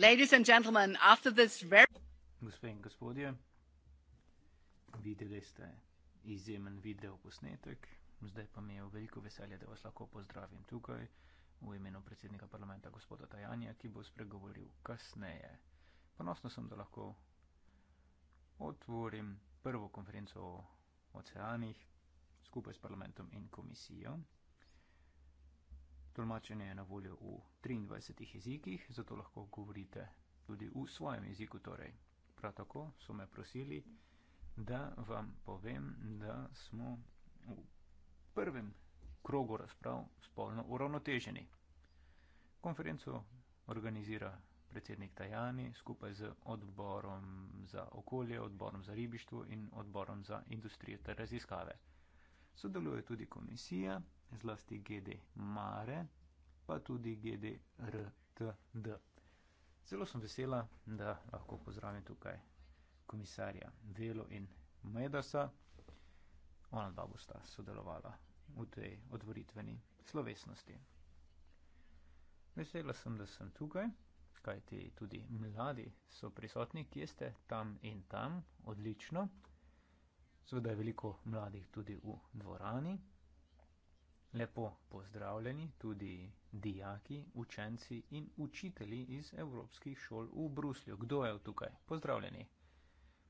Ladies and gentlemen, after this very... Gospe in gospodje, videli ste izjemen video posnetek, zdaj pa mi je v veliko veselje, da vas lahko pozdravim tukaj v imenu predsednika parlamenta gospoda Tajanja, ki bo spregovoril kasneje. Ponosno sem, da lahko otvorim prvo konferenco o oceanih skupaj s parlamentom in komisijo. Tolmačenje je na voljo v 23 jezikih, zato lahko govorite tudi v svojem jeziku. Torej. Prav tako so me prosili, da vam povem, da smo v prvem krogu razprav spolno uravnoteženi. Konferenco organizira predsednik Tajani skupaj z odborom za okolje, odborom za ribištvo in odborom za industrije ter raziskave. Sodeluje tudi komisija zlasti GD Mare, pa tudi GD RTD. Zelo sem vesela, da lahko pozdravim tukaj komisarja Velo in Medasa. Ona dva bosta sodelovala v tej odvoritveni slovesnosti. Vesela sem, da sem tukaj, kajti tudi mladi so prisotni, kje ste tam in tam, odlično. Seveda je veliko mladih tudi v dvorani. Lepo pozdravljeni tudi dijaki, učenci in učitelji iz evropskih šol v Bruslju. Kdo je tukaj? Pozdravljeni.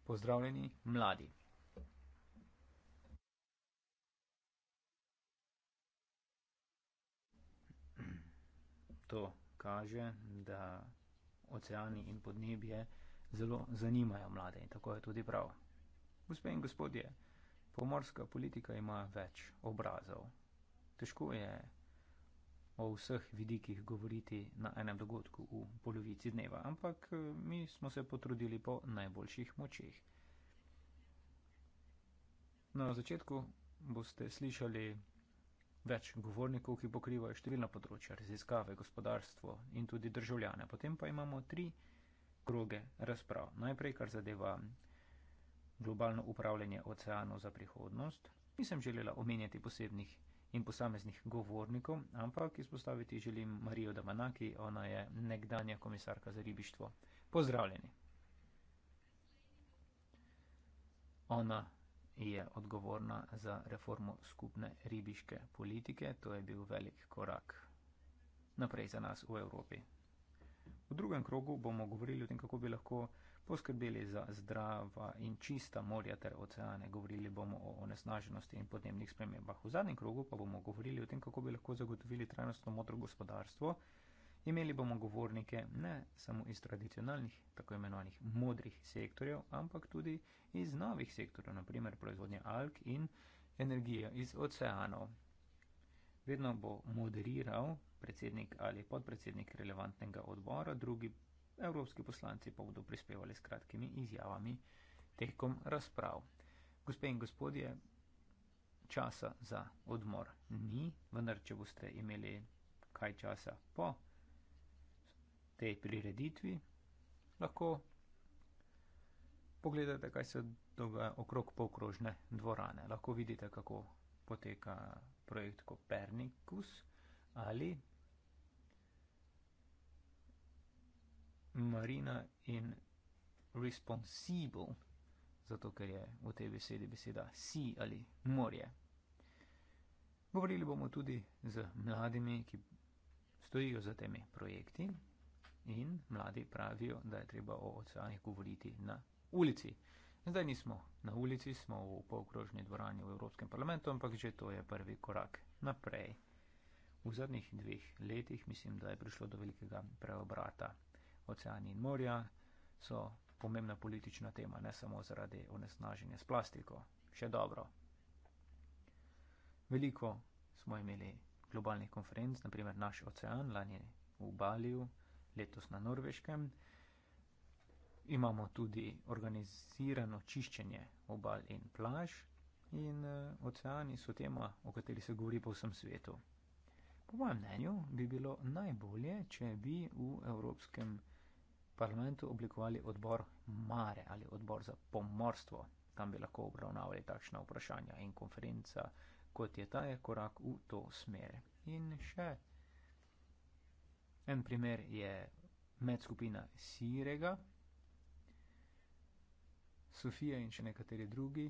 Pozdravljeni mladi. To kaže, da oceani in podnebje zelo zanimajo mlade in tako je tudi prav. Gospe in gospodje, pomorska politika ima več obrazov. Težko je o vseh vidikih govoriti na enem dogodku v polovici dneva, ampak eh, mi smo se potrudili po najboljših močeh. Na začetku boste slišali več govornikov, ki pokrivajo številna področja, raziskave, gospodarstvo in tudi državljane. Potem pa imamo tri kroge razprav. Najprej, kar zadeva globalno upravljanje oceanov za prihodnost, nisem želela omenjati posebnih in posameznih govornikov, ampak izpostaviti želim Marijo Damanaki, ona je nekdanja komisarka za ribištvo. Pozdravljeni. Ona je odgovorna za reformo skupne ribiške politike, to je bil velik korak naprej za nas v Evropi. V drugem krogu bomo govorili o tem, kako bi lahko poskrbeli za zdrava in čista morja ter oceane. Govorili bomo o onesnaženosti in podnebnih spremembah. V zadnjem krogu pa bomo govorili o tem, kako bi lahko zagotovili trajnostno modro gospodarstvo. Imeli bomo govornike ne samo iz tradicionalnih, tako imenovanih modrih sektorjev, ampak tudi iz novih sektorjev, naprimer proizvodnje alk in energije iz oceanov. Vedno bo moderiral predsednik ali podpredsednik relevantnega odbora, drugi Evropski poslanci pa bodo prispevali s kratkimi izjavami tekom razprav. Gospe in gospodje, časa za odmor ni, vendar če boste imeli kaj časa po tej prireditvi, lahko pogledate, kaj se dogaja okrog polkrožne dvorane. Lahko vidite, kako poteka projekt Kopernikus ali Marina in responsible, zato ker je v tej besedi beseda si ali morje. Govorili bomo tudi z mladimi, ki stojijo za temi projekti in mladi pravijo, da je treba o oceanih govoriti na ulici. Zdaj nismo na ulici, smo v polkrožni dvorani v Evropskem parlamentu, ampak že to je prvi korak naprej. V zadnjih dveh letih mislim, da je prišlo do velikega preobrata oceani in morja so pomembna politična tema, ne samo zaradi onesnaženja s plastiko. Še dobro. Veliko smo imeli globalnih konferenc, naprimer naš ocean, lani v Baliju, letos na Norveškem. Imamo tudi organizirano čiščenje obal in plaž in eh, oceani so tema, o kateri se govori po vsem svetu. Po mojem mnenju bi bilo najbolje, če bi v Evropskem parlamentu parlamentu oblikovali odbor Mare ali odbor za pomorstvo. Tam bi lahko obravnavali takšna vprašanja in konferenca, kot je ta, je korak v to smer. In še en primer je medskupina Sirega, Sofija in še nekateri drugi.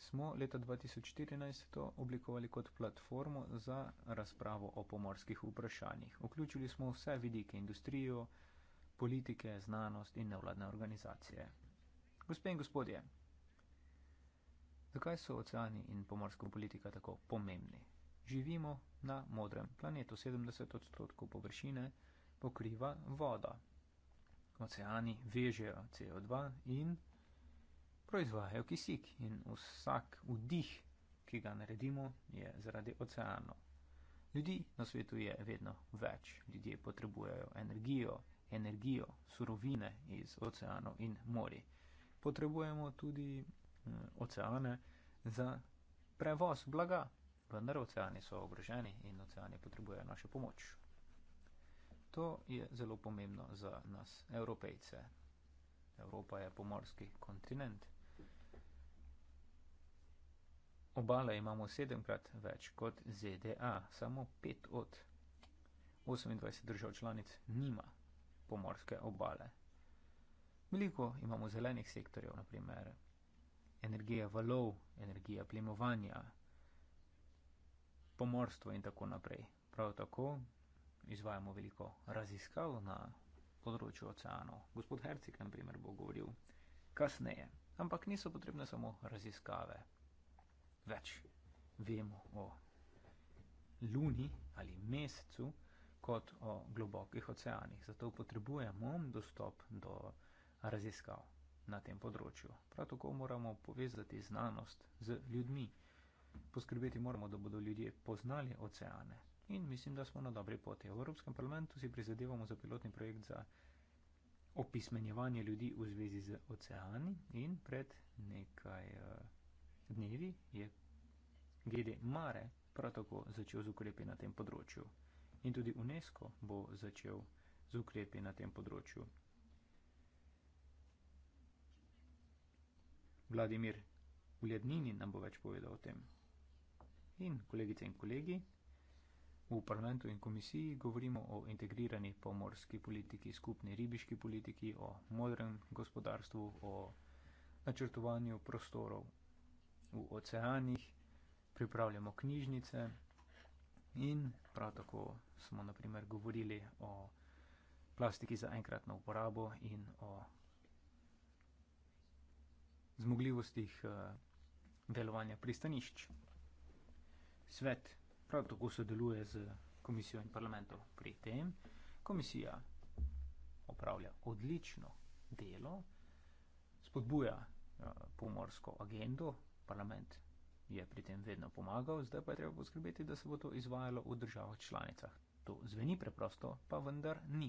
Smo leta 2014 to oblikovali kot platformo za razpravo o pomorskih vprašanjih. Vključili smo vse vidike industrijo, politike, znanost in nevladne organizacije. Gospe in gospodje, zakaj so oceani in pomorska politika tako pomembni? Živimo na modrem planetu, 70 odstotkov površine pokriva voda. Oceani vežejo CO2 in proizvajajo kisik in vsak vdih, ki ga naredimo, je zaradi oceanov. Ljudi na svetu je vedno več, ljudje potrebujejo energijo, energijo, surovine iz oceanov in mori. Potrebujemo tudi eh, oceane za prevoz blaga, vendar oceani so ogroženi in oceani potrebujejo našo pomoč. To je zelo pomembno za nas, evropejce. Evropa je pomorski kontinent. Obale imamo sedemkrat več kot ZDA, samo pet od 28 držav članic nima pomorske obale. Veliko imamo zelenih sektorjev, naprimer energija valov, energija plimovanja, pomorstvo in tako naprej. Prav tako izvajamo veliko raziskav na področju oceanov. Gospod Hercik, naprimer, bo govoril kasneje. Ampak niso potrebne samo raziskave. Več vemo o luni ali mesecu, kot o globokih oceanih. Zato potrebujemo dostop do raziskav na tem področju. Prav tako moramo povezati znanost z ljudmi. Poskrbeti moramo, da bodo ljudje poznali oceane. In mislim, da smo na dobri poti. V Evropskem parlamentu si prizadevamo za pilotni projekt za opismenjevanje ljudi v zvezi z oceani in pred nekaj uh, dnevi je GD Mare prav tako začel z ukrepi na tem področju in tudi UNESCO bo začel z ukrepi na tem področju. Vladimir Uljadnini nam bo več povedal o tem. In kolegice in kolegi, v parlamentu in komisiji govorimo o integrirani pomorski politiki, skupni ribiški politiki, o modrem gospodarstvu, o načrtovanju prostorov v oceanih, pripravljamo knjižnice. In prav tako smo naprimer govorili o plastiki za enkratno uporabo in o zmogljivostih eh, delovanja pristanišč. Svet prav tako sodeluje z komisijo in parlamentom pri tem. Komisija opravlja odlično delo, spodbuja eh, pomorsko agendo, parlament je pri tem vedno pomagal, zdaj pa je treba poskrbeti, da se bo to izvajalo v državah članicah. To zveni preprosto, pa vendar ni.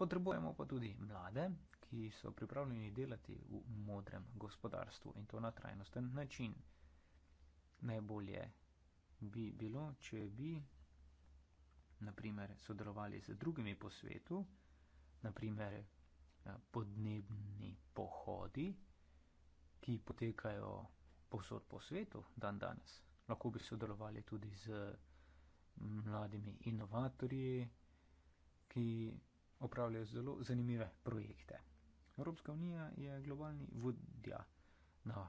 Potrebujemo pa tudi mlade, ki so pripravljeni delati v modrem gospodarstvu in to na trajnosten način. Najbolje bi bilo, če bi naprimer sodelovali z drugimi po svetu, naprimer eh, podnebni pohodi, ki potekajo posod po svetu dan danes. Lahko bi sodelovali tudi z mm, mladimi inovatorji, ki opravljajo zelo zanimive projekte. Evropska unija je globalni vodja na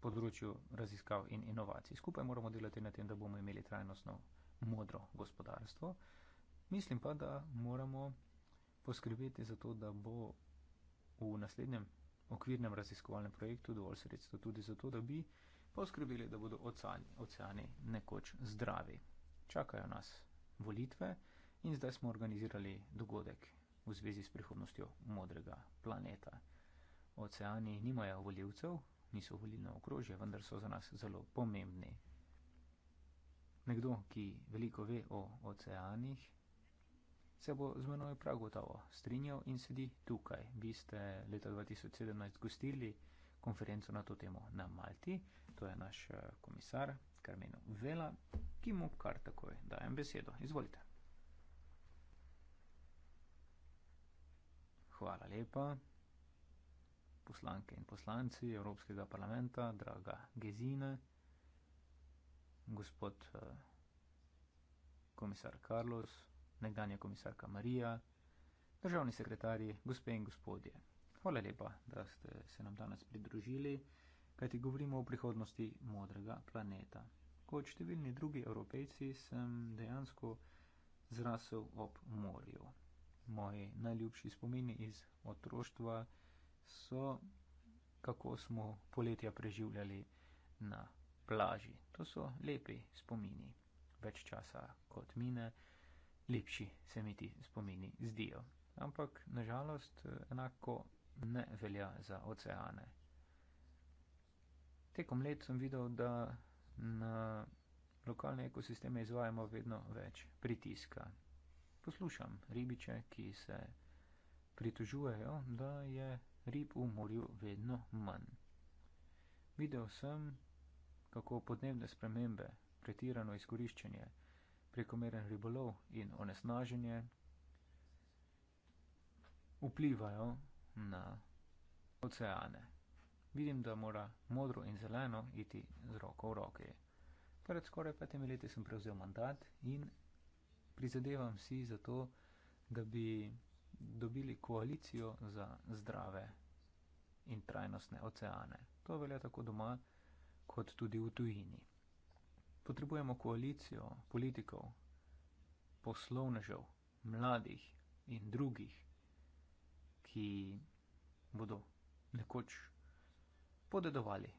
področju raziskav in inovacij. Skupaj moramo delati na tem, da bomo imeli trajnostno modro gospodarstvo. Mislim pa, da moramo poskrbeti za to, da bo v naslednjem okvirnem raziskovalnem projektu dovolj sredstva tudi zato, da bi poskrbeli, da bodo oceani, oceani nekoč zdravi. Čakajo nas volitve in zdaj smo organizirali dogodek v zvezi s prihodnostjo modrega planeta. Oceani nimajo voljivcev, niso volilno okrožje, vendar so za nas zelo pomembni. Nekdo, ki veliko ve o oceanih, se bo z menoj prav gotovo strinjal in sedi tukaj. Vi ste leta 2017 gostili konferenco na to temo na Malti, to je naš eh, komisar Karmenu Vela, ki mu kar takoj dajem besedo. Izvolite. Hvala lepa. Poslanke in poslanci Evropskega parlamenta, draga Gezine, gospod eh, komisar Carlos nekdanja komisarka Marija, državni sekretarji, gospe in gospodje. Hvala lepa, da ste se nam danes pridružili, kajti govorimo o prihodnosti modrega planeta. Kot številni drugi evropejci sem dejansko zrasel ob morju. Moji najljubši spomini iz otroštva so, kako smo poletja preživljali na plaži. To so lepi spomini. Več časa kot mine, lepši se mi ti spomini zdijo. Ampak nažalost enako ne velja za oceane. Tekom let sem videl, da na lokalne ekosisteme izvajamo vedno več pritiska. Poslušam ribiče, ki se pritožujejo, da je rib v morju vedno manj. Videl sem, kako podnebne spremembe, pretirano izkoriščanje, prekomeren ribolov in onesnaženje vplivajo na oceane. Vidim, da mora modro in zeleno iti z roko v roki. Pred skoraj petimi leti sem prevzel mandat in prizadevam si za to, da bi dobili koalicijo za zdrave in trajnostne oceane. To velja tako doma kot tudi v tujini potrebujemo koalicijo politikov, poslovnežev, mladih in drugih, ki bodo nekoč podedovali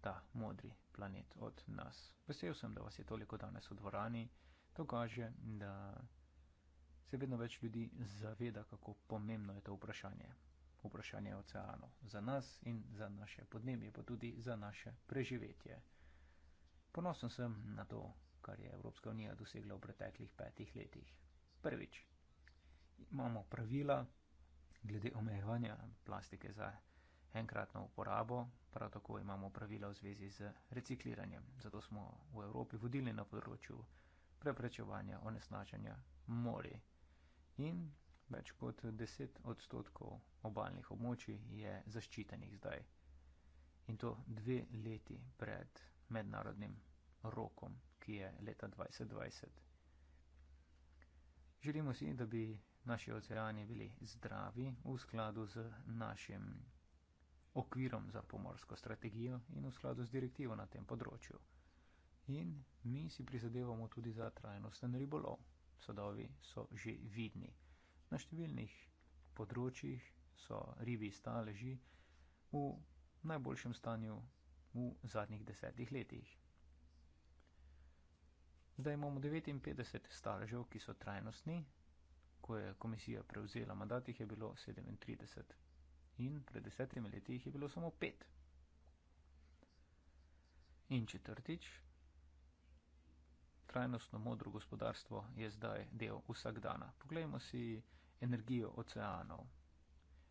ta modri planet od nas. Vesel sem, da vas je toliko danes v dvorani. To kaže, da se vedno več ljudi zaveda, kako pomembno je to vprašanje. Vprašanje oceanov za nas in za naše podnebje, pa tudi za naše preživetje. Ponosen sem na to, kar je Evropska unija dosegla v preteklih petih letih. Prvič, imamo pravila glede omejevanja plastike za enkratno uporabo, prav tako imamo pravila v zvezi z recikliranjem. Zato smo v Evropi vodili na področju preprečevanja onesnačanja mori. In več kot 10 odstotkov obaljnih območij je zaščitenih zdaj. In to dve leti pred mednarodnim rokom, ki je leta 2020. Želimo si, da bi naši oceani bili zdravi v skladu z našim okvirom za pomorsko strategijo in v skladu z direktivo na tem področju. In mi si prizadevamo tudi za trajnosten ribolov. Sodovi so že vidni. Na številnih področjih so ribi staleži v najboljšem stanju v zadnjih desetih letih. Zdaj imamo 59 staležev, ki so trajnostni. Ko je komisija prevzela mandat, jih je bilo 37 in pred desetimi leti jih je bilo samo pet. In četrtič, trajnostno modro gospodarstvo je zdaj del vsakdana. Poglejmo si energijo oceanov.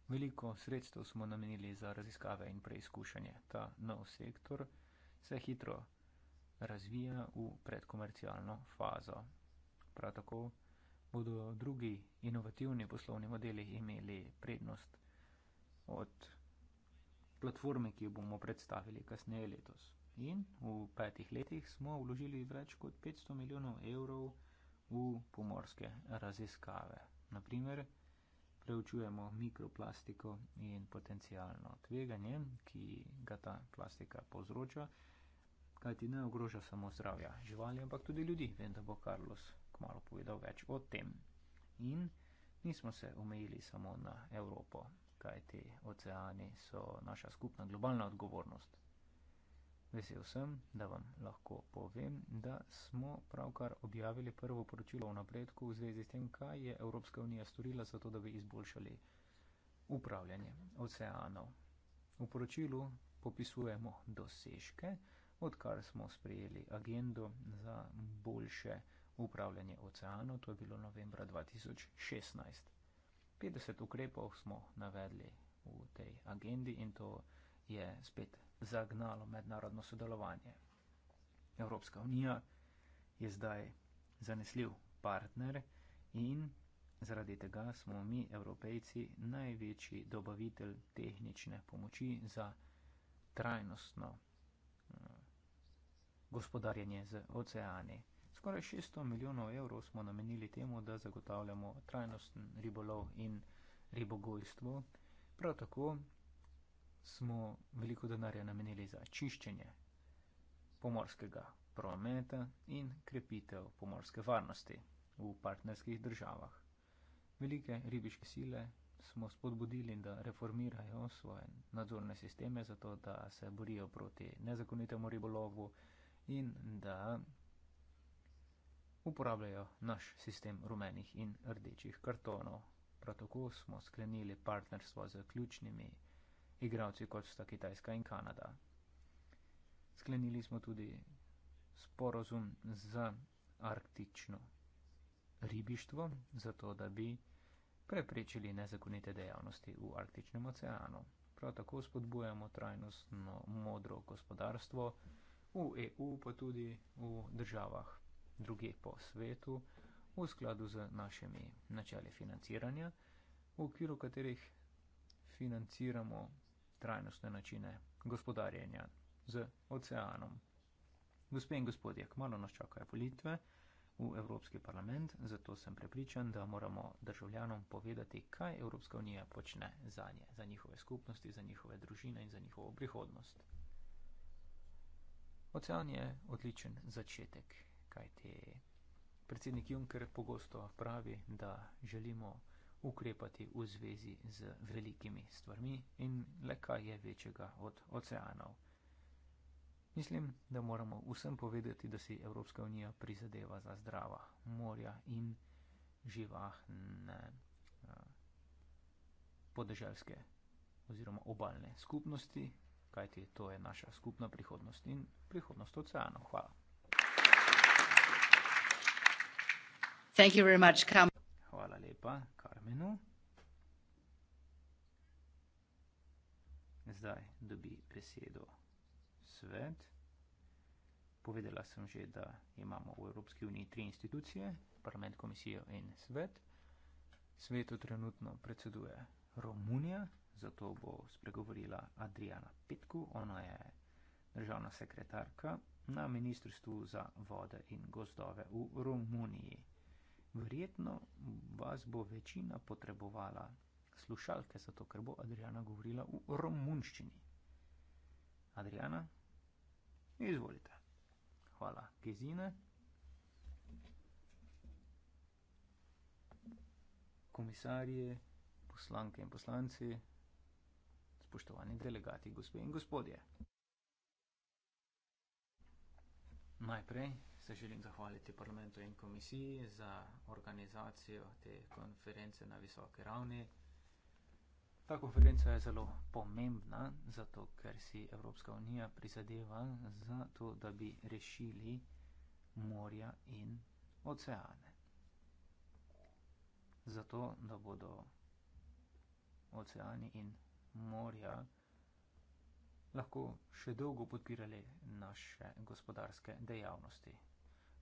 Veliko sredstev smo namenili za raziskave in preizkušanje. Ta nov sektor se hitro razvija v predkomercialno fazo. Prav tako bodo drugi inovativni poslovni modeli imeli prednost od platforme, ki jo bomo predstavili kasneje letos. In v petih letih smo vložili več kot 500 milijonov evrov v pomorske raziskave. Naprimer, preučujemo mikroplastiko in potencijalno tveganje, ki ga ta plastika povzroča, kajti ne ogroža samo zdravja živali, ampak tudi ljudi. Vem, da bo Carlos kmalo povedal več o tem. In nismo se omejili samo na Evropo, kajti oceani so naša skupna globalna odgovornost. Vesel sem, da vam lahko povem, da smo pravkar objavili prvo poročilo o napredku v zvezi s tem, kaj je Evropska unija storila za to, da bi izboljšali upravljanje oceanov. V poročilu popisujemo dosežke, odkar smo sprejeli agendo za boljše upravljanje oceanov, to je bilo novembra 2016. 50 ukrepov smo navedli v tej agendi in to je spet zagnalo mednarodno sodelovanje. Evropska unija je zdaj zanesljiv partner in zaradi tega smo mi, evropejci, največji dobavitelj tehnične pomoči za trajnostno eh, gospodarjenje z oceani. Skoraj 600 milijonov evrov smo namenili temu, da zagotavljamo trajnosten ribolov in ribogojstvo. Prav tako smo veliko denarja namenili za čiščenje pomorskega prometa in krepitev pomorske varnosti v partnerskih državah. Velike ribiške sile smo spodbudili, da reformirajo svoje nadzorne sisteme, zato da se borijo proti nezakonitemu ribolovu in da uporabljajo naš sistem rumenih in rdečih kartonov. Prav tako smo sklenili partnerstvo z ključnimi igravci, kot sta Kitajska in Kanada. Sklenili smo tudi sporozum za arktično ribištvo, zato da bi preprečili nezakonite dejavnosti v arktičnem oceanu. Prav tako spodbujamo trajnostno modro gospodarstvo v EU, pa tudi v državah druge po svetu, v skladu z našimi načali financiranja, v okviru katerih financiramo trajnostne načine gospodarjenja z oceanom. Gospe in gospodje, kmalo nas čakajo volitve v Evropski parlament, zato sem prepričan, da moramo državljanom povedati, kaj Evropska unija počne za nje, za njihove skupnosti, za njihove družine in za njihovo prihodnost. Ocean je odličen začetek, kajti predsednik Juncker pogosto pravi, da želimo ukrepati v zvezi z velikimi stvarmi in le kaj je večjega od oceanov. Mislim, da moramo vsem povedati, da si Evropska unija prizadeva za zdrava morja in živahne podeželske oziroma obaljne skupnosti, kajti to je naša skupna prihodnost in prihodnost oceanov. Hvala. Thank you very much. Come. Hvala lepa, Karmenu. Zdaj dobi besedo svet. Povedala sem že, da imamo v Evropski uniji tri institucije, parlament, komisijo in svet. Svetu trenutno predseduje Romunija, zato bo spregovorila Adriana Petku. Ona je državna sekretarka na Ministrstvu za vode in gozdove v Romuniji. Verjetno vas bo večina potrebovala slušalke, zato ker bo Adriana govorila v romunščini. Adriana, izvolite. Hvala, Gezine. Komisarje, poslanke in poslanci, spoštovani delegati, gospe in gospodje. Najprej se želim zahvaliti parlamentu in komisiji za organizacijo te konference na visoki ravni. Ta konferenca je zelo pomembna, zato ker si Evropska unija prizadeva za to, da bi rešili morja in oceane. Zato, da bodo oceani in morja lahko še dolgo podpirali naše gospodarske dejavnosti.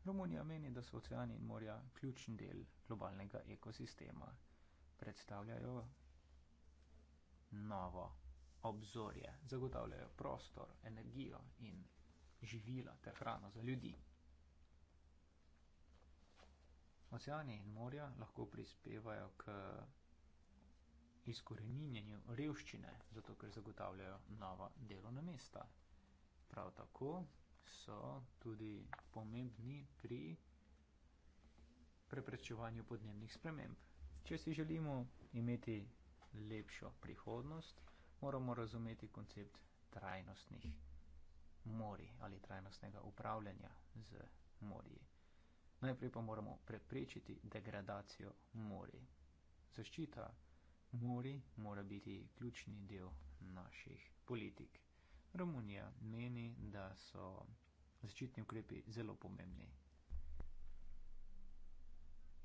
Romunija meni, da so oceani in morja ključen del globalnega ekosistema. Predstavljajo novo obzorje, zagotavljajo prostor, energijo in živila ter hrano za ljudi. Oceani in morja lahko prispevajo k izkoreninjenju revščine, zato ker zagotavljajo nova delovna mesta. Prav tako so tudi pomembni pri preprečevanju podnebnih sprememb. Če si želimo imeti lepšo prihodnost, moramo razumeti koncept trajnostnih mori ali trajnostnega upravljanja z morji. Najprej pa moramo preprečiti degradacijo mori. Zaščita mori mora biti ključni del naših politik. Romunija meni, da so zaščitni ukrepi zelo pomembni.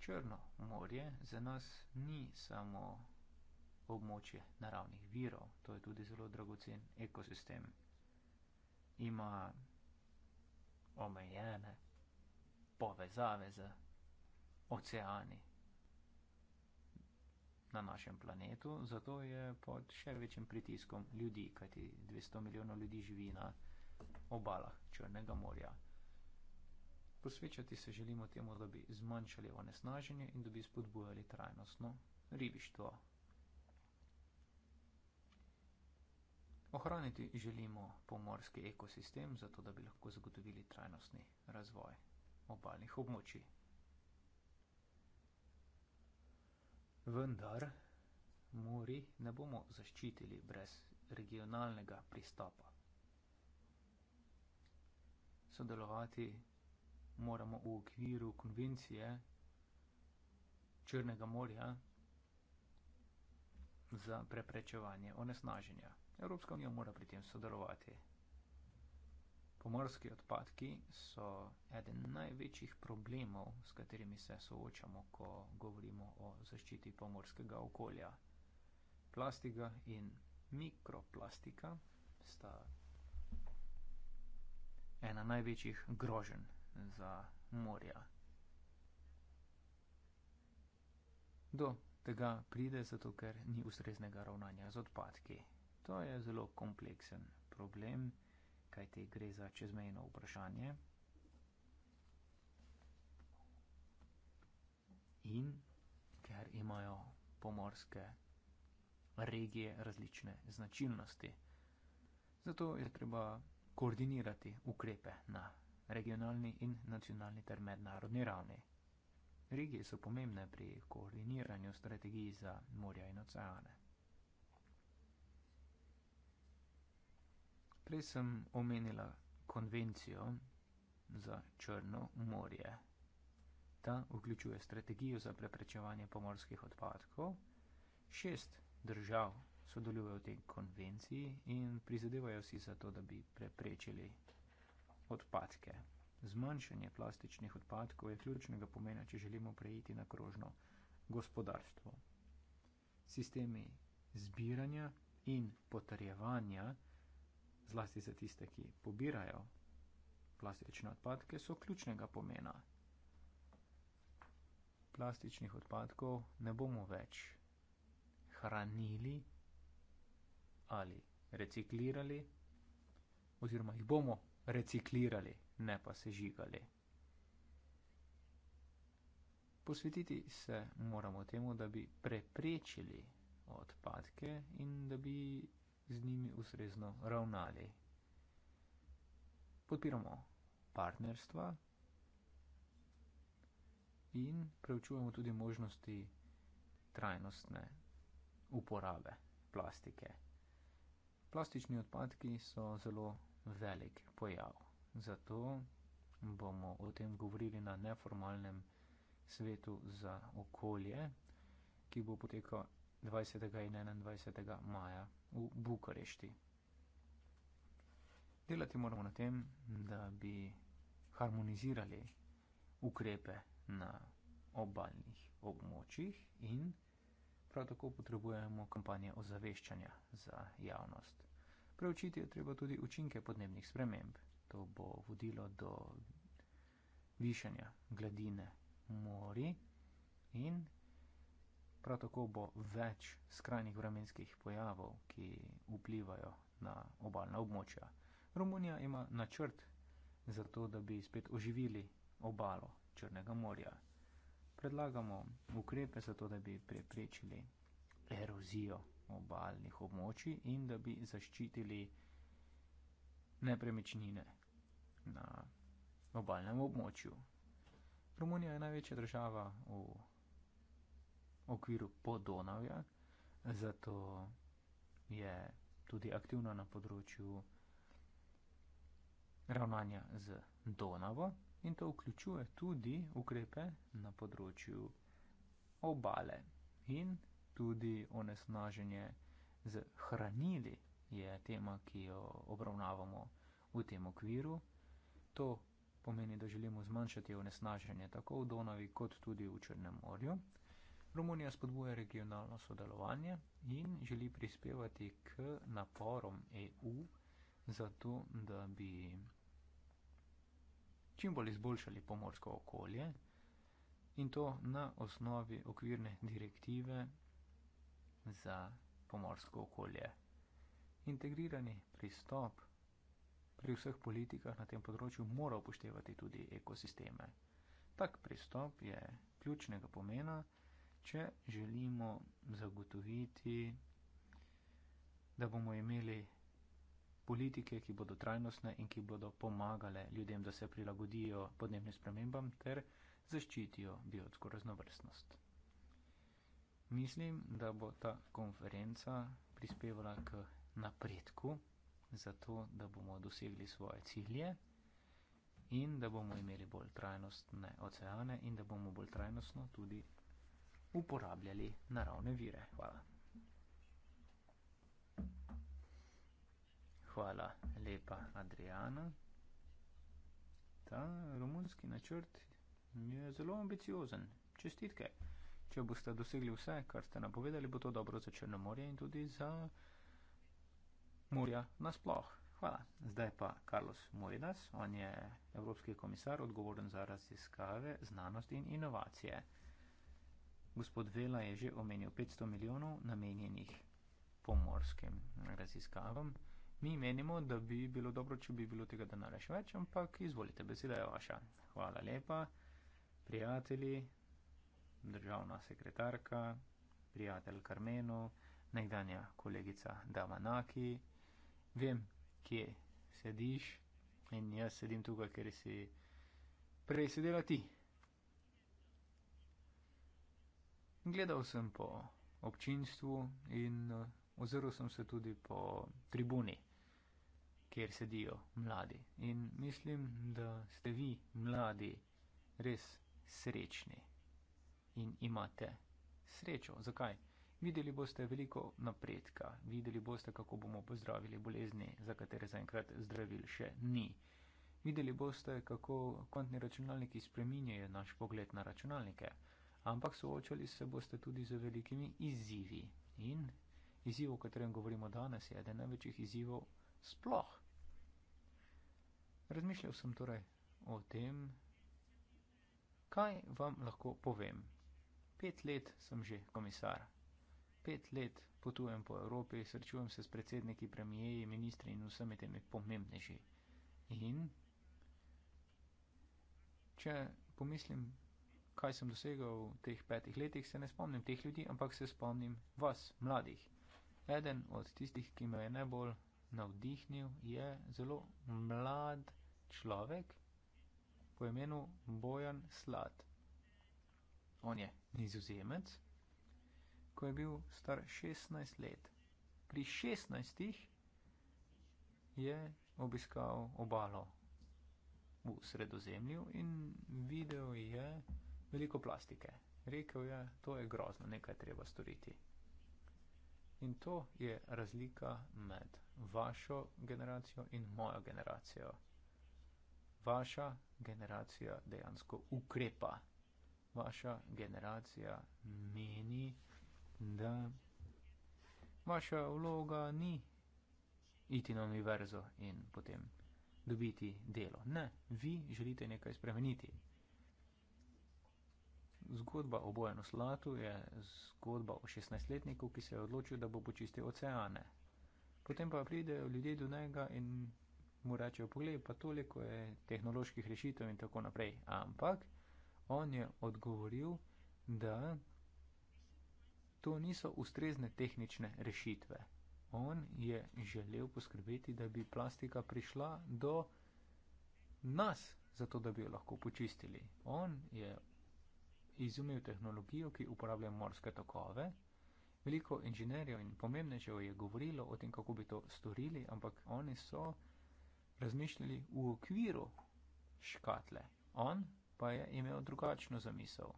Črno morje za nas ni samo območje naravnih virov, to je tudi zelo dragocen ekosistem. Ima omejene povezave z oceani na našem planetu, zato je pod še večjim pritiskom ljudi, kajti 200 milijonov ljudi živi na obalah Črnega morja. Posvečati se želimo temu, da bi zmanjšali onesnaženje in da bi spodbujali trajnostno ribištvo. Ohraniti želimo pomorski ekosistem, zato da bi lahko zagotovili trajnostni razvoj obalnih območij. Vendar mori ne bomo zaščitili brez regionalnega pristopa. Sodelovati moramo v okviru konvencije Črnega morja za preprečevanje onesnaženja. Evropska unija mora pri tem sodelovati komorski odpadki so eden največjih problemov, s katerimi se soočamo, ko govorimo o zaščiti pomorskega okolja. Plastika in mikroplastika sta ena največjih groženj za morja. Do tega pride zato, ker ni ustreznega ravnanja z odpadki. To je zelo kompleksen problem kajti gre za čezmejno vprašanje. In ker imajo pomorske regije različne značilnosti, zato je treba koordinirati ukrepe na regionalni in nacionalni ter mednarodni ravni. Regije so pomembne pri koordiniranju strategij za morja in oceane. Prej sem omenila konvencijo za Črno morje. Ta vključuje strategijo za preprečevanje pomorskih odpadkov. Šest držav sodeluje v tej konvenciji in prizadevajo si za to, da bi preprečili odpadke. Zmanjšanje plastičnih odpadkov je ključnega pomena, če želimo preiti na krožno gospodarstvo. Sistemi zbiranja in potrjevanja zlasti za tiste, ki pobirajo plastične odpadke, so ključnega pomena. Plastičnih odpadkov ne bomo več hranili ali reciklirali, oziroma jih bomo reciklirali, ne pa sežigali. Posvetiti se moramo temu, da bi preprečili odpadke in da bi z njimi ustrezno ravnali. Podpiramo partnerstva in preučujemo tudi možnosti trajnostne uporabe plastike. Plastični odpadki so zelo velik pojav, zato bomo o tem govorili na neformalnem svetu za okolje, ki bo potekal 20. in 21. maja v Bukarešti. Delati moramo na tem, da bi harmonizirali ukrepe na obaljnih območjih in prav tako potrebujemo kampanje ozaveščanja za javnost. Preučiti je treba tudi učinke podnebnih sprememb. To bo vodilo do višanja gladine mori in Prav tako bo več skrajnih vremenskih pojavov, ki vplivajo na obaljna območja. Romunija ima načrt za to, da bi spet oživili obalo Črnega morja. Predlagamo ukrepe za to, da bi preprečili erozijo obaljnih območij in da bi zaščitili nepremičnine na obaljnem območju. Romunija je največja država v okviru Podonavja, zato je tudi aktivna na področju ravnanja z Donavo in to vključuje tudi ukrepe na področju obale in tudi onesnaženje z hranili je tema, ki jo obravnavamo v tem okviru. To pomeni, da želimo zmanjšati onesnaženje tako v Donavi kot tudi v Črnem morju. Romunija spodbuja regionalno sodelovanje in želi prispevati k naporom EU za to, da bi čim bolj izboljšali pomorsko okolje in to na osnovi okvirne direktive za pomorsko okolje. Integrirani pristop pri vseh politikah na tem področju mora upoštevati tudi ekosisteme. Tak pristop je ključnega pomena če želimo zagotoviti, da bomo imeli politike, ki bodo trajnostne in ki bodo pomagale ljudem, da se prilagodijo podnebnim spremembam ter zaščitijo biotsko raznovrstnost. Mislim, da bo ta konferenca prispevala k napredku, zato da bomo dosegli svoje cilje in da bomo imeli bolj trajnostne oceane in da bomo bolj trajnostno tudi uporabljali naravne vire. Hvala. Hvala lepa, Adriana. Ta romunski načrt je zelo ambiciozen. Čestitke. Če boste dosegli vse, kar ste napovedali, bo to dobro za Črnomorje in tudi za morja nasploh. Hvala. Zdaj pa Carlos Moridas. On je evropski komisar, odgovoren za raziskave, znanost in inovacije. Gospod Vela je že omenil 500 milijonov namenjenih pomorskim raziskavam. Mi menimo, da bi bilo dobro, če bi bilo tega denarja še več, ampak izvolite, beseda je vaša. Hvala lepa, prijatelji, državna sekretarka, prijatelj Karmenu, nekdanja kolegica Damanaki. Vem, kje sediš in jaz sedim tukaj, ker si prej sedela ti. Gledal sem po občinstvu in eh, oziral sem se tudi po tribuni, kjer sedijo mladi. In mislim, da ste vi, mladi, res srečni in imate srečo. Zakaj? Videli boste veliko napredka, videli boste, kako bomo pozdravili bolezni, za katere zaenkrat zdravil še ni. Videli boste, kako kvantni računalniki spreminjajo naš pogled na računalnike ampak soočali se boste tudi z velikimi izzivi. In izziv, o katerem govorimo danes, je eden največjih izzivov sploh. Razmišljal sem torej o tem, kaj vam lahko povem. Pet let sem že komisar. Pet let potujem po Evropi, srečujem se s predsedniki, premijeji, ministri in vsemi temi pomembnejši. In če pomislim kaj sem dosegal v teh petih letih, se ne spomnim teh ljudi, ampak se spomnim vas, mladih. Eden od tistih, ki me je najbolj navdihnil, je zelo mlad človek po imenu Bojan Slad. On je nizozemec, ko je bil star 16 let. Pri 16 je obiskal obalo v sredozemlju in videl je, veliko plastike. Rekel je, to je grozno, nekaj treba storiti. In to je razlika med vašo generacijo in mojo generacijo. Vaša generacija dejansko ukrepa. Vaša generacija meni, da vaša vloga ni iti na univerzo in potem dobiti delo. Ne, vi želite nekaj spremeniti zgodba o bojenu slatu je zgodba o 16-letniku, ki se je odločil, da bo počistil oceane. Potem pa pridejo ljudje do njega in mu rečejo, pogled, pa toliko je tehnoloških rešitev in tako naprej. Ampak on je odgovoril, da to niso ustrezne tehnične rešitve. On je želel poskrbeti, da bi plastika prišla do nas, zato da bi jo lahko počistili. On je izumil tehnologijo, ki uporablja morske tokove. Veliko inženirjev in pomembnežev je govorilo o tem, kako bi to storili, ampak oni so razmišljali v okviru škatle. On pa je imel drugačno zamisel.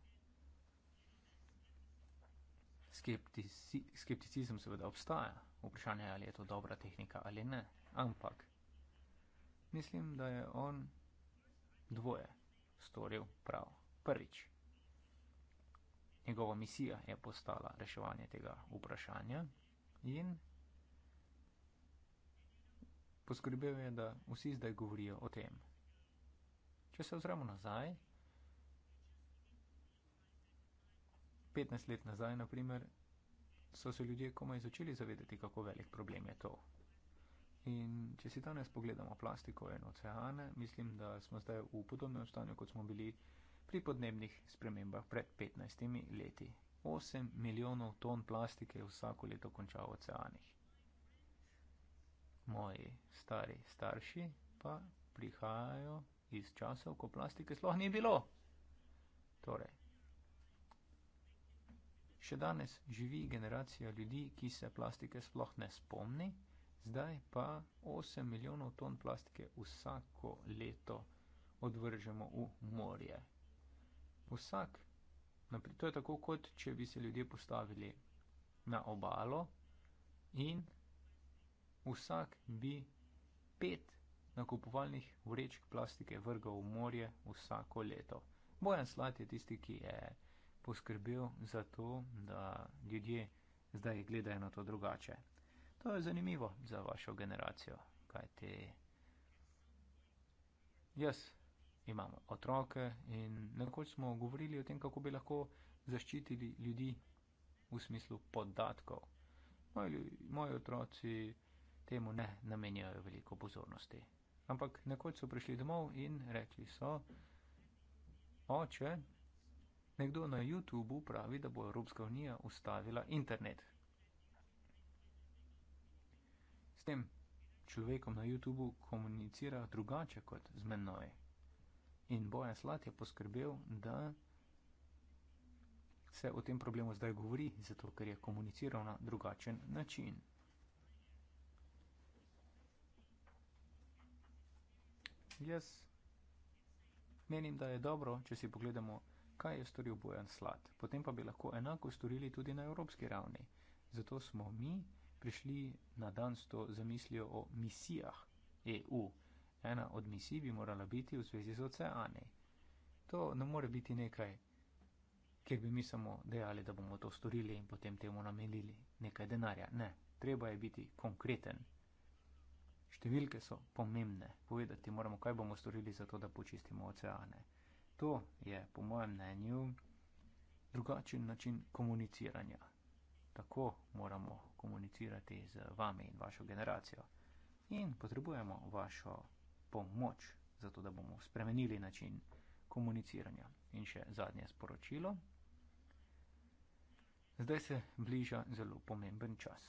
Skeptici, skepticizem seveda obstaja, vprašanje je, ali je to dobra tehnika ali ne, ampak mislim, da je on dvoje storil prav. Prvič, njegova misija je postala reševanje tega vprašanja in poskrbel je, da vsi zdaj govorijo o tem. Če se ozremo nazaj, 15 let nazaj, na primer, so se ljudje komaj začeli zavedati, kako velik problem je to. In če si danes pogledamo plastiko in oceane, mislim, da smo zdaj v podobnem stanju, kot smo bili pri podnebnih spremembah pred 15 leti. 8 milijonov ton plastike vsako leto konča v oceanih. Moji stari starši pa prihajajo iz časov, ko plastike sploh ni bilo. Torej, še danes živi generacija ljudi, ki se plastike sploh ne spomni, zdaj pa 8 milijonov ton plastike vsako leto odvržemo v morje. Vsak. No, to je tako, kot če bi se ljudje postavili na obalo in vsak bi pet nakupovalnih vrečk plastike vrgal v morje vsako leto. Bojan Slat je tisti, ki je poskrbel za to, da ljudje zdaj gledajo na to drugače. To je zanimivo za vašo generacijo, kaj te. Jaz imamo otroke in nekoč smo govorili o tem, kako bi lahko zaščitili ljudi v smislu podatkov. Moji, moji otroci temu ne namenjajo veliko pozornosti. Ampak nekoč so prišli domov in rekli so, oče, nekdo na YouTubu pravi, da bo Evropska unija ustavila internet. S tem človekom na YouTubu komunicira drugače kot z menoj. In Bojan Slat je poskrbel, da se o tem problemu zdaj govori, zato ker je komuniciral na drugačen način. Jaz menim, da je dobro, če si pogledamo, kaj je storil Bojan Slat. Potem pa bi lahko enako storili tudi na evropski ravni. Zato smo mi prišli na dan s to zamislijo o misijah EU ena od misij bi morala biti v zvezi z oceani. To ne more biti nekaj, kjer bi mi samo dejali, da bomo to storili in potem temu namenili nekaj denarja. Ne, treba je biti konkreten. Številke so pomembne. Povedati moramo, kaj bomo storili za to, da počistimo oceane. To je, po mojem mnenju, drugačen način komuniciranja. Tako moramo komunicirati z vami in vašo generacijo. In potrebujemo vašo pomoč, zato da bomo spremenili način komuniciranja. In še zadnje sporočilo. Zdaj se bliža zelo pomemben čas.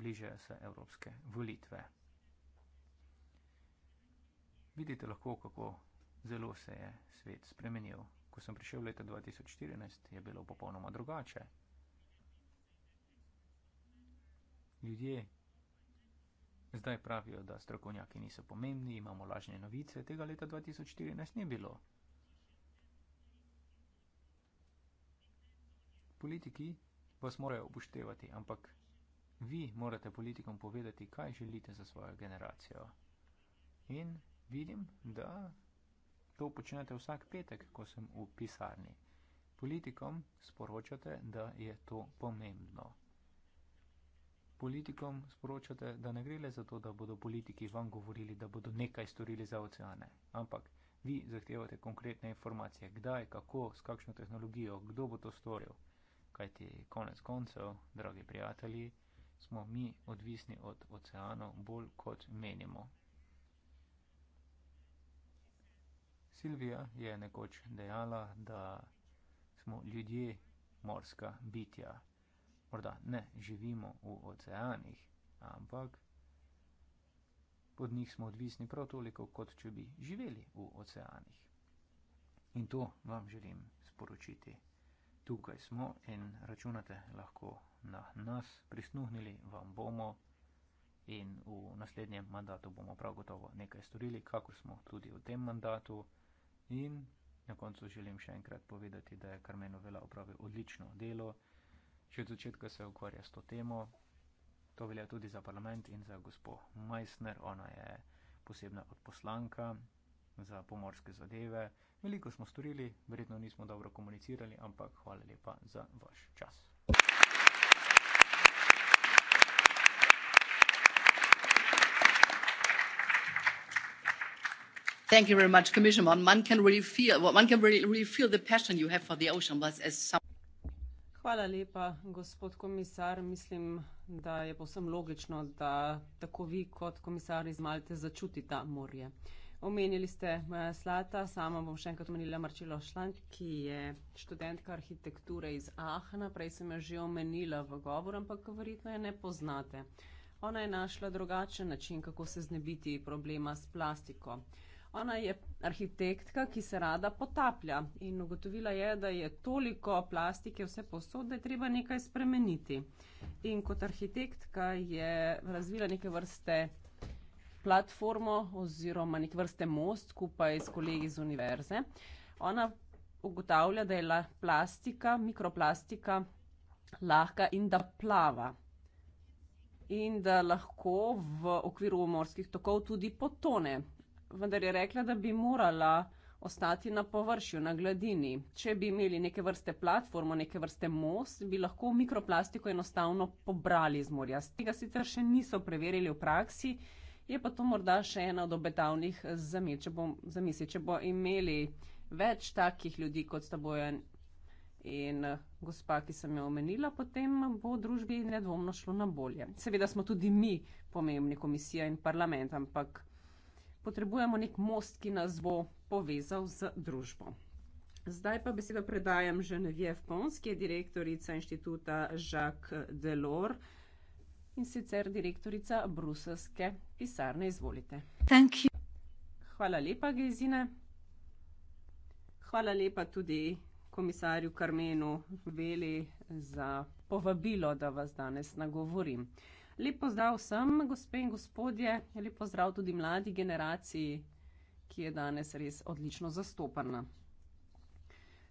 Bližajo se evropske volitve. Vidite lahko, kako zelo se je svet spremenil. Ko sem prišel leta 2014, je bilo popolnoma drugače. Ljudje, Zdaj pravijo, da strokovnjaki niso pomembni, imamo lažne novice, tega leta 2014 ni bilo. Politiki vas morajo upoštevati, ampak vi morate politikom povedati, kaj želite za svojo generacijo. In vidim, da to počnete vsak petek, ko sem v pisarni. Politikom sporočate, da je to pomembno politikom sporočate, da ne gre le za to, da bodo politiki vam govorili, da bodo nekaj storili za oceane, ampak vi zahtevate konkretne informacije, kdaj, kako, s kakšno tehnologijo, kdo bo to storil. Kajti konec koncev, dragi prijatelji, smo mi odvisni od oceanov bolj kot menimo. Silvija je nekoč dejala, da smo ljudje morska bitja morda ne živimo v oceanih, ampak od njih smo odvisni prav toliko, kot če bi živeli v oceanih. In to vam želim sporočiti. Tukaj smo in računate lahko na nas, prisluhnili vam bomo in v naslednjem mandatu bomo prav gotovo nekaj storili, kako smo tudi v tem mandatu. In na koncu želim še enkrat povedati, da je Karmenovela opravil odlično delo. Že od začetka se ukvarja s to temo, to velja tudi za parlament in za gospo Meissner, ona je posebna odposlanka za pomorske zadeve. Veliko smo storili, verjetno nismo dobro komunicirali, ampak hvala lepa za vaš čas. Thank you very much, Commissioner. One can really feel, well, one can really, really feel the passion you have for the ocean. But as some Hvala lepa, gospod komisar. Mislim, da je posem logično, da tako vi kot komisar iz Malte začutite morje. Omenili ste Slata, eh, sama bom še enkrat omenila Marčilo Šlanj, ki je študentka arhitekture iz Ahna. Prej sem jo že omenila v govoru, ampak verjetno je ne poznate. Ona je našla drugačen način, kako se znebiti problema s plastiko. Ona je arhitektka, ki se rada potaplja in ugotovila je, da je toliko plastike vse posod, da je treba nekaj spremeniti. In kot arhitektka je razvila neke vrste platformo oziroma neke vrste most skupaj s kolegi z univerze. Ona ugotavlja, da je la plastika, mikroplastika lahka in da plava. In da lahko v okviru morskih tokov tudi potone vendar je rekla, da bi morala ostati na površju, na gladini. Če bi imeli neke vrste platformo, neke vrste most, bi lahko mikroplastiko enostavno pobrali iz morja. Z tega sicer še niso preverili v praksi, je pa to morda še ena od obetavnih zamisli. Če, če bo imeli več takih ljudi, kot sta bojen in gospa, ki sem jo omenila, potem bo družbi nedvomno šlo na bolje. Seveda smo tudi mi pomembni komisija in parlament, ampak potrebujemo nek most, ki nas bo povezal z družbo. Zdaj pa besedo predajam Ženevieve Pons, ki je direktorica inštituta Jacques Delors in sicer direktorica Bruselske pisarne. Izvolite. Hvala lepa, Gezine. Hvala lepa tudi komisarju Karmenu Veli za povabilo, da vas danes nagovorim. Lepo zdrav vsem, gospe in gospodje, lepo zdrav tudi mladi generaciji, ki je danes res odlično zastopana.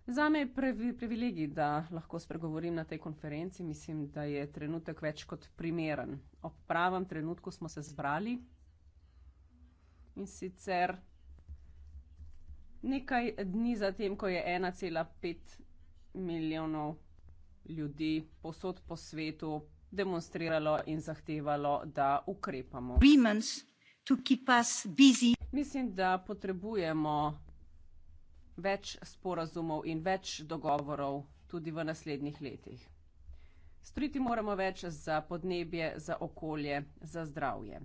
Zame je privilegij, da lahko spregovorim na tej konferenci, mislim, da je trenutek več kot primeren. Ob pravem trenutku smo se zbrali. In sicer nekaj dni za tem, ko je ena cela pet milijonov ljudi povsod po svetu demonstriralo in zahtevalo, da ukrepamo. Mislim, da potrebujemo več sporazumov in več dogovorov tudi v naslednjih letih. Storiti moramo več za podnebje, za okolje, za zdravje.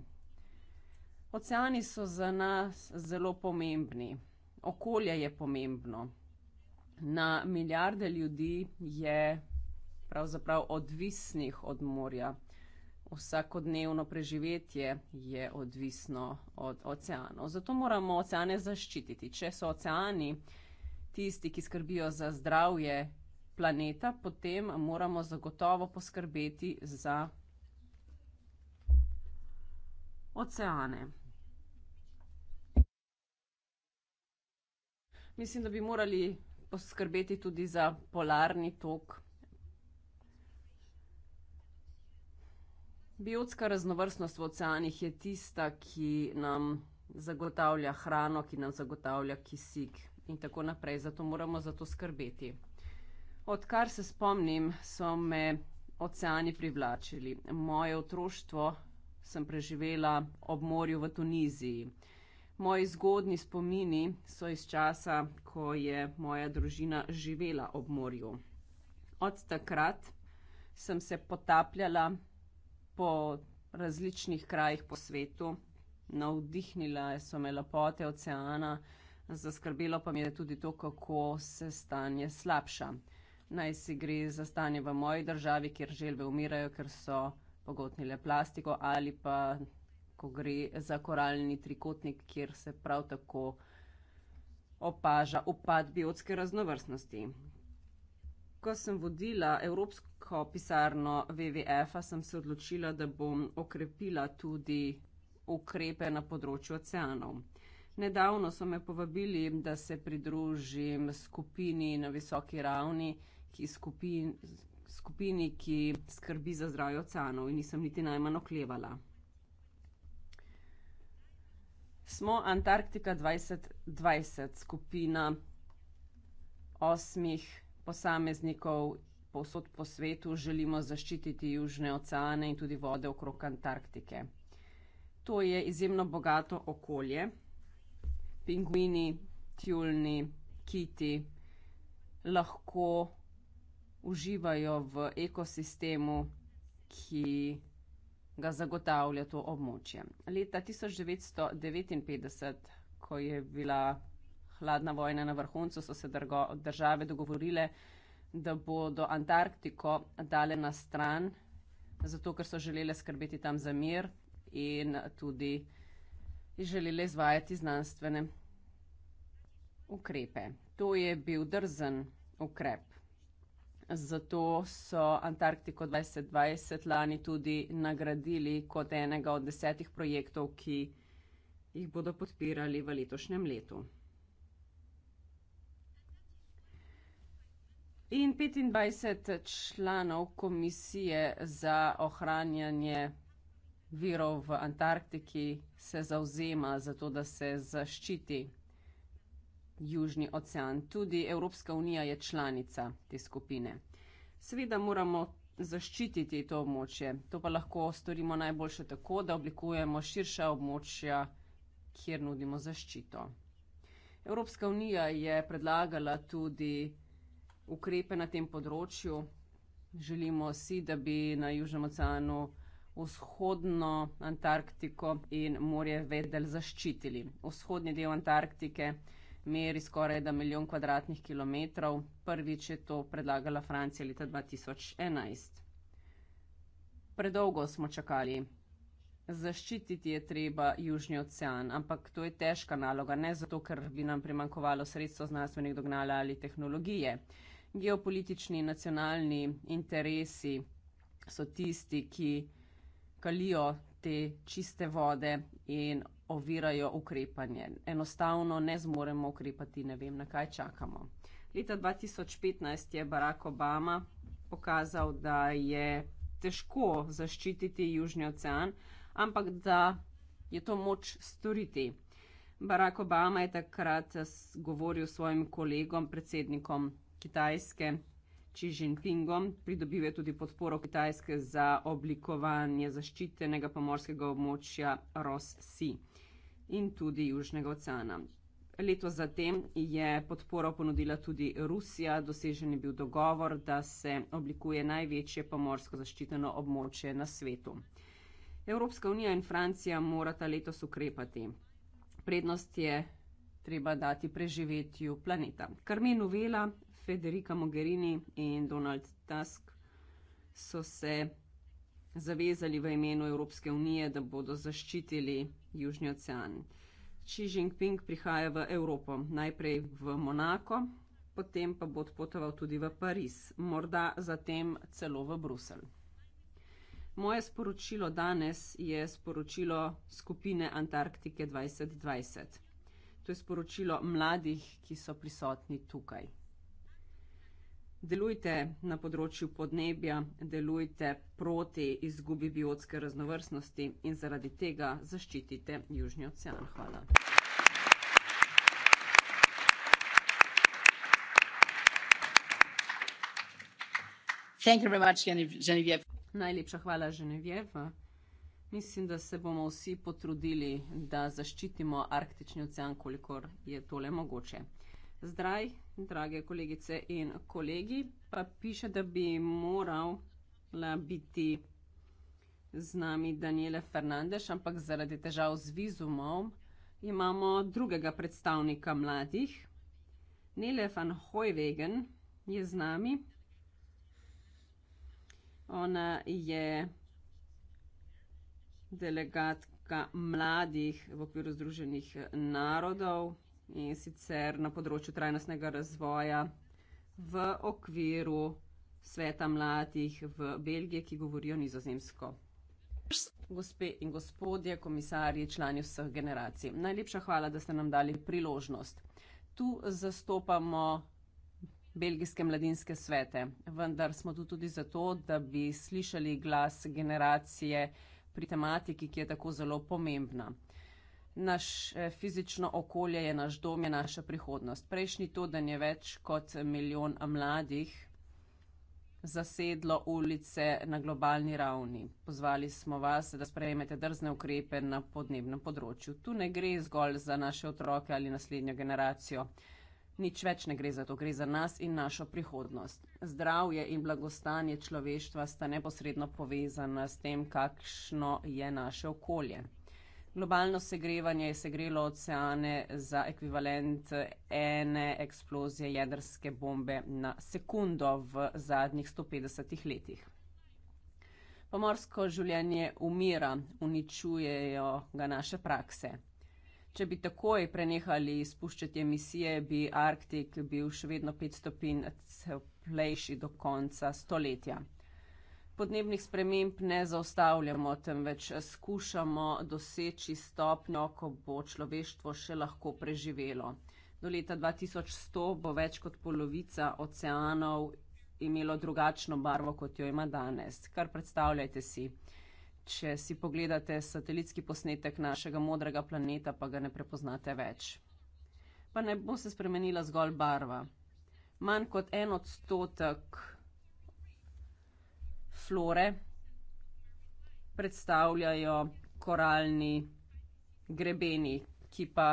Oceani so za nas zelo pomembni, okolje je pomembno. Na milijarde ljudi je pravzaprav odvisnih od morja. Vsakodnevno preživetje je odvisno od oceanov. Zato moramo oceane zaščititi. Če so oceani tisti, ki skrbijo za zdravje planeta, potem moramo zagotovo poskrbeti za oceane. Mislim, da bi morali poskrbeti tudi za polarni tok. Biotska raznovrstnost v oceanih je tista, ki nam zagotavlja hrano, ki nam zagotavlja kisik in tako naprej. Zato moramo za to skrbeti. Odkar se spomnim, so me oceani privlačili. Moje otroštvo sem preživela ob morju v Tuniziji. Moji zgodni spomini so iz časa, ko je moja družina živela ob morju. Od takrat sem se potapljala po različnih krajih po svetu, navdihnila so me lepote oceana, zaskrbelo pa mi je tudi to, kako se stanje slabša. Naj si gre za stanje v moji državi, kjer želve umirajo, ker so pogotnile plastiko, ali pa ko gre za koralni trikotnik, kjer se prav tako opaža upad biotske raznovrstnosti ko sem vodila Evropsko pisarno WWF, sem se odločila, da bom okrepila tudi ukrepe na področju oceanov. Nedavno so me povabili, da se pridružim skupini na visoki ravni, ki skupin, skupini, ki skrbi za zdravje oceanov in nisem niti najmanj oklevala. Smo Antarktika 2020, skupina osmih posameznikov povsod po svetu želimo zaščititi južne oceane in tudi vode okrog Antarktike. To je izjemno bogato okolje. Pingvini, tjulni, kiti lahko uživajo v ekosistemu, ki ga zagotavlja to območje. Leta 1959, ko je bila hladna vojna na vrhuncu, so se države dogovorile, da bodo Antarktiko dale na stran, zato ker so želele skrbeti tam za mir in tudi želele izvajati znanstvene ukrepe. To je bil drzen ukrep. Zato so Antarktiko 2020 lani tudi nagradili kot enega od desetih projektov, ki jih bodo podpirali v letošnjem letu. in 25 članov komisije za ohranjanje virov v Antarktiki se zauzema za to, da se zaščiti Južni ocean. Tudi Evropska unija je članica te skupine. Seveda moramo zaščititi to območje. To pa lahko storimo najboljše tako, da oblikujemo širša območja, kjer nudimo zaščito. Evropska unija je predlagala tudi ukrepe na tem področju. Želimo si, da bi na Južnem oceanu vzhodno Antarktiko in morje vedel zaščitili. Vzhodni del Antarktike meri skoraj da milijon kvadratnih kilometrov. Prvič je to predlagala Francija leta 2011. Predolgo smo čakali. Zaščititi je treba Južni ocean, ampak to je težka naloga, ne zato, ker bi nam primankovalo sredstvo znanstvenih dognala ali tehnologije, geopolitični nacionalni interesi so tisti, ki kalijo te čiste vode in ovirajo ukrepanje. Enostavno ne zmoremo ukrepati, ne vem, na kaj čakamo. Leta 2015 je Barack Obama pokazal, da je težko zaščititi Južni ocean, ampak da je to moč storiti. Barack Obama je takrat govoril svojim kolegom, predsednikom Kitajske. Či Žinpingom pridobive tudi podporo Kitajske za oblikovanje zaščitenega pomorskega območja Ross-Sea in tudi Južnega oceana. Leto zatem je podporo ponudila tudi Rusija, dosežen je bil dogovor, da se oblikuje največje pomorsko zaščiteno območje na svetu. Evropska unija in Francija morata letos ukrepati. Prednost je treba dati preživetju planeta. Karmen Uvela, Federica Mogherini in Donald Tusk so se zavezali v imenu Evropske unije, da bodo zaščitili Južni ocean. Xi Jinping prihaja v Evropo, najprej v Monako, potem pa bo odpotoval tudi v Pariz, morda zatem celo v Bruselj. Moje sporočilo danes je sporočilo skupine Antarktike 2020. To je sporočilo mladih, ki so prisotni tukaj delujte na področju podnebja, delujte proti izgubi biotske raznovrstnosti in zaradi tega zaščitite Južni ocean. Hvala. Thank you very much, Genevieve. Najlepša hvala, Genevieve. Mislim, da se bomo vsi potrudili, da zaščitimo Arktični ocean, kolikor je tole mogoče. Zdaj, drage kolegice in kolegi, pa piše, da bi morala biti z nami Daniele Fernandez, ampak zaradi težav z vizumom imamo drugega predstavnika mladih. Nele van Hojvegen je z nami. Ona je delegatka mladih v okviru Združenih narodov in sicer na področju trajnostnega razvoja v okviru sveta mladih v Belgiji, ki govorijo nizozemsko. Gospe in gospodje, komisarji, člani vseh generacij, najlepša hvala, da ste nam dali priložnost. Tu zastopamo belgijske mladinske svete, vendar smo tu tudi zato, da bi slišali glas generacije pri tematiki, ki je tako zelo pomembna. Naš eh, fizično okolje je naš dom, je naša prihodnost. Prejšnji teden je več kot milijon mladih zasedlo ulice na globalni ravni. Pozvali smo vas, da sprejmete drzne ukrepe na podnebnem področju. Tu ne gre zgolj za naše otroke ali naslednjo generacijo. Nič več ne gre za to, gre za nas in našo prihodnost. Zdravje in blagostanje človeštva sta neposredno povezana s tem, kakšno je naše okolje globalno segrevanje je segrelo oceane za ekvivalent ene eksplozije jedrske bombe na sekundo v zadnjih 150 letih. Pomorsko življenje umira, uničujejo ga naše prakse. Če bi takoj prenehali spuščati emisije, bi Arktik bil še vedno 5 stopinj toplejši do konca stoletja podnebnih sprememb ne zaustavljamo, temveč skušamo doseči stopnjo, ko bo človeštvo še lahko preživelo. Do leta 2100 bo več kot polovica oceanov imelo drugačno barvo, kot jo ima danes. Kar predstavljajte si. Če si pogledate satelitski posnetek našega modrega planeta, pa ga ne prepoznate več. Pa ne bo se spremenila zgolj barva. Manj kot en odstotek flore predstavljajo koralni grebeni, ki pa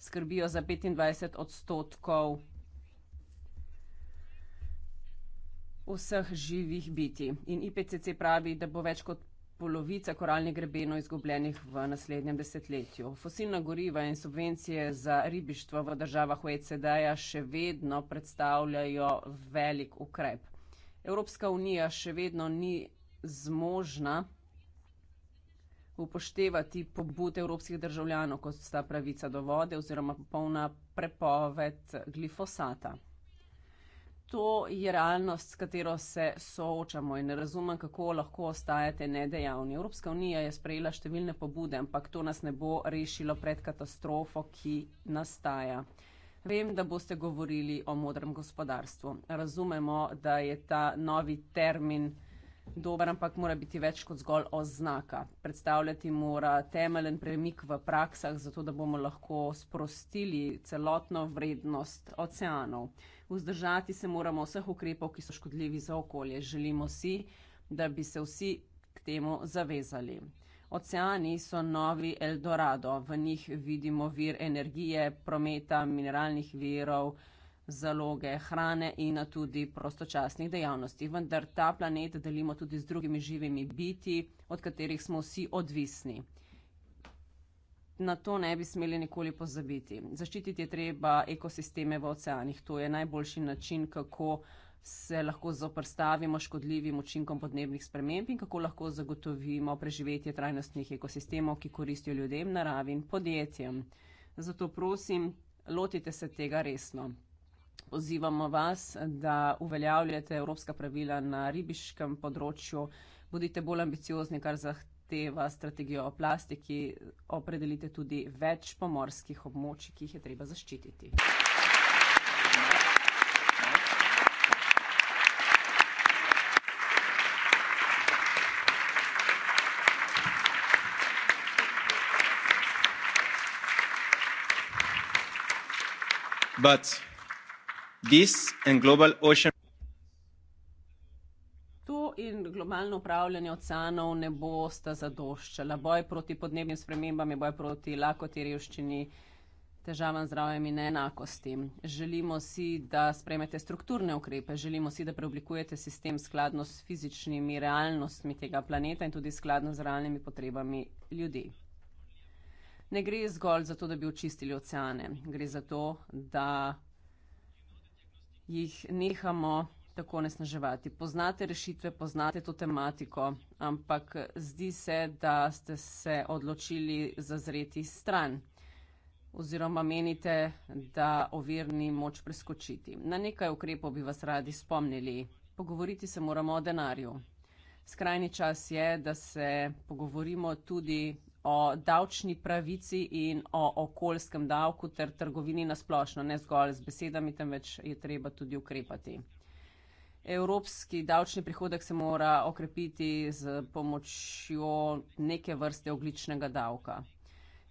skrbijo za petindvajset odstotkov vseh živih bitij. In IPCC pravi, da bo več kot polovica koralnih grebenov izgubljenih v naslednjem desetletju. Fosilna goriva in subvencije za ribištvo v državah OECD-ja še vedno predstavljajo velik ukrep. Evropska unija še vedno ni zmožna upoštevati pobud evropskih državljanov, kot sta pravica do vode oziroma popolna prepoved glifosata. To je realnost, s katero se soočamo in ne razumem, kako lahko ostajate nedejavni. Evropska unija je sprejela številne pobude, ampak to nas ne bo rešilo pred katastrofo, ki nastaja. Vem, da boste govorili o modrem gospodarstvu. Razumemo, da je ta novi termin dober, ampak mora biti več kot zgolj oznaka. Predstavljati mora temelen premik v praksah, zato da bomo lahko sprostili celotno vrednost oceanov. Vzdržati se moramo vseh ukrepov, ki so škodljivi za okolje. Želimo si, da bi se vsi k temu zavezali. Oceani so novi Eldorado, v njih vidimo vir energije, prometa, mineralnih virov, zaloge hrane in tudi prostočasnih dejavnosti. Vendar ta planet delimo tudi z drugimi živimi biti, od katerih smo vsi odvisni. Na to ne bi smeli nikoli pozabiti. Zaščititi je treba ekosisteme v oceanih. To je najboljši način, kako se lahko zoprstavimo škodljivim učinkom podnebnih sprememb in kako lahko zagotovimo preživetje trajnostnih ekosistemov, ki koristijo ljudem, naravi in podjetjem. Zato prosim, lotite se tega resno. Pozivamo vas, da uveljavljate evropska pravila na ribiškem področju, bodite bolj ambiciozni, kar zahteva strategijo o plastiki, opredelite tudi več pomorskih območij, ki jih je treba zaščititi. but this and global ocean. In globalno upravljanje oceanov ne bo sta zadoščala. Boj proti podnebnim spremembam je boj proti lakoti, revščini, težavam zdravjem in neenakosti. Želimo si, da sprejmete strukturne ukrepe, želimo si, da preoblikujete sistem skladno s fizičnimi realnostmi tega planeta in tudi skladno z realnimi potrebami ljudi ne gre zgolj za to, da bi očistili oceane, gre za to, da jih nehamo tako nesnaževati. Poznate rešitve, poznate to tematiko, ampak zdi se, da ste se odločili zazreti stran oziroma menite, da ovir ni moč preskočiti. Na nekaj ukrepov bi vas radi spomnili. Pogovoriti se moramo o denarju. Skrajni čas je, da se pogovorimo tudi o davčni pravici in o okoljskem davku ter trgovini nasplošno, ne zgolj z besedami, temveč je treba tudi ukrepati. Evropski davčni prihodek se mora okrepiti z pomočjo neke vrste ogličnega davka.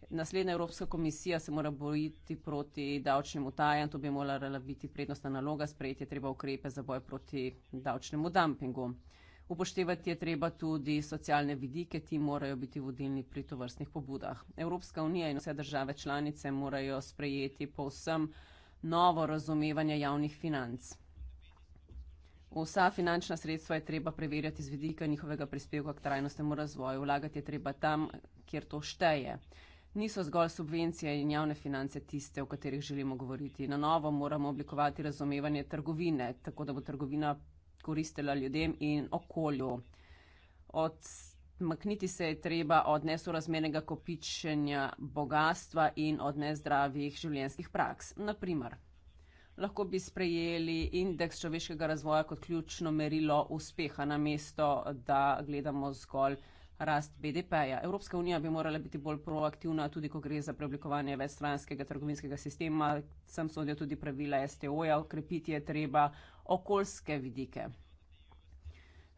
Naslednja Evropska komisija se mora bojiti proti davčnim utajam, to bi morala biti prednostna naloga, sprejeti je treba ukrepe za boj proti davčnemu dumpingu. Upoštevati je treba tudi socialne vidike, ti morajo biti vodilni pri tovrstnih pobudah. Evropska unija in vse države članice morajo sprejeti povsem novo razumevanje javnih financ. Vsa finančna sredstva je treba preverjati z vidika njihovega prispevka k trajnostnemu razvoju. Vlagati je treba tam, kjer to šteje. Niso zgolj subvencije in javne finance tiste, o katerih želimo govoriti. Na novo moramo oblikovati razumevanje trgovine, tako da bo trgovina koristila ljudem in okolju. Odmakniti se je treba od nesorazmernega kopičenja bogatstva in od nezdravih življenjskih praks. Naprimer, lahko bi sprejeli indeks človeškega razvoja kot ključno merilo uspeha, namesto da gledamo zgolj rast BDP-ja. Evropska unija bi morala biti bolj proaktivna, tudi ko gre za preoblikovanje večstranskega trgovinskega sistema, sem sodel tudi pravila STO-ja, ukrepiti je treba okoljske vidike.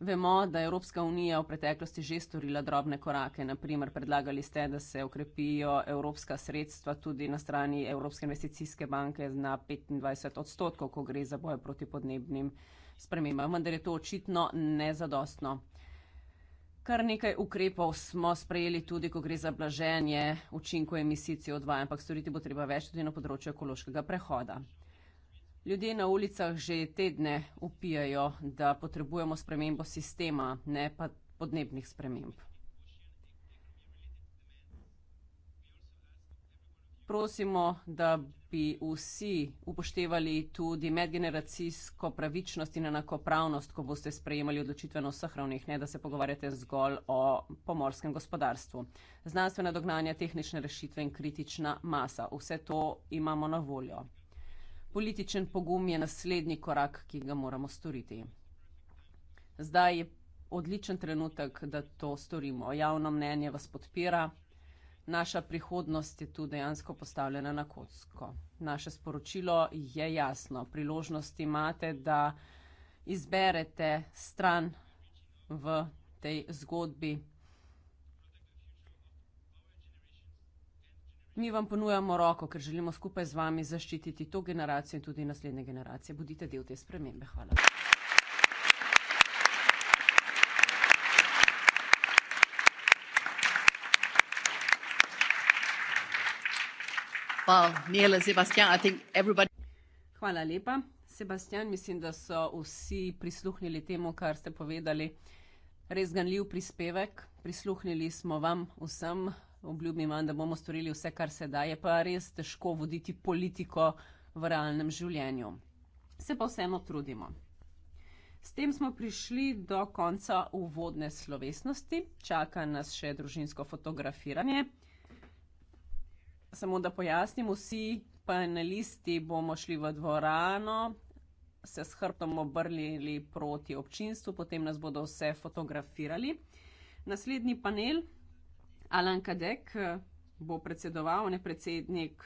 Vemo, da je Evropska unija v preteklosti že storila drobne korake. Naprimer, predlagali ste, da se okrepijo evropska sredstva tudi na strani Evropske investicijske banke na 25 odstotkov, ko gre za boj proti podnebnim spremembam. Vendar je to očitno nezadostno. Kar nekaj ukrepov smo sprejeli tudi, ko gre za blaženje učinkov emisij CO2, ampak storiti bo treba več tudi na področju ekološkega prehoda. Ljudje na ulicah že tedne upijajo, da potrebujemo spremembo sistema, ne pa podnebnih sprememb. Prosimo, da bi vsi upoštevali tudi medgeneracijsko pravičnost in enakopravnost, ko boste sprejemali odločitve na vseh ravneh, ne da se pogovarjate zgolj o pomorskem gospodarstvu. Znanstvena dognanja, tehnične rešitve in kritična masa, vse to imamo na voljo. Političen pogum je naslednji korak, ki ga moramo storiti. Zdaj je odličen trenutek, da to storimo. Javno mnenje vas podpira, naša prihodnost je tu dejansko postavljena na kocko. Naše sporočilo je jasno. Priložnost imate, da izberete stran v tej zgodbi, Mi vam ponujamo roko, ker želimo skupaj z vami zaščititi to generacijo in tudi naslednje generacije. Bodite del te spremembe. Hvala. Hvala lepa, Sebastian. Mislim, da so vsi prisluhnili temu, kar ste povedali. Res ganljiv prispevek. Prisluhnili smo vam vsem obljubim vam, da bomo storili vse, kar se da, je pa res težko voditi politiko v realnem življenju. Se pa vseeno trudimo. S tem smo prišli do konca uvodne slovesnosti. Čaka nas še družinsko fotografiranje. Samo da pojasnim, vsi panelisti bomo šli v dvorano, se s hrbtom obrnili proti občinstvu, potem nas bodo vse fotografirali. Naslednji panel Alan Kadek eh, bo predsedoval, ne predsednik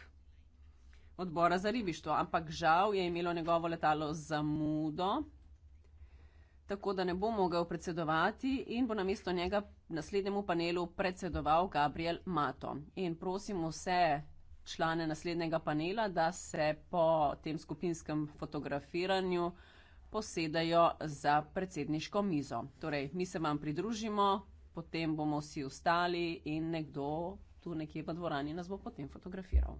odbora za ribištvo, ampak žal je imelo njegovo letalo zamudo, tako da ne bo mogel predsedovati in bo namesto njega naslednjemu panelu predsedoval Gabriel Mato. In prosim vse člane naslednjega panela, da se po tem skupinskem fotografiranju posedajo za predsedniško mizo. Torej, mi se vam pridružimo potem bomo vsi ostali in nekdo tu nekje v dvorani nas bo potem fotografiral.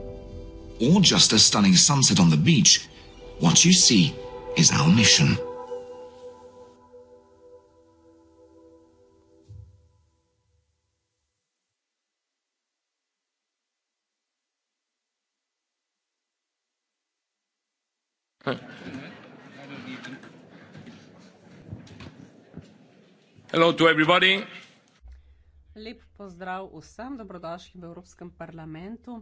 or just a stunning sunset on the beach, what you see is our mission. Hello to everybody. Lep pozdrav vsem, dobrodošli v Evropskem parlamentu.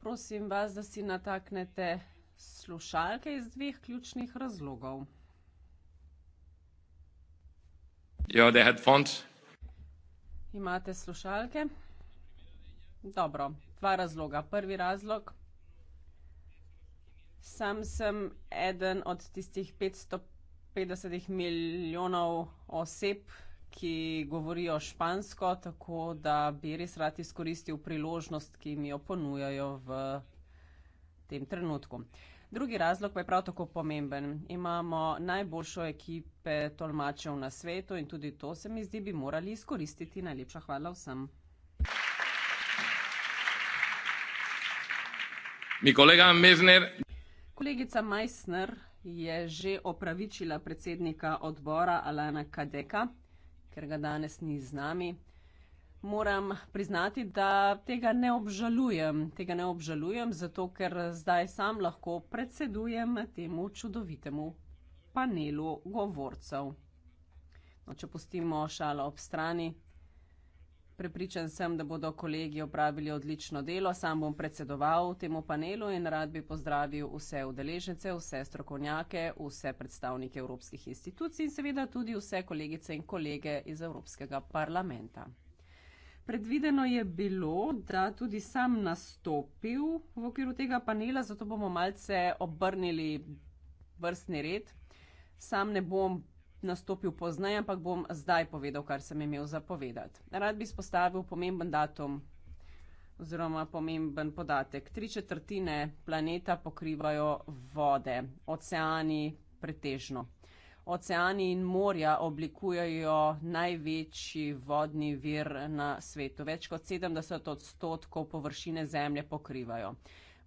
Prosim vas, da si nataknete slušalke iz dveh ključnih razlogov. Ja, the headphones. Imate slušalke? Dobro, dva razloga. Prvi razlog. Sam sem eden od tistih 550 milijonov oseb, ki govorijo špansko, tako da bi res rad izkoristil priložnost, ki mi jo ponujajo v tem trenutku. Drugi razlog pa je prav tako pomemben. Imamo najboljšo ekipe tolmačev na svetu in tudi to se mi zdi, bi morali izkoristiti. Najlepša hvala vsem. Mi kolega Mezner. Kolegica Meissner je že opravičila predsednika odbora Alana Kadeka ker ga danes ni z nami. Moram priznati, da tega ne obžalujem, tega ne obžalujem, zato ker zdaj sam lahko predsedujem temu čudovitemu panelu govorcev. No, če pustimo šalo ob strani, Prepričan sem, da bodo kolegi opravili odlično delo. Sam bom predsedoval temu panelu in rad bi pozdravil vse udeležence, vse strokovnjake, vse predstavnike evropskih institucij in seveda tudi vse kolegice in kolege iz Evropskega parlamenta. Predvideno je bilo, da tudi sam nastopil v okviru tega panela, zato bomo malce obrnili vrstni red. Sam ne bom nastopil pozneje, ampak bom zdaj povedal, kar sem imel zapovedati. Rad bi spostavil pomemben datum oziroma pomemben podatek. Tri četrtine planeta pokrivajo vode, oceani pretežno. Oceani in morja oblikujejo največji vodni vir na svetu. Več kot 70 odstotkov površine zemlje pokrivajo.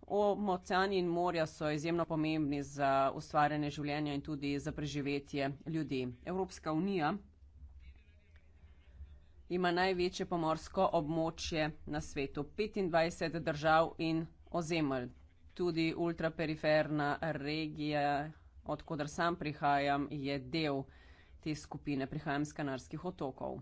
Ob oceani in morja so izjemno pomembni za ustvarjanje življenja in tudi za preživetje ljudi. Evropska unija ima največje pomorsko območje na svetu. 25 držav in ozemelj. Tudi ultraperiferna regija, odkudar sam prihajam, je del te skupine prihajam s Kanarskih otokov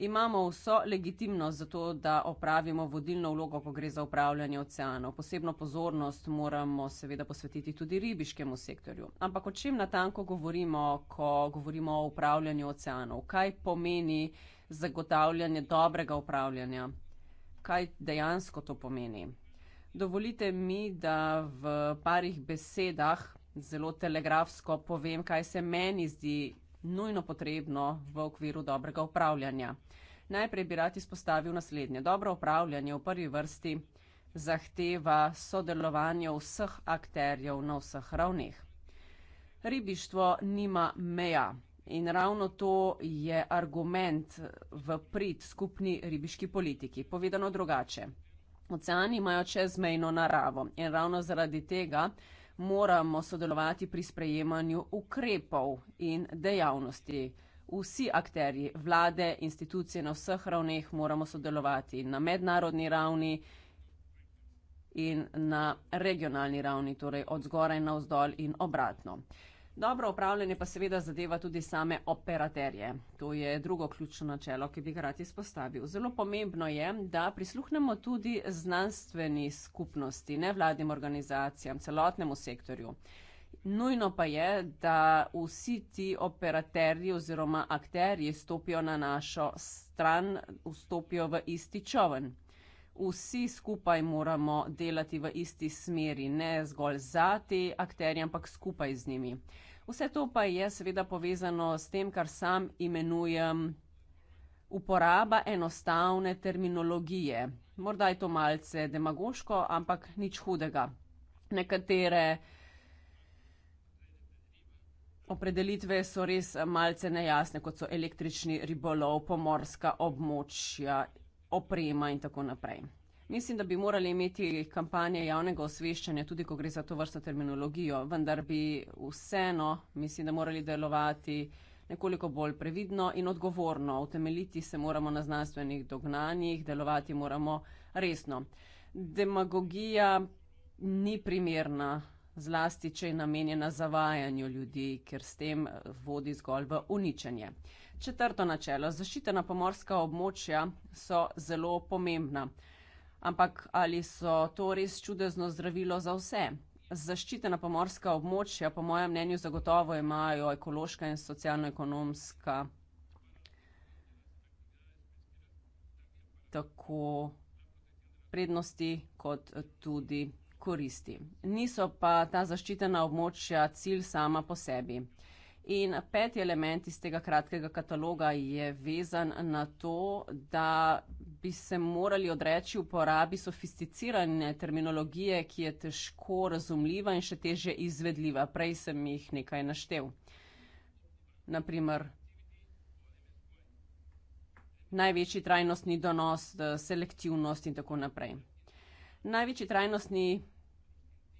imamo vso legitimnost za to, da opravimo vodilno vlogo, ko gre za upravljanje oceanov. Posebno pozornost moramo seveda posvetiti tudi ribiškemu sektorju. Ampak o čem natanko govorimo, ko govorimo o upravljanju oceanov? Kaj pomeni zagotavljanje dobrega upravljanja? Kaj dejansko to pomeni? Dovolite mi, da v parih besedah zelo telegrafsko povem, kaj se meni zdi nujno potrebno v okviru dobrega upravljanja. Najprej bi rad izpostavil naslednje. Dobro upravljanje v prvi vrsti zahteva sodelovanje vseh akterjev na vseh ravneh. Ribištvo nima meja in ravno to je argument v prid skupni ribiški politiki. Povedano drugače, oceani imajo čezmejno naravo in ravno zaradi tega moramo sodelovati pri sprejemanju ukrepov in dejavnosti. Vsi akteri, vlade, institucije na vseh ravneh moramo sodelovati na mednarodni ravni in na regionalni ravni, torej od zgoraj na vzdolj in obratno. Dobro upravljanje pa seveda zadeva tudi same operaterje. To je drugo ključno načelo, ki bi ga rad izpostavil. Zelo pomembno je, da prisluhnemo tudi znanstveni skupnosti, nevladnim organizacijam, celotnemu sektorju. Nujno pa je, da vsi ti operaterji oziroma akterji stopijo na našo stran, vstopijo v isti čovn vsi skupaj moramo delati v isti smeri, ne zgolj za te akterje, ampak skupaj z njimi. Vse to pa je seveda povezano s tem, kar sam imenujem uporaba enostavne terminologije. Morda je to malce demagoško, ampak nič hudega. Nekatere opredelitve so res malce nejasne, kot so električni ribolov, pomorska območja oprema in tako naprej. Mislim, da bi morali imeti kampanje javnega osveščanja, tudi ko gre za to vrsto terminologijo, vendar bi vseeno, mislim, da morali delovati nekoliko bolj previdno in odgovorno. Utemeljiti se moramo na znanstvenih dognanjih, delovati moramo resno. Demagogija ni primerna, zlasti, če je namenjena zavajanju ljudi, ker s tem vodi zgolj v uničenje. Četrto načelo, zaščitena pomorska območja so zelo pomembna. Ampak ali so to res čudežno zdravilo za vse? Zaščitena pomorska območja, po mojem mnenju, zagotovo imajo ekološka in socialno-ekonomska. Tako prednosti, kot tudi koristi. Niso pa ta zaščitena območja cilj sama po sebi. In peti element iz tega kratkega kataloga je vezan na to, da bi se morali odreči uporabi sofisticirane terminologije, ki je težko razumljiva in še teže izvedljiva. Prej sem jih nekaj naštel. Naprimer, največji trajnostni donos, eh, selektivnost in tako naprej. Največji trajnostni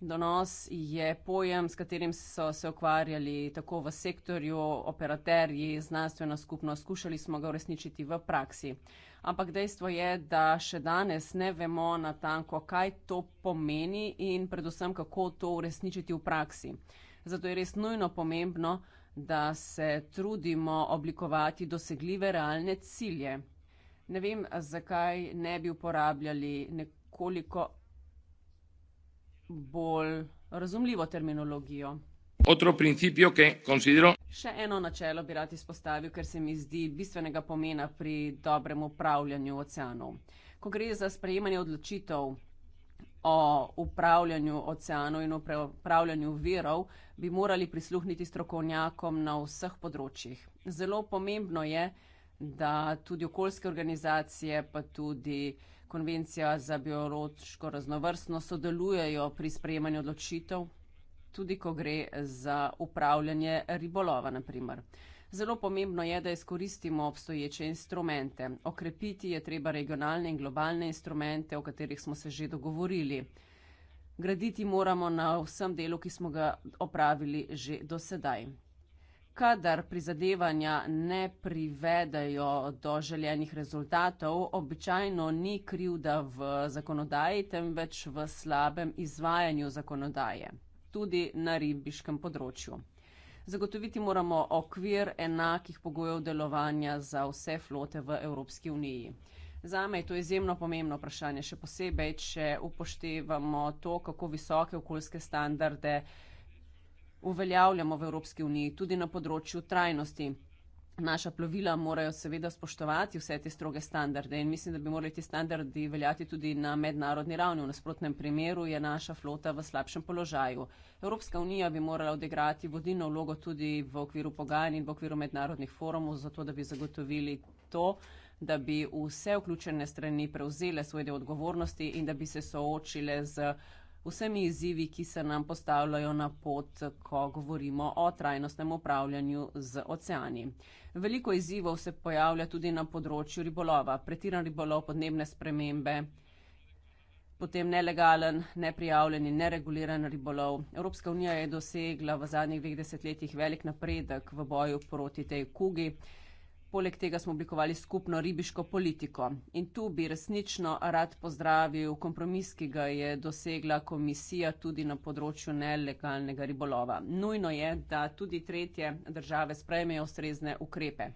Donos je pojem, s katerim so se ukvarjali tako v sektorju, operaterji, znanstvena skupnost, skušali smo ga uresničiti v praksi. Ampak dejstvo je, da še danes ne vemo natanko, kaj to pomeni in predvsem, kako to uresničiti v praksi. Zato je res nujno pomembno, da se trudimo oblikovati dosegljive realne cilje. Ne vem, zakaj ne bi uporabljali nekoliko bolj razumljivo terminologijo. Otro principio, ki considero. Še eno načelo bi rad izpostavil, ker se mi zdi bistvenega pomena pri dobrem upravljanju oceanov. Ko gre za sprejemanje odločitev o upravljanju oceanov in upravljanju verov, bi morali prisluhniti strokovnjakom na vseh področjih. Zelo pomembno je, da tudi okoljske organizacije, pa tudi konvencija za biološko raznovrstnost sodelujejo pri sprejemanju odločitev, tudi ko gre za upravljanje ribolova, naprimer. Zelo pomembno je, da izkoristimo obstoječe instrumente. Okrepiti je treba regionalne in globalne instrumente, o katerih smo se že dogovorili. Graditi moramo na vsem delu, ki smo ga opravili že do sedaj. Kadar prizadevanja ne privedajo do željenih rezultatov, običajno ni krivda v zakonodaji, temveč v slabem izvajanju zakonodaje, tudi na ribiškem področju. Zagotoviti moramo okvir enakih pogojev delovanja za vse flote v Evropski uniji. Za me je to izjemno pomembno vprašanje, še posebej, če upoštevamo to, kako visoke okoljske standarde uveljavljamo v Evropski uniji, tudi na področju trajnosti. Naša plovila morajo seveda spoštovati vse te stroge standarde in mislim, da bi morali ti standardi veljati tudi na mednarodni ravni. V nasprotnem primeru je naša flota v slabšem položaju. Evropska unija bi morala odigrati vodilno vlogo tudi v okviru pogajanj in v okviru mednarodnih forumov, zato da bi zagotovili to, da bi vse vključene strani prevzele svoje odgovornosti in da bi se soočile z vsemi izzivi, ki se nam postavljajo na pot, ko govorimo o trajnostnem upravljanju z oceani. Veliko izzivov se pojavlja tudi na področju ribolova, pretiran ribolov, podnebne spremembe, potem nelegalen, neprijavljen in nereguliran ribolov. Evropska unija je dosegla v zadnjih dveh desetletjih velik napredek v boju proti tej kugi. Poleg tega smo oblikovali skupno ribiško politiko. In tu bi resnično rad pozdravil kompromis, ki ga je dosegla komisija tudi na področju nelegalnega ribolova. Nujno je, da tudi tretje države sprejmejo ustrezne ukrepe.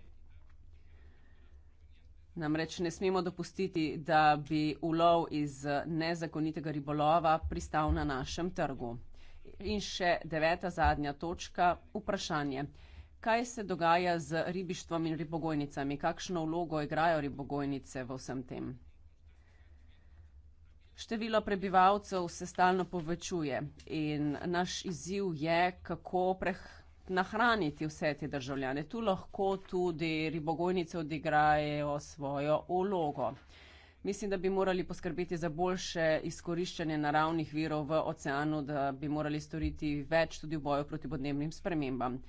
Namreč ne smemo dopustiti, da bi ulov iz nezakonitega ribolova pristal na našem trgu. In še deveta zadnja točka, vprašanje kaj se dogaja z ribištvom in ribogojnicami, kakšno vlogo igrajo ribogojnice v vsem tem. Število prebivalcev se stalno povečuje in naš izziv je, kako nahraniti vse te državljane. Tu lahko tudi ribogojnice odigrajo svojo vlogo. Mislim, da bi morali poskrbeti za boljše izkoriščanje naravnih virov v oceanu, da bi morali storiti več tudi v boju proti podnebnim spremembam.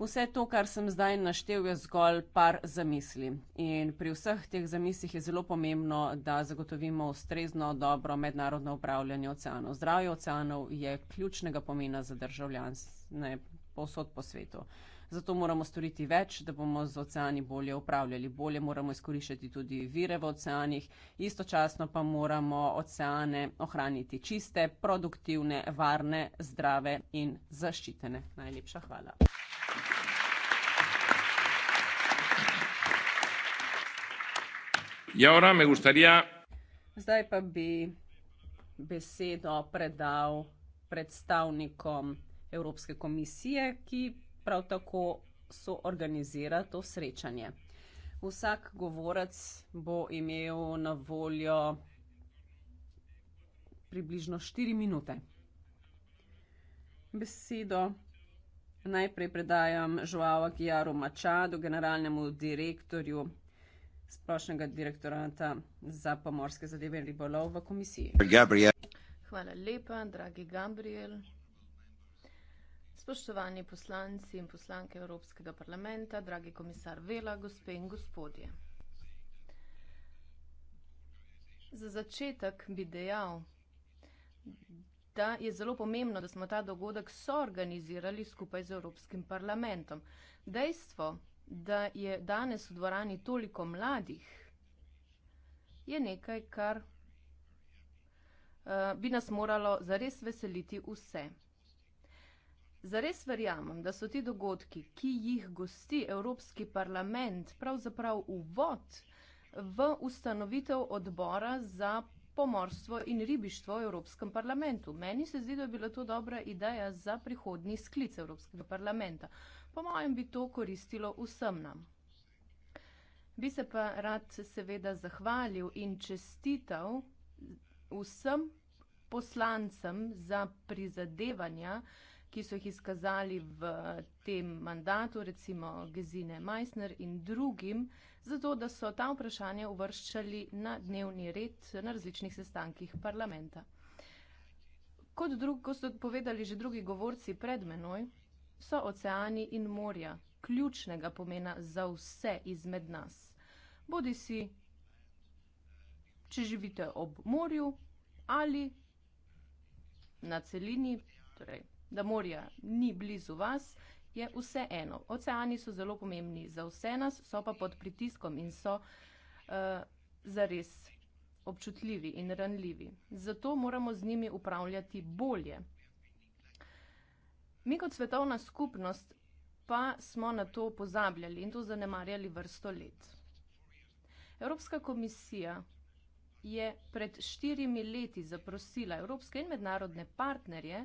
Vse to, kar sem zdaj naštel, je zgolj par zamisli. In pri vseh teh zamislih je zelo pomembno, da zagotovimo ustrezno dobro mednarodno upravljanje oceanov. Zdravje oceanov je ključnega pomena za državljanstvo posod po svetu zato moramo storiti več, da bomo z oceani bolje upravljali. Bolje moramo izkoriščati tudi vire v oceanih, istočasno pa moramo oceane ohraniti čiste, produktivne, varne, zdrave in zaščitene. Najlepša hvala. Zdaj pa bi besedo predal predstavnikom Evropske komisije, ki prav tako soorganizira to srečanje. Vsak govorec bo imel na voljo približno 4 minute. Besedo najprej predajam Žuavu Gijaru Mačadu, generalnemu direktorju splošnega direktorata za pomorske zadeve in ribolov v komisiji. Gabriel. Hvala lepa, dragi Gabriel. Spoštovani poslanci in poslanke Evropskega parlamenta, dragi komisar Vela, gospe in gospodje. Za začetek bi dejal, da je zelo pomembno, da smo ta dogodek soorganizirali skupaj z Evropskim parlamentom. Dejstvo, da je danes v dvorani toliko mladih, je nekaj, kar uh, bi nas moralo zares veseliti vse. Zares verjamem, da so ti dogodki, ki jih gosti Evropski parlament, pravzaprav uvod v ustanovitev odbora za pomorstvo in ribištvo v Evropskem parlamentu. Meni se zdi, da je bila to dobra ideja za prihodni sklic Evropskega parlamenta. Po mojem bi to koristilo vsem nam. Bi se pa rad seveda zahvalil in čestital vsem poslancem za prizadevanja, ki so jih izkazali v tem mandatu, recimo Gezine Meissner in drugim, zato da so ta vprašanja uvrščali na dnevni red na različnih sestankih parlamenta. Kot drug, ko so povedali že drugi govorci pred menoj, so oceani in morja ključnega pomena za vse izmed nas. Bodi si, če živite ob morju ali na celini, torej da morja ni blizu vas, je vse eno. Oceani so zelo pomembni za vse nas, so pa pod pritiskom in so uh, zares občutljivi in ranljivi. Zato moramo z njimi upravljati bolje. Mi kot svetovna skupnost pa smo na to pozabljali in to zanemarjali vrsto let. Evropska komisija je pred štirimi leti zaprosila evropske in mednarodne partnerje,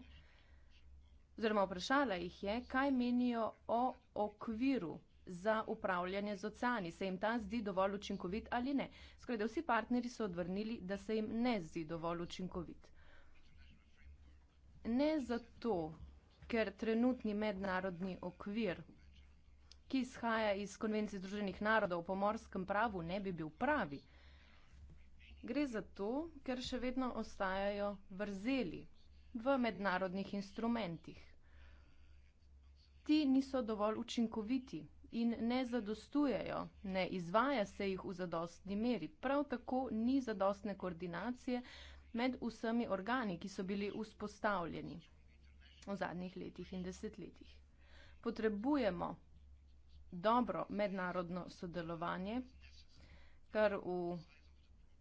oziroma vprašala jih je, kaj menijo o okviru za upravljanje z oceani. Se jim ta zdi dovolj učinkovit ali ne? Skoraj da vsi partnerji so odvrnili, da se jim ne zdi dovolj učinkovit. Ne zato, ker trenutni mednarodni okvir, ki izhaja iz konvencije Združenih narodov o pomorskem pravu, ne bi bil pravi. Gre za to, ker še vedno ostajajo vrzeli v mednarodnih instrumentih. Ti niso dovolj učinkoviti in ne zadostujejo, ne izvaja se jih v zadostni meri. Prav tako ni zadostne koordinacije med vsemi organi, ki so bili vzpostavljeni v zadnjih letih in desetletjih. Potrebujemo dobro mednarodno sodelovanje, kar v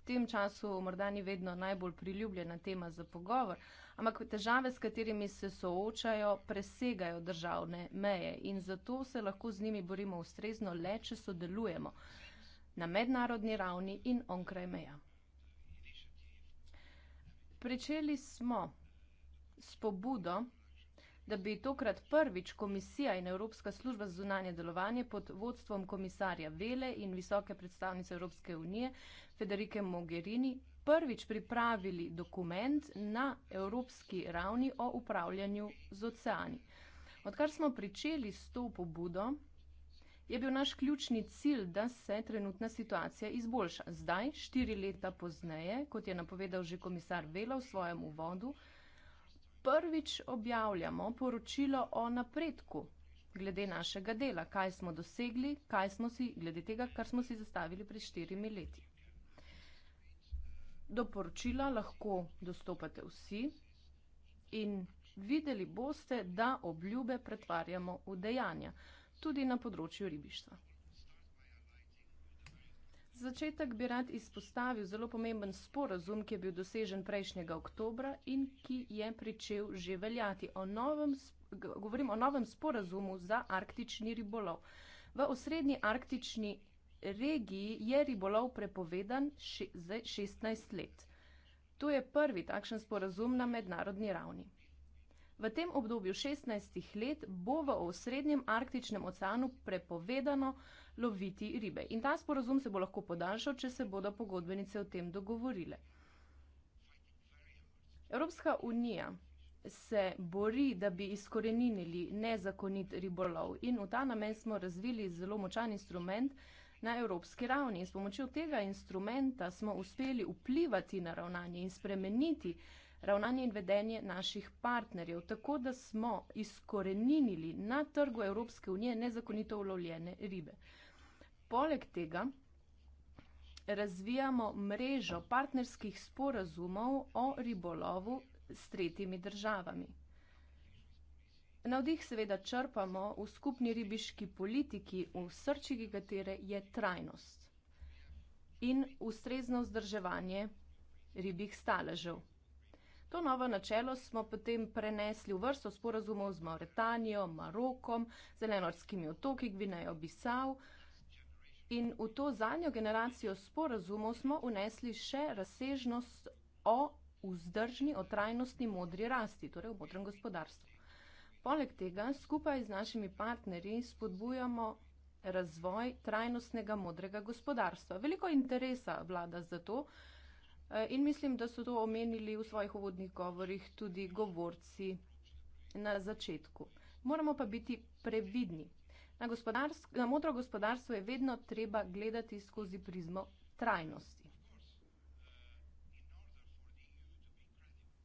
tem času morda ni vedno najbolj priljubljena tema za pogovor, ampak težave, s katerimi se soočajo, presegajo državne meje in zato se lahko z njimi borimo ustrezno le, če sodelujemo na mednarodni ravni in onkraj meja. Pričeli smo s pobudo, da bi tokrat prvič komisija in Evropska služba za zunanje delovanje pod vodstvom komisarja Vele in visoke predstavnice Evropske unije Federike Mogherini prvič pripravili dokument na evropski ravni o upravljanju z oceani. Odkar smo pričeli s to pobudo, je bil naš ključni cilj, da se trenutna situacija izboljša. Zdaj, štiri leta pozneje, kot je napovedal že komisar Vela v svojem uvodu, prvič objavljamo poročilo o napredku glede našega dela, kaj smo dosegli, kaj smo si, glede tega, kar smo si zastavili pred štirimi leti. Do poročila lahko dostopate vsi in videli boste, da obljube pretvarjamo v dejanja, tudi na področju ribištva. Za začetek bi rad izpostavil zelo pomemben sporazum, ki je bil dosežen prejšnjega oktobra in ki je pričel že veljati. O novem, govorim o novem sporazumu za arktični ribolov. V osrednji arktični regiji je ribolov prepovedan še 16 let. To je prvi takšen sporazum na mednarodni ravni. V tem obdobju 16 let bo v osrednjem arktičnem oceanu prepovedano loviti ribe. In ta sporazum se bo lahko podaljšal, če se bodo pogodbenice o tem dogovorile. Evropska unija se bori, da bi izkorenili nezakonit ribolov in v ta namen smo razvili zelo močan instrument, na evropski ravni. S pomočjo tega instrumenta smo uspeli vplivati na ravnanje in spremeniti ravnanje in vedenje naših partnerjev, tako da smo izkoreninili na trgu Evropske unije nezakonito ulovljene ribe. Poleg tega razvijamo mrežo partnerskih sporazumov o ribolovu s tretjimi državami. Navdih seveda črpamo v skupni ribiški politiki, v srčiki katere je trajnost in ustrezno vzdrževanje ribih staležev. To novo načelo smo potem prenesli v vrsto sporazumov z Mauretanijo, Marokom, Zelenorskimi otoki, Gvinejo, Bisav in v to zadnjo generacijo sporazumov smo unesli še razsežnost o vzdržni, o trajnostni modri rasti, torej o modrem gospodarstvu. Poleg tega skupaj z našimi partnerji spodbujamo razvoj trajnostnega modrega gospodarstva. Veliko interesa vlada za to eh, in mislim, da so to omenili v svojih uvodnih govorih tudi govorci na začetku. Moramo pa biti previdni. Na, na modro gospodarstvo je vedno treba gledati skozi prizmo trajnosti.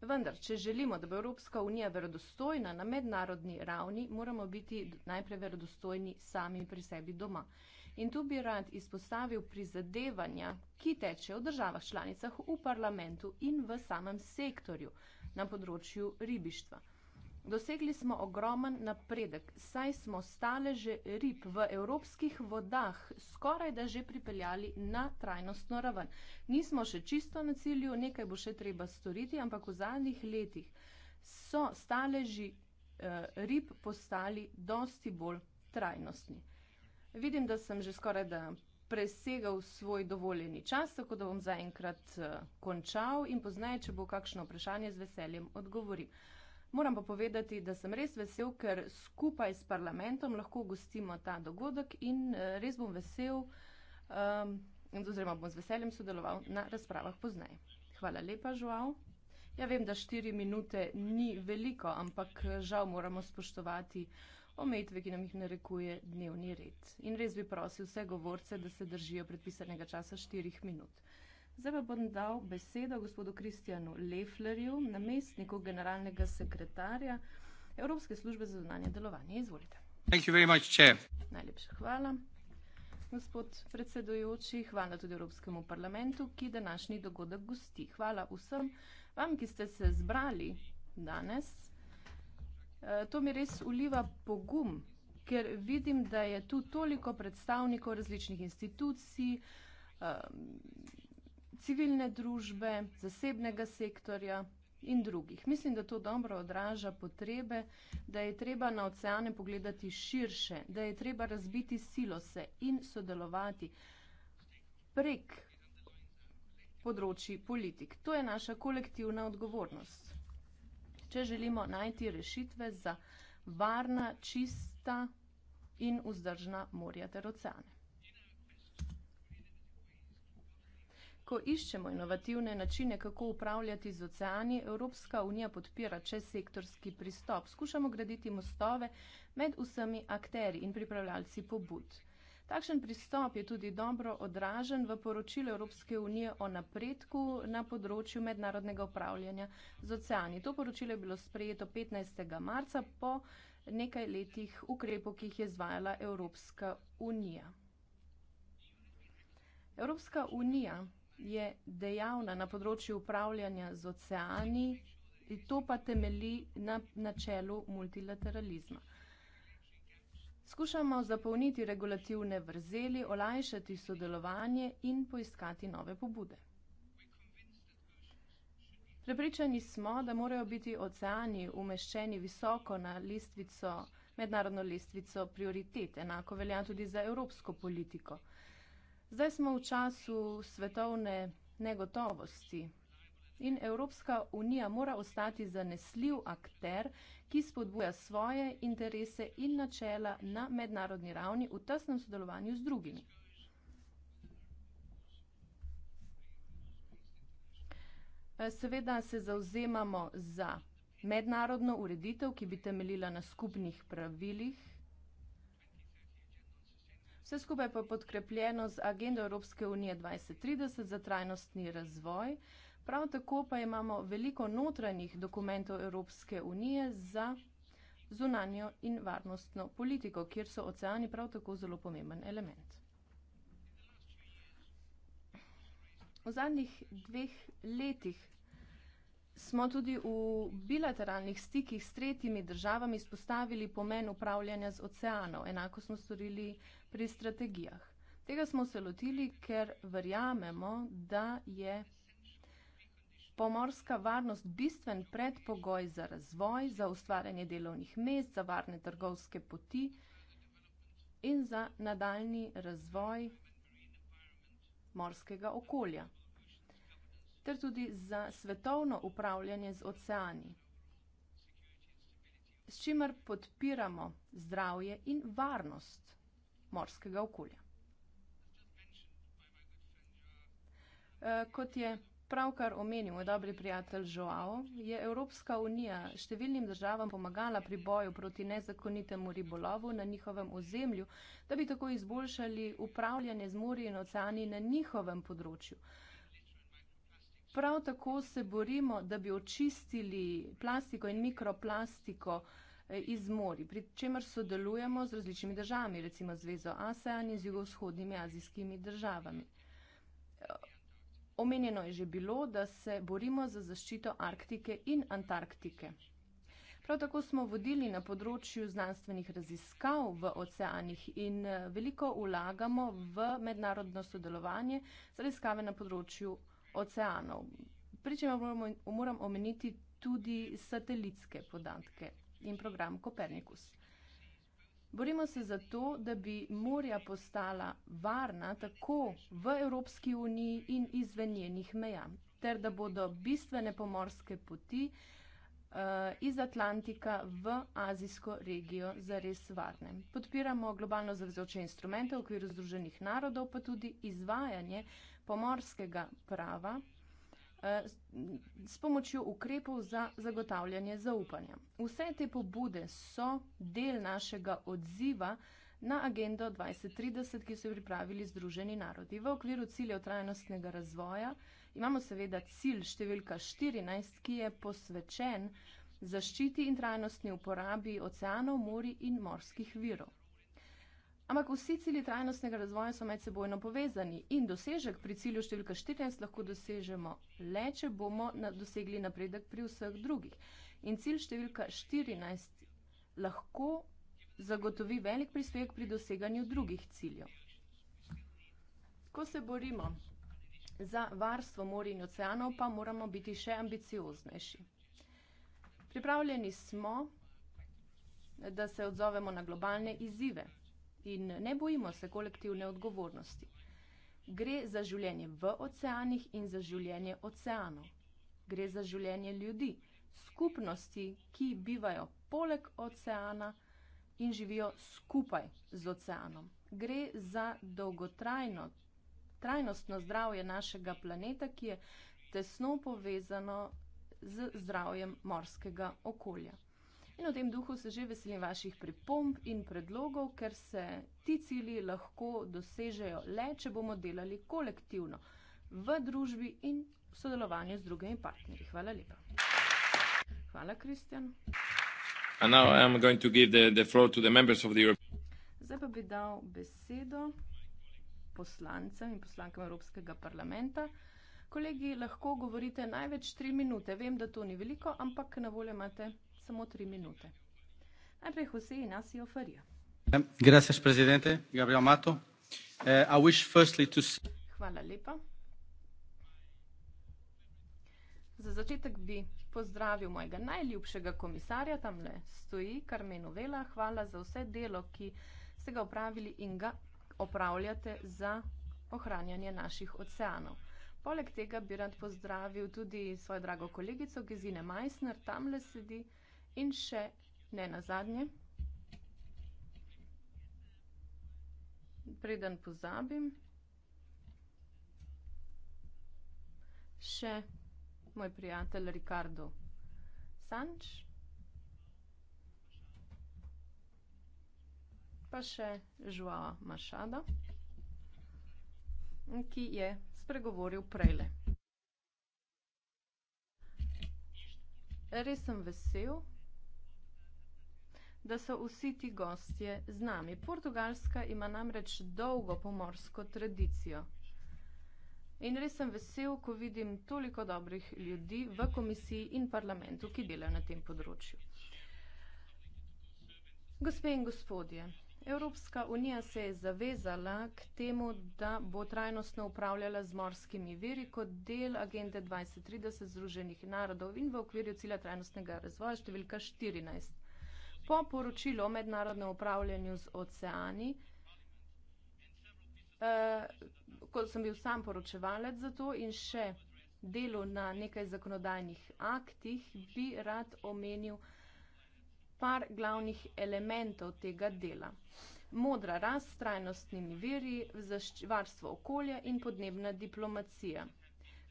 Vendar, če želimo, da bo Evropska unija verodostojna na mednarodni ravni, moramo biti najprej verodostojni sami pri sebi doma. In tu bi rad izpostavil prizadevanja, ki teče v državah članicah, v parlamentu in v samem sektorju na področju ribištva. Dosegli smo ogromen napredek, saj smo stale že rib v evropskih vodah, skoraj da že pripeljali na trajnostno raven. Nismo še čisto na cilju, nekaj bo še treba storiti, ampak v zadnjih letih so stale že eh, rib postali dosti bolj trajnostni. Vidim, da sem že skoraj da presegal svoj dovoljeni čas, tako da bom zaenkrat eh, končal in poznaj, če bo kakšno vprašanje, z veseljem odgovorim. Moram pa povedati, da sem res vesel, ker skupaj s parlamentom lahko gostimo ta dogodek in eh, res bom vesel, um, oziroma bom z veseljem sodeloval na razpravah poznaj. Hvala lepa, žal. Ja, vem, da štiri minute ni veliko, ampak eh, žal moramo spoštovati omejitve, ki nam jih narekuje dnevni red. In res bi prosil vse govorce, da se držijo predpisanega časa štirih minut. Zdaj pa bom dal besedo gospodu Kristjanu Leflerju, namestniku generalnega sekretarja Evropske službe za zunanje delovanje. Izvolite. Much, Najlepša hvala. Gospod predsedujoči, hvala tudi Evropskemu parlamentu, ki današnji dogodek gosti. Hvala vsem vam, ki ste se zbrali danes. E, to mi res uliva pogum, ker vidim, da je tu toliko predstavnikov različnih institucij, e, civilne družbe, zasebnega sektorja in drugih. Mislim, da to dobro odraža potrebe, da je treba na oceane pogledati širše, da je treba razbiti silose in sodelovati prek področji politik. To je naša kolektivna odgovornost. Če želimo najti rešitve za varna, čista in vzdržna morja ter oceane. Ko iščemo inovativne načine, kako upravljati z oceani, Evropska unija podpira česektorski pristop. Skušamo graditi mostove med vsemi akteri in pripravljalci pobud. Takšen pristop je tudi dobro odražen v poročilu Evropske unije o napredku na področju mednarodnega upravljanja z oceani. To poročilo je bilo sprejeto 15. marca po nekaj letih ukrepov, ki jih je izvajala Evropska unija. Evropska unija je dejavna na področju upravljanja z oceani, to pa temelji na načelu multilateralizma. Skušamo zapolniti regulativne vrzeli, olajšati sodelovanje in poiskati nove pobude. Prepričani smo, da morajo biti oceani umeščeni visoko na listvico, mednarodno listvico prioritet. Enako velja tudi za evropsko politiko. Zdaj smo v času svetovne negotovosti in Evropska unija mora ostati zanesljiv akter, ki spodbuja svoje interese in načela na mednarodni ravni v tesnem sodelovanju z drugimi. E, seveda se zavzemamo za mednarodno ureditev, ki bi temeljila na skupnih pravilih, Vse skupaj pa je podkrepljeno z agendo Evropske unije 2030 za trajnostni razvoj. Prav tako pa imamo veliko notranjih dokumentov Evropske unije za zunanjo in varnostno politiko, kjer so oceani prav tako zelo pomemben element. V zadnjih dveh letih Smo tudi v bilateralnih stikih s tretjimi državami spostavili pomen upravljanja z oceanov. Enako smo storili pri strategijah. Tega smo se lotili, ker verjamemo, da je pomorska varnost bistven predpogoj za razvoj, za ustvarjanje delovnih mest, za varne trgovske poti in za nadaljni razvoj morskega okolja ter tudi za svetovno upravljanje z oceani, s čimer podpiramo zdravje in varnost morskega okolja. E, kot je pravkar omenil moj dobri prijatelj Joao, je Evropska unija številnim državam pomagala pri boju proti nezakonitemu ribolovu na njihovem ozemlju, da bi tako izboljšali upravljanje z morji in oceani na njihovem področju prav tako se borimo, da bi očistili plastiko in mikroplastiko eh, iz mori, pri čemer sodelujemo z različnimi državami, recimo Zvezo ASEAN in z jugovzhodnimi azijskimi državami. Omenjeno je že bilo, da se borimo za zaščito Arktike in Antarktike. Prav tako smo vodili na področju znanstvenih raziskav v oceanih in eh, veliko vlagamo v mednarodno sodelovanje za raziskave na področju okolja oceanov. Pričemer moramo, moram omeniti tudi satelitske podatke in program Kopernikus. Borimo se za to, da bi morja postala varna tako v Evropski uniji in izven njenih meja, ter da bodo bistvene pomorske poti uh, iz Atlantika v azijsko regijo zares varne. Podpiramo globalno zavezoče instrumente v okviru Združenih narodov, pa tudi izvajanje pomorskega prava eh, s pomočjo ukrepov za zagotavljanje zaupanja. Vse te pobude so del našega odziva na agendo 2030, ki so jo pripravili Združeni narodi. V okviru ciljev trajnostnega razvoja imamo seveda cilj številka 14, ki je posvečen zaščiti in trajnostni uporabi oceanov, mori in morskih virov. Ampak vsi cilji trajnostnega razvoja so medsebojno povezani in dosežek pri cilju številka 14 lahko dosežemo le, če bomo dosegli napredek pri vseh drugih. In cilj številka 14 lahko zagotovi velik prispevek pri doseganju drugih ciljev. Ko se borimo za varstvo morja in oceanov, pa moramo biti še ambicioznejši. Pripravljeni smo, da se odzovemo na globalne izzive in ne bojimo se kolektivne odgovornosti. Gre za življenje v oceanih in za življenje oceanov. Gre za življenje ljudi, skupnosti, ki bivajo poleg oceana in živijo skupaj z oceanom. Gre za dolgotrajno, trajnostno zdravje našega planeta, ki je tesno povezano z zdravjem morskega okolja. In v tem duhu se že veselim vaših pripomb in predlogov, ker se ti cilji lahko dosežejo le, če bomo delali kolektivno v družbi in v sodelovanju z drugimi partnerji. Hvala lepa. Hvala, Kristjan. Zdaj pa bi dal besedo poslancem in poslankam Evropskega parlamenta. Kolegi, lahko govorite največ tri minute. Vem, da to ni veliko, ampak na voljo imate samo tri minute. Najprej Jose Inacio Faria. Gracias, presidente. Gabriel Mato. Uh, I wish firstly to... Hvala lepa. Za začetek bi pozdravil mojega najljubšega komisarja, tamle stoji Carmeno Vela. Hvala za vse delo, ki ste ga opravili in ga opravljate za ohranjanje naših oceanov. Poleg tega bi rad pozdravil tudi svojo drago kolegico Gezine Meissner, tamle sedi in še ne nazadnje, preden pozabim, še moj prijatelj Ricardo Sanč, pa še Joao Machado, ki je spregovoril prejle. Res sem vesel, da so vsi ti gostje z nami. Portugalska ima namreč dolgo pomorsko tradicijo. In res sem vesel, ko vidim toliko dobrih ljudi v komisiji in parlamentu, ki delajo na tem področju. Gospe in gospodje, Evropska unija se je zavezala k temu, da bo trajnostno upravljala z morskimi viri kot del agende 2030 Združenih narodov in v okviru cilja trajnostnega razvoja številka 14. Po poročilu o mednarodnem upravljanju z oceani, eh, ko sem bil sam poročevalec za to in še delu na nekaj zakonodajnih aktih, bi rad omenil par glavnih elementov tega dela. Modra rast s trajnostnimi viri, varstvo okolja in podnebna diplomacija.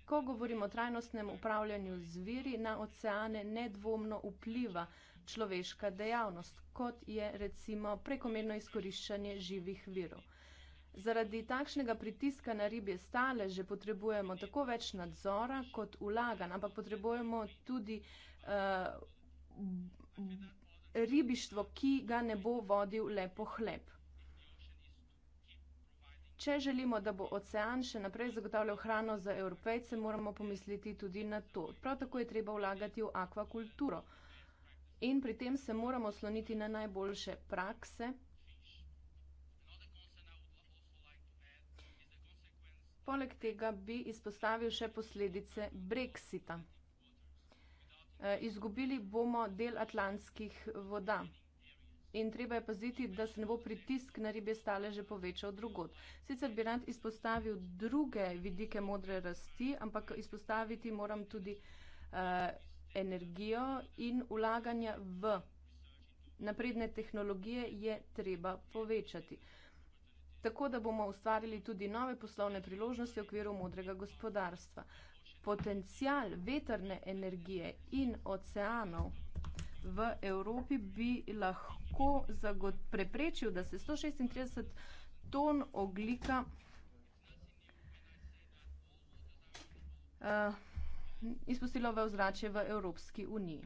Ko govorim o trajnostnem upravljanju z viri, na oceane nedvomno vpliva človeška dejavnost, kot je recimo prekomerno izkoriščanje živih virov. Zaradi takšnega pritiska na ribje stale že potrebujemo tako več nadzora kot ulagan, ampak potrebujemo tudi uh, ribištvo, ki ga ne bo vodil le pohleb. Če želimo, da bo ocean še naprej zagotavljal hrano za evropejce, moramo pomisliti tudi na to. Prav tako je treba vlagati v akvakulturo. Uh, in pri tem se moramo osloniti na najboljše prakse. Poleg tega bi izpostavil še posledice Brexita. E, izgubili bomo del atlantskih voda. In treba je paziti, da se ne bo pritisk na ribje stale že povečal drugod. Sicer bi rad izpostavil druge vidike modre rasti, ampak izpostaviti moram tudi uh, energijo in vlaganja v napredne tehnologije je treba povečati. Tako, da bomo ustvarili tudi nove poslovne priložnosti v okviru modrega gospodarstva. Potencial veterne energije in oceanov v Evropi bi lahko preprečil, da se 136 ton oglika uh, izpustilo v ozračje v Evropski uniji.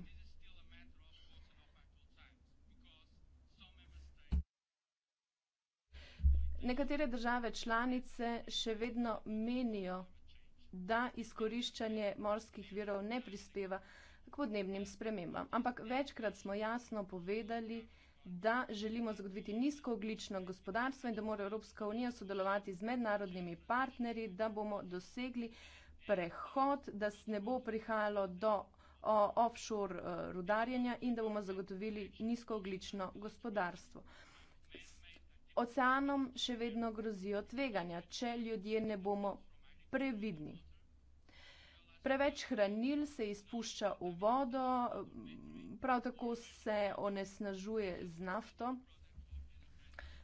Nekatere države članice še vedno menijo, da izkoriščanje morskih virov ne prispeva k podnebnim spremembam. Ampak večkrat smo jasno povedali, da želimo zagotoviti nizkooglično gospodarstvo in da mora Evropska unija sodelovati z mednarodnimi partnerji, da bomo dosegli prehod, da ne bo prihajalo do offshore eh, rudarjenja in da bomo zagotovili nizkooglično gospodarstvo. Oceanom še vedno grozijo tveganja, če ljudje ne bomo previdni. Preveč hranil se izpušča v vodo, eh, prav tako se onesnažuje z nafto.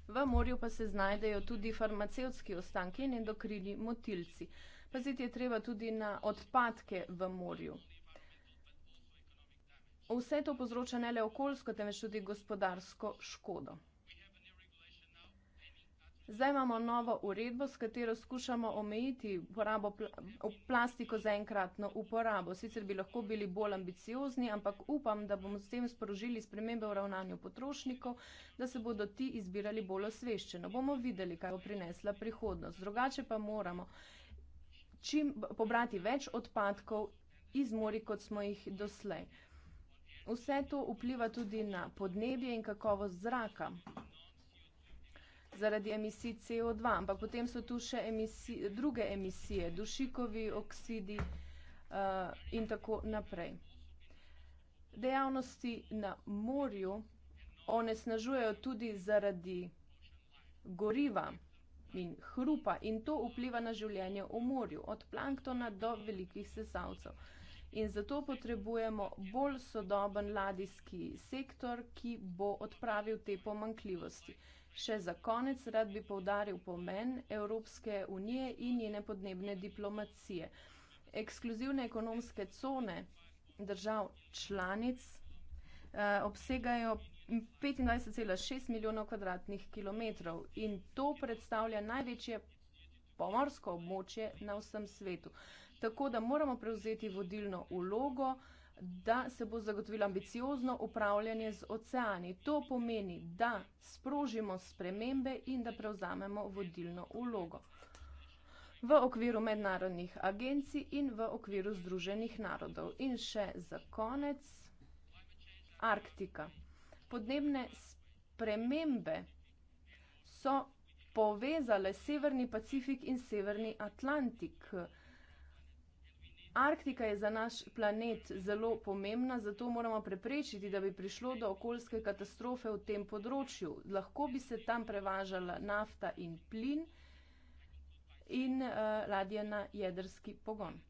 V morju pa se znajdejo tudi farmacevtski ostanki in endokrini motilci. Paziti je treba tudi na odpadke v morju. Vse to povzroča ne le okoljsko, temveč tudi gospodarsko škodo. Zdaj imamo novo uredbo, s katero skušamo omejiti uporabo pl plastiko za enkratno uporabo. Sicer bi lahko bili bolj ambiciozni, ampak upam, da bomo s tem sporožili spremembe v ravnanju potrošnikov, da se bodo ti izbirali bolj osveščeno. Bomo videli, kaj bo prinesla prihodnost. Drugače pa moramo čim, pobrati več odpadkov iz mori, kot smo jih doslej. Vse to vpliva tudi na podnebje in kakovost zraka zaradi emisij CO2, ampak potem so tu še emisi, druge emisije, dušikovi oksidi uh, in tako naprej. Dejavnosti na morju onesnažujejo tudi zaradi goriva in hrupa in to vpliva na življenje v morju, od planktona do velikih sesalcev. In zato potrebujemo bolj sodoben ladijski sektor, ki bo odpravil te pomankljivosti. Še za konec rad bi povdaril pomen Evropske unije in njene podnebne diplomacije. Ekskluzivne ekonomske cone držav članic eh, obsegajo 25,6 milijonov kvadratnih kilometrov in to predstavlja največje pomorsko območje na vsem svetu. Tako da moramo prevzeti vodilno ulogo, da se bo zagotovilo ambiciozno upravljanje z oceani. To pomeni, da sprožimo spremembe in da prevzamemo vodilno ulogo v okviru mednarodnih agencij in v okviru Združenih narodov. In še za konec Arktika podnebne spremembe so povezale Severni Pacifik in Severni Atlantik. Arktika je za naš planet zelo pomembna, zato moramo preprečiti, da bi prišlo do okoljske katastrofe v tem področju. Lahko bi se tam prevažala nafta in plin in uh, eh, ladje na jedrski pogon.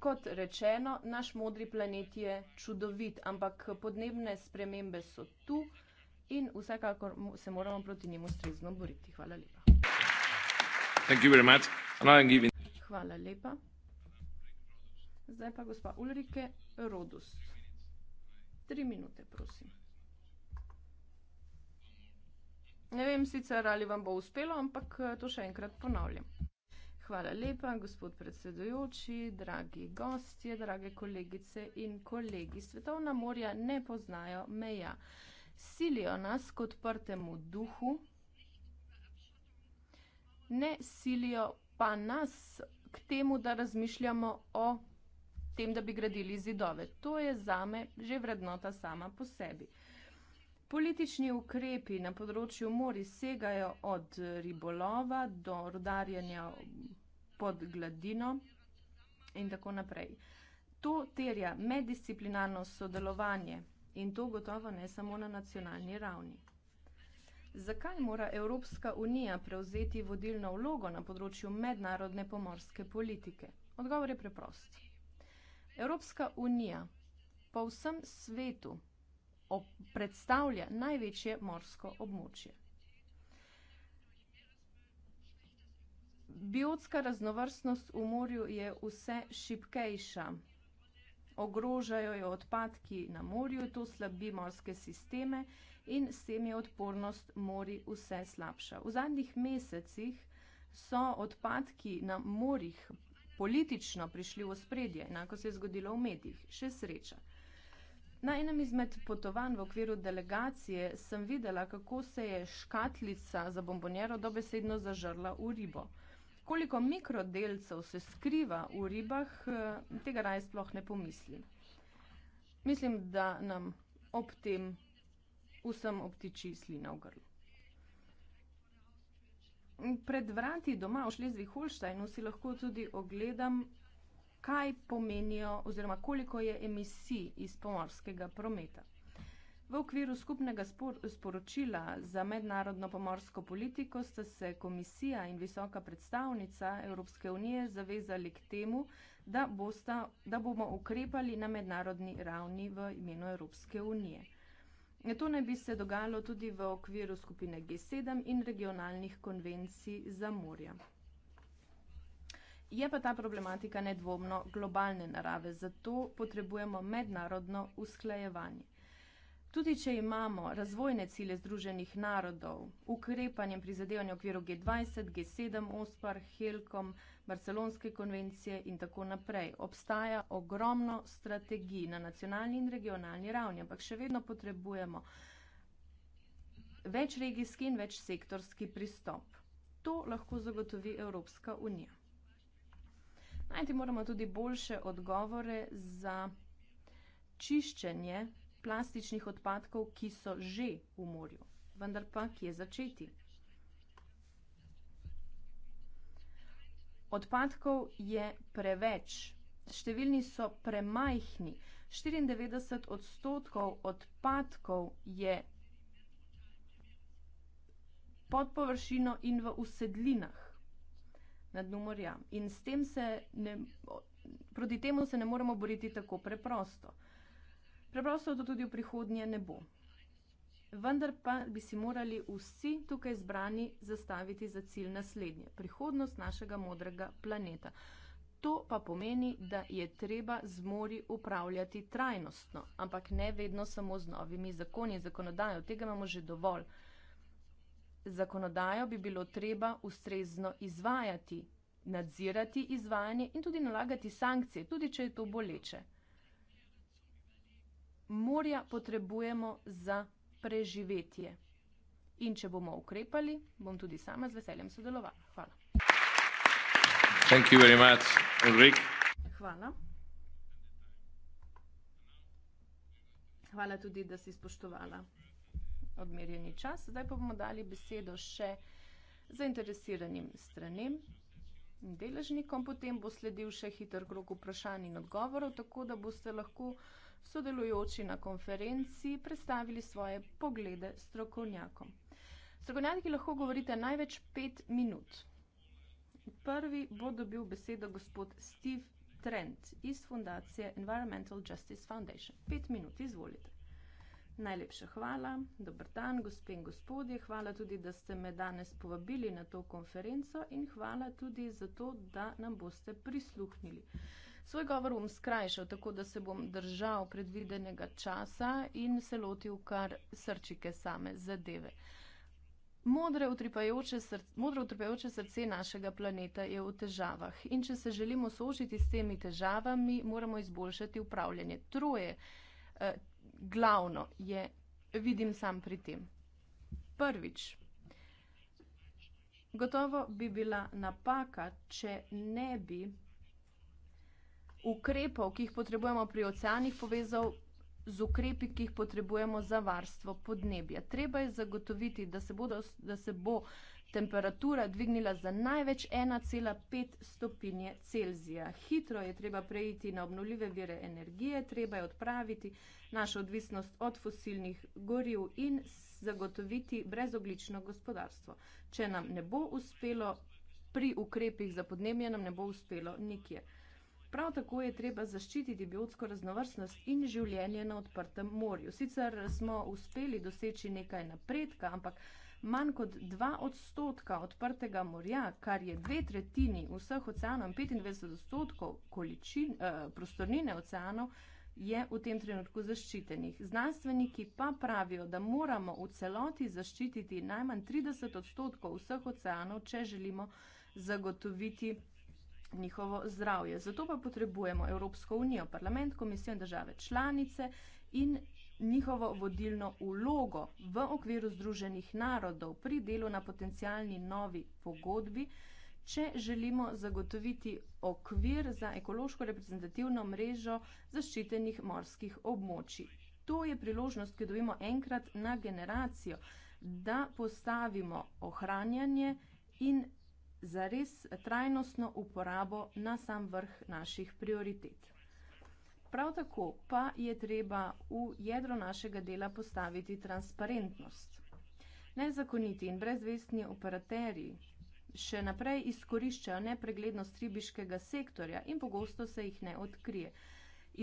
Kot rečeno, naš modri planet je čudovit, ampak podnebne spremembe so tu in vsekakor se moramo proti njim ustrezno boriti. Hvala lepa. Hvala lepa. Zdaj pa gospa Ulrike Rodus. Tri minute, prosim. Ne vem sicer, ali vam bo uspelo, ampak to še enkrat ponavljam. Hvala lepa, gospod predsedujoči, dragi gostje, drage kolegice in kolegi. Svetovna morja ne poznajo meja. Silijo nas k odprtemu duhu, ne silijo pa nas k temu, da razmišljamo o tem, da bi gradili zidove. To je zame že vrednota sama po sebi. Politični ukrepi na področju mori segajo od ribolova do rodarjanja pod gladino in tako naprej. To terja meddisciplinarno sodelovanje in to gotovo ne samo na nacionalni ravni. Zakaj mora Evropska unija prevzeti vodilno vlogo na področju mednarodne pomorske politike? Odgovor je preprost. Evropska unija po vsem svetu predstavlja največje morsko območje. Biotska raznovrstnost v morju je vse šibkejša. Ogrožajo jo odpadki na morju, to slabi morske sisteme in s tem je odpornost mori vse slabša. V zadnjih mesecih so odpadki na morjih politično prišli v ospredje, enako se je zgodilo v medijih, še sreča. Na enem izmed potovanj v okviru delegacije sem videla, kako se je škatlica za bombonjero dobesedno zažrla v ribo. Koliko mikrodelcev se skriva v ribah, eh, tega raj sploh ne pomislim. Mislim, da nam ob tem vsem obtiči slina v grlu. Pred vrati doma v Šlezvi Holštajnu si lahko tudi ogledam kaj pomenijo oziroma koliko je emisij iz pomorskega prometa. V okviru skupnega spor sporočila za mednarodno pomorsko politiko sta se komisija in visoka predstavnica Evropske unije zavezali k temu, da, bosta, da bomo ukrepali na mednarodni ravni v imenu Evropske unije. To naj bi se dogalo tudi v okviru skupine G7 in regionalnih konvencij za morja. Je pa ta problematika nedvomno globalne narave, zato potrebujemo mednarodno usklajevanje. Tudi, če imamo razvojne cilje Združenih narodov, ukrepanjem prizadevanja okviru G20, G7, OSPAR, HELKOM, Barcelonske konvencije in tako naprej, obstaja ogromno strategij na nacionalni in regionalni ravni, ampak še vedno potrebujemo več regijski in več sektorski pristop. To lahko zagotovi Evropska unija. Najti moramo tudi boljše odgovore za čiščenje plastičnih odpadkov, ki so že v morju. Vendar pa, kje začeti? Odpadkov je preveč. Številni so premajhni. 94 odstotkov odpadkov je pod površino in v usedlinah na dnu morja. In s tem se ne, proti temu se ne moremo boriti tako preprosto. Preprosto to tudi v prihodnje ne bo. Vendar pa bi si morali vsi tukaj zbrani zastaviti za cilj naslednje: prihodnost našega modrega planeta. To pa pomeni, da je treba z mori upravljati trajnostno, ampak ne vedno samo z novimi zakoni in zakonodajo. Tega imamo že dovolj zakonodajo bi bilo treba ustrezno izvajati, nadzirati izvajanje in tudi nalagati sankcije, tudi če je to boleče. Morja potrebujemo za preživetje. In če bomo ukrepali, bom tudi sama z veseljem sodelovala. Hvala. Much, Hvala. Hvala tudi, da si spoštovala odmerjeni čas. Zdaj pa bomo dali besedo še zainteresiranim stranem in deležnikom. Potem bo sledil še hiter krok vprašanj in odgovorov, tako da boste lahko sodelujoči na konferenci predstavili svoje poglede strokovnjakom. Strokovnjaki lahko govorite največ pet minut. Prvi bo dobil besedo gospod Steve Trent iz fundacije Environmental Justice Foundation. Pet minut, izvolite. Najlepša hvala, dober dan, gospe in gospodje. Hvala tudi, da ste me danes povabili na to konferenco in hvala tudi za to, da nam boste prisluhnili. Svoj govor bom skrajšal, tako da se bom držal predvidenega časa in se lotil kar srčike same zadeve. Modre utripajoče, srce, modre utripajoče srce našega planeta je v težavah in če se želimo soočiti s temi težavami, moramo izboljšati upravljanje. Troje. Eh, glavno je, vidim sam pri tem. Prvič, gotovo bi bila napaka, če ne bi ukrepov, ki jih potrebujemo pri oceanih, povezal z ukrepi, ki jih potrebujemo za varstvo podnebja. Treba je zagotoviti, da se bodo, da se bo temperatura dvignila za največ ena cela pet stopinje Celzija. Hitro je treba preiti na obnovljive vire energije, treba je odpraviti našo odvisnost od fosilnih goriv in zagotoviti brezoglično gospodarstvo. Če nam ne bo uspelo pri ukrepih za podnebje, nam ne bo uspelo nikjer. Prav tako je treba zaščititi biotsko raznovrstnost in življenje na odprtem morju. Sicer smo uspeli doseči nekaj napredka, ampak manj kot 2 odstotka odprtega morja, kar je dve tretjini vseh oceanov in 25 odstotkov količin, eh, prostornine oceanov, je v tem trenutku zaščitenih. Znanstveniki pa pravijo, da moramo v celoti zaščititi najmanj 30 odstotkov vseh oceanov, če želimo zagotoviti njihovo zdravje. Zato pa potrebujemo Evropsko unijo, parlament, komisijo in države članice in njihovo vodilno ulogo v okviru Združenih narodov pri delu na potencijalni novi pogodbi, če želimo zagotoviti okvir za ekološko reprezentativno mrežo zaščitenih morskih območij. To je priložnost, ki jo dobimo enkrat na generacijo, da postavimo ohranjanje in zares trajnostno uporabo na sam vrh naših prioritet. Prav tako pa je treba v jedro našega dela postaviti transparentnost. Nezakoniti in brezvestni operaterji še naprej izkoriščajo nepreglednost ribiškega sektorja in pogosto se jih ne odkrije.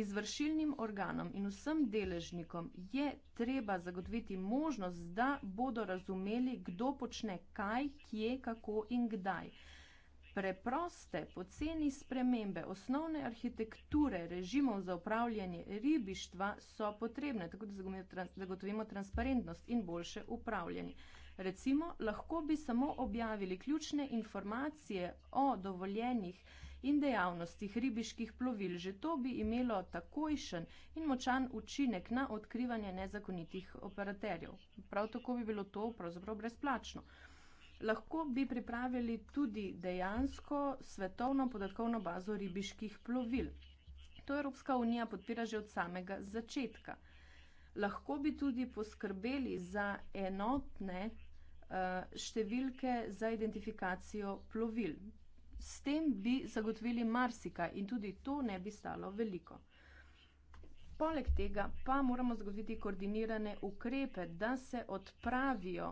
Izvršilnim organom in vsem deležnikom je treba zagotoviti možnost, da bodo razumeli, kdo počne kaj, kje, kako in kdaj preproste, poceni spremembe osnovne arhitekture režimov za upravljanje ribištva so potrebne, tako da zagotovimo transparentnost in boljše upravljanje. Recimo, lahko bi samo objavili ključne informacije o dovoljenih in dejavnostih ribiških plovil. Že to bi imelo takojšen in močan učinek na odkrivanje nezakonitih operaterjev. Prav tako bi bilo to pravzaprav brezplačno lahko bi pripravili tudi dejansko svetovno podatkovno bazo ribiških plovil. To Evropska unija podpira že od samega začetka. Lahko bi tudi poskrbeli za enotne eh, številke za identifikacijo plovil. S tem bi zagotovili marsika in tudi to ne bi stalo veliko. Poleg tega pa moramo zagotoviti koordinirane ukrepe, da se odpravijo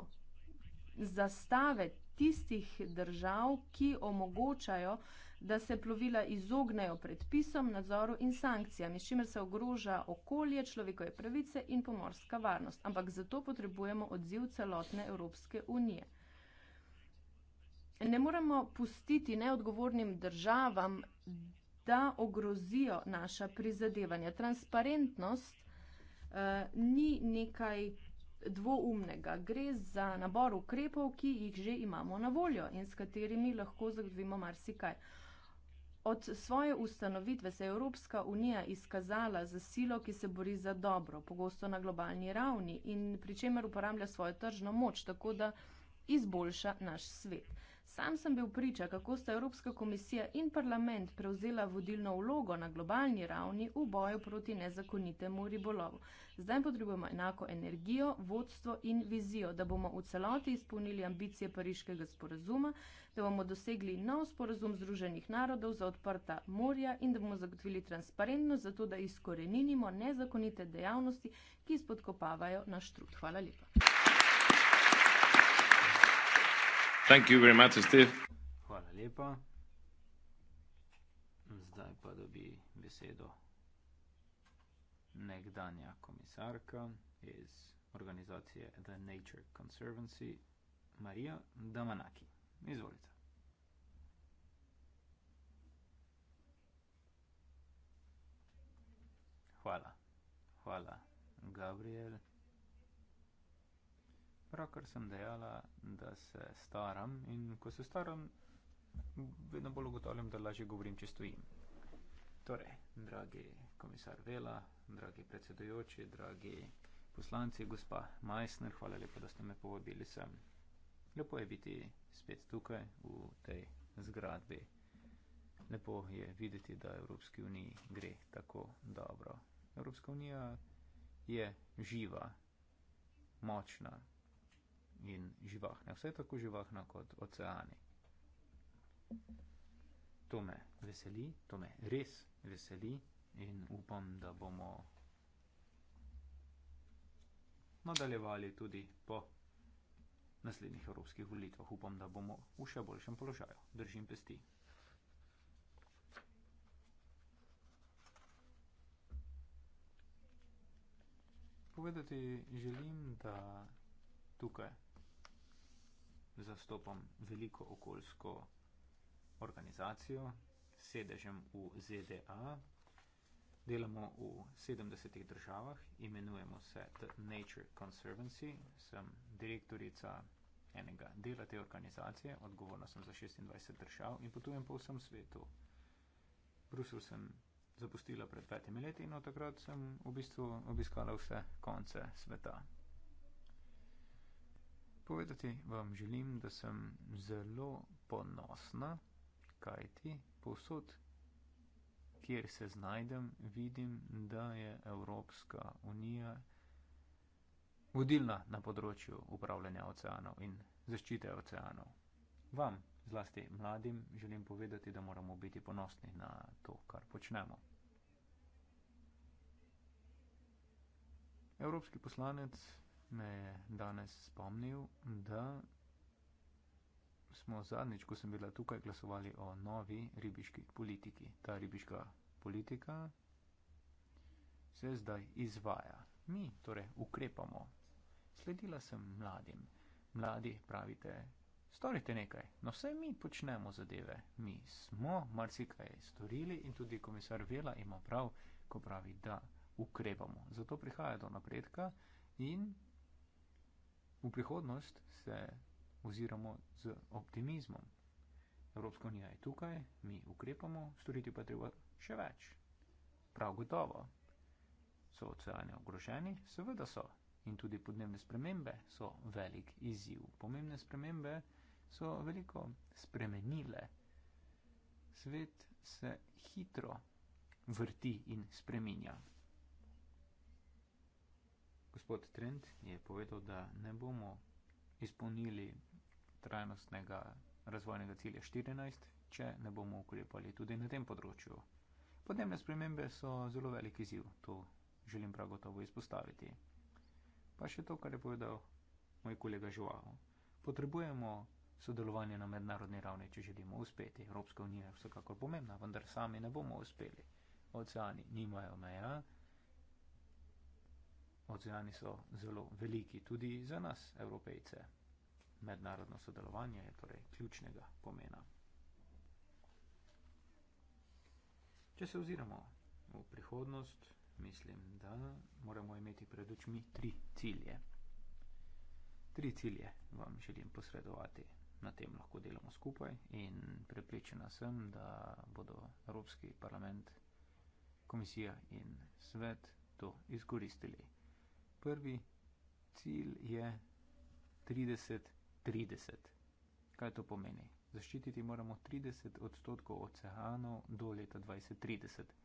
zastave tistih držav, ki omogočajo, da se plovila izognejo predpisom, nadzoru in sankcijami, s čimer se ogroža okolje, človekove pravice in pomorska varnost. Ampak zato potrebujemo odziv celotne Evropske unije. Ne moramo pustiti neodgovornim državam, da ogrozijo naša prizadevanja. Transparentnost eh, ni nekaj dvoumnega. Gre za nabor ukrepov, ki jih že imamo na voljo in s katerimi lahko zagotovimo marsikaj. Od svoje ustanovitve se je Evropska unija izkazala za silo, ki se bori za dobro, pogosto na globalni ravni in pri čemer uporablja svojo tržno moč, tako da izboljša naš svet. Sam sem bil priča, kako sta Evropska komisija in parlament prevzela vodilno vlogo na globalni ravni v boju proti nezakonitemu ribolovu. Zdaj potrebujemo enako energijo, vodstvo in vizijo, da bomo v celoti izpolnili ambicije pariškega sporazuma, da bomo dosegli nov sporazum Združenih narodov za odprta morja in da bomo zagotovili transparentnost, zato da izkoreninimo nezakonite dejavnosti, ki spodkopavajo naš trud. Hvala lepa. Hvala lepa. Zdaj pa dobi besedo nekdanja komisarka iz organizacije The Nature Conservancy, Marija Damanaki. Izvolite. Hvala. Hvala, Gabriel. Pravkar sem dejala, da se staram in ko se staram, vedno bolj ugotavljam, da lažje govorim, če stojim. Torej, dragi komisar Vela, dragi predsedujoči, dragi poslanci, gospa Majsner, hvala lepa, da ste me povabili sem. Lepo je biti spet tukaj v tej zgradbi. Lepo je videti, da Evropski uniji gre tako dobro. Evropska unija je živa, močna, in živahna, vse tako živahna kot oceani. To me veseli, to me res veseli in upam, da bomo nadaljevali tudi po naslednjih evropskih volitvah. Upam, da bomo v še boljšem položaju. Držim pesti. Povedati želim, da tukaj zastopam veliko okoljsko organizacijo s sedežem v ZDA. Delamo v 70 državah, imenujemo se The Nature Conservancy, sem direktorica enega dela te organizacije, odgovorna sem za 26 držav in potujem po vsem svetu. Bruselj sem zapustila pred petimi leti in od takrat sem v bistvu obiskala vse konce sveta povedati, vam želim, da sem zelo ponosna, kajti povsod, kjer se znajdem, vidim, da je Evropska unija vodilna na področju upravljanja oceanov in zaščite oceanov. Vam, zlasti mladim, želim povedati, da moramo biti ponosni na to, kar počnemo. Evropski poslanec me je danes spomnil, da smo zadnjič, ko sem bila tukaj, glasovali o novi ribiški politiki. Ta ribiška politika se zdaj izvaja. Mi torej ukrepamo. Sledila sem mladim. Mladi pravite, storite nekaj. No vse mi počnemo zadeve. Mi smo marsikaj storili in tudi komisar Vela ima prav, ko pravi, da ukrepamo. Zato prihaja do napredka in V prihodnost se oziramo z optimizmom. Evropska unija je tukaj, mi ukrepamo, storiti pa treba še več. Prav gotovo. So oceani ogroženi? Seveda so. In tudi podnebne spremembe so velik izziv. Pomembne spremembe so veliko spremenile. Svet se hitro vrti in spreminja gospod Trent je povedal, da ne bomo izpolnili trajnostnega razvojnega cilja 14, če ne bomo ukrepali tudi na tem področju. Podnebne spremembe so zelo velik izziv, to želim prav gotovo izpostaviti. Pa še to, kar je povedal moj kolega Žuav. Potrebujemo sodelovanje na mednarodni ravni, če želimo uspeti. Evropska unija je vsekakor pomembna, vendar sami ne bomo uspeli. Oceani nimajo meja. Ja? oceani so zelo veliki tudi za nas, evropejce. Mednarodno sodelovanje je torej ključnega pomena. Če se oziramo v prihodnost, mislim, da moramo imeti pred očmi tri cilje. Tri cilje vam želim posredovati. Na tem lahko delamo skupaj in prepričana sem, da bodo Evropski parlament, komisija in svet to izkoristili prvi cilj je 30-30. Kaj to pomeni? Zaščititi moramo 30 odstotkov oceanov do leta 2030.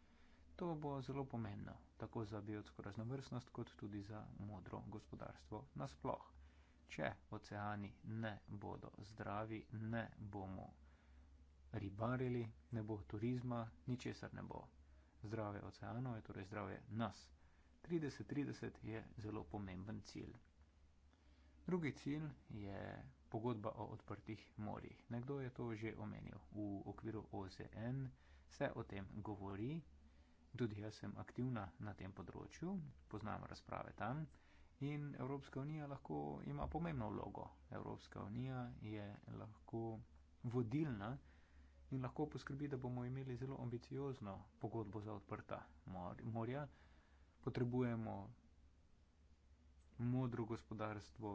To bo zelo pomembno, tako za biotsko raznovrstnost, kot tudi za modro gospodarstvo nasploh. Če oceani ne bodo zdravi, ne bomo ribarili, ne bo turizma, ničesar ne bo. Zdrave oceanov je torej zdrave nas. 30-30 je zelo pomemben cilj. Drugi cilj je pogodba o odprtih morjih. Nekdo je to že omenil. V okviru OZN se o tem govori, tudi jaz sem aktivna na tem področju, poznam razprave tam in Evropska unija lahko ima pomembno vlogo. Evropska unija je lahko vodilna in lahko poskrbi, da bomo imeli zelo ambiciozno pogodbo za odprta morja potrebujemo modro gospodarstvo,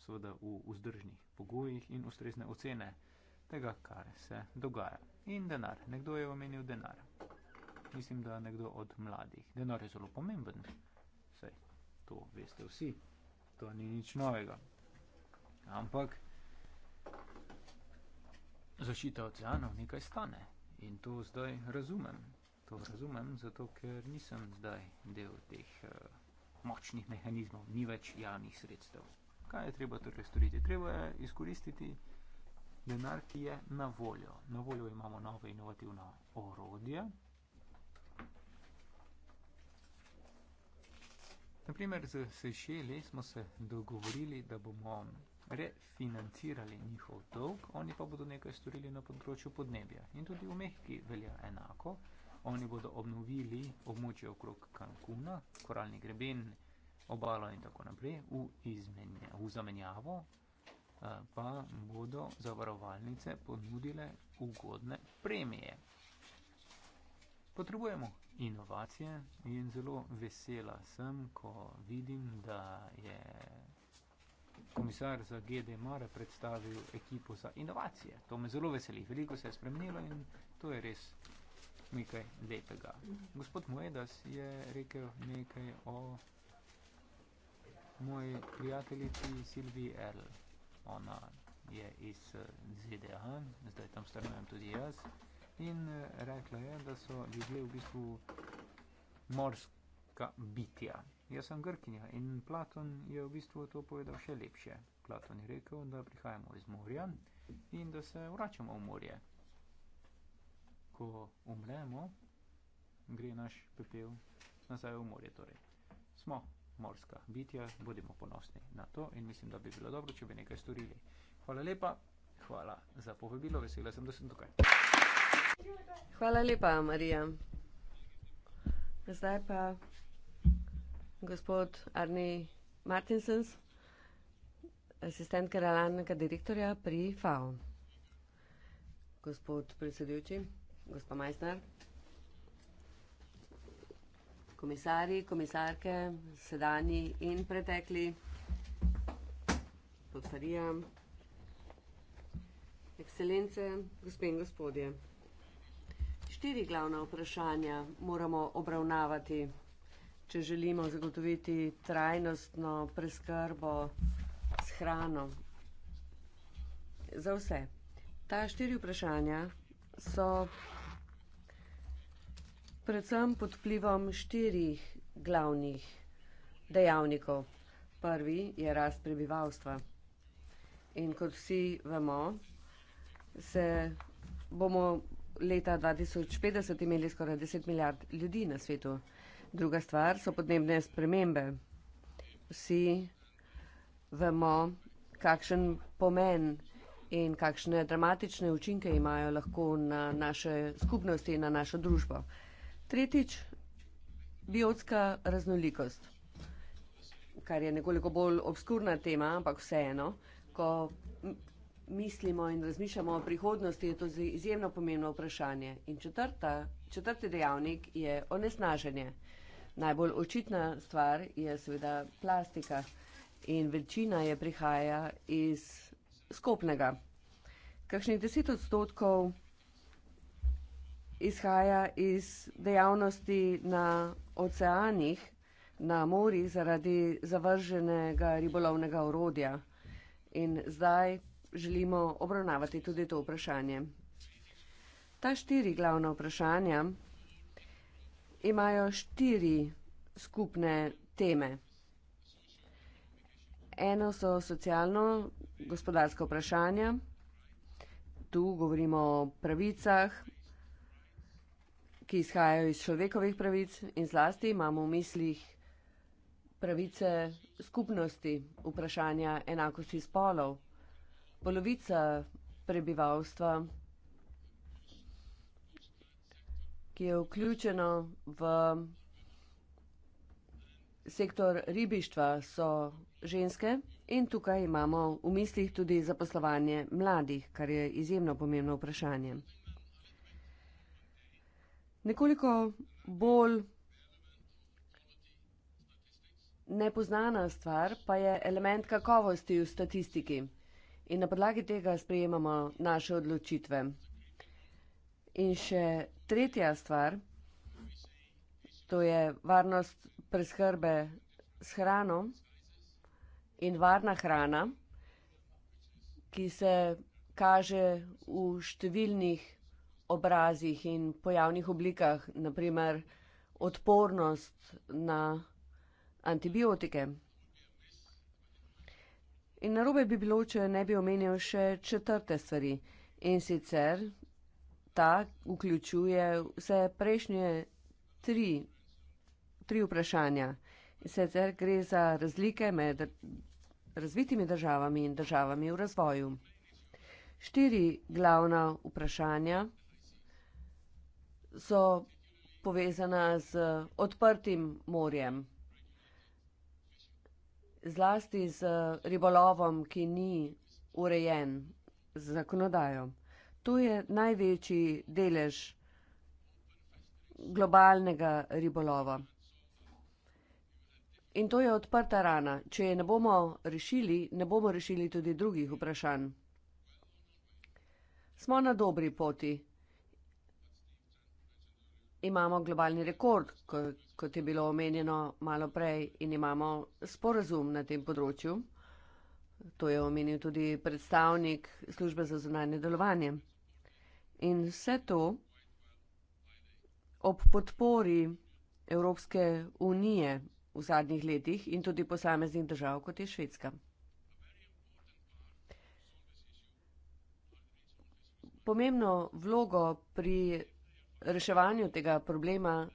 seveda v vzdržnih pogojih in ustrezne ocene tega, kar se dogaja. In denar. Nekdo je omenil denar. Mislim, da nekdo od mladih. Denar je zelo pomemben. Sej, to veste vsi. To ni nič novega. Ampak zašita oceanov nekaj stane. In to zdaj razumem to razumem, zato ker nisem zdaj del teh uh, močnih mehanizmov, ni več javnih sredstev. Kaj je treba torej storiti? Treba je izkoristiti denar, ki je na voljo. Na voljo imamo nove inovativne orodje. Naprimer, z Sešeli smo se dogovorili, da bomo refinancirali njihov dolg, oni pa bodo nekaj storili na področju podnebja. In tudi v Mehki velja enako. Oni bodo obnovili območje okrog Cancuna, koralni greben, obalo in tako naprej, v, izmenje, v zamenjavo eh, pa bodo zavarovalnice ponudile ugodne premije. Potrebujemo inovacije in zelo vesela sem, ko vidim, da je komisar za GD Mare predstavil ekipo za inovacije. To me zelo veseli. Veliko se je spremenilo in to je res nekaj lepega. Gospod Moedas je rekel nekaj o moji prijateljici Silvi Erl. Ona je iz ZDA, zdaj tam stanujem tudi jaz. In eh, rekla je, da so ljudje v bistvu morska bitja. Jaz sem Grkinja in Platon je v bistvu to povedal še lepše. Platon je rekel, da prihajamo iz morja in da se vračamo v morje ko umremo, gre naš pepel nazaj v morje. Torej. Smo morska bitja, bodimo ponosni na to in mislim, da bi bilo dobro, če bi nekaj storili. Hvala lepa, hvala za povabilo, vesela sem, da sem tukaj. Hvala lepa, Marija. Zdaj pa gospod Arni Martinsens, asistent generalnega direktorja pri FAO. Gospod predsedujoči gospa Majstor. Komisari, komisarke, sedani in pretekli, podfarija, ekscelence, gospe in gospodje. Štiri glavna vprašanja moramo obravnavati, če želimo zagotoviti trajnostno preskrbo s hrano. Za vse. Ta štiri vprašanja so predvsem pod vplivom štirih glavnih dejavnikov. Prvi je rast prebivalstva. In kot vsi vemo, se bomo leta 2050 imeli skoraj 10 milijard ljudi na svetu. Druga stvar so podnebne spremembe. Vsi vemo, kakšen pomen in kakšne dramatične učinke imajo lahko na naše skupnosti in na našo družbo. Tretjič, biotska raznolikost, kar je nekoliko bolj obskurna tema, ampak vseeno, ko mislimo in razmišljamo o prihodnosti, je to izjemno pomembno vprašanje. In četrta, četrti dejavnik je onesnaženje. Najbolj očitna stvar je seveda plastika in večina je prihaja iz skupnega. Kakšnih deset odstotkov izhaja iz dejavnosti na oceanih, na morjih, zaradi zavrženega ribolovnega orodja. In zdaj želimo obravnavati tudi to vprašanje. Ta štiri glavna vprašanja imajo štiri skupne teme. Eno so socialno-gospodarska vprašanja, tu govorimo o pravicah, ki izhajajo iz človekovih pravic in zlasti imamo v mislih pravice skupnosti, vprašanja enakosti spolov. Polovica prebivalstva, ki je vključeno v sektor ribištva, so ženske in tukaj imamo v mislih tudi zaposlovanje mladih, kar je izjemno pomembno vprašanje nekoliko bolj nepoznana stvar pa je element kakovosti v statistiki in na podlagi tega sprejemamo naše odločitve. In še tretja stvar, to je varnost preskrbe s hrano in varna hrana, ki se kaže v številnih obrazih in pojavnih oblikah, naprimer odpornost na antibiotike. In narobe bi bilo, če ne bi omenil še četrte stvari. In sicer ta vključuje vse prejšnje tri, tri vprašanja. In sicer gre za razlike med razvitimi državami in državami v razvoju. Štiri glavna vprašanja so povezana z odprtim morjem. Zlasti z ribolovom, ki ni urejen z zakonodajo. Tu je največji delež globalnega ribolova. In to je odprta rana. Če je ne bomo rešili, ne bomo rešili tudi drugih vprašanj. Smo na dobri poti imamo globalni rekord, kot je bilo omenjeno malo prej, in imamo sporazum na tem področju. To je omenil tudi predstavnik službe za zunanje delovanje. In vse to ob podpori Evropske unije v zadnjih letih in tudi posameznih držav, kot je Švedska. Pomembno vlogo pri reševanju tega problema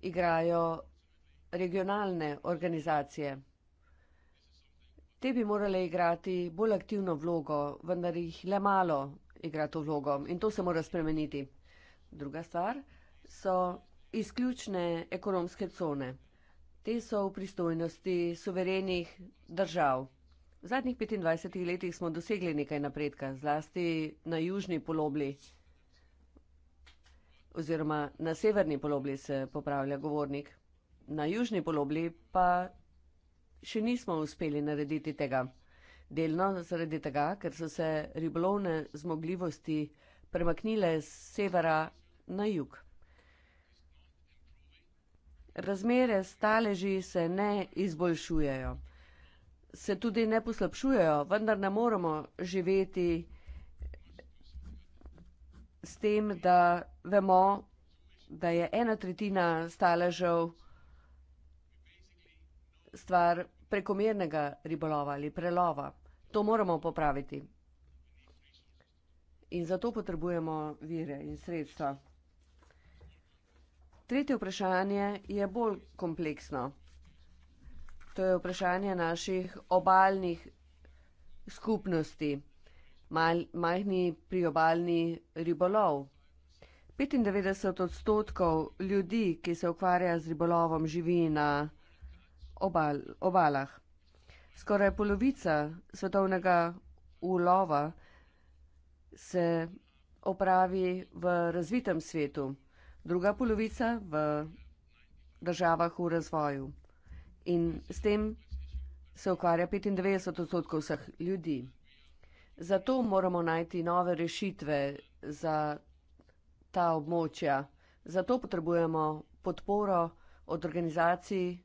igrajo regionalne organizacije. Te bi morale igrati bolj aktivno vlogo, vendar jih le malo igra to vlogo in to se mora spremeniti. Druga stvar so izključne ekonomske cone. Te so v pristojnosti suverenih držav. V zadnjih 25 letih smo dosegli nekaj napredka, zlasti na južni polobli oziroma na severni polobli se popravlja govornik, na južni polobli pa še nismo uspeli narediti tega. Delno zaradi tega, ker so se ribolovne zmogljivosti premaknile z severa na jug. Razmere staleži se ne izboljšujejo. Se tudi ne poslabšujejo, vendar ne moremo živeti s tem, da vemo, da je ena tretjina staležev stvar prekomernega ribolova ali prelova. To moramo popraviti. In zato potrebujemo vire in sredstva. Tretje vprašanje je bolj kompleksno. To je vprašanje naših obaljnih skupnosti mal, majhni priobalni ribolov. 95 odstotkov ljudi, ki se ukvarja z ribolovom, živi na obal, obalah. Skoraj polovica svetovnega ulova se opravi v razvitem svetu, druga polovica v državah v razvoju. In s tem se ukvarja 95 odstotkov vseh ljudi. Zato moramo najti nove rešitve za ta območja. Zato potrebujemo podporo od organizacij,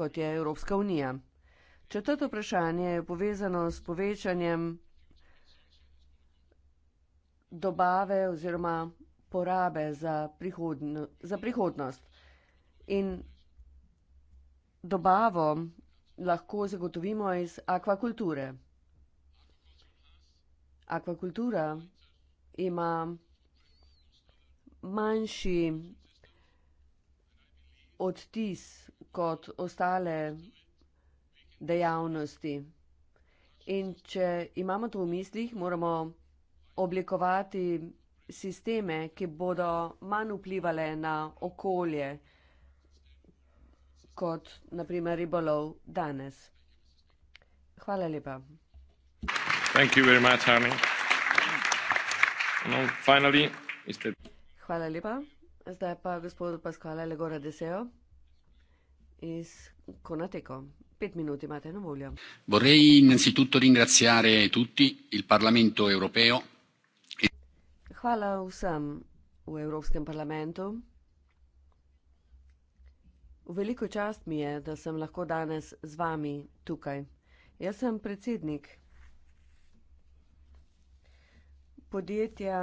kot je Evropska unija. Četrto vprašanje je povezano s povečanjem dobave oziroma porabe za, prihodno, za prihodnost. In dobavo lahko zagotovimo iz akvakulture akvakultura ima manjši odtis kot ostale dejavnosti. In če imamo to v mislih, moramo oblikovati sisteme, ki bodo manj vplivali na okolje, kot naprimer ribolov danes. Hvala lepa. Thank you very much, Arne. No, finally, Mr. Hvala lepa. Zdaj pa gospod Pascal Legora Deseo iz Konateko. Pet minut imate na voljo. Vorrei innanzitutto ringraziare tutti il Parlamento europeo. Hvala vsem v Evropskem parlamentu. V veliko čast mi je, da sem lahko danes z vami tukaj. Jaz sem predsednik podjetja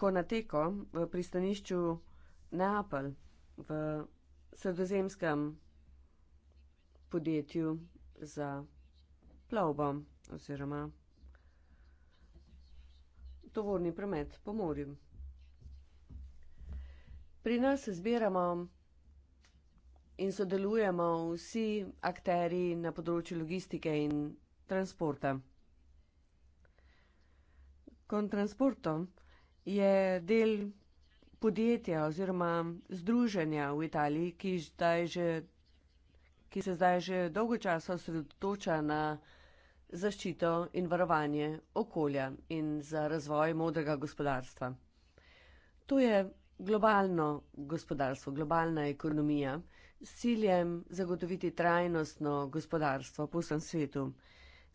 Konateko v pristanišču Neapel v sredozemskem podjetju za plovbo oziroma tovorni promet po morju. Pri nas se zbiramo in sodelujemo vsi akteri na področju logistike in transporta. Kontransportom je del podjetja oziroma združenja v Italiji, ki, zdaj že, ki se zdaj že dolgo časa osredotoča na zaščito in varovanje okolja in za razvoj modrega gospodarstva. To je globalno gospodarstvo, globalna ekonomija s ciljem zagotoviti trajnostno gospodarstvo po vsem svetu.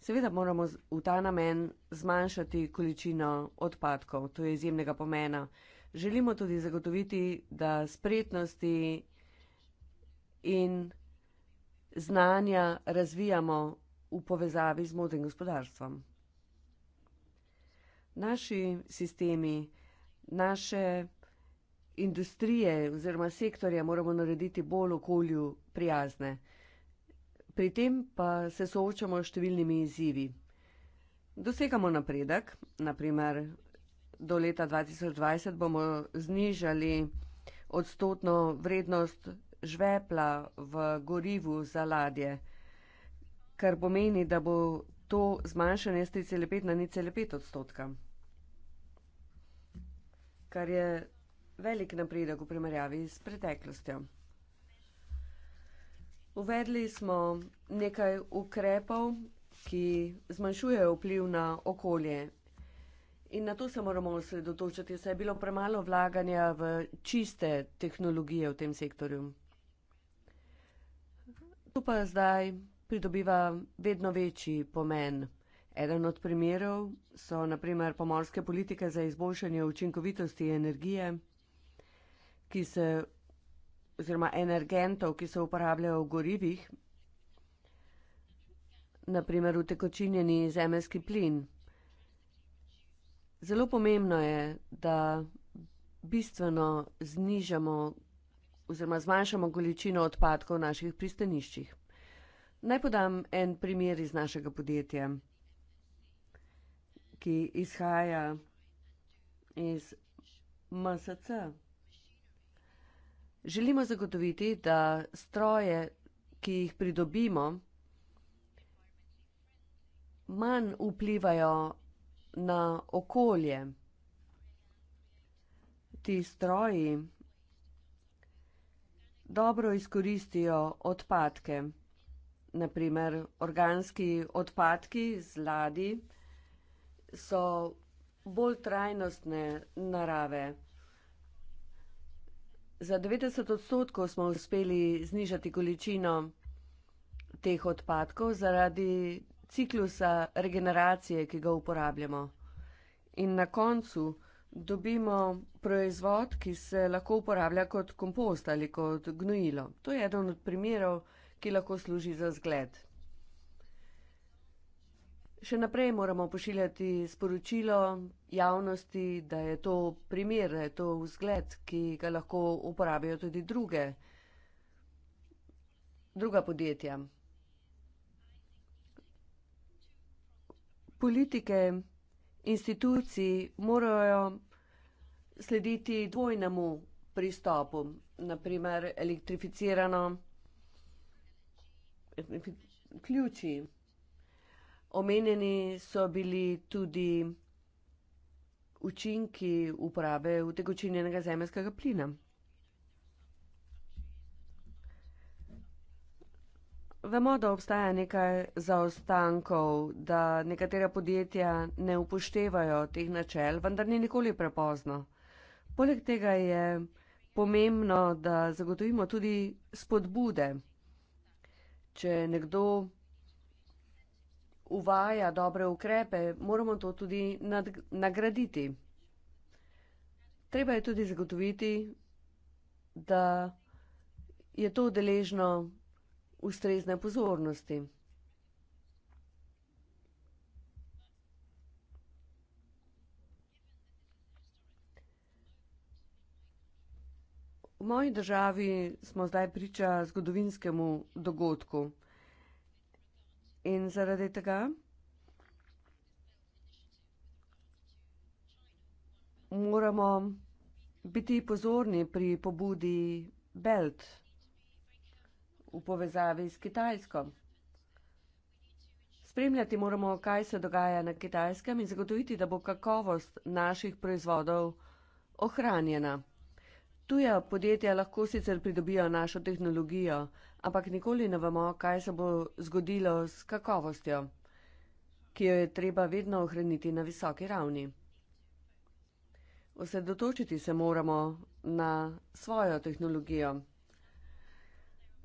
Seveda moramo v ta namen zmanjšati količino odpadkov, to je izjemnega pomena. Želimo tudi zagotoviti, da spretnosti in znanja razvijamo v povezavi z modrim gospodarstvom. Naši sistemi, naše industrije oziroma sektorje moramo narediti bolj okolju prijazne pri tem pa se soočamo s številnimi izzivi. Dosegamo napredek, naprimer do leta 2020 bomo znižali odstotno vrednost žvepla v gorivu za ladje, kar pomeni, da bo to zmanjšanje z 3,5 na 0,5 odstotka, kar je velik napredek v primerjavi s preteklostjo. Uvedli smo nekaj ukrepov, ki zmanjšujejo vpliv na okolje. In na to se moramo osredotočiti, saj je bilo premalo vlaganja v čiste tehnologije v tem sektorju. Tu pa zdaj pridobiva vedno večji pomen. Eden od primerov so naprimer pomorske politike za izboljšanje učinkovitosti energije, ki se oziroma energentov, ki se uporabljajo v gorivih, naprimer v tekočinjeni zemeljski plin. Zelo pomembno je, da bistveno znižamo oziroma zmanjšamo količino odpadkov v naših pristaniščih. Naj podam en primer iz našega podjetja, ki izhaja iz MSC. Želimo zagotoviti, da stroje, ki jih pridobimo, manj vplivajo na okolje. Ti stroji dobro izkoristijo odpadke, naprimer organski odpadki z ladij so bolj trajnostne narave. Za 90 odstotkov smo uspeli znižati količino teh odpadkov zaradi ciklusa regeneracije, ki ga uporabljamo. In na koncu dobimo proizvod, ki se lahko uporablja kot kompost ali kot gnojilo. To je eden od primerov, ki lahko služi za zgled. Še naprej moramo pošiljati sporočilo javnosti, da je to primer, da je to vzgled, ki ga lahko uporabijo tudi druge, druga podjetja. Politike, instituciji morajo slediti dvojnemu pristopu, naprimer elektrificirano, ključi. Omenjeni so bili tudi učinki uporabe utekočinjenega zemljskega plina. Vemo, da obstaja nekaj zaostankov, da nekatera podjetja ne upoštevajo teh načel, vendar ni nikoli prepozno. Poleg tega je pomembno, da zagotovimo tudi spodbude. Če nekdo uvaja dobre ukrepe, moramo to tudi nad, nagraditi. Treba je tudi zagotoviti, da je to deležno ustrezne pozornosti. V moji državi smo zdaj priča zgodovinskemu dogodku. In zaradi tega moramo biti pozorni pri pobudi Belt v povezavi s Kitajsko. Spremljati moramo, kaj se dogaja na Kitajskem in zagotoviti, da bo kakovost naših proizvodov ohranjena. Tuja podjetja lahko sicer pridobijo našo tehnologijo, ampak nikoli ne vemo, kaj se bo zgodilo s kakovostjo, ki jo je treba vedno ohraniti na visoki ravni. Osredotočiti se moramo na svojo tehnologijo.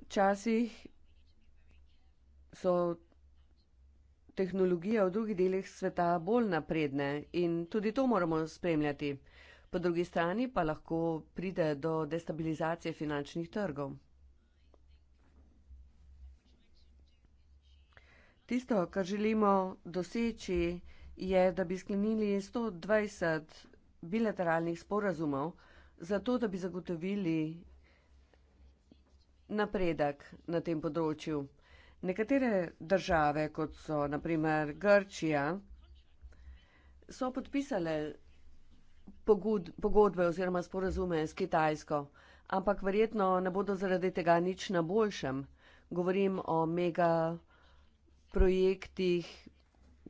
Včasih so tehnologije v drugih delih sveta bolj napredne in tudi to moramo spremljati. Po drugi strani pa lahko pride do destabilizacije finančnih trgov. Tisto, kar želimo doseči, je, da bi sklenili 120 bilateralnih sporazumov, zato da bi zagotovili napredek na tem področju. Nekatere države, kot so naprimer Grčija, so podpisale pogodbe oziroma sporazume s Kitajsko, ampak verjetno ne bodo zaradi tega nič na boljšem. Govorim o mega projektih,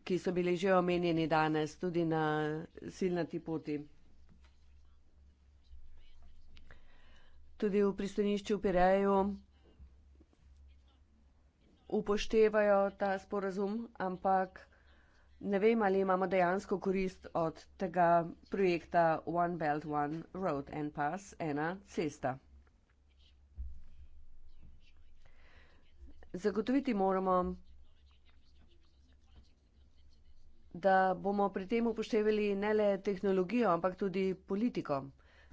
ki so bili že omenjeni danes, tudi na silnati poti. Tudi v pristanišču Pireju upoštevajo ta sporazum, ampak ne vem, ali imamo dejansko korist od tega projekta One Belt, One Road, en pas, ena cesta. Zagotoviti moramo, da bomo pri tem upoštevali ne le tehnologijo, ampak tudi politiko.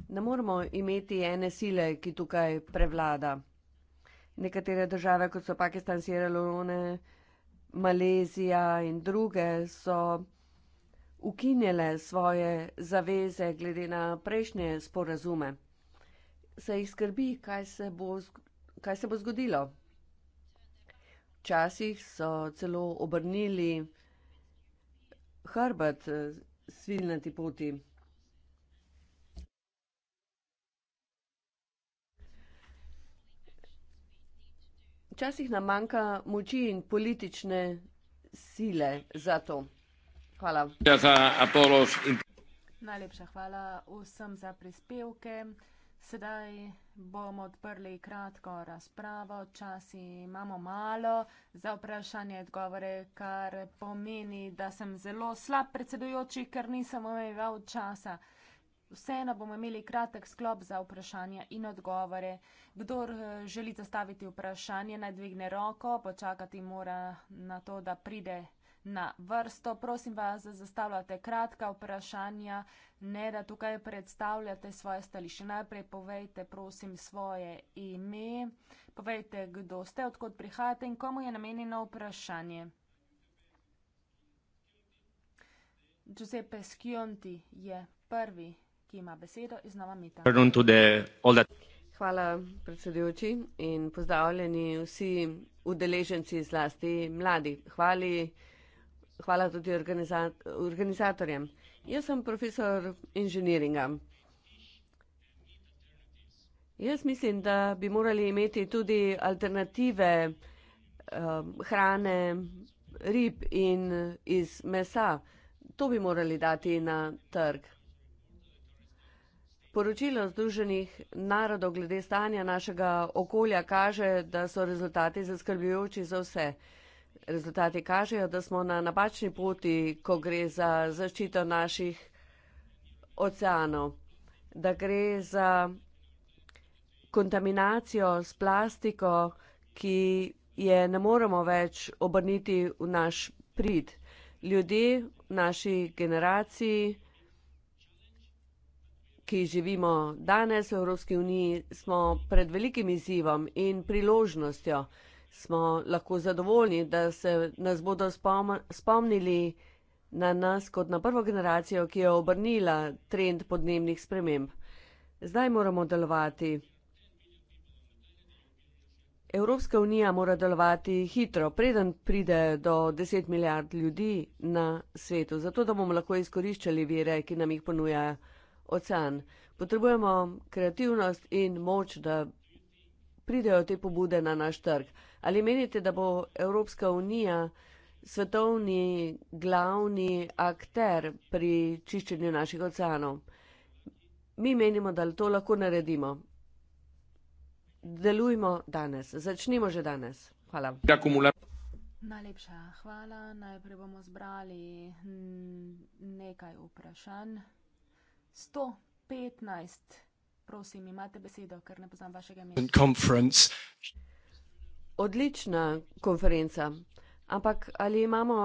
Ne moramo imeti ene sile, ki tukaj prevlada. Nekatere države, kot so Pakistan, Sierra Leone, Malezija in druge, so ukinjale svoje zaveze glede na prejšnje sporazume. Se jih skrbi, kaj se bo, kaj se bo zgodilo. Včasih so celo obrnili Harbat, eh, svilnati poti. Včasih nam manjka moči in politične sile za to. Hvala. Najlepša hvala vsem za prispevke. Sedaj bomo odprli kratko razpravo, časi imamo malo za vprašanje odgovore, kar pomeni, da sem zelo slab predsedujoči, ker nisem omejeval časa. Vseeno bomo imeli kratek sklop za vprašanje in odgovore. Kdor eh, želi zastaviti vprašanje, naj dvigne roko, počakati mora na to, da pride na vrsto. Prosim vas, da zastavljate kratka vprašanja, ne da tukaj predstavljate svoje stališče. Najprej povejte, prosim, svoje ime, povejte, kdo ste, odkot prihajate in komu je namenjeno vprašanje. Giuseppe Schionti je prvi, ki ima besedo iz Nova Mita. Hvala predsedujoči in pozdravljeni vsi udeleženci, zlasti mladi. Hvala hvala tudi organizat organizatorjem. Jaz sem profesor inženiringa. Jaz mislim, da bi morali imeti tudi alternative eh, hrane, rib in iz mesa. To bi morali dati na trg. Poročilo Združenih narodov glede stanja našega okolja kaže, da so rezultati zaskrbljujoči za vse rezultati kažejo, da smo na napačni poti, ko gre za zaščito naših oceanov, da gre za kontaminacijo s plastiko, ki je ne moremo več obrniti v naš prid. Ljudje v naši generaciji, ki živimo danes v Evropski uniji, smo pred velikim izzivom in priložnostjo smo lahko zadovoljni, da se nas bodo spomnili na nas kot na prvo generacijo, ki je obrnila trend podnebnih sprememb. Zdaj moramo delovati. Evropska unija mora delovati hitro, preden pride do 10 milijard ljudi na svetu, zato da bomo lahko izkoriščali vire, ki nam jih ponuja ocean. Potrebujemo kreativnost in moč, da pridejo te pobude na naš trg. Ali menite, da bo Evropska unija svetovni glavni akter pri čiščenju naših oceanov? Mi menimo, da to lahko naredimo. Delujmo danes, začnimo že danes. Hvala. Najlepša hvala. Najprej bomo zbrali mm, nekaj vprašanj. 115 Prosim, imate besedo, ker ne poznam vašega mesta. Odlična konferenca, ampak ali imamo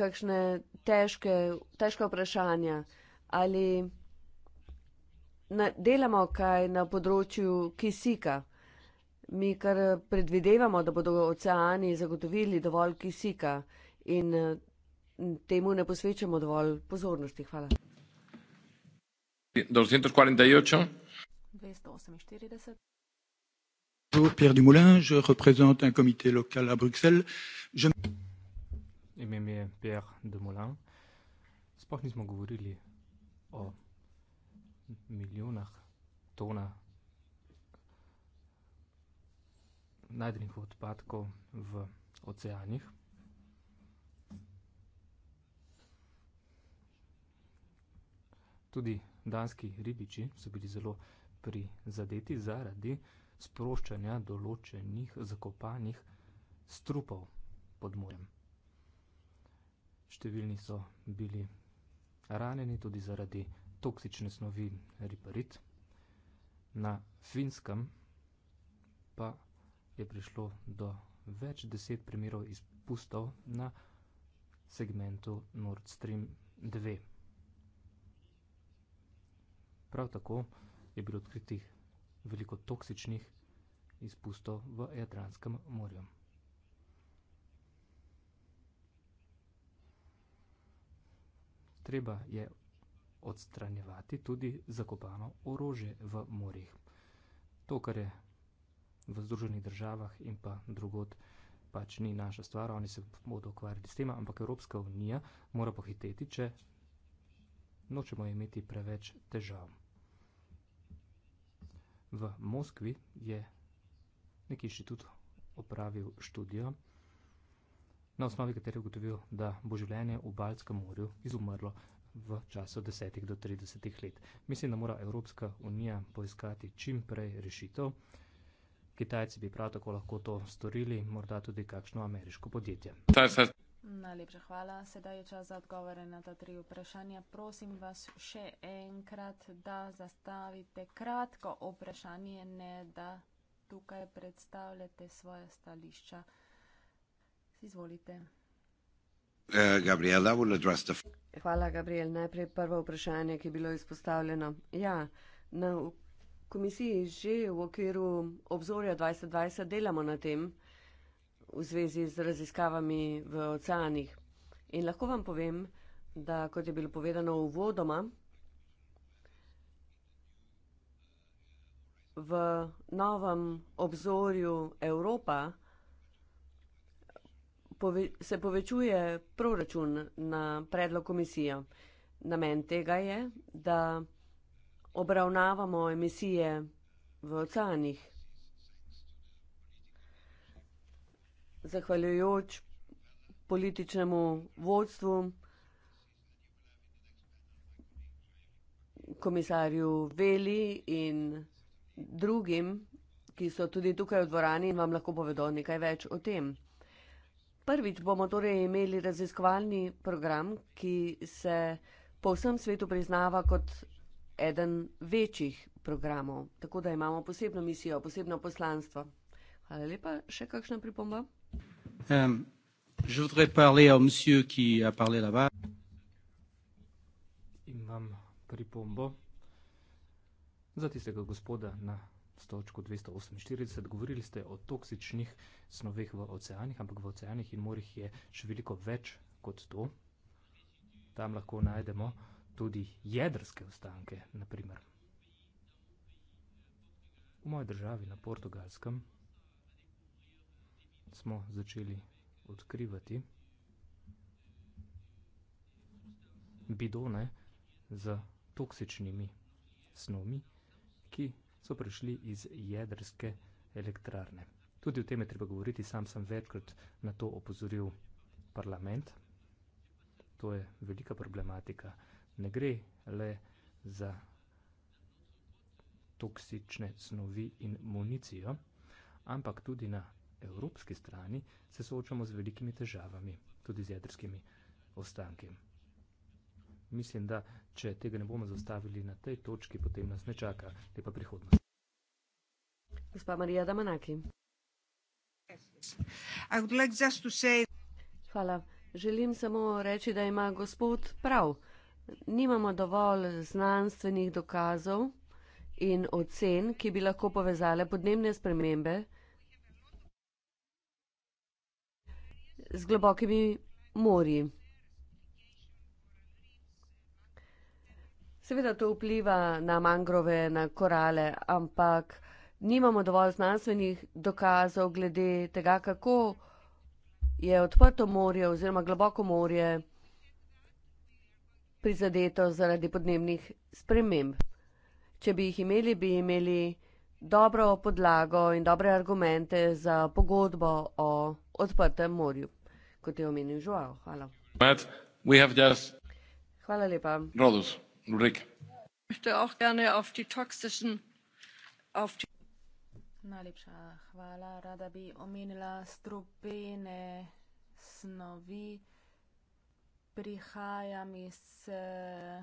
kakšne težke, težke vprašanja ali na, delamo kaj na področju kisika? Mi kar predvidevamo, da bodo oceani zagotovili dovolj kisika in eh, temu ne posvečamo dovolj pozornosti. Hvala. 248. Bonjour, Pierre Dumoulin, je représente un comité local à Bruxelles. Je... Имя имя Пьер де Мулан. Спах не сме говорили о милионах тона найдених отпадков в океаних. Туди danski ribiči so bili zelo prizadeti zaradi sproščanja določenih zakopanih strupov pod morjem. Številni so bili ranjeni tudi zaradi toksične snovi riparit. Na finskem pa je prišlo do več deset primerov izpustov na segmentu Nord Stream 2. Prav tako je bilo odkritih veliko toksičnih izpustov v Jadranskem morju. Treba je odstranjevati tudi zakopano orože v morjih. To, kar je v Združenih državah in pa drugod, pač ni naša stvar, oni se bodo ukvarjali s tem, ampak Evropska unija mora pohiteti, če nočemo imeti preveč težav. V Moskvi je neki inštitut opravil študijo, na osnovi katerega ugotovil, da bo življenje v Baltskem morju izumrlo v času 10 do 30 let. Mislim, da mora Evropska unija poiskati čim prej rešitev. Kitajci bi prav tako lahko to storili, morda tudi kakšno ameriško podjetje. Ta, ta. Najlepša hvala. Sedaj je čas za odgovore na ta tri vprašanja. Prosim vas še enkrat, da zastavite kratko vprašanje, ne da tukaj predstavljate svoje stališča. Izvolite. Eh, hvala, Gabriel. Najprej prvo vprašanje, ki je bilo izpostavljeno. Ja, na komisiji že v okviru obzorja 2020 delamo na tem v zvezi z raziskavami v oceanih. In lahko vam povem, da kot je bilo povedano v vodoma, v novem obzorju Evropa pove, se povečuje proračun na predlog komisije. Namen tega je, da obravnavamo emisije v oceanih. zahvaljujoč političnemu vodstvu, komisarju Veli in drugim, ki so tudi tukaj v dvorani in vam lahko povedo nekaj več o tem. Prvič bomo torej imeli raziskovalni program, ki se po vsem svetu priznava kot eden večjih programov. Tako da imamo posebno misijo, posebno poslanstvo. Hvala lepa. Še kakšna pripomba? Euh, je voudrais parler au monsieur qui a parlé là-bas. Imam pripombo za tistega gospoda na stočku 248. Govorili ste o toksičnih snoveh v oceanih, ampak v oceanih in morjih je še veliko več kot to. Tam lahko najdemo tudi jedrske ostanke, naprimer. V moji državi na Portugalskem smo začeli odkrivati bidone z toksičnimi snovmi, ki so prišli iz jedrske elektrarne. Tudi o tem je treba govoriti, sam sem večkrat na to opozoril parlament. To je velika problematika. Ne gre le za toksične snovi in municijo, ampak tudi na evropski strani se soočamo z velikimi težavami, tudi z jedrskimi ostanki. Mislim, da če tega ne bomo zastavili na tej točki, potem nas ne čaka lepa prihodnost. Gospa Marija Damanaki. Hvala. Želim samo reči, da ima gospod prav. Nimamo dovolj znanstvenih dokazov in ocen, ki bi lahko povezale podnebne spremembe. z globokimi morji. Seveda to vpliva na mangrove, na korale, ampak nimamo dovolj znanstvenih dokazov glede tega, kako je odprto morje oziroma globoko morje prizadeto zaradi podnebnih sprememb. Če bi jih imeli, bi imeli dobro podlago in dobre argumente za pogodbo o odprtem morju kot je omenil Žoal. Hvala. Hvala lepa. Rodus, Najlepša hvala. Rada bi omenila strupene snovi. Prihajam iz eh,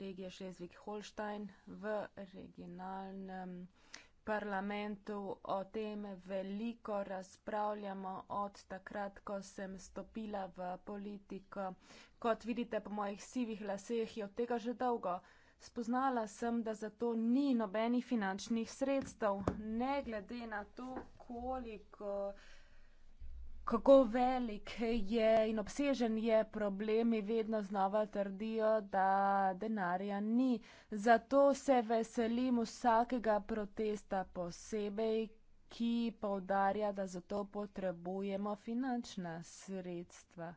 regije Šlezvik-Holstein v regionalnem parlamentu o tem veliko razpravljamo od takrat, ko sem stopila v politiko. Kot vidite po mojih sivih laseh je od tega že dolgo. Spoznala sem, da za to ni nobenih finančnih sredstev, ne glede na to, koliko kako velik je in obsežen je problem, vedno znova trdijo, da denarja ni. Zato se veselim vsakega protesta posebej, ki poudarja, da zato potrebujemo finančna sredstva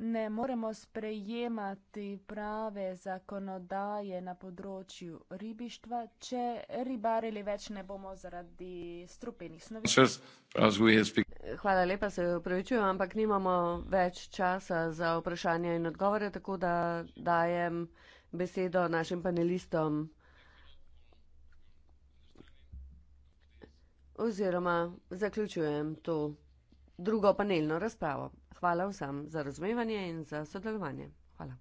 ne moremo sprejemati prave zakonodaje na področju ribištva, če ribarili več ne bomo zaradi strupenih snovi. Hvala lepa, se upravičujem, ampak nimamo več časa za vprašanja in odgovore, tako da dajem besedo našim panelistom. Oziroma zaključujem to drugo panelno razpravo. Hvala vsem za razumevanje in za sodelovanje. Hvala.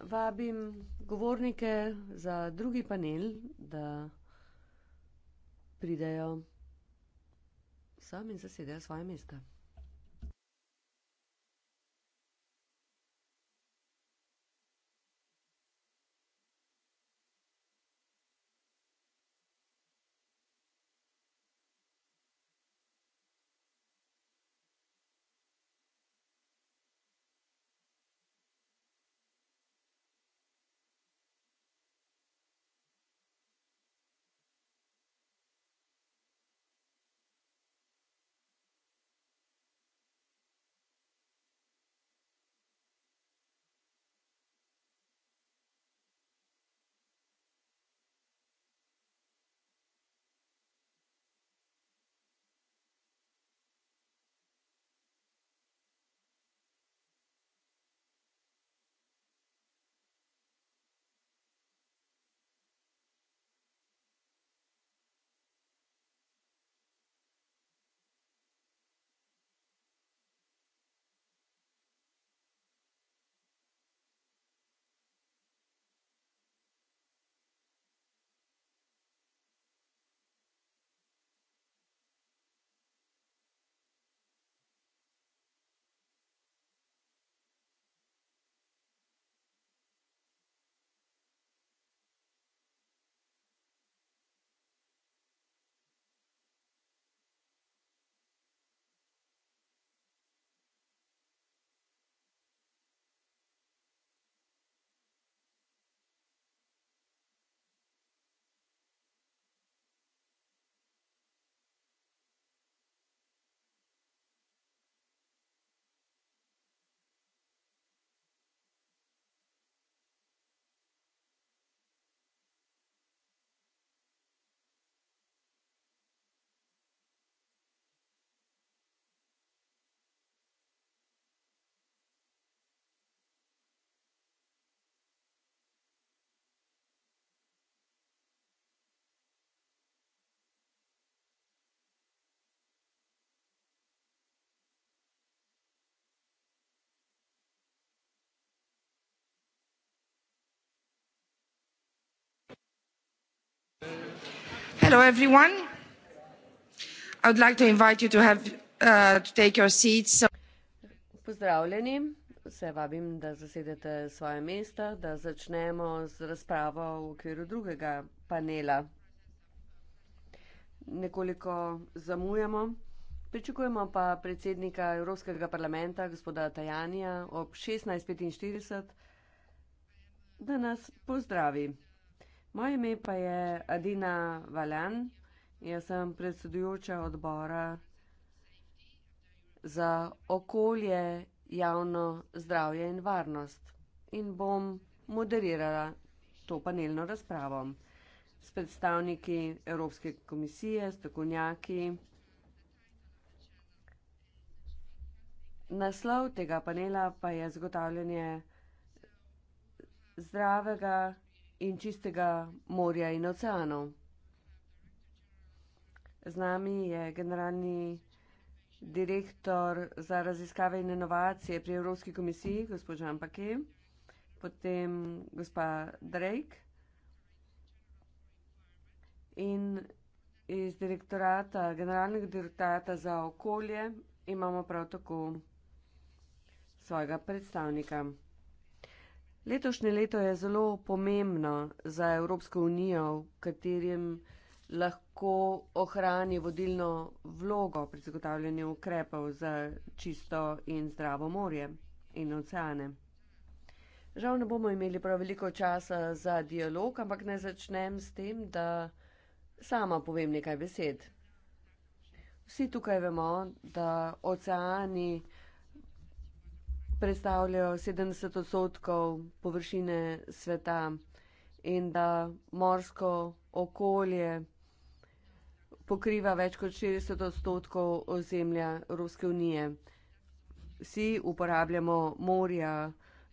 Vabim govornike za drugi panel, da pridejo sami in zasedejo svoje mesta. Hello, everyone. I would like to invite you to, have, uh, to take your seats. So Pozdravljeni. Vse vabim, da zasedete svoje mesta, da začnemo z razpravo v okviru drugega panela. Nekoliko zamujamo. Pričakujemo pa predsednika Evropskega parlamenta, gospoda Tajanija, ob 16.45, da nas pozdravi. Moje ime pa je Adina Valjan, jaz sem predsedujoča odbora za okolje, javno zdravje in varnost in bom moderirala to panelno razpravo s predstavniki Evropske komisije, strokovnjaki. Naslov tega panela pa je zagotavljanje zdravega in čistega morja in oceanov. Z nami je generalni direktor za raziskave in inovacije pri Evropski komisiji, gospod Jean Paquet, potem gospa Drake in iz direktorata, generalnega direktorata za okolje imamo prav tako svojega predstavnika. Letošnje leto je zelo pomembno za Evropsko unijo, v katerem lahko ohrani vodilno vlogo pri zagotavljanju ukrepov za čisto in zdravo morje in oceane. Žal ne bomo imeli prav veliko časa za dialog, ampak naj začnem s tem, da sama povem nekaj besed. Vsi tukaj vemo, da oceani predstavljajo 70 odstotkov površine sveta in da morsko okolje pokriva več kot 60 odstotkov ozemlja Evropske unije. Vsi uporabljamo morja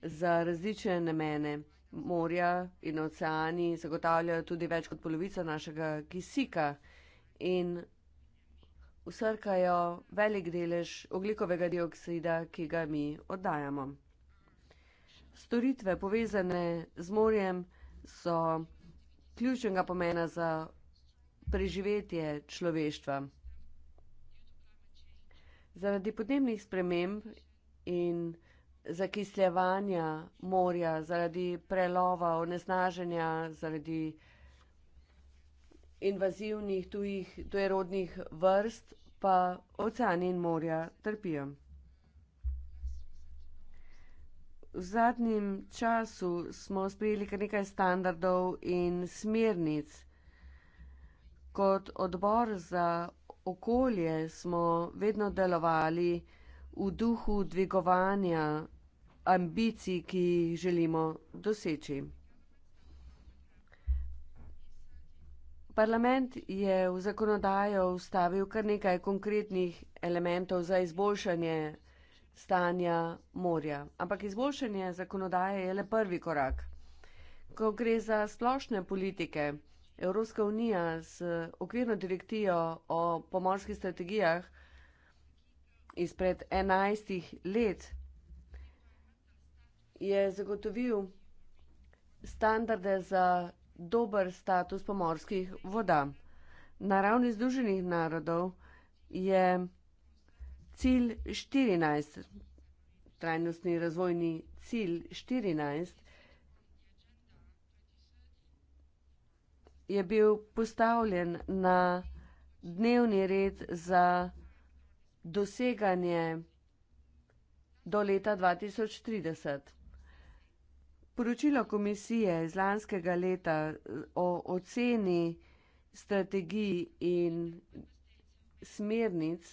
za različne namene. Morja in oceani zagotavljajo tudi več kot polovico našega kisika in usrkajo velik delež oglikovega dioksida, ki ga mi oddajamo. Storitve povezane z morjem so ključnega pomena za preživetje človeštva. Zaradi podnebnih sprememb in zakisljevanja morja, zaradi prelova, oneznaženja, zaradi invazivnih tujih tujerodnih vrst pa oceani in morja trpijo. V zadnjem času smo sprejeli kar nekaj standardov in smernic. Kot odbor za okolje smo vedno delovali v duhu dvigovanja ambicij, ki jih želimo doseči. Parlament je v zakonodajo ustavil kar nekaj konkretnih elementov za izboljšanje stanja morja. Ampak izboljšanje zakonodaje je le prvi korak. Ko gre za splošne politike, Evropska unija z okvirno direktijo o pomorskih strategijah izpred 11 let je zagotovil standarde za dober status pomorskih voda. Na ravni Združenih narodov je cilj 14, trajnostni razvojni cilj 14, je bil postavljen na dnevni red za doseganje do leta 2030. Poročilo komisije iz lanskega leta eh, o oceni strategij in smernic,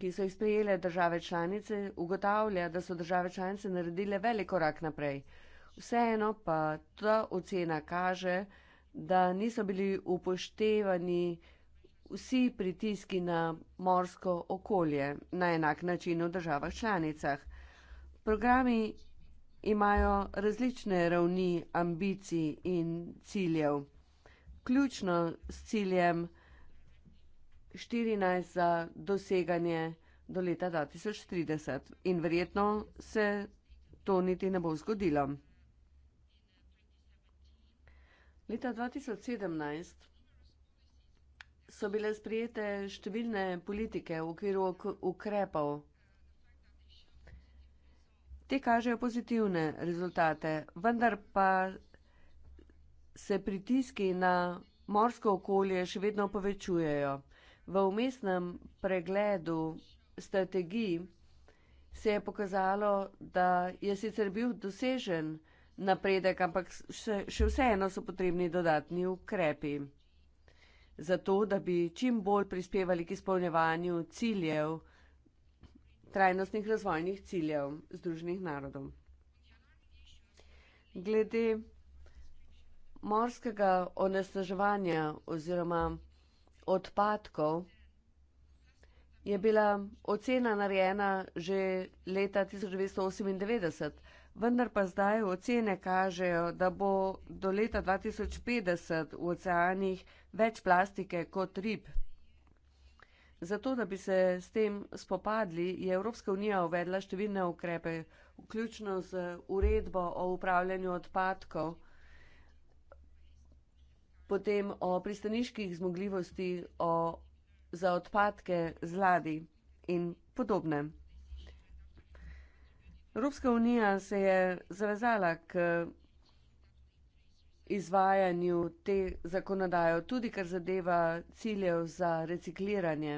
ki so jih sprejele države članice, ugotavlja, da so države članice naredile velik korak naprej. Vseeno pa ta ocena kaže, da niso bili upoštevani vsi pritiski na morsko okolje na enak način v državah članicah. Programi imajo različne ravni ambicij in ciljev. Ključno s ciljem 14 za doseganje do leta 2030 in verjetno se to niti ne bo zgodilo. Leta 2017 so bile sprijete številne politike v okviru ukrepov Te kažejo pozitivne rezultate, vendar pa se pritiski na morsko okolje še vedno povečujejo. V umestnem pregledu strategij se je pokazalo, da je sicer bil dosežen napredek, ampak še, še vseeno so potrebni dodatni ukrepi. Zato, da bi čim bolj prispevali k izpolnjevanju ciljev, trajnostnih razvojnih ciljev Združenih narodov. Glede morskega onesnaževanja oziroma odpadkov je bila ocena narejena že leta 1998, vendar pa zdaj ocene kažejo, da bo do leta 2050 v oceanih več plastike kot rib. Zato, da bi se s tem spopadli, je Evropska unija uvedla številne ukrepe, vključno z uredbo o upravljanju odpadkov, potem o pristaniških zmogljivosti o, za odpadke z ladi in podobne. Evropska unija se je zavezala k izvajanju te zakonodaje, tudi kar zadeva ciljev za recikliranje.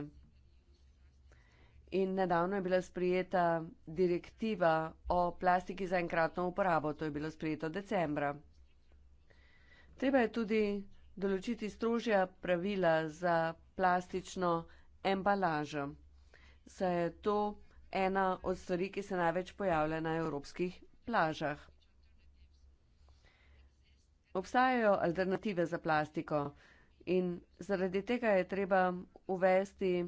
In nedavno je bila sprijeta direktiva o plastiki za enkratno uporabo, to je bilo sprijeto decembra. Treba je tudi določiti strožja pravila za plastično embalažo, saj je to ena od stvari, ki se največ pojavlja na evropskih plažah. Obstajajo alternative za plastiko in zaradi tega je treba uvesti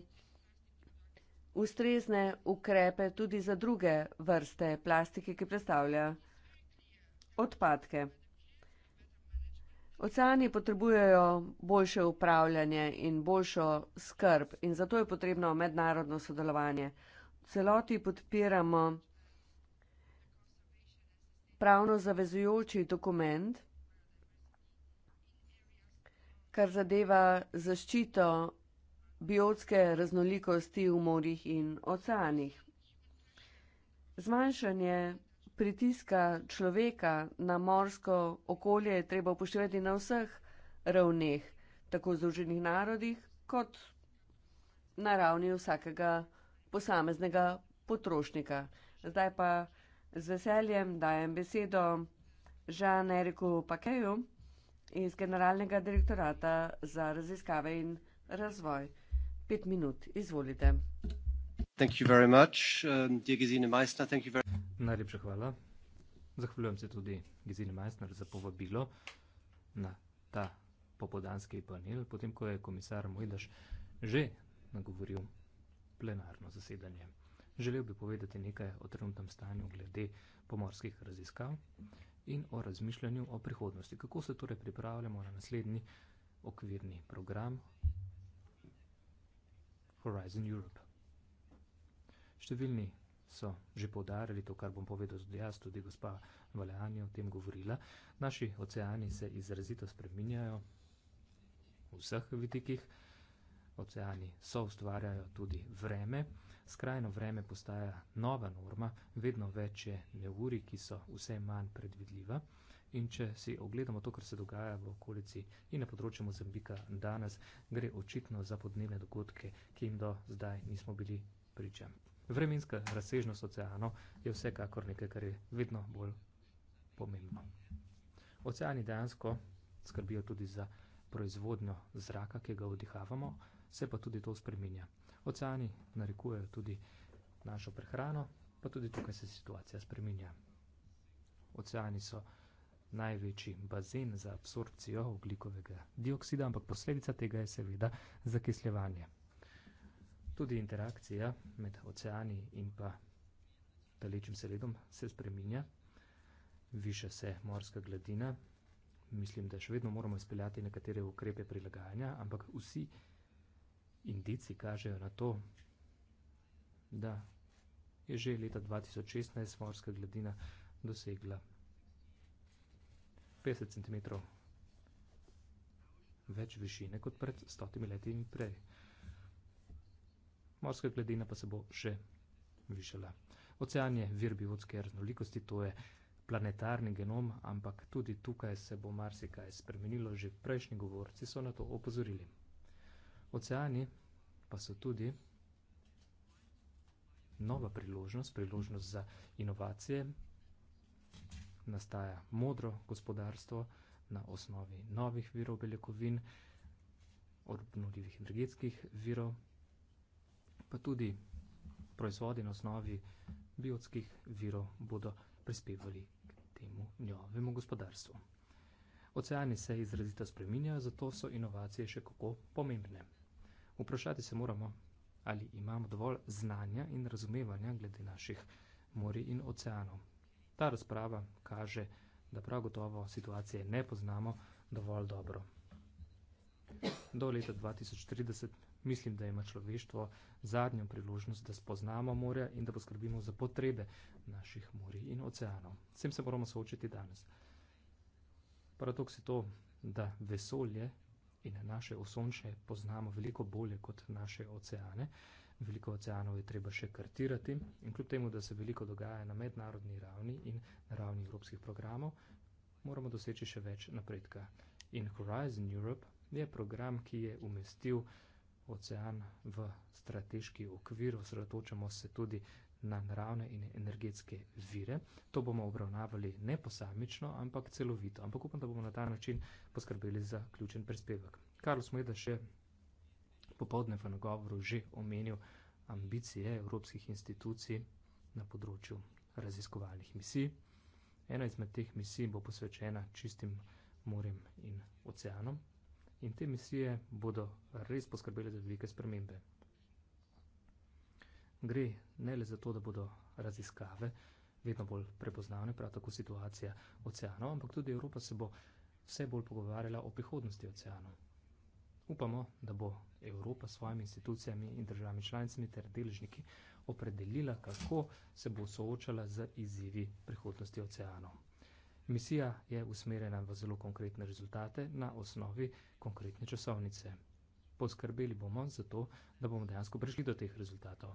ustrezne ukrepe tudi za druge vrste plastike, ki predstavlja odpadke. Oceani potrebujejo boljše upravljanje in boljšo skrb in zato je potrebno mednarodno sodelovanje. V celoti podpiramo pravno zavezujoči dokument, kar zadeva zaščito biotske raznolikosti v morjih in oceanih. Zmanjšanje pritiska človeka na morsko okolje je treba upoštevati na vseh ravneh, tako v Združenih narodih, kot na ravni vsakega posameznega potrošnika. Zdaj pa z veseljem dajem besedo Žan Eriku Pakeju iz Generalnega direktorata za raziskave in razvoj. Pet minut, izvolite. Um, Najlepša hvala. Zahvaljujem se tudi Gizine Meissner za povabilo na ta popodanski panel, potem ko je komisar Mojdaš že nagovoril plenarno zasedanje. Želel bi povedati nekaj o trenutnem stanju glede pomorskih raziskav in o razmišljanju o prihodnosti. Kako se torej pripravljamo na naslednji okvirni program Horizon Europe. Številni so že povdarjali to, kar bom povedal tudi jaz, tudi gospa Valean je o tem govorila. Naši oceani se izrazito spreminjajo v vseh vidikih. Oceani so ustvarjajo tudi vreme. Skrajno vreme postaja nova norma, vedno več je neuri, ki so vse manj predvidljiva. In če si ogledamo to, kar se dogaja v okolici in na področju Mozambika danes, gre očitno za podnebne dogodke, ki jim do zdaj nismo bili priča. Vremenska razsežnost oceanov je vsekakor nekaj, kar je vedno bolj pomembno. Oceani dejansko skrbijo tudi za proizvodnjo zraka, ki ga vdihavamo, se pa tudi to spreminja. Oceani narekujejo tudi našo prehrano, pa tudi tukaj se situacija spreminja. Oceani so največji bazen za absorpcijo oglikovega dioksida, ampak posledica tega je seveda zakisljevanje. Tudi interakcija med oceani in pa talečim seledom se spreminja, više se morska gladina, mislim, da še vedno moramo izpeljati nekatere ukrepe prilagajanja, ampak vsi vsi indici kažejo na to, da je že leta 2016 morska gladina dosegla 50 cm več višine kot pred stotimi leti in prej. Morska gladina pa se bo še višala. Ocean je vir biotske raznolikosti, to je planetarni genom, ampak tudi tukaj se bo marsikaj spremenilo, že prejšnji govorci so na to opozorili. Oceani pa so tudi nova priložnost, priložnost za inovacije. Nastaja modro gospodarstvo na osnovi novih virov beljakovin, obnovljivih energetskih virov, pa tudi proizvodi na osnovi biotskih virov bodo prispevali k temu novemu gospodarstvu. Oceani se izrazito spreminjajo, zato so inovacije še kako pomembne. Vprašati se moramo, ali imamo dovolj znanja in razumevanja glede naših mori in oceanov. Ta razprava kaže, da prav gotovo situacije ne poznamo dovolj dobro. Do leta 2030 mislim, da ima človeštvo zadnjo priložnost, da spoznamo morja in da poskrbimo za potrebe naših mori in oceanov. S tem se moramo soočiti danes. Paradoks je to, da vesolje in naše osončje poznamo veliko bolje kot naše oceane. Veliko oceanov je treba še kartirati in kljub temu, da se veliko dogaja na mednarodni ravni in na ravni evropskih programov, moramo doseči še več napredka. In Horizon Europe je program, ki je umestil ocean v strateški okvir, osredotočamo se tudi na naravne in energetske vire. To bomo obravnavali ne posamično, ampak celovito. Ampak upam, da bomo na ta način poskrbeli za ključen prispevek. Karlo smo je, da še popovdne v nagovoru že omenil ambicije evropskih institucij na področju raziskovalnih misij. Ena izmed teh misij bo posvečena čistim morem in oceanom. In te misije bodo res poskrbele za velike spremembe gre ne le za to, da bodo raziskave vedno bolj prepoznavne, prav tako situacija oceanov, ampak tudi Evropa se bo vse bolj pogovarjala o prihodnosti oceanov. Upamo, da bo Evropa s svojimi institucijami in državami članicami ter deležniki opredelila, kako se bo soočala z izzivi prihodnosti oceanov. Misija je usmerjena v zelo konkretne rezultate na osnovi konkretne časovnice. Poskrbeli bomo za to, da bomo dejansko prišli do teh rezultatov.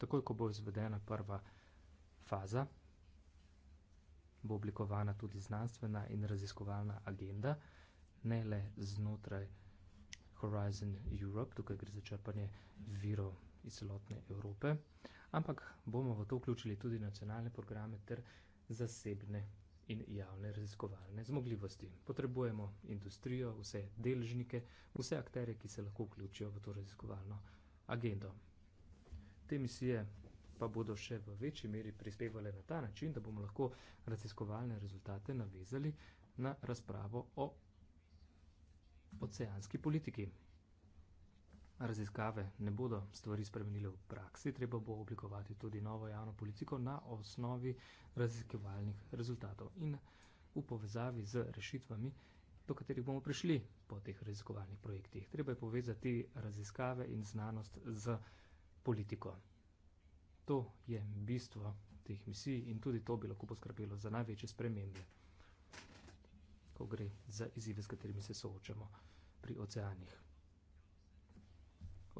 Takoj, ko bo izvedena prva faza, bo oblikovana tudi znanstvena in raziskovalna agenda, ne le znotraj Horizon Europe, tukaj gre za črpanje virov iz celotne Evrope, ampak bomo v to vključili tudi nacionalne programe ter zasebne in javne raziskovalne zmogljivosti. Potrebujemo industrijo, vse deležnike, vse akterje, ki se lahko vključijo v to raziskovalno agendo te misije pa bodo še v večji meri prispevale na ta način, da bomo lahko raziskovalne rezultate navezali na razpravo o oceanski politiki. Raziskave ne bodo stvari spremenile v praksi, treba bo oblikovati tudi novo javno politiko na osnovi raziskovalnih rezultatov in v povezavi z rešitvami, do katerih bomo prišli po teh raziskovalnih projektih. Treba je povezati raziskave in znanost z raziskovalnih rezultatov politiko. To je bistvo teh misij in tudi to bi lahko poskrbelo za največje spremembe, ko gre za izzive, s katerimi se soočamo pri oceanih.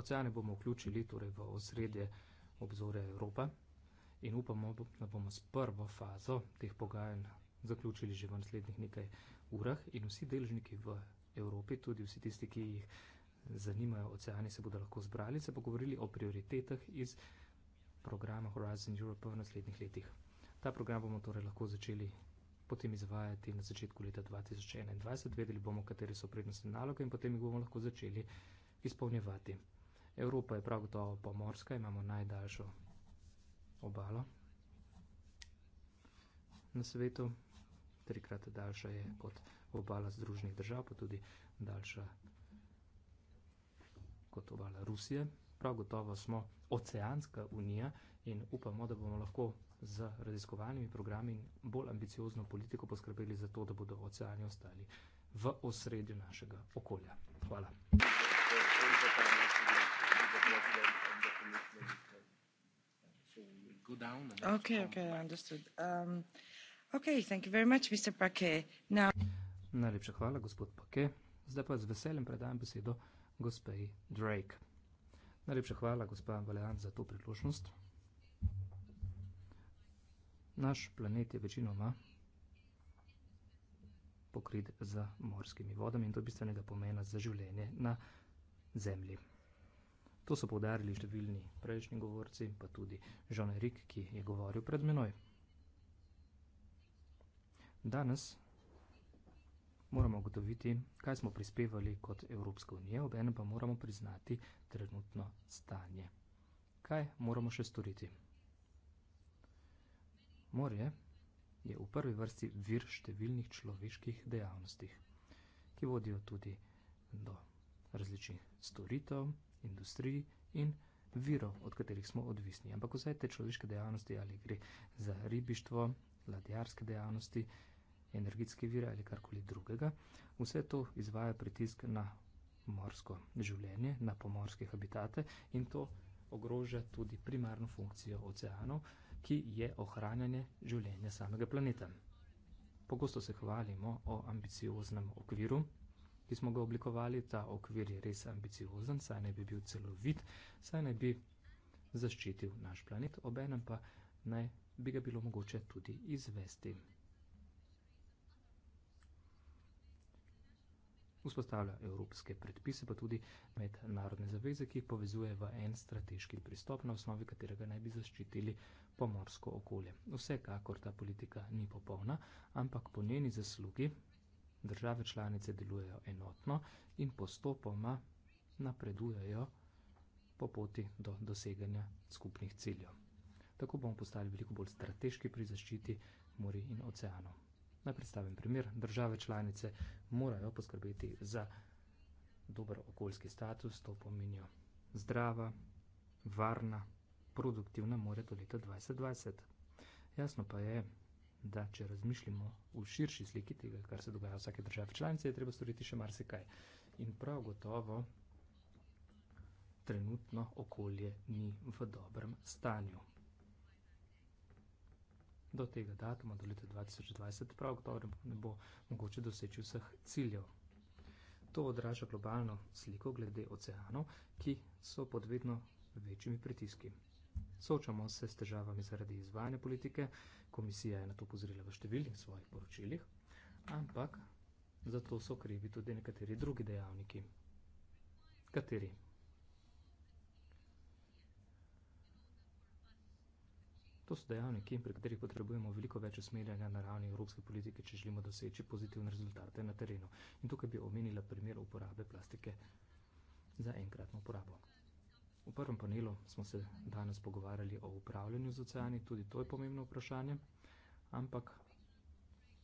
Oceane bomo vključili torej v osredje obzore Evropa in upamo, da bomo s prvo fazo teh pogajanj zaključili že v naslednjih nekaj urah in vsi deležniki v Evropi, tudi vsi tisti, ki jih zanimajo oceani, se bodo lahko zbrali, se pogovorili o prioritetah iz programa Horizon Europe v naslednjih letih. Ta program bomo torej lahko začeli potem izvajati na začetku leta 2021. Vedeli bomo, katere so prednostne naloge in potem jih bomo lahko začeli izpolnjevati. Evropa je prav gotovo pomorska, imamo najdaljšo obalo na svetu. Trikrat daljša je kot obala Združenih držav, pa tudi daljša kot obala Rusije. Prav gotovo smo oceanska unija in upamo, da bomo lahko z raziskovalnimi programi in bolj ambiciozno politiko poskrbeli za to, da bodo oceani ostali v osredju našega okolja. Hvala. Um, Najlepša hvala, gospod Pake. Zdaj pa z veseljem predajam besedo gospe Drake. Najlepša hvala, gospa Valean, za to priložnost. Naš planet je večinoma pokrit z morskimi vodami in to je bistvenega pomena za življenje na Zemlji. To so povdarili številni prejšnji govorci, pa tudi Jean-Éric, ki je govoril pred menoj. Danes moramo ugotoviti, kaj smo prispevali kot Evropska unija, ob enem pa moramo priznati trenutno stanje. Kaj moramo še storiti? Morje je v prvi vrsti vir številnih človeških dejavnosti, ki vodijo tudi do različnih storitev, industrij in virov, od katerih smo odvisni. Ampak vse te človeške dejavnosti, ali gre za ribištvo, ladjarske dejavnosti, energetske vire ali karkoli drugega. Vse to izvaja pritisk na morsko življenje, na pomorske habitate in to ogroža tudi primarno funkcijo oceanov, ki je ohranjanje življenja samega planeta. Pogosto se hvalimo o ambicioznem okviru, ki smo ga oblikovali. Ta okvir je res ambiciozen, saj naj bi bil celovit, saj naj bi zaščitil naš planet, obenem pa naj bi ga bilo mogoče tudi izvesti. Vzpostavlja evropske predpise, pa tudi mednarodne zaveze, ki jih povezuje v en strateški pristop, na osnovi katerega naj bi zaščitili pomorsko okolje. Vsekakor ta politika ni popolna, ampak po njeni zaslugi države članice delujejo enotno in postopoma napredujejo po poti do doseganja skupnih ciljev. Tako bomo postali veliko bolj strateški pri zaščiti mori in oceanov. Naj predstavim primer. Države članice morajo poskrbeti za dober okoljski status, to pomenijo zdrava, varna, produktivna more do leta 2020. Jasno pa je, da če razmišljamo v širši sliki tega, kar se dogaja v vsake države članice, je treba storiti še marsikaj. In prav gotovo trenutno okolje ni v dobrem stanju do tega datuma, do leta 2020, prav gotovo ne bo mogoče doseči vseh ciljev. To odraža globalno sliko glede oceanov, ki so pod vedno večjimi pritiski. Soočamo se s težavami zaradi izvajanja politike, komisija je na to pozorila v številnih svojih poročilih, ampak za to so krivi tudi nekateri drugi dejavniki. Kateri? To so dejavniki, pri katerih potrebujemo veliko več usmerjanja na ravni evropske politike, če želimo doseči pozitivne rezultate na terenu. In tukaj bi omenila primer uporabe plastike za enkratno uporabo. V prvem panelu smo se danes pogovarjali o upravljanju z oceani, tudi to je pomembno vprašanje, ampak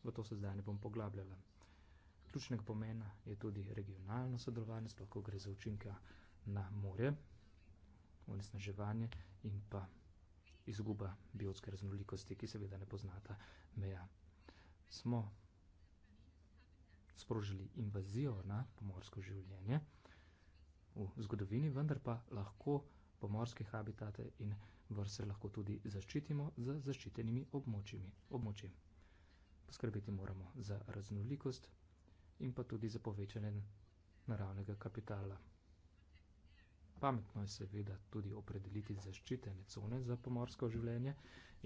v to se zdaj ne bom poglabljala. Ključnega pomena je tudi regionalno sodelovanje, sploh ko gre za učinka na morje, onesnaževanje in pa izguba biotske raznolikosti, ki seveda ne poznata meja. Smo sprožili invazijo na pomorsko življenje v zgodovini, vendar pa lahko pomorske habitate in vrste lahko tudi zaščitimo z zaščitenimi območji. Poskrbeti moramo za raznolikost in pa tudi za povečanje naravnega kapitala. Pametno je seveda tudi opredeliti zaščitene cone za pomorsko življenje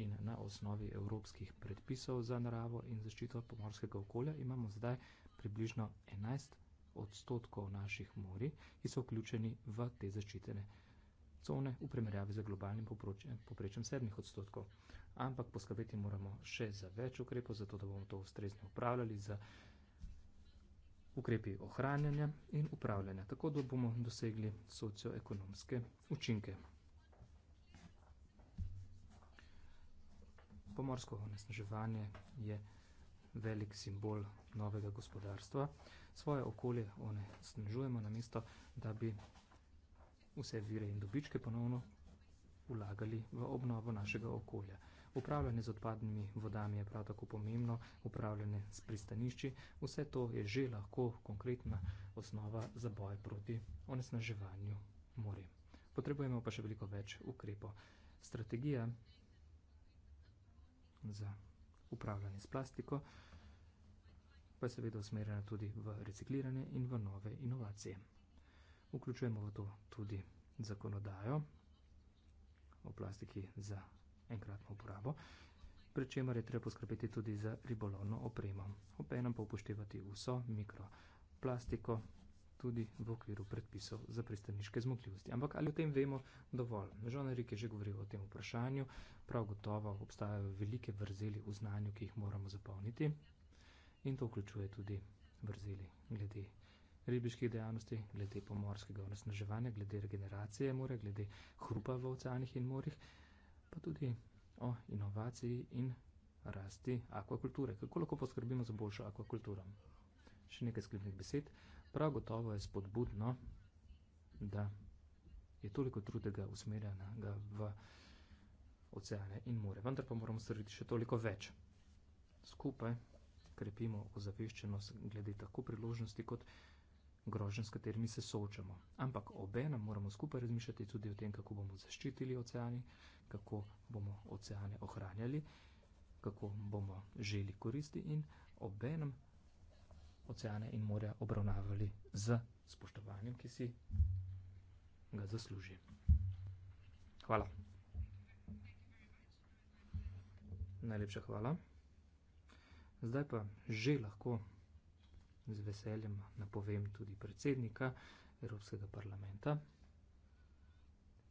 in na osnovi evropskih predpisov za naravo in zaščito pomorskega okolja imamo zdaj približno 11 odstotkov naših mori, ki so vključeni v te zaščitene cone v primerjavi z globalnim poprečjem 7 odstotkov. Ampak poskrbeti moramo še za več ukrepov, zato da bomo to ustrezno upravljali ukrepi ohranjanja in upravljanja, tako da bomo dosegli socioekonomske učinke. Pomorsko onesnaževanje je velik simbol novega gospodarstva. Svoje okolje onesnažujemo na mesto, da bi vse vire in dobičke ponovno vlagali v obnovo našega okolja. Upravljanje z odpadnimi vodami je prav tako pomembno, upravljanje s pristanišči, vse to je že lahko konkretna osnova za boj proti onesnaževanju morja. Potrebujemo pa še veliko več ukrepov. Strategija za upravljanje s plastiko pa je seveda usmerjena tudi v recikliranje in v nove inovacije. Vključujemo v to tudi zakonodajo o plastiki za enkratno uporabo, pri čemer je treba poskrbeti tudi za ribolovno opremo. Obenem pa upoštevati vso mikroplastiko tudi v okviru predpisov za pristaniške zmogljivosti. Ampak ali o tem vemo dovolj? Žon Erik je že govoril o tem vprašanju, prav gotovo obstajajo velike vrzeli v znanju, ki jih moramo zapolniti in to vključuje tudi vrzeli glede ribiških dejavnosti, glede pomorskega onesnaževanja, glede regeneracije morja, glede hrupa v oceanih in morjih pa tudi o inovaciji in rasti akvakulture. Kako lahko poskrbimo za boljšo akvakulturo? Še nekaj sklepnih besed. Prav gotovo je spodbudno, da je toliko trudega usmerjenega v oceane in more. Vendar pa moramo storiti še toliko več. Skupaj krepimo ozaveščenost glede tako priložnosti kot grožen, s katerimi se soočamo. Ampak obenem moramo skupaj razmišljati tudi o tem, kako bomo zaščitili oceani, kako bomo oceane ohranjali, kako bomo želi koristi in obenem oceane in morja obravnavali z spoštovanjem, ki si ga zasluži. Hvala. Najlepša hvala. Zdaj pa že lahko z veseljem napovem tudi predsednika Evropskega parlamenta,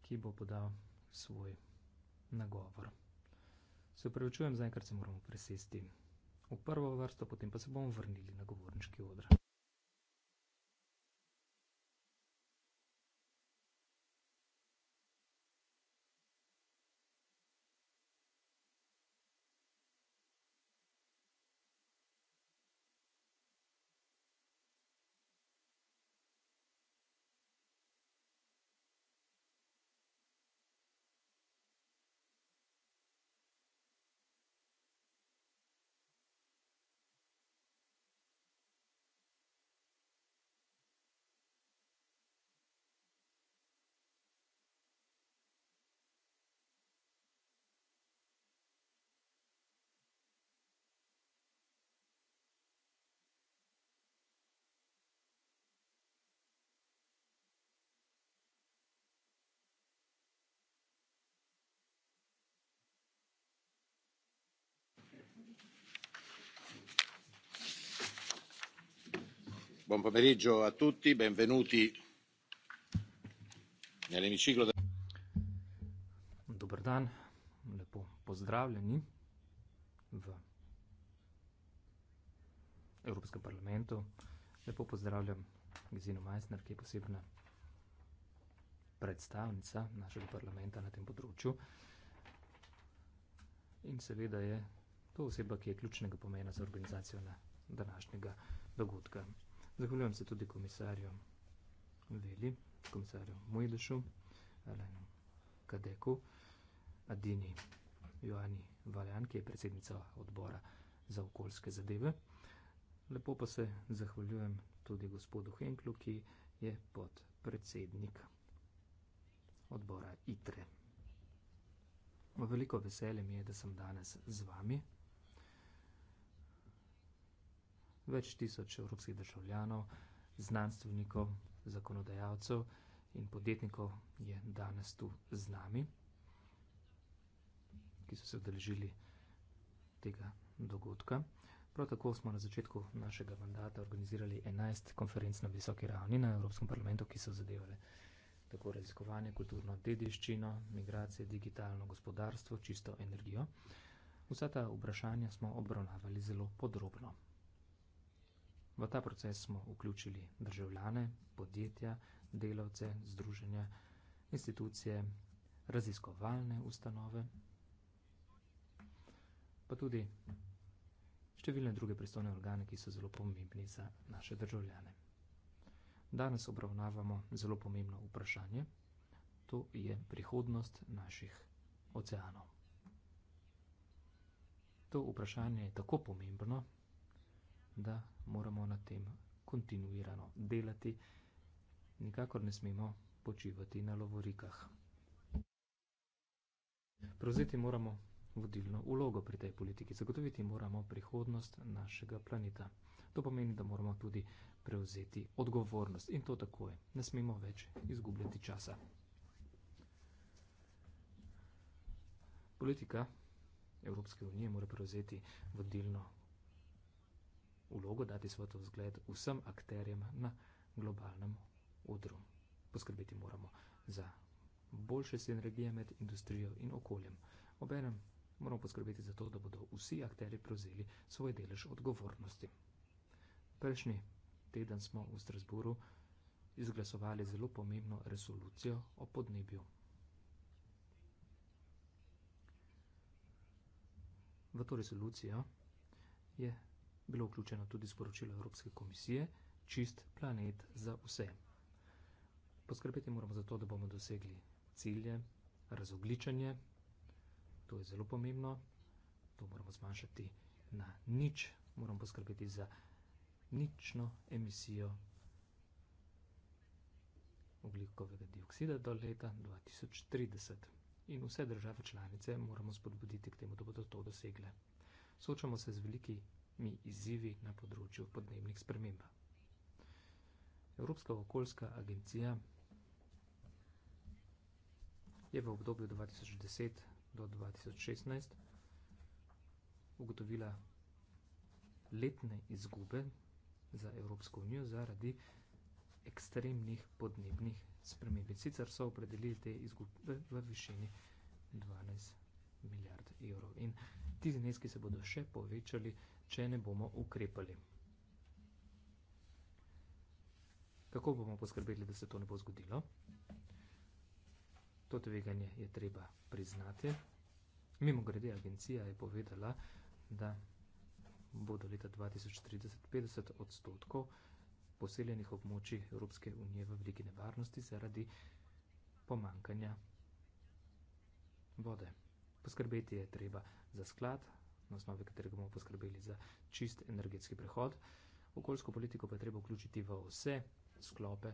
ki bo podal svoj nagovor. Se upravičujem, zaenkrat se moramo presesti v prvo vrsto, potem pa se bomo vrnili na govornički odr. buon pomeriggio a tutti benvenuti nell'emiciclo del Dobar dan, lepo pozdravljeni v Evropskem parlamentu. Lepo pozdravljam Gizino Meissner, ki je posebna predstavnica našega parlamenta na tem področju. In seveda je to oseba, ki je ključnega pomena za organizacijo na današnjega dogodka. Zahvaljujem se tudi komisarju Veli, komisarju Mojdešu, Alenu Kadeku, Adini Joani Valjan, ki je predsednica odbora za okoljske zadeve. Lepo pa se zahvaljujem tudi gospodu Henklu, ki je pod predsednik odbora ITRE. Veliko veselje mi je, da sem danes z vami. več tisoč evropskih državljanov, znanstvenikov, zakonodajalcev in podjetnikov je danes tu z nami, ki so se udeležili tega dogodka. Prav tako smo na začetku našega mandata organizirali 11 konferenc na visoki ravni na Evropskem parlamentu, ki so zadevale tako raziskovanje, kulturno dediščino, migracije, digitalno gospodarstvo, čisto energijo. Vsa ta vprašanja smo obravnavali zelo podrobno. V ta proces smo vključili državljane, podjetja, delavce, združenja, institucije, raziskovalne ustanove, pa tudi številne druge pristojne organe, ki so zelo pomembni za naše državljane. Danes obravnavamo zelo pomembno vprašanje, to je prihodnost naših oceanov. To vprašanje je tako pomembno, da moramo na tem kontinuirano delati. Nikakor ne smemo počivati na lovorikah. Prevzeti moramo vodilno ulogo pri tej politiki, zagotoviti moramo prihodnost našega planeta. To pomeni, da moramo tudi prevzeti odgovornost in to takoj. Ne smemo več izgubljati časa. Politika Evropske unije mora prevzeti vodilno vlogo, dati svoj vzgled vsem akterjem na globalnem odru. Poskrbeti moramo za boljše sinergije med industrijo in okoljem. Obenem moramo poskrbeti za to, da bodo vsi akteri prevzeli svoj delež odgovornosti. Prejšnji teden smo v Strasburu izglasovali zelo pomembno resolucijo o podnebju. V to resolucijo je bilo vključeno tudi sporočilo Evropske komisije Čist planet za vse. Poskrbeti moramo za to, da bomo dosegli cilje, razogličanje, to je zelo pomembno, to moramo zmanjšati na nič, moramo poskrbeti za nično emisijo oglikovega dioksida do leta 2030. In vse države članice moramo spodbuditi k temu, da bodo to dosegle. Sočamo se z veliki mi izzivi na področju podnebnih sprememb. Evropska okoljska agencija je v obdobju 2010 do 2016 ugotovila letne izgube za Evropsko unijo zaradi ekstremnih podnebnih sprememb. Sicer so opredelili te izgube v višini 12 milijard evrov. In ti zneski se bodo še povečali če ne bomo ukrepali. Kako bomo poskrbeli, da se to ne bo zgodilo? To tveganje je treba priznati. Mimo grede, agencija je povedala, da bo do leta 2030 50 odstotkov poseljenih območij Evropske unije v veliki nevarnosti zaradi pomankanja vode. Poskrbeti je treba za sklad, na osnovi katerega bomo poskrbeli za čist energetski prehod. Okoljsko politiko pa je treba vključiti v vse sklope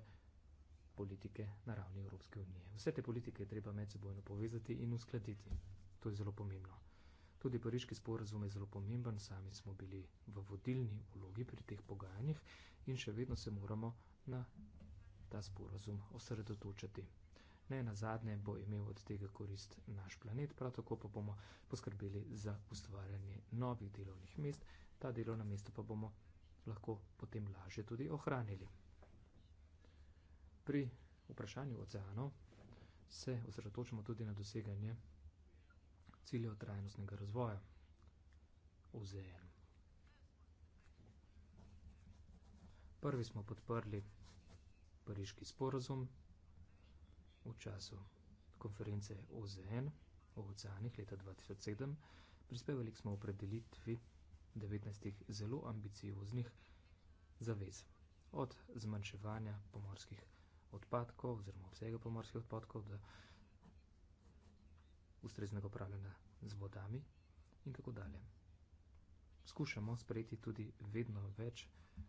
politike na ravni Evropske unije. Vse te politike je treba medsebojno povezati in uskladiti. To je zelo pomembno. Tudi pariški sporazum je zelo pomemben, sami smo bili v vodilni vlogi pri teh pogajanjih in še vedno se moramo na ta sporazum osredotočati. Ne na zadnje bo imel od tega korist naš planet, prav tako pa bomo poskrbeli za ustvarjanje novih delovnih mest, ta delovna mesta pa bomo lahko potem laže tudi ohranili. Pri vprašanju oceanov se osredotočamo tudi na doseganje ciljev trajnostnega razvoja OZN. Prvi smo podprli pariški sporozum v času konference OZN o oceanih leta 2007 prispevali smo v predelitvi 19 zelo ambicioznih zavez. Od zmanjševanja pomorskih odpadkov oziroma vsega pomorskih odpadkov do ustreznega upravljanja z vodami in tako dalje. Skušamo sprejeti tudi vedno več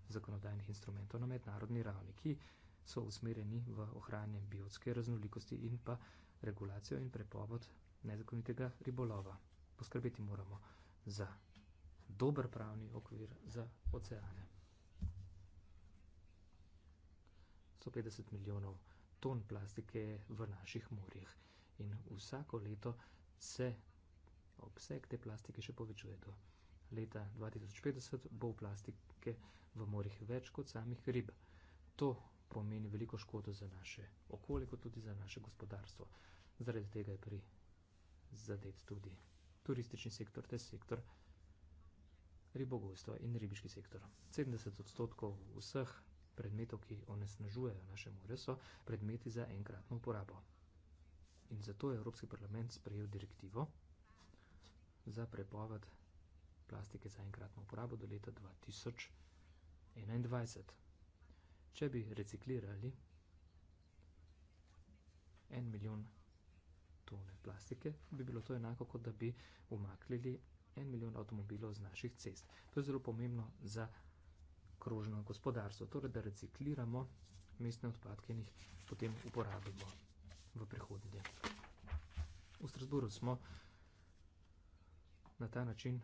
zakonodajnih instrumentov na mednarodni ravni, ki so usmerjeni v ohranjanje biotske raznolikosti in pa regulacijo in prepoved nezakonitega ribolova. Poskrbeti moramo za dober pravni okvir za oceane. 150 milijonov ton plastike je v naših morjih in vsako leto se obseg te plastike še povečuje do leta 2050 bo v plastike v morjih več kot samih rib. To pomeni veliko škodo za naše okolje, kot tudi za naše gospodarstvo. Zaradi tega je pri zadet tudi turistični sektor, te sektor ribogojstva in ribiški sektor. 70 odstotkov vseh predmetov, ki onesnažujejo naše more, so predmeti za enkratno uporabo. In zato je Evropski parlament sprejel direktivo za prepoved plastike za enkratno uporabo do leta 2021 če bi reciklirali en milijon tone plastike, bi bilo to enako, kot da bi umaknili en milijon avtomobilov z naših cest. To je zelo pomembno za krožno gospodarstvo, torej da recikliramo mestne odpadke in jih potem uporabimo v prihodnje. V Strasburu smo na ta način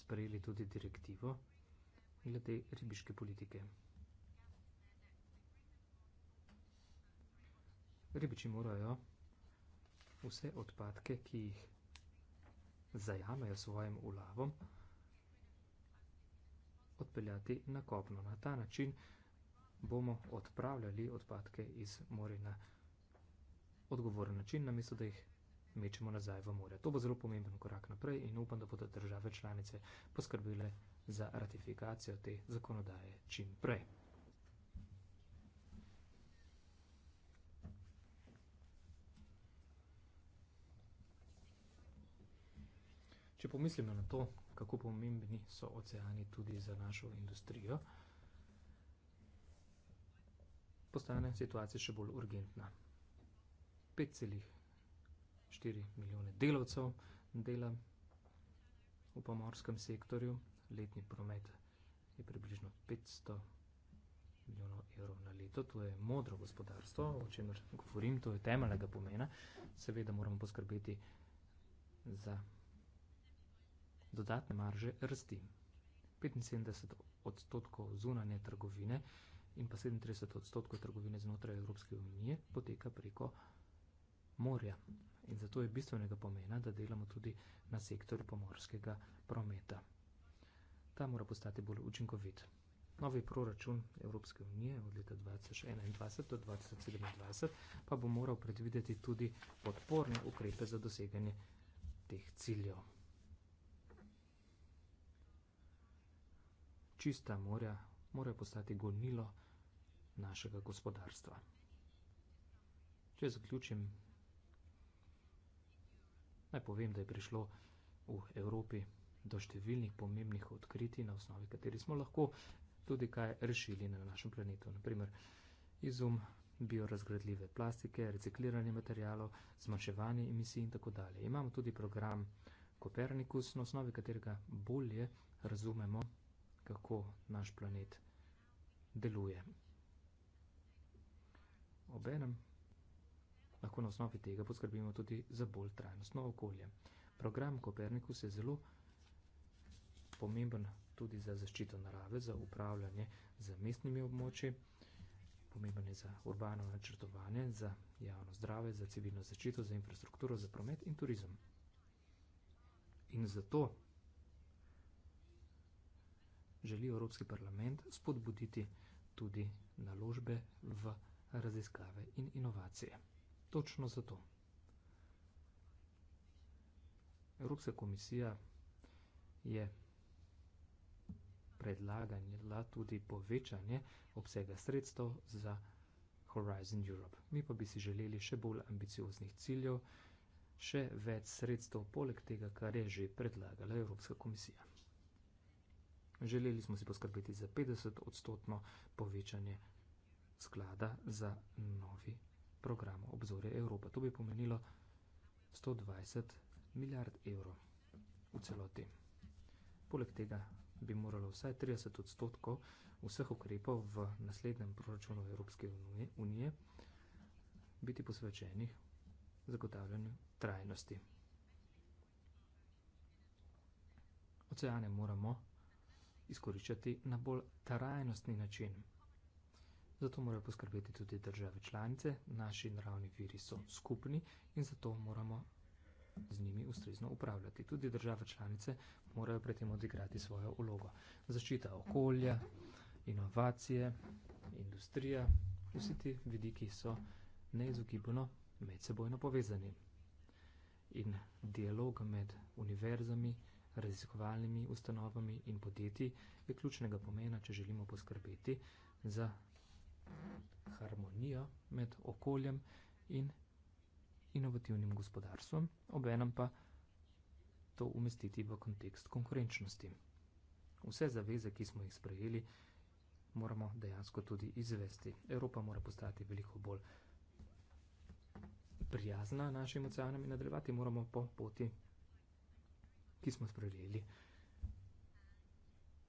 sprejeli tudi direktivo glede ribiške politike. Ribiči morajo vse odpadke, ki jih zajamejo svojim ulavom, odpeljati na kopno. Na ta način bomo odpravljali odpadke iz morja na odgovoren način, namesto da jih mečemo nazaj v morje. To bo zelo pomemben korak naprej in upam, da bodo države članice poskrbile za ratifikacijo te zakonodaje čim prej. Če pomislimo na to, kako pomembni so oceani tudi za našo industrijo, postane situacija še bolj urgentna. 5,4 milijone delavcev dela v pomorskem sektorju, letni promet je približno 500 milijonov evrov na leto. To je modro gospodarstvo, o čemer govorim, to je temeljnega pomena. Seveda moramo poskrbeti za dodatne marže rasti. 75 odstotkov zunanje trgovine in pa 37 odstotkov trgovine znotraj Evropske unije poteka preko morja. In zato je bistvenega pomena, da delamo tudi na sektorju pomorskega prometa. Ta mora postati bolj učinkovit. Novi proračun Evropske unije od leta 2021 do 2027 pa bo moral predvideti tudi podporne ukrepe za doseganje teh ciljev. čista morja mora postati gonilo našega gospodarstva. Če zaključim, naj povem, da je prišlo v Evropi do številnih pomembnih odkritij, na osnovi katerih smo lahko tudi kaj rešili na našem planetu. Naprimer, izum biorazgradljive plastike, recikliranje materijalov, zmanjševanje emisij in tako dalje. Imamo tudi program Kopernikus, na osnovi katerega bolje razumemo kako naš planet deluje. Obenem lahko na osnovi tega poskrbimo tudi za bolj trajnostno okolje. Program Kopernikus je zelo pomemben tudi za zaščito narave, za upravljanje z mestnimi območji, pomemben je za urbano načrtovanje, za javno zdrave, za civilno zaščito, za infrastrukturo, za promet in turizem. In zato želi Evropski parlament spodbuditi tudi naložbe v raziskave in inovacije. Točno zato. Evropska komisija je predlagala tudi povečanje obsega sredstev za Horizon Europe. Mi pa bi si želeli še bolj ambicioznih ciljev, še več sredstev poleg tega, kar je že predlagala Evropska komisija. Želeli smo si poskrbeti za 50 odstotno povečanje sklada za novi program obzore Evropa. To bi pomenilo 120 milijard evrov v celoti. Poleg tega bi moralo vsaj 30 odstotkov vseh ukrepov v naslednjem proračunu Evropske unije biti posvečenih zagotavljanju trajnosti. Oceane moramo izkoriščati na bolj trajnostni način. Zato morajo poskrbeti tudi države članice, naši naravni viri so skupni in zato moramo z njimi ustrezno upravljati. Tudi države članice morajo pri tem odigrati svojo ulogo. Zaščita okolja, inovacije, industrija, vsi ti vidiki so neizogibno medsebojno povezani. In dialog med univerzami in raziskovalnimi ustanovami in podjetji je ključnega pomena, če želimo poskrbeti za harmonijo med okoljem in inovativnim gospodarstvom, obenem pa to umestiti v kontekst konkurenčnosti. Vse zaveze, ki smo jih sprejeli, moramo dejansko tudi izvesti. Evropa mora postati veliko bolj prijazna našim oceanom in nadaljevati moramo po poti ki smo sprejeli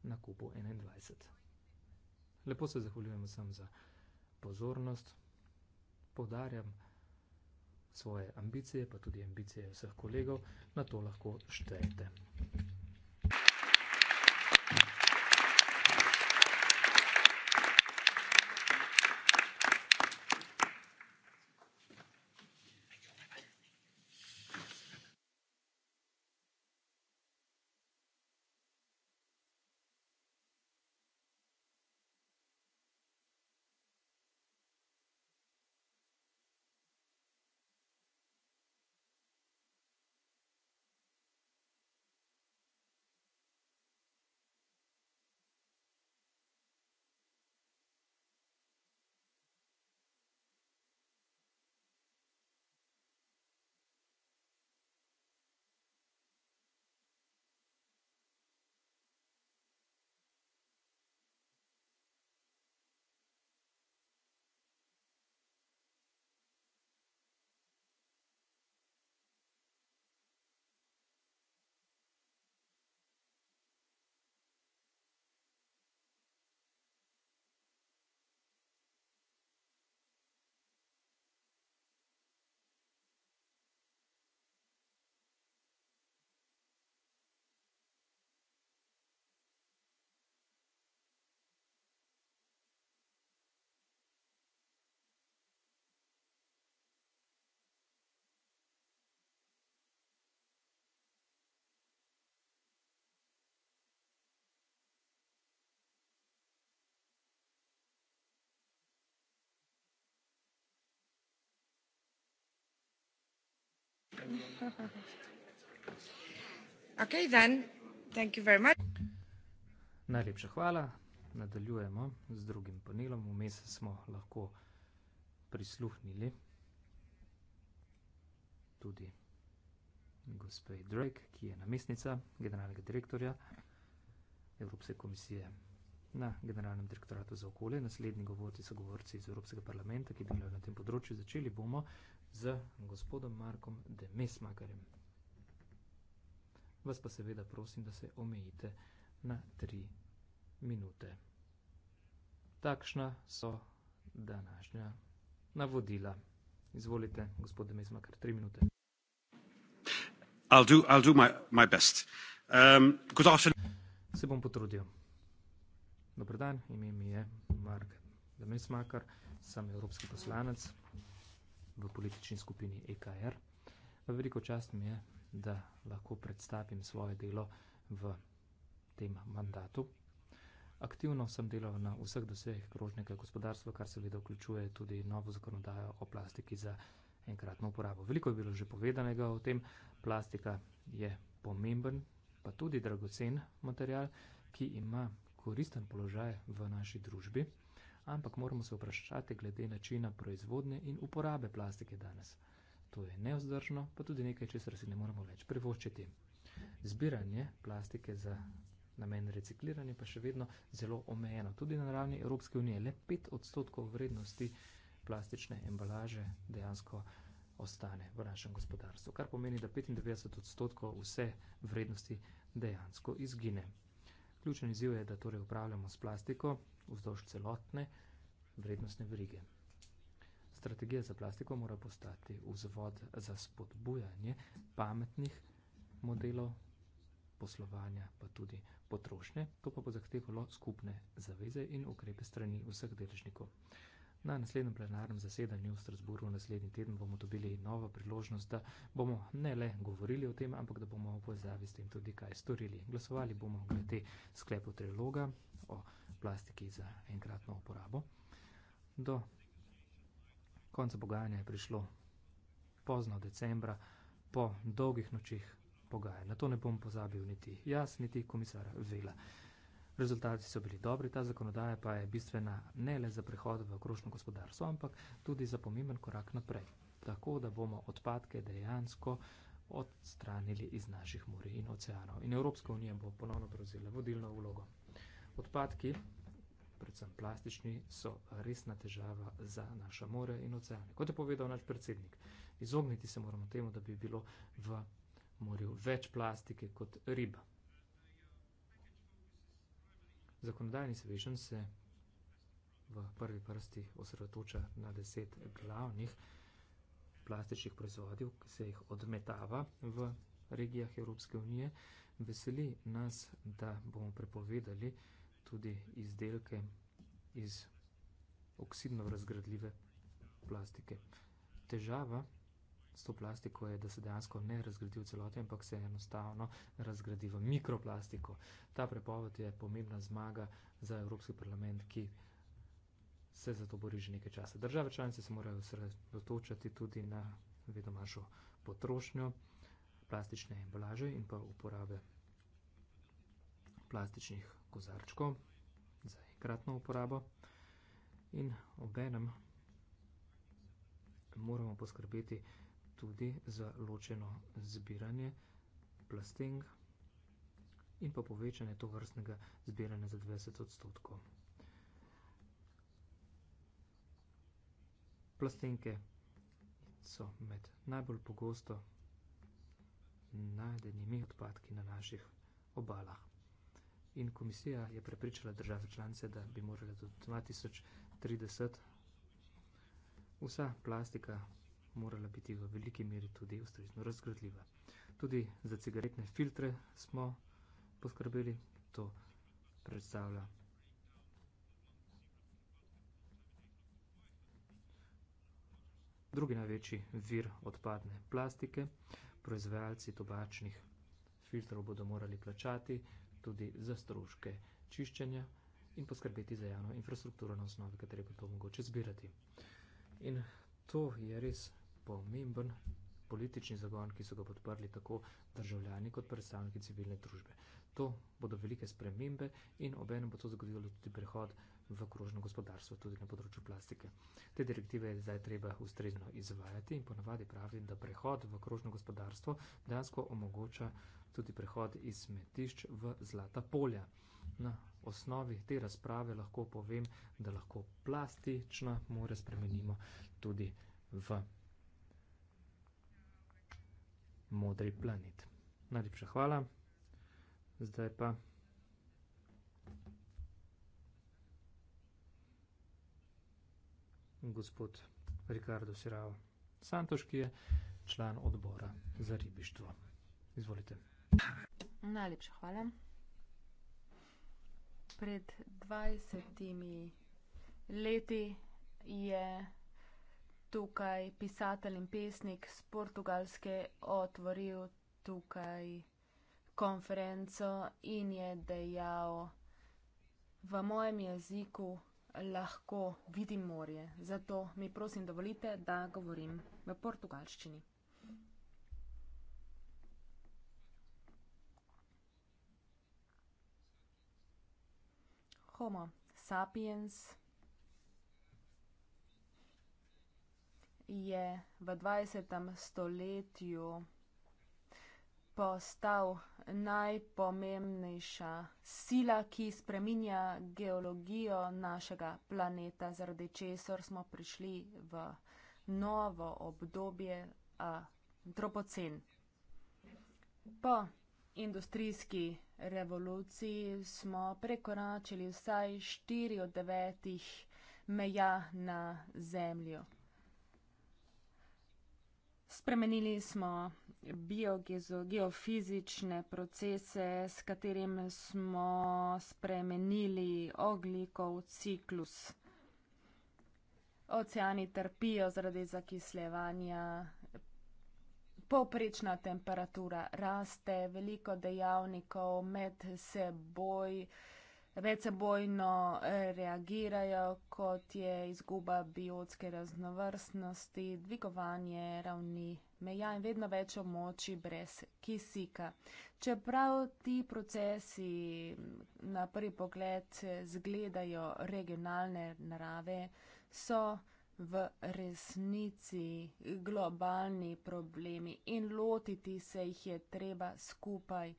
na kupu 21. Lepo se zahvaljujem vsem za pozornost, podarjam svoje ambicije, pa tudi ambicije vseh kolegov, na to lahko štejete. Okay, Najlepša hvala. Nadaljujemo z drugim panelom. Vmes smo lahko prisluhnili tudi gospe Drake, ki je namestnica generalnega direktorja Evropske komisije na Generalnem direktoratu za okolje. Naslednji govorci so govorci iz Evropskega parlamenta, ki bi delali na tem področju. Začeli bomo z gospodom Markom Demesmakarjem. Vas pa seveda prosim, da se omejite na tri minute. Takšna so današnja navodila. Izvolite, gospod Demesmakar, tri minute. I'll do, I'll do my, my best. Um, good afternoon. Se bom potrudil. Dobro dan, ime mi je Mark Demesmakar, sem evropski poslanec v politični skupini EKR. Veliko čast mi je, da lahko predstavim svoje delo v tem mandatu. Aktivno sem delal na vseh dosegih krožnega gospodarstva, kar seveda vključuje tudi novo zakonodajo o plastiki za enkratno uporabo. Veliko je bilo že povedanega o tem, plastika je pomemben, pa tudi dragocen material, ki ima koristen položaj v naši družbi, ampak moramo se vprašati glede načina proizvodnje in uporabe plastike danes. To je neozdržno, pa tudi nekaj, česar si ne moremo več privoščiti. Zbiranje plastike za namen recikliranja pa še vedno zelo omejeno. Tudi na ravni Evropske unije le 5 odstotkov vrednosti plastične embalaže dejansko ostane v našem gospodarstvu, kar pomeni, da 95 odstotkov vse vrednosti dejansko izgine. Ključen izziv je, da torej upravljamo s plastiko vzdolž celotne vrednostne verige. Strategija za plastiko mora postati vzvod za spodbujanje pametnih modelov poslovanja, pa tudi potrošnje, to pa bo zahtevalo skupne zaveze in ukrepe strani vseh deležnikov. Na naslednjem plenarnem zasedanju v Strasburu naslednji teden bomo dobili novo priložnost, da bomo ne le govorili o tem, ampak da bomo v povezavi s tem tudi kaj storili. Glasovali bomo glede sklepov triloga o plastiki za enkratno uporabo. Do konca pogajanja je prišlo pozno decembra, po dolgih nočih pogajanja. Na to ne bom pozabil niti jaz, niti komisar Vela. Rezultati so bili dobri, ta zakonodaja pa je bistvena ne le za prehod v okrožno gospodarstvo, ampak tudi za pomemben korak naprej, tako da bomo odpadke dejansko odstranili iz naših morij in oceanov. In Evropska unija bo ponovno prevzela vodilno vlogo. Odpadki, predvsem plastični, so resna težava za naša morja in oceane. Kot je povedal naš predsednik, izogniti se moramo temu, da bi bilo v morju več plastike kot riba. Zakonodajni svežen se v prvi prsti osredotoča na deset glavnih plastičnih proizvodov, ki se jih odmetava v regijah Evropske unije. Veseli nas, da bomo prepovedali tudi izdelke iz oksidno razgradljive plastike. Težava s to plastiko je, da se dejansko ne razgradi v celoti, ampak se enostavno razgradi v mikroplastiko. Ta prepoved je pomembna zmaga za Evropski parlament, ki se za to bori že nekaj časa. Države članice se morajo osredotočati tudi na vedno manjšo potrošnjo plastične embalaže in pa uporabe plastičnih kozarčkov za enkratno uporabo. In obenem moramo poskrbeti, tudi za ločeno zbiranje plasteng in pa povečanje to vrstnega zbiranja za 20 odstotkov. Plastenke so med najbolj pogosto najdenimi odpadki na naših obalah. In komisija je prepričala države članice, da bi morali do 2030 vsa plastika morala biti v veliki meri tudi ustrezno razgradljiva. Tudi za cigaretne filtre smo poskrbeli, to predstavlja drugi največji vir odpadne plastike. Proizvajalci tobačnih filtrov bodo morali plačati tudi za stroške čiščenja in poskrbeti za javno infrastrukturo, na osnovi katere bo to mogoče zbirati. In to je res pomemben politični zagon, ki so ga podprli tako državljani kot predstavniki civilne družbe. To bodo velike spremembe in obenem bo to zagotovilo tudi prehod v krožno gospodarstvo, tudi na področju plastike. Te direktive je zdaj treba ustrezno izvajati in ponavadi pravim, da prehod v krožno gospodarstvo dejansko omogoča tudi prehod iz smetišč v zlata polja. Na osnovi te razprave lahko povem, da lahko plastična more spremenimo tudi v modri planet. Najlepša hvala. Zdaj pa. Gospod Ricardo Sirao Santoš, ki je član odbora za ribištvo. Izvolite. Najlepša hvala. Pred 20 leti je tukaj, pisatelj in pesnik z Portugalske otvoril tukaj konferenco in je dejal, v mojem jeziku lahko vidim morje. Zato mi prosim dovolite, da govorim v portugalščini. Homo sapiens. je v 20. stoletju postal najpomembnejša sila, ki spreminja geologijo našega planeta, zaradi česar smo prišli v novo obdobje antropocen. Po industrijski revoluciji smo prekoračili vsaj štiri od devetih meja na Zemljo. Spremenili smo biogezo, geofizične procese, s katerim smo spremenili oglikov ciklus. Oceani trpijo zaradi zakislevanja, poprečna temperatura raste, veliko dejavnikov med seboj recebojno eh, reagirajo, kot je izguba biotske raznovrstnosti, dvigovanje ravni meja in vedno več omoči brez kisika. Čeprav ti procesi mm, na prvi pogled eh, zgledajo regionalne narave, so v resnici globalni problemi in lotiti se jih je treba skupaj.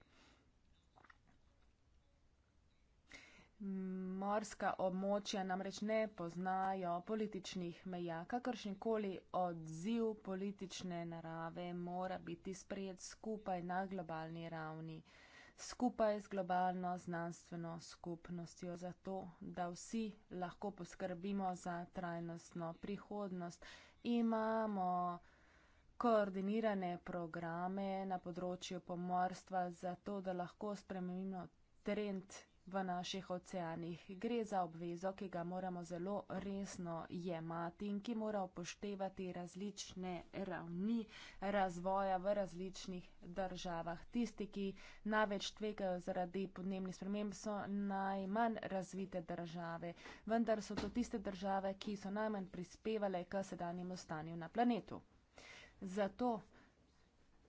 Morska območja namreč ne poznajo političnih meja. Kakršnikoli odziv politične narave mora biti sprejet skupaj na globalni ravni, skupaj z globalno znanstveno skupnostjo, zato da vsi lahko poskrbimo za trajnostno prihodnost. Imamo koordinirane programe na področju pomorstva, zato da lahko spremenimo trend v naših oceanih. Gre za obvezo, ki ga moramo zelo resno jemati in ki mora upoštevati različne ravni razvoja v različnih državah. Tisti, ki največ tvegajo zaradi podnebnih sprememb, so najmanj razvite države, vendar so to tiste države, ki so najmanj prispevale k sedanjemu stanju na planetu. Zato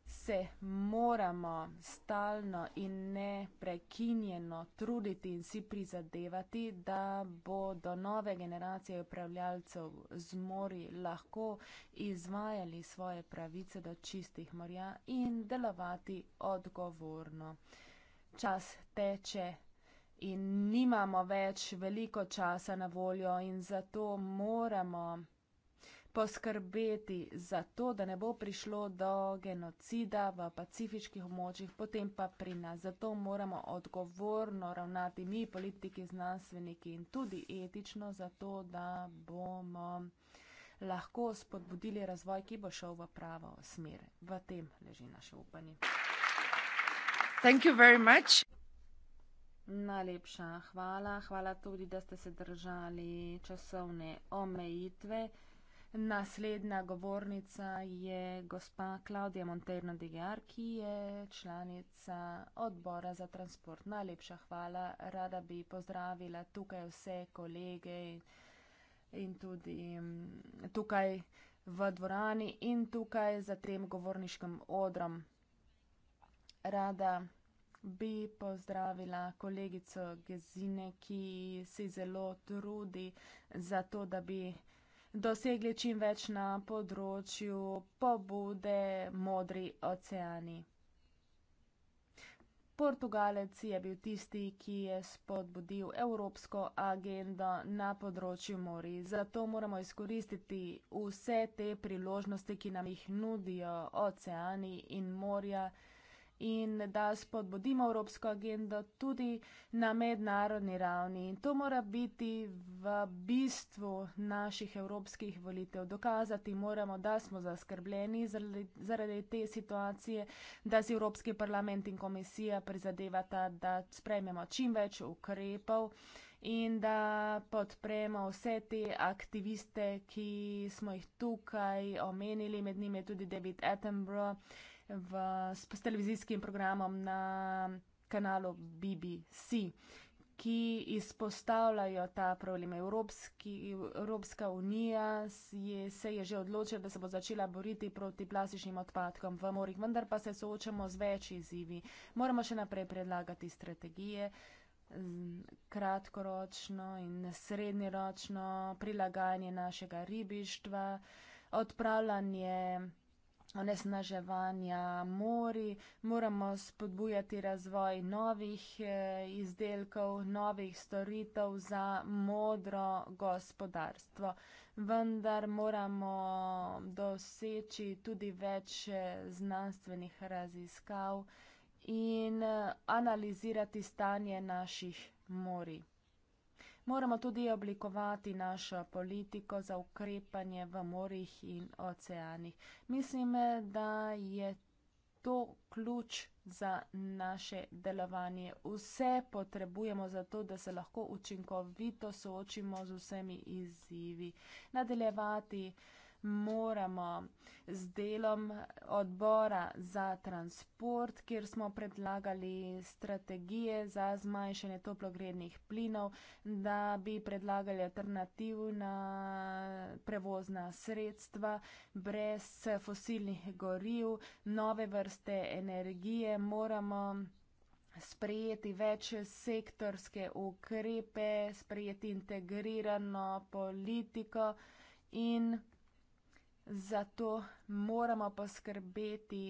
se moramo stalno in neprekinjeno truditi in si prizadevati, da bodo nove generacije upravljalcev z mori lahko izvajali svoje pravice do čistih morja in delovati odgovorno. Čas teče. In nimamo več veliko časa na voljo in zato moramo poskrbeti za to, da ne bo prišlo do genocida v pacifiških območjih, potem pa pri nas. Zato moramo odgovorno ravnati mi, politiki, znanstveniki in tudi etično, zato da bomo lahko spodbudili razvoj, ki bo šel v pravo smer. V tem leži naše upanje. Najlepša hvala. Hvala tudi, da ste se držali časovne omejitve. Naslednja govornica je gospa Klaudija Monterno Digar, ki je članica odbora za transport. Najlepša hvala. Rada bi pozdravila tukaj vse kolege in tudi mm, tukaj v dvorani in tukaj za trem govorniškim odrom. Rada bi pozdravila kolegico Gezine, ki se zelo trudi za to, da bi dosegli čim več na področju pobude Modri oceani. Portugalec je bil tisti, ki je spodbudil evropsko agendo na področju mori. Zato moramo izkoristiti vse te priložnosti, ki nam jih nudijo oceani in morja in da spodbudimo evropsko agendo tudi na mednarodni ravni. In to mora biti v bistvu naših evropskih volitev. Dokazati moramo, da smo zaskrbljeni zaradi, zaradi te situacije, da si Evropski parlament in komisija prizadevata, da sprejmemo čim več ukrepov in da podpremo vse te aktiviste, ki smo jih tukaj omenili, med njimi je tudi David Attenborough v, s, s televizijskim programom na kanalu BBC, ki izpostavljajo ta problem. Evropski, Evropska unija je, se je že odločila, da se bo začela boriti proti plastičnim odpadkom v morjih, vendar pa se soočamo z več izzivi. Moramo še naprej predlagati strategije kratkoročno in srednjeročno prilagajanje našega ribištva, odpravljanje onesnaževanja mori, moramo spodbujati razvoj novih eh, izdelkov, novih storitev za modro gospodarstvo. Vendar moramo doseči tudi več eh, znanstvenih raziskav in eh, analizirati stanje naših morij moramo tudi oblikovati našo politiko za ukrepanje v morjih in oceanih. Mislim, da je to ključ za naše delovanje. Vse potrebujemo za to, da se lahko učinkovito soočimo z vsemi izzivi. Nadaljevati moramo z delom odbora za transport, kjer smo predlagali strategije za zmanjšanje toplogrednih plinov, da bi predlagali alternativna prevozna sredstva brez fosilnih goriv, nove vrste energije. Moramo sprejeti več sektorske ukrepe, sprejeti integrirano politiko in zato moramo poskrbeti,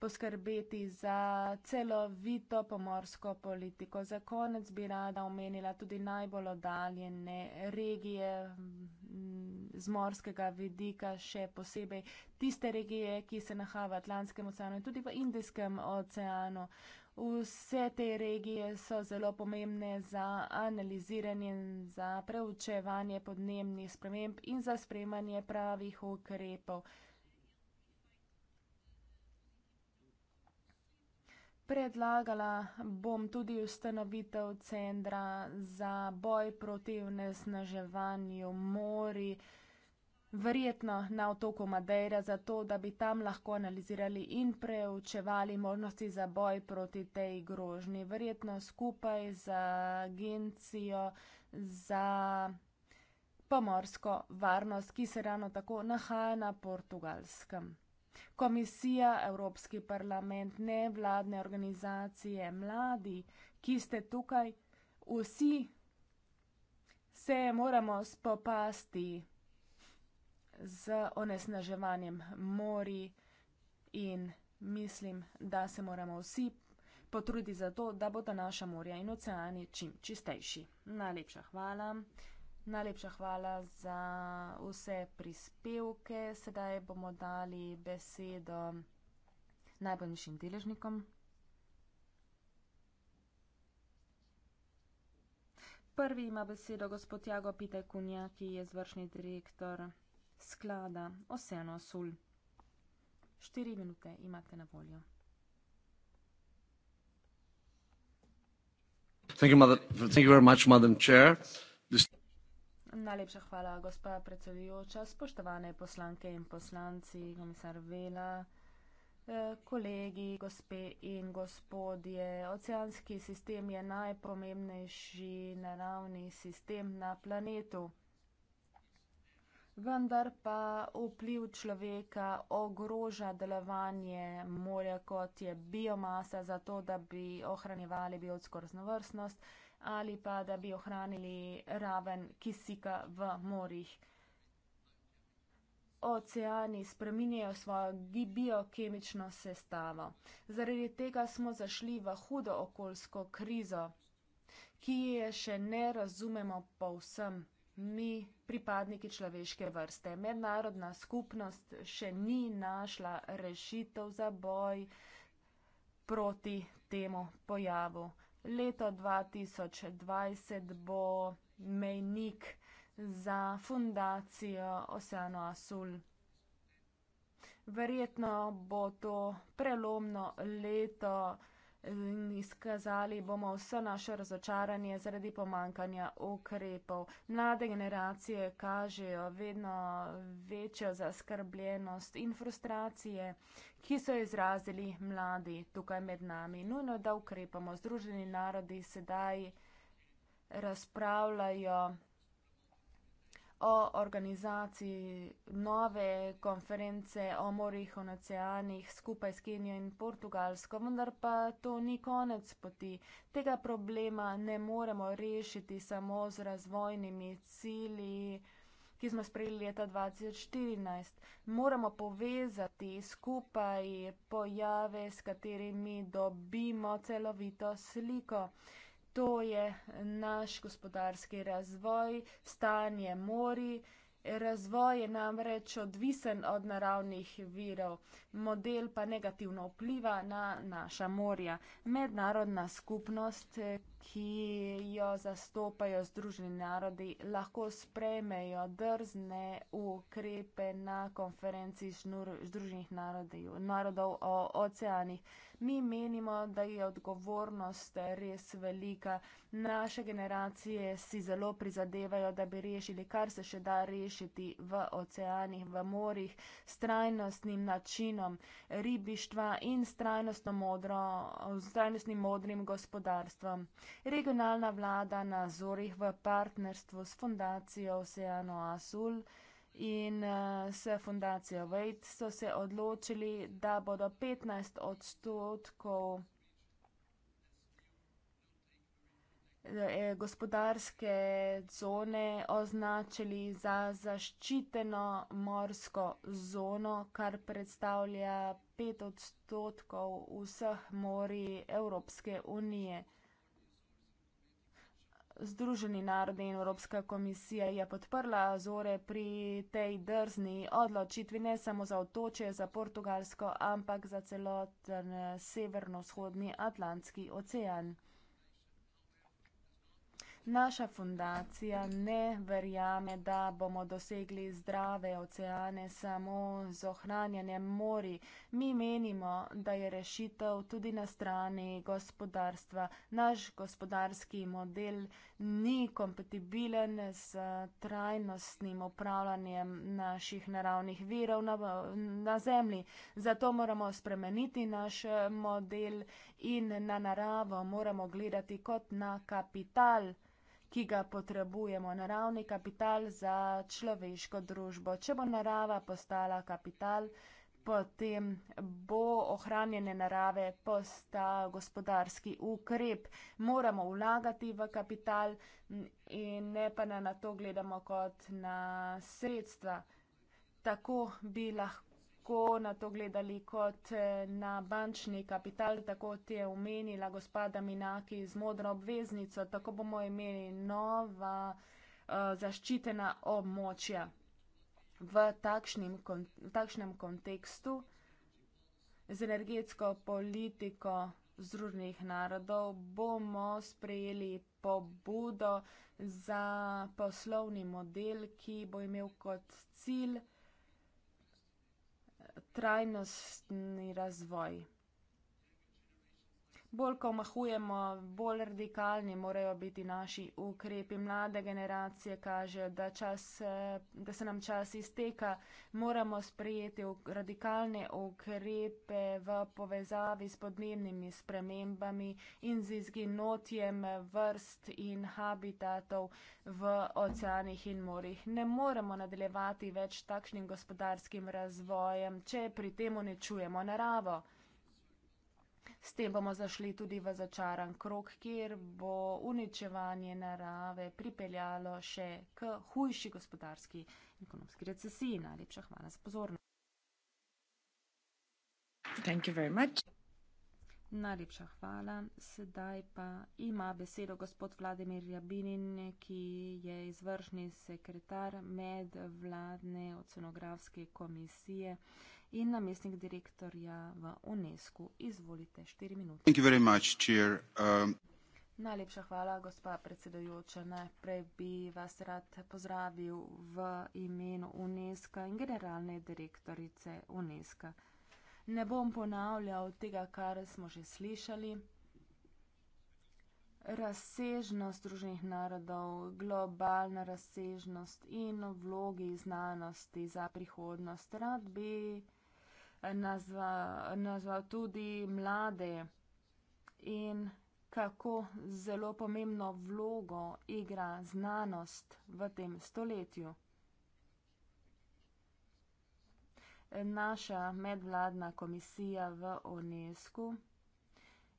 poskrbeti za celovito pomorsko politiko. Za konec bi rada omenila tudi najbolj oddaljene regije mm, z morskega vidika, še posebej tiste regije, ki se nahajajo v Atlantskem oceanu in tudi v Indijskem oceanu. Vse te regije so zelo pomembne za analiziranje in za preučevanje podnebnih sprememb in za spremanje pravih ukrepov. Predlagala bom tudi ustanovitev centra za boj proti vnesnaževanju mori, verjetno na otoku Madeira, zato da bi tam lahko analizirali in preučevali možnosti za boj proti tej grožnji. Verjetno skupaj z agencijo za pomorsko varnost, ki se ravno tako nahaja na portugalskem. Komisija, Evropski parlament, nevladne organizacije, mladi, ki ste tukaj, vsi se moramo spopasti z onesnaževanjem mori in mislim, da se moramo vsi potruditi za to, da bodo naša morja in oceani čim čistejši. Najlepša hvala. Najlepša hvala za vse prispevke. Sedaj bomo dali besedo najboljšim deležnikom. Prvi ima besedo gospod Jago Pitekunja, ki je zvršni direktor sklada Oseano Sul. Štiri minute imate na voljo. Thank you, mother, thank you very much, Madam Chair. This Najlepša hvala, gospa predsedujoča, spoštovane poslanke in poslanci, komisar Vela, eh, kolegi, gospe in gospodje. Oceanski sistem je najpomembnejši naravni sistem na planetu. Vendar pa vpliv človeka ogroža delovanje morja, kot je biomasa, zato da bi ohranjevali biotsko raznovrstnost ali pa da bi ohranili raven kisika v morjih. Oceani spreminjajo svojo biokemično sestavo. Zaradi tega smo zašli v hudo okoljsko krizo, ki je še ne razumemo povsem mi, pripadniki človeške vrste. Mednarodna skupnost še ni našla rešitev za boj proti temu pojavu. Leto 2020 bo mejnik za fundacijo Oceano Asul. Verjetno bo to prelomno leto in izkazali bomo vse naše razočaranje zaradi pomankanja ukrepov. Mlade generacije kažejo vedno večjo zaskrbljenost in frustracije, ki so izrazili mladi tukaj med nami. Nujno je, da ukrepamo. Združeni narodi sedaj razpravljajo o organizaciji nove konference o morjih in oceanih skupaj s Kenijo in Portugalsko, vendar pa to ni konec poti. Tega problema ne moremo rešiti samo z razvojnimi cilji, ki smo sprejeli leta 2014. Moramo povezati skupaj pojave, s katerimi dobimo celovito sliko to je naš gospodarski razvoj, stanje mori. Razvoj je namreč odvisen od naravnih virov, model pa negativno vpliva na naša morja. Mednarodna skupnost, ki jo zastopajo Združeni narodi, lahko sprejmejo drzne ukrepe na konferenci Združenih narodov o oceanih. Mi menimo, da je odgovornost res velika. Naše generacije si zelo prizadevajo, da bi rešili, kar se še da rešiti v oceanih, v morjih, s trajnostnim načinom ribištva in s trajnostno modrim gospodarstvom. Regionalna vlada na Zorih v partnerstvu s fundacijo Oceano Asul in eh, s fundacijo Vejt so se odločili, da bodo 15 odstotkov eh, gospodarske zone označili za zaščiteno morsko zono, kar predstavlja 5 odstotkov vseh mori Evropske unije. Združeni narodi in Evropska komisija je podprla Azore pri tej drzni odločitvi ne samo za otoče, za Portugalsko, ampak za celoten eh, severno-shodni Atlantski ocean. Naša fundacija ne verjame, da bomo dosegli zdrave oceane samo z ohranjanjem mori. Mi menimo, da je rešitev tudi na strani gospodarstva. Naš gospodarski model ni kompatibilen z trajnostnim upravljanjem naših naravnih virov na, na zemlji. Zato moramo spremeniti naš model in na naravo moramo gledati kot na kapital ki ga potrebujemo, naravni kapital za človeško družbo. Če bo narava postala kapital, potem bo ohranjene narave postal gospodarski ukrep. Moramo vlagati v kapital in ne pa na to gledamo kot na sredstva. Tako bi lahko lahko na to gledali kot eh, na bančni kapital, tako ti je omenila gospoda Minaki z modro obveznico, tako bomo imeli nova eh, zaščitena območja. V takšnem, v takšnem kontekstu z energetsko politiko Združenih narodov bomo sprejeli pobudo za poslovni model, ki bo imel kot cilj trajnostni razvoj. Bolj, ko mahujemo, bolj radikalni morajo biti naši ukrepi. Mlade generacije kažejo, da, čas, da se nam čas izteka. Moramo sprejeti radikalne ukrepe v povezavi s podnebnimi spremembami in z izginotjem vrst in habitatov v oceanih in morjih. Ne moremo nadaljevati več takšnim gospodarskim razvojem, če pri tem onečujemo naravo. S tem bomo zašli tudi v začaran krok, kjer bo uničevanje narave pripeljalo še k hujši gospodarski in ekonomski recesiji. Najlepša hvala za pozornost. Najlepša hvala. Sedaj pa ima besedo gospod Vladimir Jabinin, ki je izvršni sekretar medvladne ocenografske komisije. Uh, in namestnik direktorja v UNESCO. Izvolite, 4 minute. Much, um... Najlepša hvala, gospa predsedojoča. Najprej bi vas rad pozdravil v imenu UNESCO in generalne direktorice UNESCO. Ne bom ponavljal tega, kar smo že slišali. Razsežnost družnih narodov, globalna razsežnost in vlogi znanosti za prihodnost. Rad bi nazval, nazval tudi mlade in kako zelo pomembno vlogo igra znanost v tem stoletju. Naša medvladna komisija v UNESCO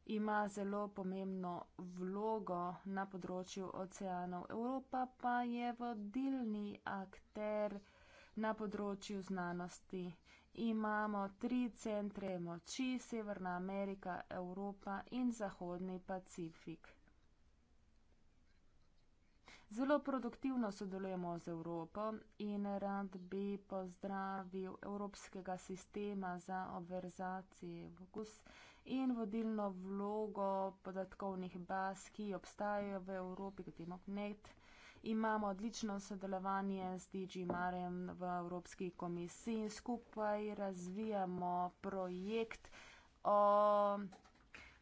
ima zelo pomembno vlogo na področju oceanov. Evropa pa je vodilni akter na področju znanosti imamo tri centre moči, Severna Amerika, Evropa in Zahodni Pacifik. Zelo produktivno sodelujemo z Evropo in rad bi pozdravil Evropskega sistema za obverzacije VGUS in vodilno vlogo podatkovnih baz, ki obstajajo v Evropi, kot je Moknet, imamo odlično sodelovanje z DG Marem v Evropski komisiji in skupaj razvijamo projekt o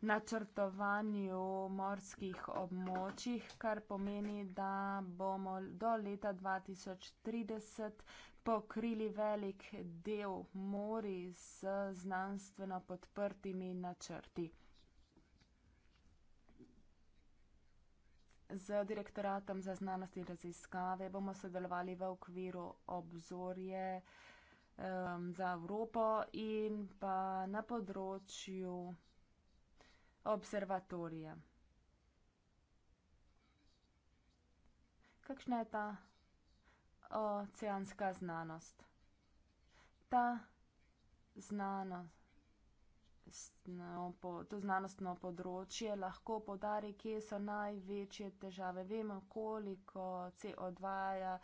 načrtovanju morskih območjih, kar pomeni, da bomo do leta 2030 pokrili velik del mori z znanstveno podprtimi načrti. Z direktoratom za znanost in raziskave bomo sodelovali v okviru obzorje um, za Evropo in pa na področju observatorije. Kakšna je ta oceanska znanost? Ta znanost po, to znanostno področje lahko podari, kje so največje težave. Vemo, koliko CO2 -ja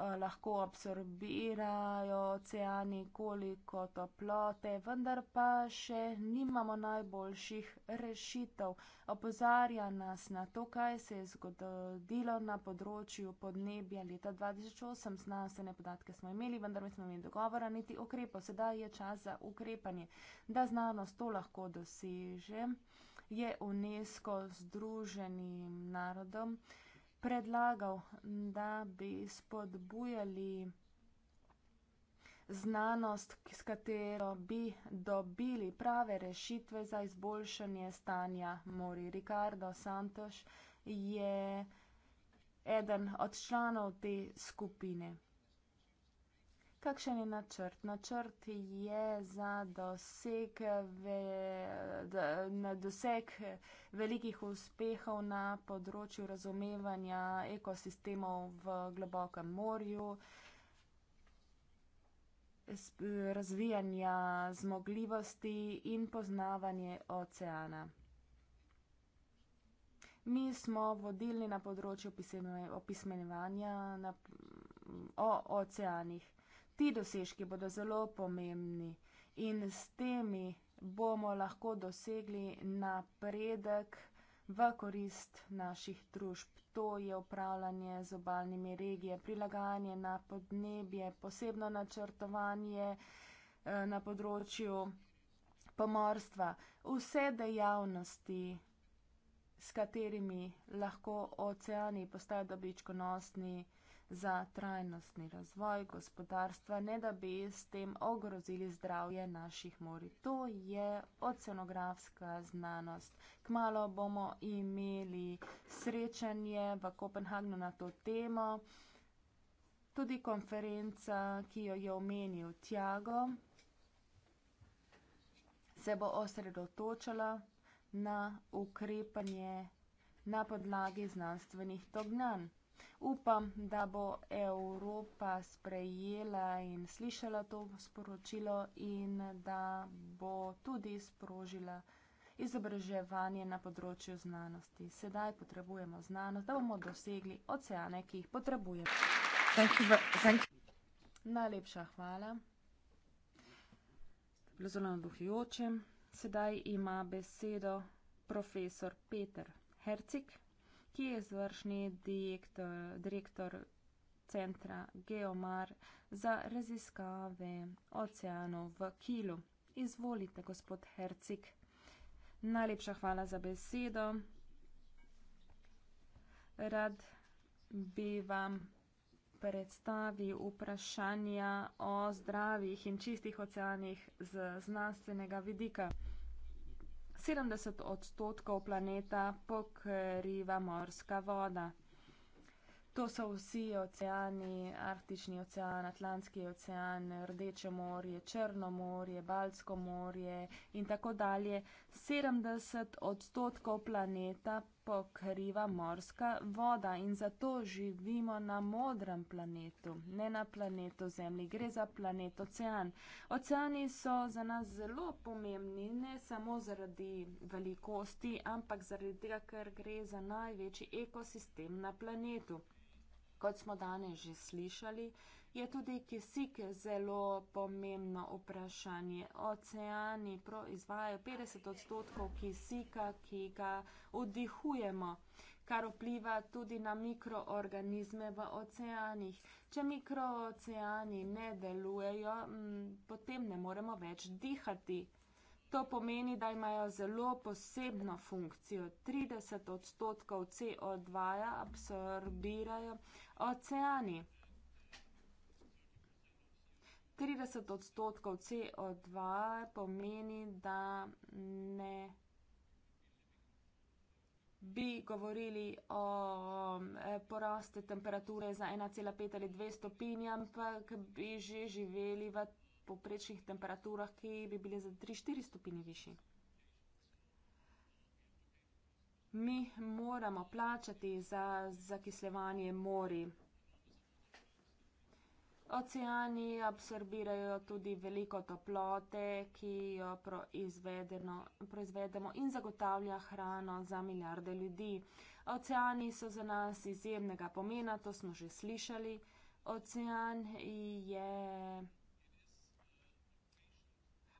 Eh, lahko absorbirajo oceani, koliko toplote, vendar pa še nimamo najboljših rešitev. Opozarja nas na to, kaj se je zgodilo na področju podnebja leta 2008. Znanstvene podatke smo imeli, vendar nismo imeli dogovora niti ukrepov. Sedaj je čas za ukrepanje. Da znanost to lahko doseže, je UNESCO združenim narodom predlagal, da bi spodbujali znanost, s katero bi dobili prave rešitve za izboljšanje stanja mori. Ricardo Santos je eden od članov te skupine. Kakšen je načrt? Načrt je za doseg, ve, da, na doseg velikih uspehov na področju razumevanja ekosistemov v globokem morju, razvijanja zmogljivosti in poznavanje oceana. Mi smo vodilni na področju opismenjevanja o oceanih ti dosežki bodo zelo pomembni in s temi bomo lahko dosegli napredek v korist naših družb. To je upravljanje z obaljnimi regije, prilagajanje na podnebje, posebno načrtovanje eh, na področju pomorstva. Vse dejavnosti, s katerimi lahko oceani postajo dobičkonosni, za trajnostni razvoj gospodarstva, ne da bi s tem ogrozili zdravje naših mori. To je oceanografska znanost. Kmalo bomo imeli srečanje v Kopenhagnu na to temo. Tudi konferenca, ki jo je omenil Tjago, se bo osredotočala na ukrepanje na podlagi znanstvenih dognanj. Upam, da bo Evropa sprejela in slišala to sporočilo in da bo tudi sprožila izobraževanje na področju znanosti. Sedaj potrebujemo znanost, da bomo dosegli oceane, ki jih potrebujemo. Najlepša hvala. Bilo zelo navduhujoče. Sedaj ima besedo profesor Peter Hercik kje je izvršni direktor, direktor centra Geomar za raziskave oceanov v Kilu. Izvolite, gospod Hercik. Najlepša hvala za besedo. Rad bi vam predstavi vprašanja o zdravih in čistih oceanih z znanstvenega vidika. 70 odstotkov planeta pokriva morska voda. To so vsi oceani, Arktični ocean, Atlantski ocean, Rdeče morje, Črno morje, Balsko morje in tako dalje. 70 odstotkov planeta pokriva morska voda in zato živimo na modrem planetu, ne na planetu Zemlji. Gre za planet ocean. Oceani so za nas zelo pomembni, ne samo zaradi velikosti, ampak zaradi tega, ker gre za največji ekosistem na planetu. Kot smo danes že slišali, uh, je tudi kisik zelo pomembno vprašanje. Oceani proizvajajo 50 odstotkov kisika, ki ga vdihujemo, kar vpliva tudi na mikroorganizme v oceanih. Če mikrooceani ne delujejo, potem ne moremo več dihati. To pomeni, da imajo zelo posebno funkcijo. 30 odstotkov CO2 absorbirajo oceani. 30 odstotkov CO2 pomeni, da ne bi govorili o um, poraste temperature za 1,5 ali 2 stopinje, ampak bi že živeli v poprečnih temperaturah, ki bi bile za 3-4 stopinje višji. Mi moramo plačati za zakisljevanje mori. Oceani absorbirajo tudi veliko toplote, ki jo proizvedemo in zagotavlja hrano za milijarde ljudi. Oceani so za nas izjemnega pomena, to smo že slišali. Ocean je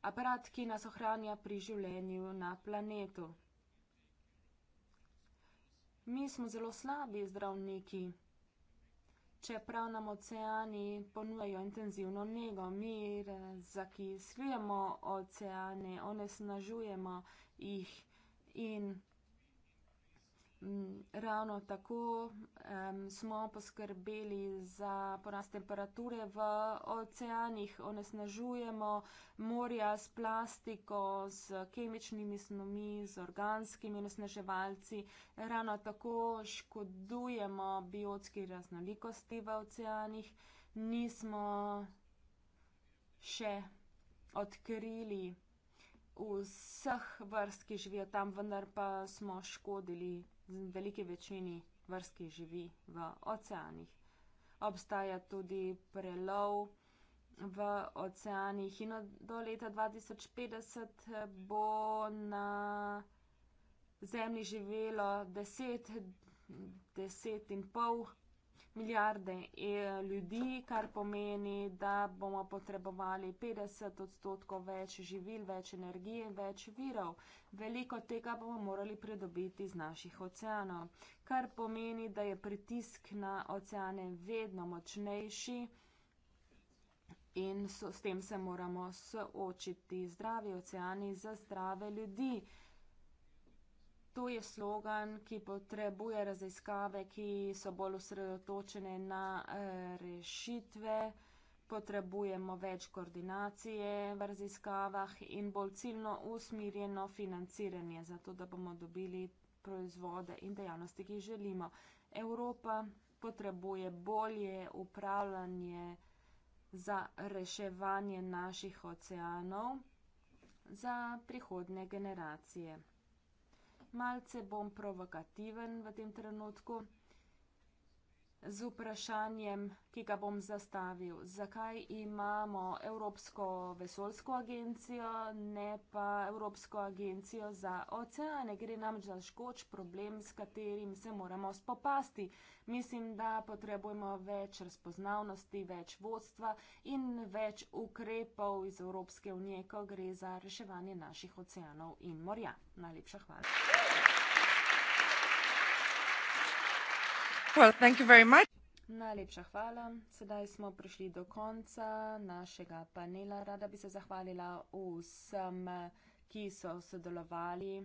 aparat, ki nas ohranja pri življenju na planetu. Mi smo zelo slabi zdravniki čeprav nam oceani ponujajo intenzivno nego, mir, zakisljujemo oceane, onesnažujemo jih in Mm, ravno tako um, smo poskrbeli za porast temperature v oceanih, onesnažujemo morja s plastiko, s kemičnimi snovmi, z organskimi onesnaževalci. Ravno tako škodujemo biotski raznolikosti v oceanih. Nismo še odkrili vseh vrst, ki živijo tam, vendar pa smo škodili v veliki večini vrst, ki živi v oceanih. Obstaja tudi prelov v oceanih in do leta 2050 bo na zemlji živelo 10, 10 in pol milijarde eh, ljudi, kar pomeni, da bomo potrebovali 50 odstotkov več živil, več energije, več virov. Veliko tega bomo morali pridobiti iz naših oceanov, kar pomeni, da je pritisk na oceane vedno močnejši. In so, s tem se moramo soočiti zdravi oceani za zdrave ljudi to je slogan, ki potrebuje raziskave, ki so bolj usredotočene na eh, rešitve. Potrebujemo več koordinacije v raziskavah in bolj ciljno usmirjeno financiranje, zato da bomo dobili proizvode in dejavnosti, ki jih želimo. Evropa potrebuje bolje upravljanje za reševanje naših oceanov za prihodne generacije malce bom provokativen v tem trenutku z vprašanjem, ki ga bom zastavil. Zakaj imamo Evropsko vesoljsko agencijo, ne pa Evropsko agencijo za oceane? Gre nam za škoč problem, s katerim se moramo spopasti. Mislim, da potrebujemo več razpoznavnosti, več vodstva in več ukrepov iz Evropske unije, ko gre za reševanje naših oceanov in morja. Najlepša hvala. Najlepša hvala. Sedaj smo prišli do konca našega panela. Rada bi se zahvalila vsem, ki so sodelovali.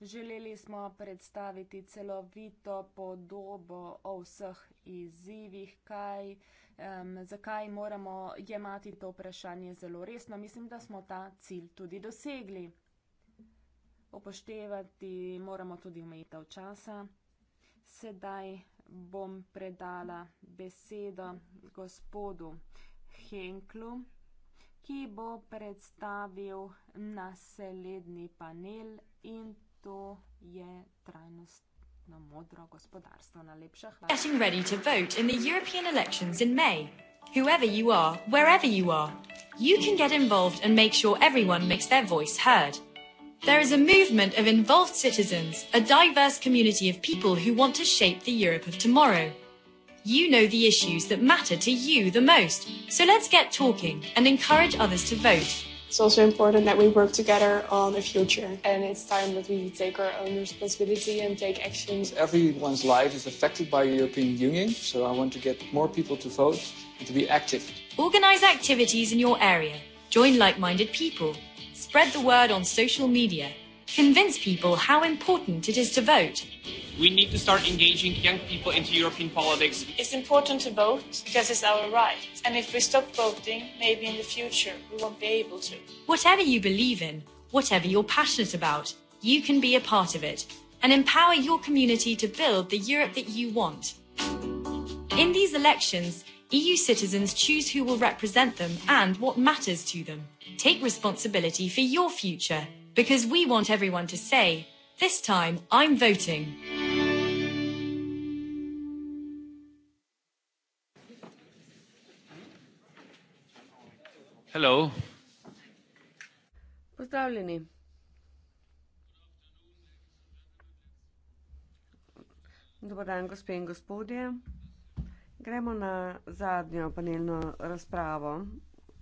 Želeli smo predstaviti celovito podobo o vseh izzivih, kaj, um, zakaj moramo jemati to vprašanje zelo resno. Mislim, da smo ta cilj tudi dosegli. Upoštevati moramo tudi omejitev časa. Sedaj bom predala besedo gospodu Henklu, ki bo predstavil naslednji panel in to je trajnost. Getting ready to vote in the European elections in May. Whoever you are, wherever you are, you can get involved and make sure everyone makes their voice heard. There is a movement of involved citizens, a diverse community of people who want to shape the Europe of tomorrow. You know the issues that matter to you the most, so let's get talking and encourage others to vote. It's also important that we work together on the future, and it's time that we take our own responsibility and take actions. Everyone's life is affected by the European Union, so I want to get more people to vote and to be active. Organize activities in your area, join like minded people spread the word on social media. Convince people how important it is to vote. We need to start engaging young people into European politics. It's important to vote because it's our right. And if we stop voting, maybe in the future we won't be able to. Whatever you believe in, whatever you're passionate about, you can be a part of it and empower your community to build the Europe that you want. In these elections, EU citizens choose who will represent them and what matters to them. Take responsibility for your future because we want everyone to say, This time I'm voting. Hello. Pozdravljeni. Dobar dan, gospe in gospodje. Gremo na zadnjo panelno razpravo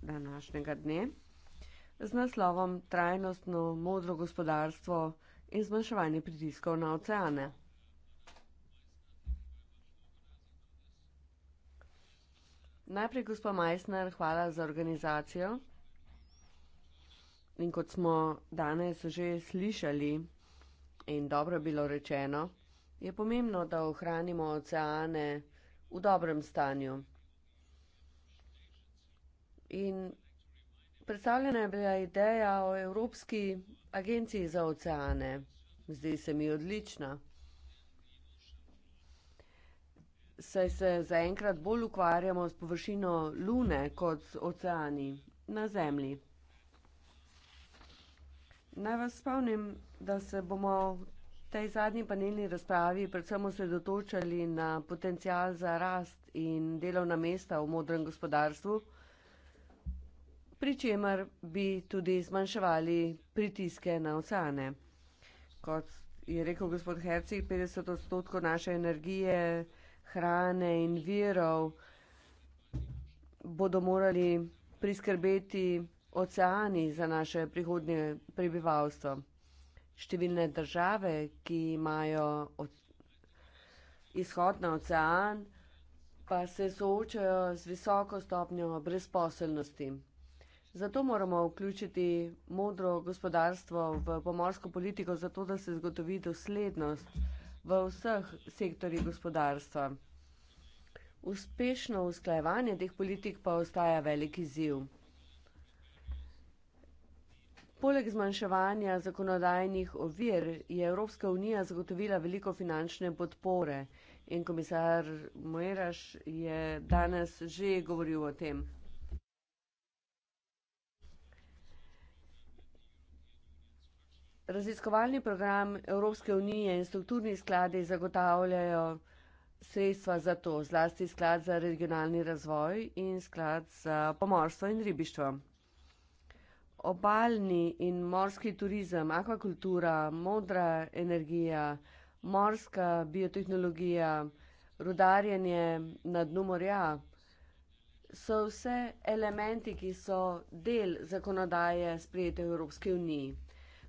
današnjega dne z naslovom Trajnostno modro gospodarstvo in zmanjševanje pritiskov na oceane. Najprej, gospa Majsner, hvala za organizacijo. In kot smo danes že slišali in dobro bilo rečeno, je pomembno, da ohranimo oceane v dobrem stanju. In predstavljena je bila ideja o Evropski agenciji za oceane. Zdi se mi odlična. Saj se zaenkrat bolj ukvarjamo s površino Lune kot s oceani na Zemlji. Naj vas spomnim, da se bomo tej zadnji panelni razpravi predvsem osredotočali na potencial za rast in delovna mesta v modrem gospodarstvu, pri čemer bi tudi zmanjševali pritiske na oceane. Kot je rekel gospod Hercik, 50 odstotkov naše energije, hrane in virov bodo morali priskrbeti oceani za naše prihodnje prebivalstvo številne države, ki imajo od, izhod na ocean, pa se soočajo z visoko stopnjo brezposelnosti. Zato moramo vključiti modro gospodarstvo v pomorsko politiko, zato da se zgotovi doslednost v vseh sektorjih gospodarstva. Uspešno usklajevanje teh politik pa ostaja veliki ziv. Poleg zmanjševanja zakonodajnih ovir je Evropska unija zagotovila veliko finančne podpore in komisar Mojraš je danes že govoril o tem. Raziskovalni program Evropske unije in strukturni skladi zagotavljajo sredstva za to, zlasti sklad za regionalni razvoj in sklad za pomorstvo in ribištvo obaljni in morski turizem, akvakultura, modra energija, morska biotehnologija, rudarjenje na dnu morja so vse elementi, ki so del zakonodaje sprejete v Evropski uniji.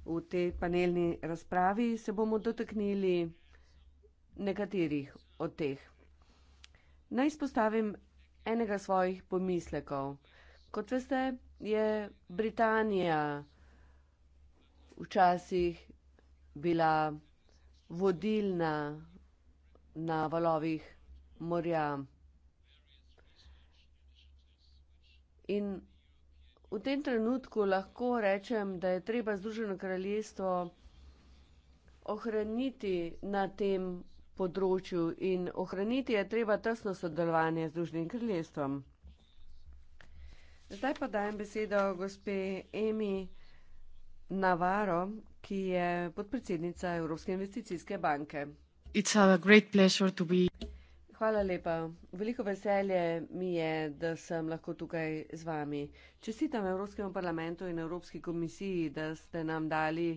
V tej panelni razpravi se bomo dotaknili nekaterih od teh. Naj izpostavim enega svojih pomislekov. Kot veste, je Britanija včasih bila vodilna na valovih morja. In v tem trenutku lahko rečem, da je treba Združeno kraljestvo ohraniti na tem področju in ohraniti je treba tesno sodelovanje z Združenim kraljestvom. Zdaj pa dajem besedo gospe Emi Navaro, ki je podpredsednica Evropske investicijske banke. Hvala lepa. Veliko veselje mi je, da sem lahko tukaj z vami. Čestitam Evropskemu parlamentu in Evropski komisiji, da ste nam dali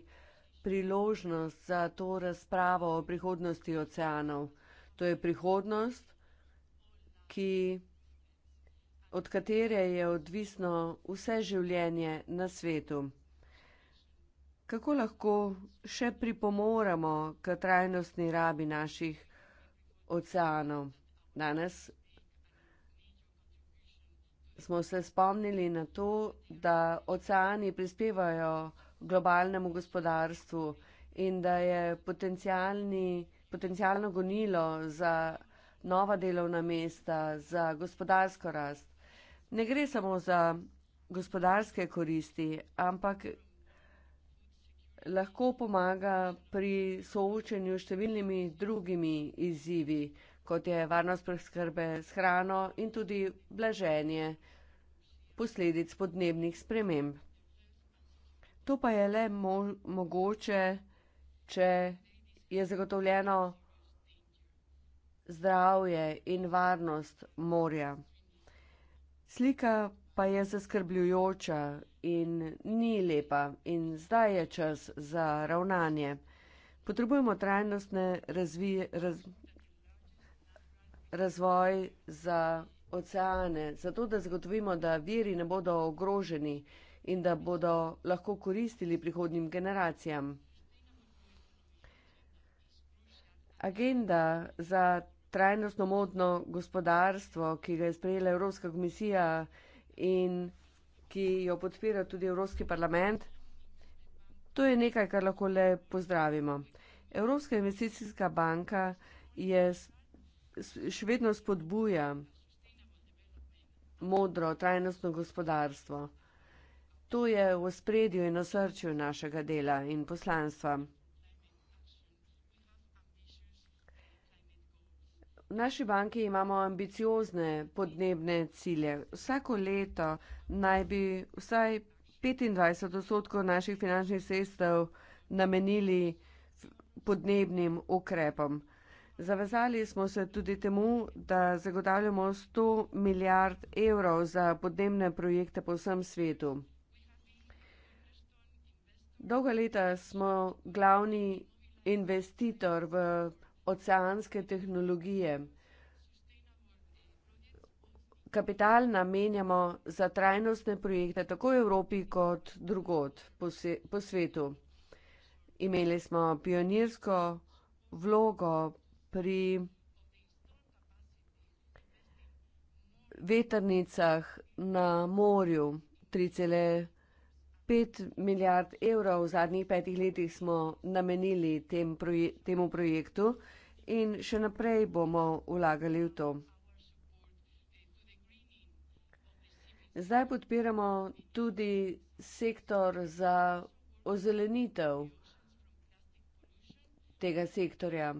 priložnost za to razpravo o prihodnosti oceanov. To je prihodnost, ki od katere je odvisno vse življenje na svetu. Kako lahko še pripomoremo k trajnostni rabi naših oceanov? Danes smo se spomnili na to, da oceani prispevajo globalnemu gospodarstvu in da je potencijalno gonilo za nova delovna mesta, za gospodarsko rast ne gre samo za gospodarske koristi, ampak lahko pomaga pri soočenju s številnimi drugimi izzivi, kot je varnost preskrbe s hrano in tudi blaženje posledic podnebnih sprememb. To pa je le mo mogoče, če je zagotovljeno zdravje in varnost morja. Slika pa je zaskrbljujoča in ni lepa in zdaj je čas za ravnanje. Potrebujemo trajnostne razvije, raz, razvoj za oceane, zato da zagotovimo, da veri ne bodo ogroženi in da bodo lahko koristili prihodnim generacijam. Agenda za trajnostno modno gospodarstvo, ki ga je sprejela Evropska komisija in ki jo podpira tudi Evropski parlament, to je nekaj, kar lahko le pozdravimo. Evropska investicijska banka je še vedno spodbuja modro trajnostno gospodarstvo. To je v spredju in osrčju našega dela in poslanstva. V naši banki imamo ambiciozne podnebne cilje. Vsako leto naj bi vsaj 25 odstotkov naših finančnih sredstev namenili podnebnim ukrepom. Zavezali smo se tudi temu, da zagotavljamo 100 milijard evrov za podnebne projekte po vsem svetu. Dolga leta smo glavni investitor v oceanske tehnologije. Kapital namenjamo za trajnostne projekte tako v Evropi kot drugod po, se, po svetu. Imeli smo pionirsko vlogo pri vetrnicah na morju 3,5. 5 milijard evrov v zadnjih petih letih smo namenili tem proje temu projektu in še naprej bomo vlagali v to. Zdaj podpiramo tudi sektor za ozelenitev tega sektorja.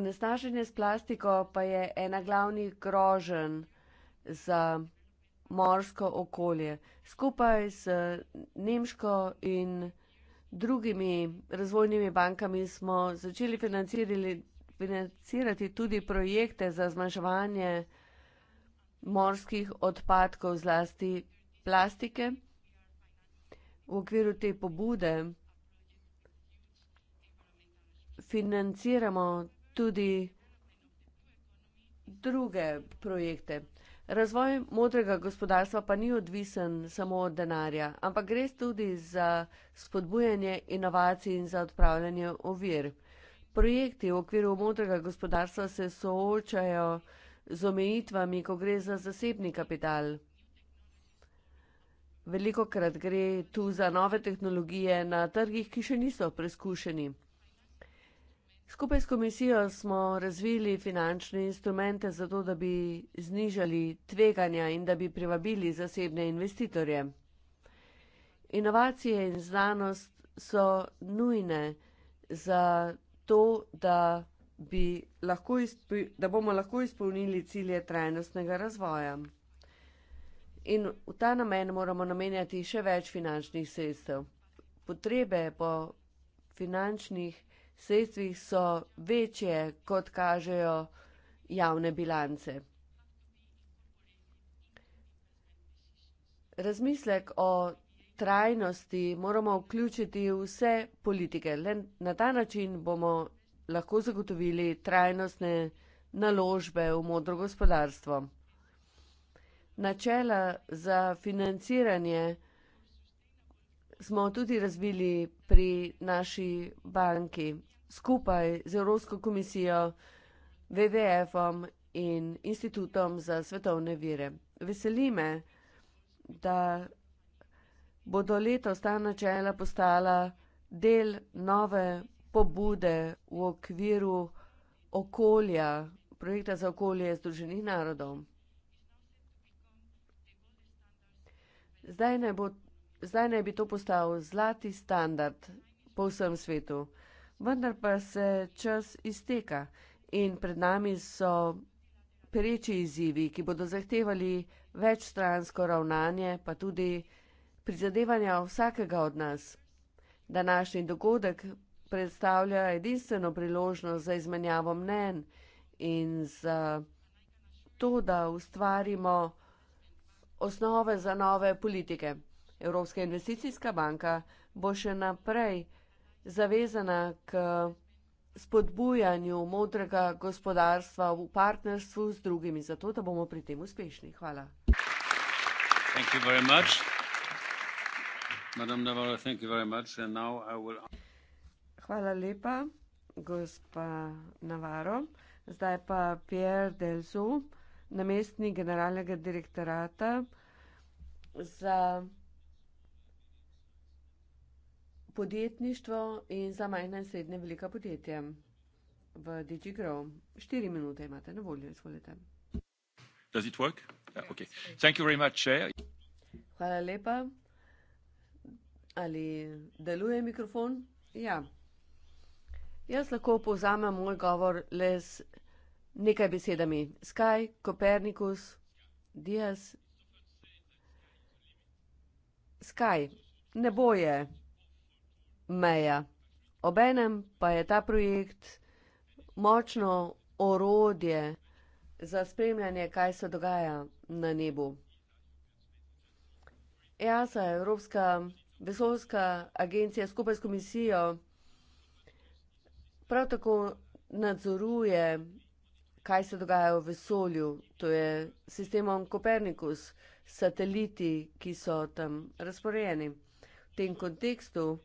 Onesnaženje s plastiko pa je ena glavnih grožen za morsko okolje. Skupaj s Nemško in drugimi razvojnimi bankami smo začeli financirati tudi projekte za zmanjševanje morskih odpadkov, zlasti plastike. V okviru te pobude financiramo tudi druge projekte. Razvoj modrega gospodarstva pa ni odvisen samo od denarja, ampak gre tudi za spodbujanje inovacij in za odpravljanje ovir. Projekti v okviru modrega gospodarstva se soočajo z omejitvami, ko gre za zasebni kapital. Veliko krat gre tu za nove tehnologije na trgih, ki še niso preskušeni. Skupaj s komisijo smo razvili finančne instrumente za to, da bi znižali tveganja in da bi privabili zasebne investitorje. Inovacije in znanost so nujne za to, da, lahko da bomo lahko izpolnili cilje trajnostnega razvoja. In v ta namen moramo namenjati še več finančnih sredstev. Potrebe po finančnih sredstvih sredstvih so večje, kot kažejo javne bilance. Razmislek o trajnosti moramo vključiti v vse politike. Len na ta način bomo lahko zagotovili trajnostne naložbe v modro gospodarstvo. Načela za financiranje smo tudi razvili pri naši banki skupaj z Evropsko komisijo, WWF-om in Institutom za svetovne vire. Veseli me, da bodo letos ta načela postala del nove pobude v okviru okolja, projekta za okolje Združenih narodov. Zdaj naj bo zdaj naj bi to postal zlati standard po vsem svetu. Vendar pa se čas izteka in pred nami so pereči izzivi, ki bodo zahtevali večstransko ravnanje, pa tudi prizadevanja vsakega od nas. Današnji dogodek predstavlja edinstveno priložnost za izmenjavo mnen in za to, da ustvarimo osnove za nove politike. Evropska investicijska banka bo še naprej zavezana k spodbujanju modrega gospodarstva v partnerstvu z drugimi, zato da bomo pri tem uspešni. Hvala. Hvala lepa, gospa Navaro. Zdaj pa Pierre Delzo, namestni generalnega direktorata za podjetništvo in za majhne in srednje velika podjetja v DigiGrow. Štiri minute imate na voljo, izvolite. Does it work? Yeah, okay. Thank you very much, Chair. Hvala lepa. Ali deluje mikrofon? Ja. Jaz lahko povzamem moj govor le z nekaj besedami. Sky, Copernicus, Diaz. Sky, nebo je meja. Obenem pa je ta projekt močno orodje za spremljanje, kaj se dogaja na nebu. EASA, Evropska vesoljska agencija, skupaj s komisijo prav tako nadzoruje, kaj se dogaja v vesolju, to je sistemom Kopernikus, sateliti, ki so tam razporejeni. V tem kontekstu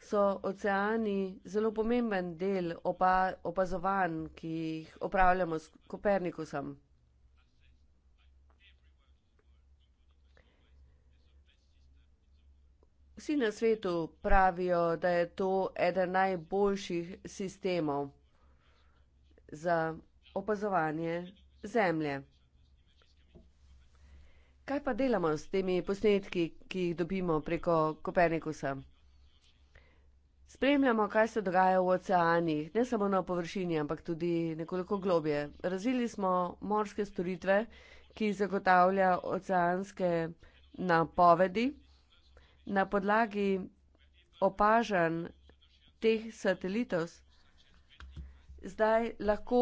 so oceani zelo pomemben del opa opazovanj, ki jih opravljamo s Kopernikusom. Vsi na svetu pravijo, da je to eden najboljših sistemov za opazovanje Zemlje. Kaj pa delamo s temi posnetki, ki jih dobimo preko Kopernikusa? Spremljamo, kaj se dogaja v oceanih, ne samo na površini, ampak tudi nekoliko globje. Razvili smo morske storitve, ki zagotavlja oceanske napovedi. Na podlagi opažanj teh satelitov zdaj lahko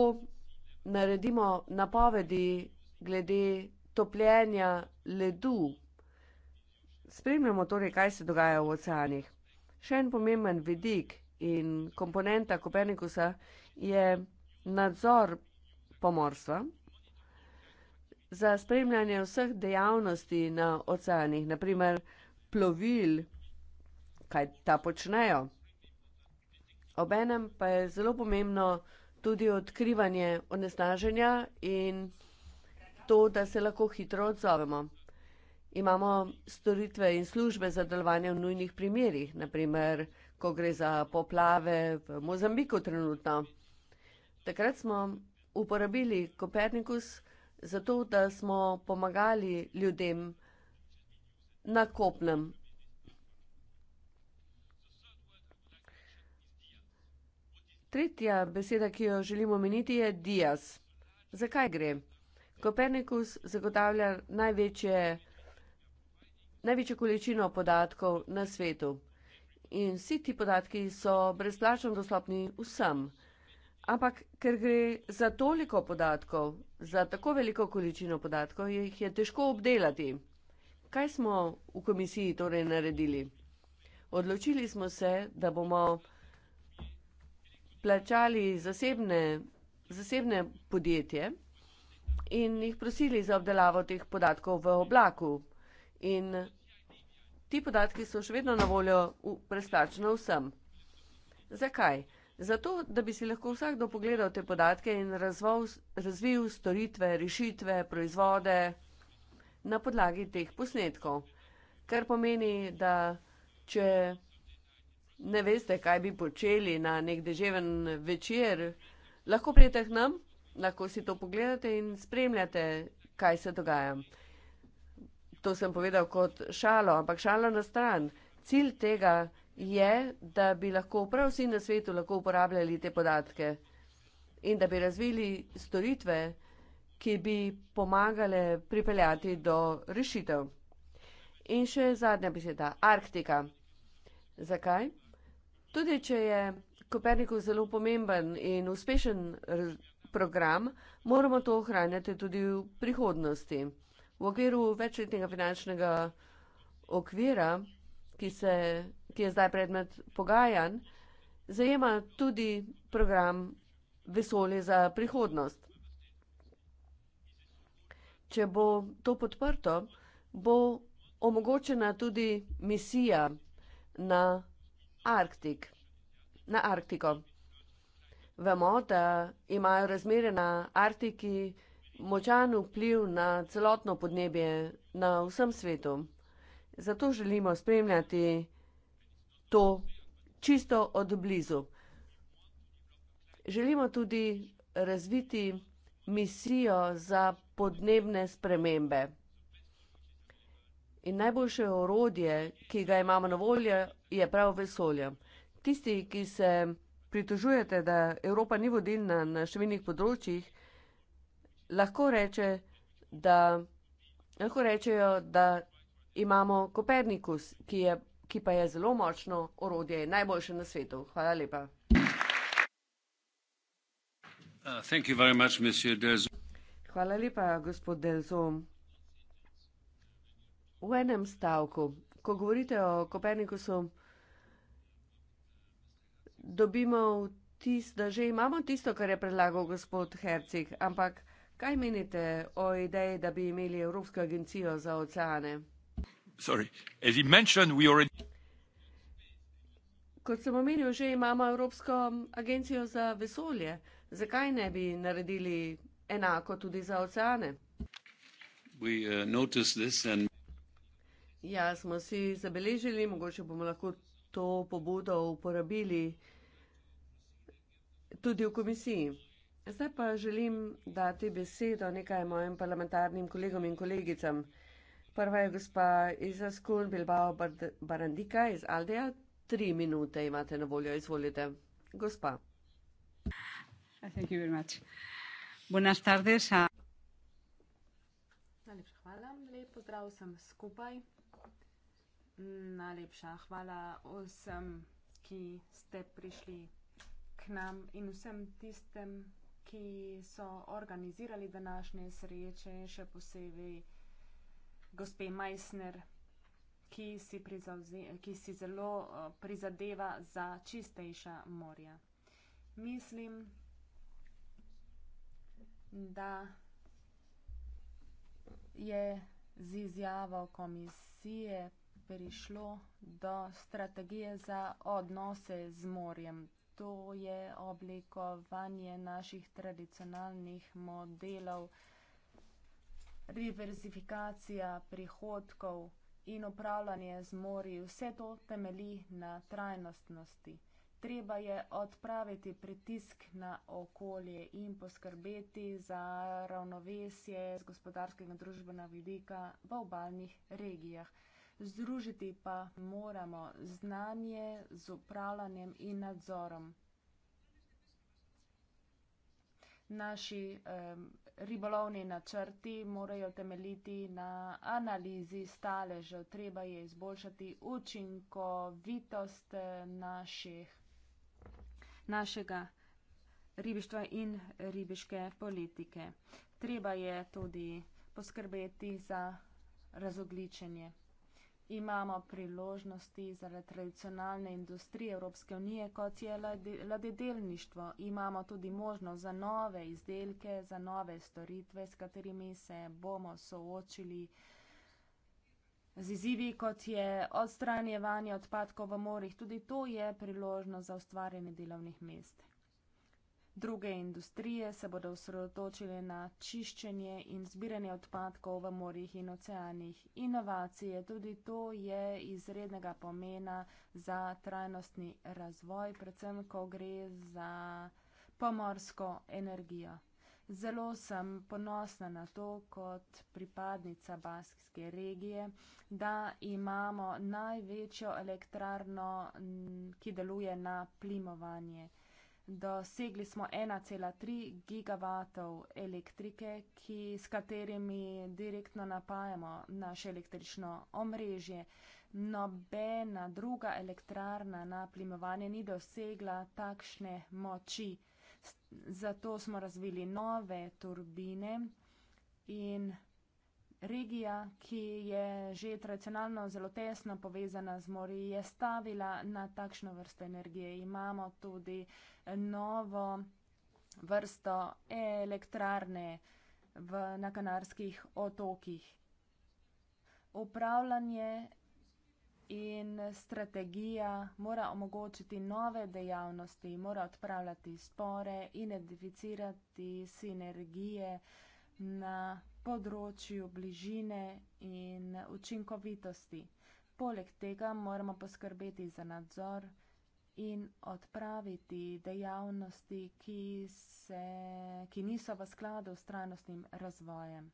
naredimo napovedi glede topljenja ledu. Spremljamo torej, kaj se dogaja v oceanih. Še en pomemben vidik in komponenta Kopernikusa je nadzor pomorstva za spremljanje vseh dejavnosti na oceanih, naprimer plovil, kaj ta počnejo. Obenem pa je zelo pomembno tudi odkrivanje onesnaženja in to, da se lahko hitro odzovemo. Imamo storitve in službe za delovanje v nujnih primerih, naprimer, ko gre za poplave v Mozambiku trenutno. Takrat smo uporabili Kopernikus zato, da smo pomagali ljudem na kopnem. Tretja beseda, ki jo želimo omeniti, je Dias. Zakaj gre? Kopernikus zagotavlja največje največjo količino podatkov na svetu. In vsi ti podatki so brezplačno dostopni vsem. Ampak ker gre za toliko podatkov, za tako veliko količino podatkov, jih je težko obdelati. Kaj smo v komisiji torej naredili? Odločili smo se, da bomo plačali zasebne, zasebne podjetje in jih prosili za obdelavo teh podatkov v oblaku. In Ti podatki so še vedno na voljo brezplačno vsem. Zakaj? Zato, da bi si lahko vsakdo pogledal te podatke in razvoj, razvil storitve, rešitve, proizvode na podlagi teh posnetkov. Kar pomeni, da če ne veste, kaj bi počeli na nek deževen večer, lahko prijete k nam, lahko si to pogledate in spremljate, kaj se dogaja to sem povedal kot šalo, ampak šalo na stran. Cilj tega je, da bi lahko prav vsi na svetu lahko uporabljali te podatke in da bi razvili storitve, ki bi pomagale pripeljati do rešitev. In še zadnja beseda, Arktika. Zakaj? Tudi, če je Koperniku zelo pomemben in uspešen program, moramo to ohranjati tudi v prihodnosti. V okviru večletnega finančnega okvira, ki, se, ki je zdaj predmet pogajanj, zajema tudi program Vesolje za prihodnost. Če bo to podprto, bo omogočena tudi misija na, Arktik, na Arktiko. Vemo, da imajo razmere na Arktiki močan vpliv na celotno podnebje na vsem svetu. Zato želimo spremljati to čisto od blizu. Želimo tudi razviti misijo za podnebne spremembe. In najboljše orodje, ki ga imamo na voljo, je prav vesolje. Tisti, ki se pritožujete, da Evropa ni vodilna na številnih področjih, lahko reče, da, lahko rečejo, da imamo Kopernikus, ki, je, ki pa je zelo močno orodje in najboljše na svetu. Hvala lepa. Uh, much, Hvala lepa, gospod Delzo. V enem stavku, ko govorite o Kopernikusu, dobimo vtis, da že imamo tisto, kar je predlagal gospod Hercig, ampak Kaj menite o ideji, da bi imeli Evropsko agencijo za oceane? Already... Kot sem omenil, že imamo Evropsko agencijo za vesolje. Zakaj ne bi naredili enako tudi za oceane? We, uh, and... Ja, smo si zabeležili, mogoče bomo lahko to pobudo uporabili tudi v komisiji. Zdaj pa želim dati besedo nekaj mojim parlamentarnim kolegom in kolegicam. Prva je gospa Iza Skun Bilbao Barandika iz Aldeja. Tri minute imate na voljo, izvolite. Gospa. Buenas tardes. Najlepša hvala, lep pozdrav vsem skupaj. Najlepša hvala vsem, ki ste prišli k nam in vsem tistem, ki so organizirali današnje sreče in še posebej gospe Meissner, ki si, ki si zelo eh, prizadeva za čistejša morja. Mislim, da je z izjavo komisije prišlo do strategije za odnose z morjem to je oblikovanje naših tradicionalnih modelov, reverzifikacija prihodkov in upravljanje z morji. Vse to temeli na trajnostnosti. Treba je odpraviti pritisk na okolje in poskrbeti za ravnovesje z gospodarskega in družbena vidika v obaljnih regijah. Združiti pa moramo znanje z upravljanjem in nadzorom. Naši eh, ribolovni načrti morajo temeljiti na analizi staležev. Treba je izboljšati učinkovitost eh, naših, našega ribištva in ribiške politike. Treba je tudi poskrbeti za razogličenje imamo priložnosti zaradi tradicionalne industrije Evropske unije, kot je ladedelništvo. Imamo tudi možnost za nove izdelke, za nove storitve, s katerimi se bomo soočili z izzivi, kot je odstranjevanje odpadkov v morjih. Tudi to je priložnost za ustvarjanje delovnih mest. Druge industrije se bodo usredotočile na čiščenje in zbiranje odpadkov v morjih in oceanih. Inovacije, tudi to je izrednega pomena za trajnostni razvoj, predvsem, ko gre za pomorsko energijo. Zelo sem ponosna na to, kot pripadnica baskijske regije, da imamo največjo elektrarno, ki deluje na plimovanje dosegli smo 1,3 gigavatov elektrike, ki, s katerimi direktno napajamo naše električno omrežje. Nobena druga elektrarna na plimovanje ni dosegla takšne moči. Zato smo razvili nove turbine in Regija, ki je že tradicionalno zelo tesno povezana z mori, je stavila na takšno vrsto energije. Imamo tudi novo vrsto elektrarne v, na kanarskih otokih. Upravljanje in strategija mora omogočiti nove dejavnosti, mora odpravljati spore, identificirati sinergije na področju bližine in učinkovitosti. Poleg tega moramo poskrbeti za nadzor in odpraviti dejavnosti, ki, se, ki niso v skladu s trajnostnim razvojem.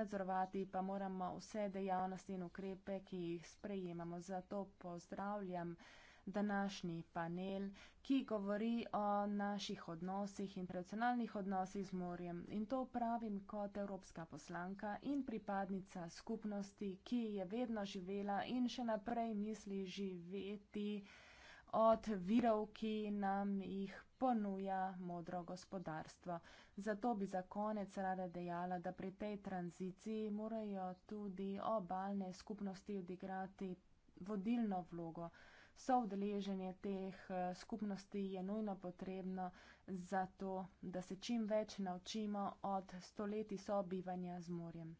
Nadzorovati pa moramo vse dejavnosti in ukrepe, ki jih sprejemamo. Zato pozdravljam uh, današnji panel, ki govori o naših odnosih in tradicionalnih odnosih z morjem. In to pravim kot evropska poslanka in pripadnica skupnosti, ki je vedno živela in še naprej misli živeti od virov, ki nam jih ponuja modro gospodarstvo. Zato bi za konec rada dejala, da pri tej tranziciji morajo tudi obalne skupnosti odigrati vodilno vlogo soudeleženje teh eh, skupnosti je nujno potrebno za to, da se čim več naučimo od stoletji sobivanja z morjem.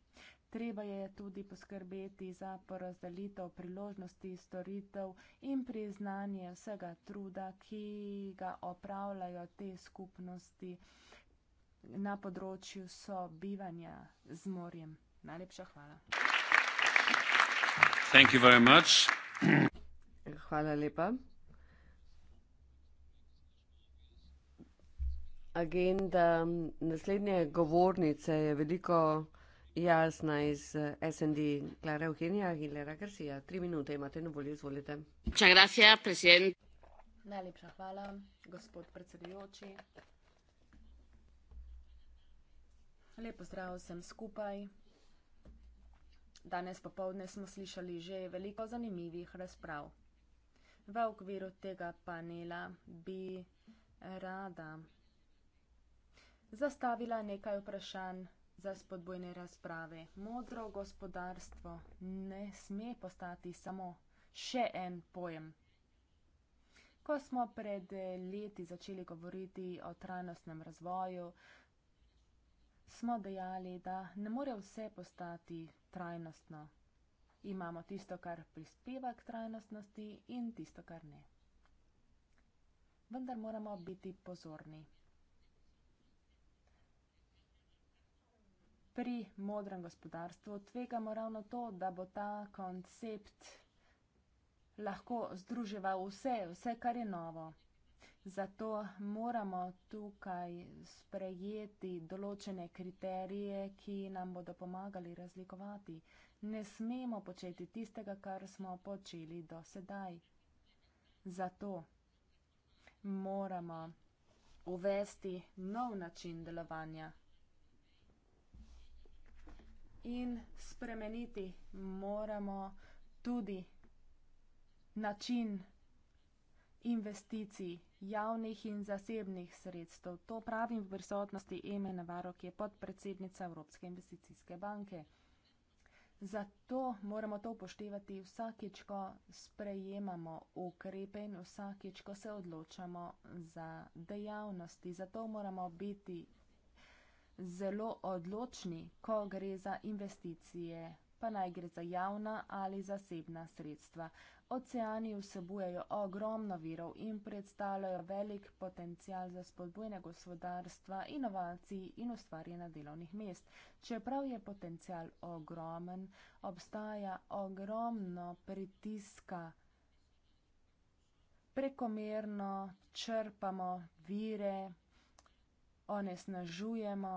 Treba je tudi poskrbeti za porazdelitev priložnosti storitev in priznanje vsega truda, ki ga opravljajo te skupnosti na področju sobivanja z morjem. Najlepša hvala. Thank you very much. Hvala lepa. Agenda naslednje govornice je veliko jasna iz eh, SND. Clara Eugenija Aguilera Garcia, tri minute imate na voljo, izvolite. Najlepša hvala, gospod predsedujoči. Lep pozdrav vsem skupaj. Danes popovdne smo slišali že veliko zanimivih razprav v okviru tega panela bi rada zastavila nekaj vprašanj za spodbojne razprave. Modro gospodarstvo ne sme postati samo še en pojem. Ko smo pred leti začeli govoriti o trajnostnem razvoju, smo dejali, da ne more vse postati trajnostno. Imamo tisto, kar prispeva k trajnostnosti in tisto, kar ne. Vendar moramo biti pozorni. Pri modrem gospodarstvu tvegamo ravno to, da bo ta koncept lahko združeval vse, vse, kar je novo. Zato moramo tukaj sprejeti določene kriterije, ki nam bodo pomagali razlikovati, ne smemo početi tistega, kar smo počeli do sedaj. Zato moramo uvesti nov način delovanja in spremeniti moramo tudi način investicij javnih in zasebnih sredstev. To pravim v prisotnosti Emene Varo, ki je podpredsednica Evropske investicijske banke. Zato moramo to upoštevati vsakič, ko sprejemamo ukrepe in vsakič, ko se odločamo za dejavnosti. Zato moramo biti zelo odločni, ko gre za investicije pa naj gre za javna ali zasebna sredstva. Oceani vsebujejo ogromno virov in predstavljajo velik potencial za spodbujne gospodarstva, inovacij in ustvarjena delovnih mest. Čeprav je potencial ogromen, obstaja ogromno pritiska. Prekomerno črpamo vire, onesnažujemo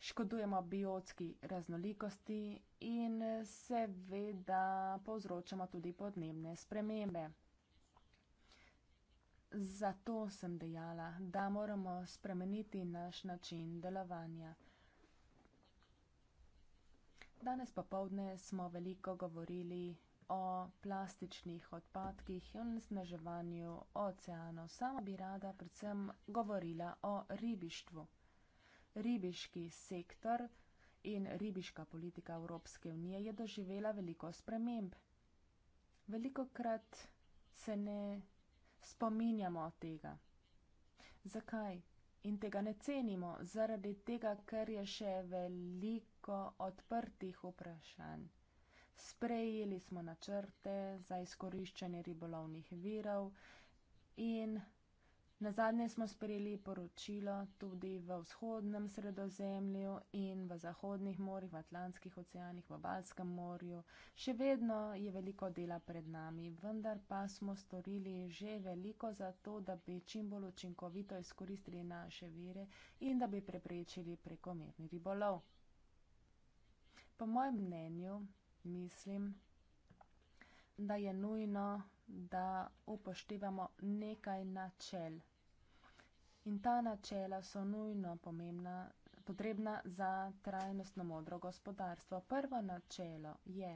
škodujemo biotski raznolikosti in seveda povzročamo tudi podnebne spremembe. Zato sem dejala, da moramo spremeniti naš način delovanja. Danes popovdne smo veliko govorili o plastičnih odpadkih in sneževanju oceanov. Sama bi rada predvsem govorila o ribištvu ribiški sektor in ribiška politika Evropske unije je doživela veliko sprememb. Veliko krat se ne spominjamo tega. Zakaj? In tega ne cenimo, zaradi tega, ker je še veliko odprtih vprašanj. Sprejeli smo načrte za izkoriščanje ribolovnih virov in Na zadnje smo sprejeli poročilo tudi v vzhodnem sredozemlju in v zahodnih morjih, v Atlantskih oceanih, v Balskem morju. Še vedno je veliko dela pred nami, vendar pa smo storili že veliko za to, da bi čim bolj učinkovito izkoristili naše vire in da bi preprečili prekomerni ribolov. Po mojem mnenju mislim, da je nujno da upoštevamo nekaj načel. In ta načela so nujno pomembna, potrebna za trajnostno modro gospodarstvo. Prvo načelo je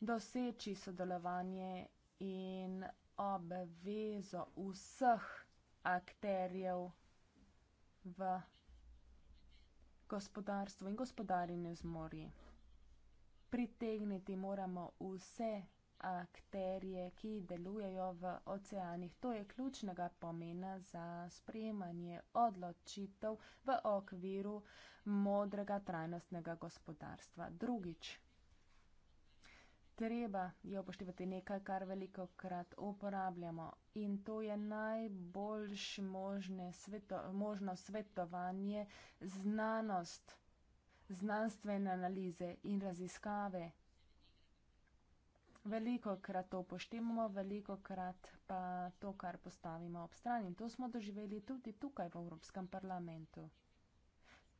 doseči sodelovanje in obvezo vseh akterjev v gospodarstvu in gospodarjenju z morji pritegniti moramo vse akterje, ki delujejo v oceanih. To je ključnega pomena za sprejemanje odločitev v okviru modrega trajnostnega gospodarstva. Drugič, treba je upoštevati nekaj, kar veliko krat uporabljamo in to je najboljš možno svetovanje znanost znanstvene analize in raziskave. Veliko krat to poštimo, veliko krat pa to, kar postavimo ob strani. In to smo doživeli tudi tukaj v Evropskem parlamentu.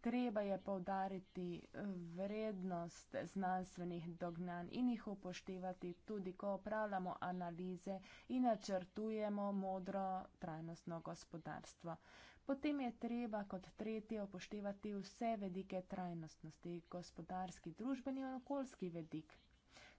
Treba je povdariti eh, vrednost znanstvenih dognanj in jih upoštevati tudi, ko opravljamo analize in načrtujemo modro trajnostno gospodarstvo. Potem je treba kot tretje upoštevati vse vedike trajnostnosti, gospodarski, družbeni in okoljski vedik.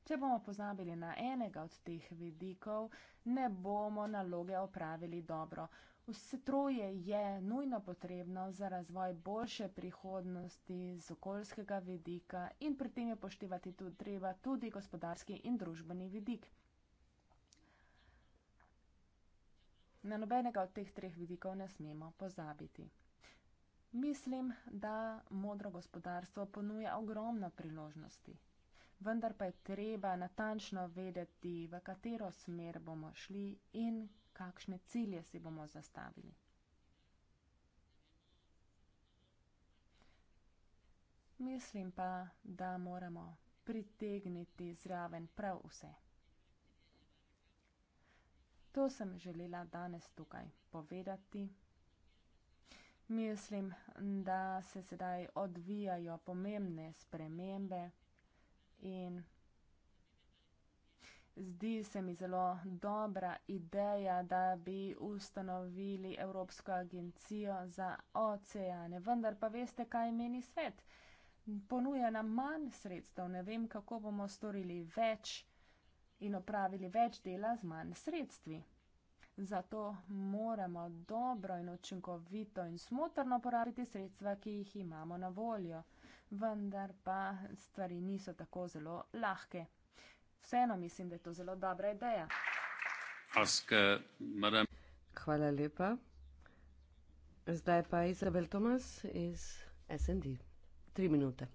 Če bomo pozabili na enega od teh vedikov, ne bomo naloge opravili dobro. Vse troje je nujno potrebno za razvoj boljše prihodnosti z okoljskega vedika in pri tem je upoštevati tudi, treba tudi gospodarski in družbeni vedik. Na nobenega od teh treh vidikov ne smemo pozabiti. Mislim, da modro gospodarstvo ponuja ogromno priložnosti, vendar pa je treba natančno vedeti, v katero smer bomo šli in kakšne cilje si bomo zastavili. Mislim pa, da moramo pritegniti zraven prav vse. To sem želela danes tukaj povedati. Mislim, da se sedaj odvijajo pomembne spremembe in zdi se mi zelo dobra ideja, da bi ustanovili Evropsko agencijo za oceane. Vendar pa veste, kaj meni svet. Ponuja nam manj sredstev, ne vem, kako bomo storili več in opravili več dela z manj sredstvi. Zato moramo dobro in učinkovito in smotrno porabiti sredstva, ki jih imamo na voljo, vendar pa stvari niso tako zelo lahke. Vseeno mislim, da je to zelo dobra ideja. Eh, Hvala lepa. Zdaj pa Izabel Tomas iz SND. Tri minute.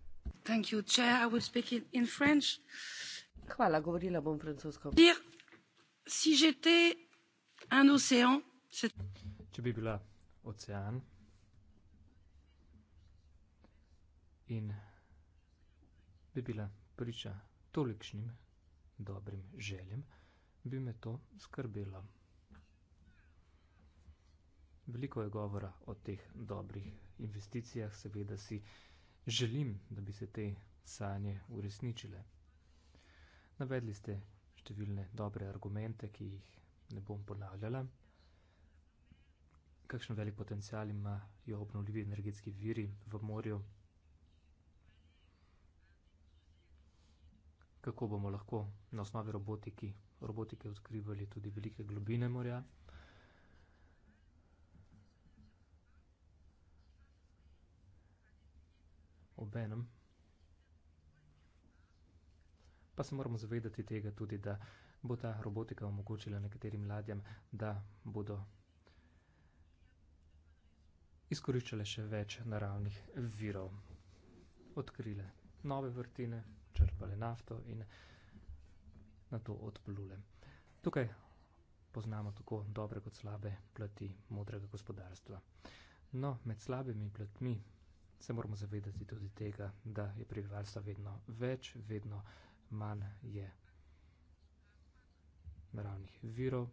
Hvala, predsednik. Govorim v angleščini. Hvala, govorila bom francosko. Če bi bila ocean in bi bila priča tolikšnim dobrim željem, bi me to skrbelo. Veliko je govora o teh dobrih investicijah, seveda si želim, da bi se te sanje uresničile. Navedli ste številne dobre argumente, ki jih ne bom ponavljala. Kakšen velik potencial imajo obnovljivi energetski viri v morju? Kako bomo lahko na osnovi robotiki, robotike odkrivali tudi velike globine morja? Obenem pa se moramo zavedati tega tudi, da bo ta robotika omogočila nekaterim ladjam, da bodo izkoriščale še več naravnih virov, odkrile nove vrtine, črpale nafto in na to odplule. Tukaj poznamo tako dobre kot slabe plati modrega gospodarstva. No, med slabimi platmi se moramo zavedati tudi tega, da je prebivalstva vedno več, vedno več manj je naravnih virov,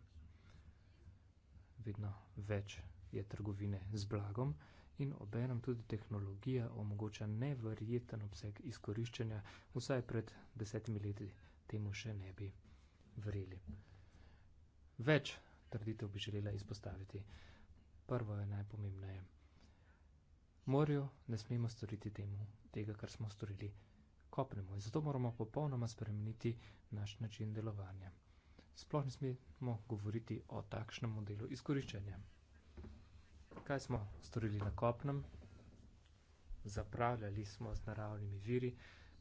vedno več je trgovine z blagom in obenem tudi tehnologija omogoča neverjeten obseg izkoriščanja, vsaj pred desetimi leti temu še ne bi verjeli. Več trditev bi želela izpostaviti. Prvo je najpomembneje. Morjo ne smemo storiti temu, tega, kar smo storili kopnemo. In zato moramo popolnoma spremeniti naš način delovanja. Sploh ne smemo govoriti o takšnem modelu izkoriščanja. Kaj smo storili na kopnem? Zapravljali smo z naravnimi viri,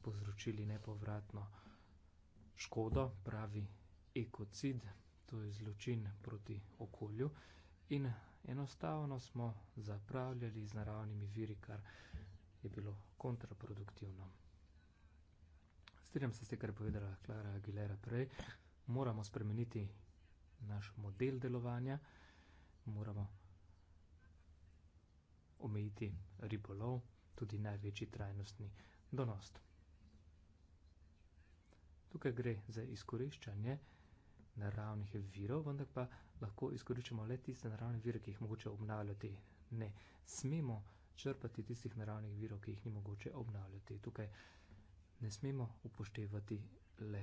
povzročili nepovratno škodo, pravi ekocid, to je zločin proti okolju. In enostavno smo zapravljali z naravnimi viri, kar je bilo kontraproduktivno strinjam se s tem, kar je povedala Klara Aguilera prej, moramo spremeniti naš model delovanja, moramo omejiti ribolov, tudi največji trajnostni donos. Tukaj gre za izkoriščanje naravnih virov, vendar pa lahko izkoriščamo le tiste naravne vire, ki jih mogoče obnavljati. Ne smemo črpati tistih naravnih virov, ki jih ni mogoče obnavljati. Tukaj ne smemo upoštevati le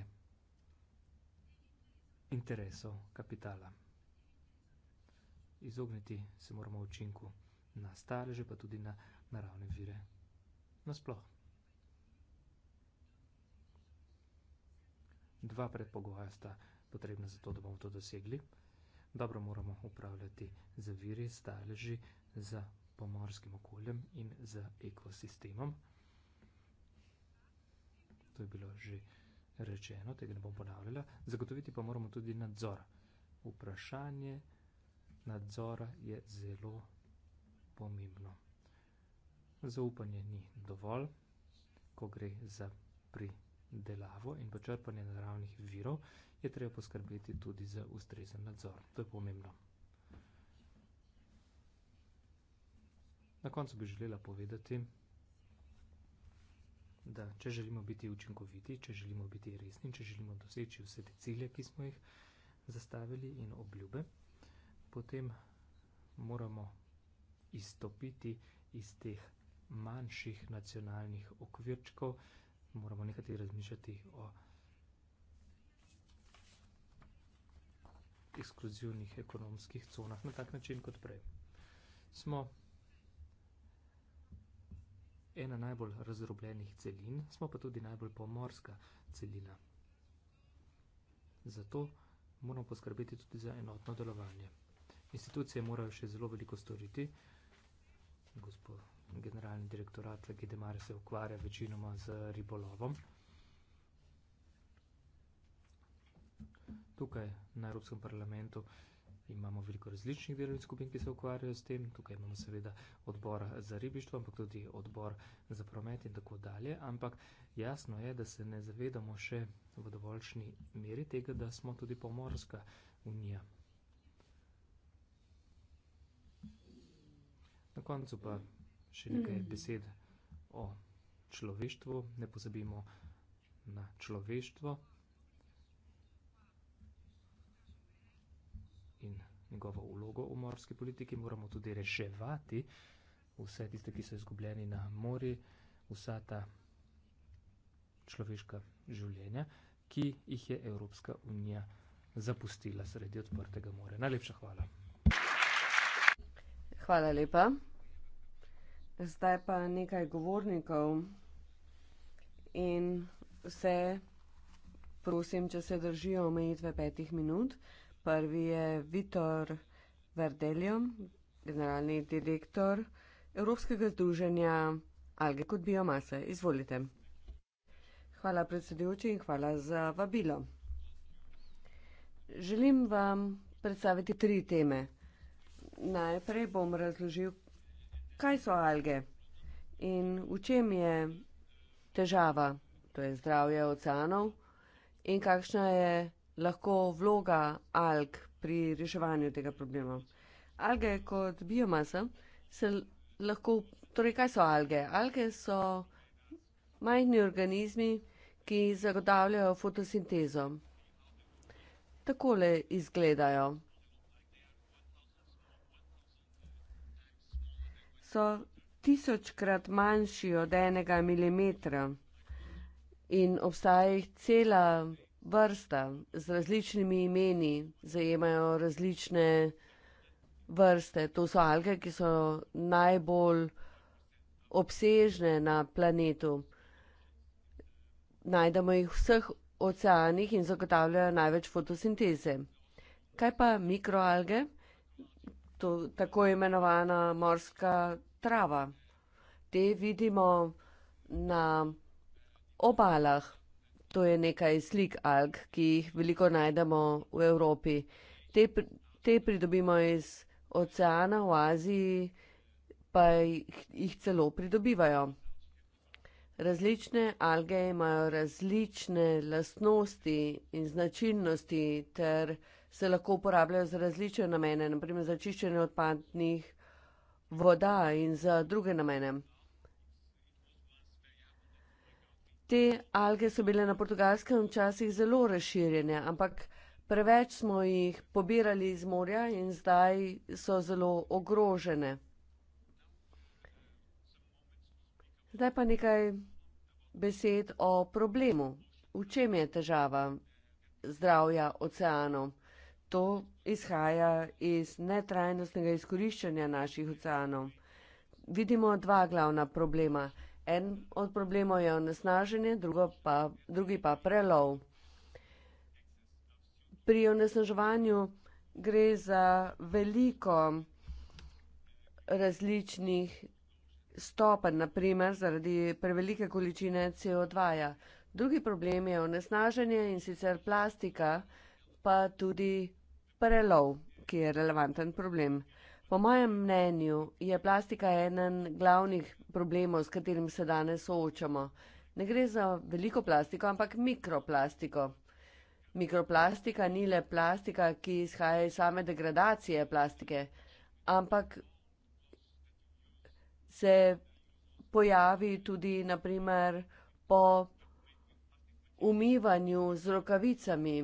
interesov kapitala. Izogniti se moramo učinku na stareže, pa tudi na naravne vire. Nasploh. Dva predpogoja sta potrebna za to, da bomo to dosegli. Dobro moramo upravljati za viri, staleži, za pomorskim okoljem in za ekosistemom to je bilo že rečeno, tega ne bom ponavljala. Zagotoviti pa moramo tudi nadzor. Vprašanje nadzora je zelo pomembno. Zaupanje ni dovolj, ko gre za pridelavo in počrpanje naravnih virov, je treba poskrbeti tudi za ustrezen nadzor. To je pomembno. Na koncu bi želela povedati, da če želimo biti učinkoviti, če želimo biti resni, če želimo doseči vse te cilje, ki smo jih zastavili in obljube, potem moramo izstopiti iz teh manjših nacionalnih okvirčkov, moramo nekati razmišljati o ekskluzivnih ekonomskih conah na tak način kot prej. Smo ena najbolj razdrobljenih celin, smo pa tudi najbolj pomorska celina. Zato moramo poskrbeti tudi za enotno delovanje. Institucije morajo še zelo veliko storiti. Gospod generalni direktorat Gedemar se ukvarja večinoma z ribolovom. Tukaj na Evropskem parlamentu imamo veliko različnih delovnih skupin, ki se ukvarjajo s tem. Tukaj imamo seveda odbor za ribištvo, ampak tudi odbor za promet in tako dalje. Ampak jasno je, da se ne zavedamo še v dovoljšni meri tega, da smo tudi pomorska unija. Na koncu pa še nekaj besed o človeštvu. Ne pozabimo na človeštvo. njegovo vlogo v morski politiki, moramo tudi reševati vse tiste, ki so izgubljeni na mori, vsa ta človeška življenja, ki jih je Evropska unija zapustila sredi odprtega more. Najlepša hvala. Hvala lepa. Zdaj pa nekaj govornikov in vse prosim, če se držijo omejitve petih minut. Prvi je Vitor Verdeljo, generalni direktor Evropskega združenja Alge kot biomase. Izvolite. Hvala predsedujoči in hvala za vabilo. Želim vam predstaviti tri teme. Najprej bom razložil, kaj so alge in v čem je težava, to je zdravje oceanov in kakšna je lahko vloga alg pri reševanju tega problema? Alge kot biomasa se lahko. Torej, kaj so alge? Alge so majhni organizmi, ki zagotavljajo fotosintezo. Takole izgledajo. So tisočkrat manjši od enega milimetra in obstaja jih cela vrsta z različnimi imeni, zajemajo različne vrste. To so alge, ki so najbolj obsežne na planetu. Najdemo jih v vseh oceanih in zagotavljajo največ fotosinteze. Kaj pa mikroalge? To tako imenovana morska trava. Te vidimo na obalah. To je nekaj slik alg, ki jih veliko najdemo v Evropi. Te, te pridobimo iz oceana v Aziji, pa jih, jih celo pridobivajo. Različne alge imajo različne lastnosti in značilnosti, ter se lahko uporabljajo za različne namene, naprimer za čiščenje odpadnih voda in za druge namene. Te alge so bile na portugalskem včasih zelo razširjene, ampak preveč smo jih pobirali iz morja in zdaj so zelo ogrožene. Zdaj pa nekaj besed o problemu. V čem je težava zdravja oceanov? To izhaja iz netrajnostnega izkoriščanja naših oceanov. Vidimo dva glavna problema. En od problemov je onesnaženje, pa, drugi pa prelov. Pri onesnaževanju gre za veliko različnih stopenj, naprimer zaradi prevelike količine CO2. -ja. Drugi problem je onesnaženje in sicer plastika, pa tudi prelov, ki je relevanten problem. Po mojem mnenju je plastika eden glavnih problemov, s katerim se danes soočamo. Ne gre za veliko plastiko, ampak mikroplastiko. Mikroplastika ni le plastika, ki izhaja iz same degradacije plastike, ampak se pojavi tudi naprimer po umivanju z rokavicami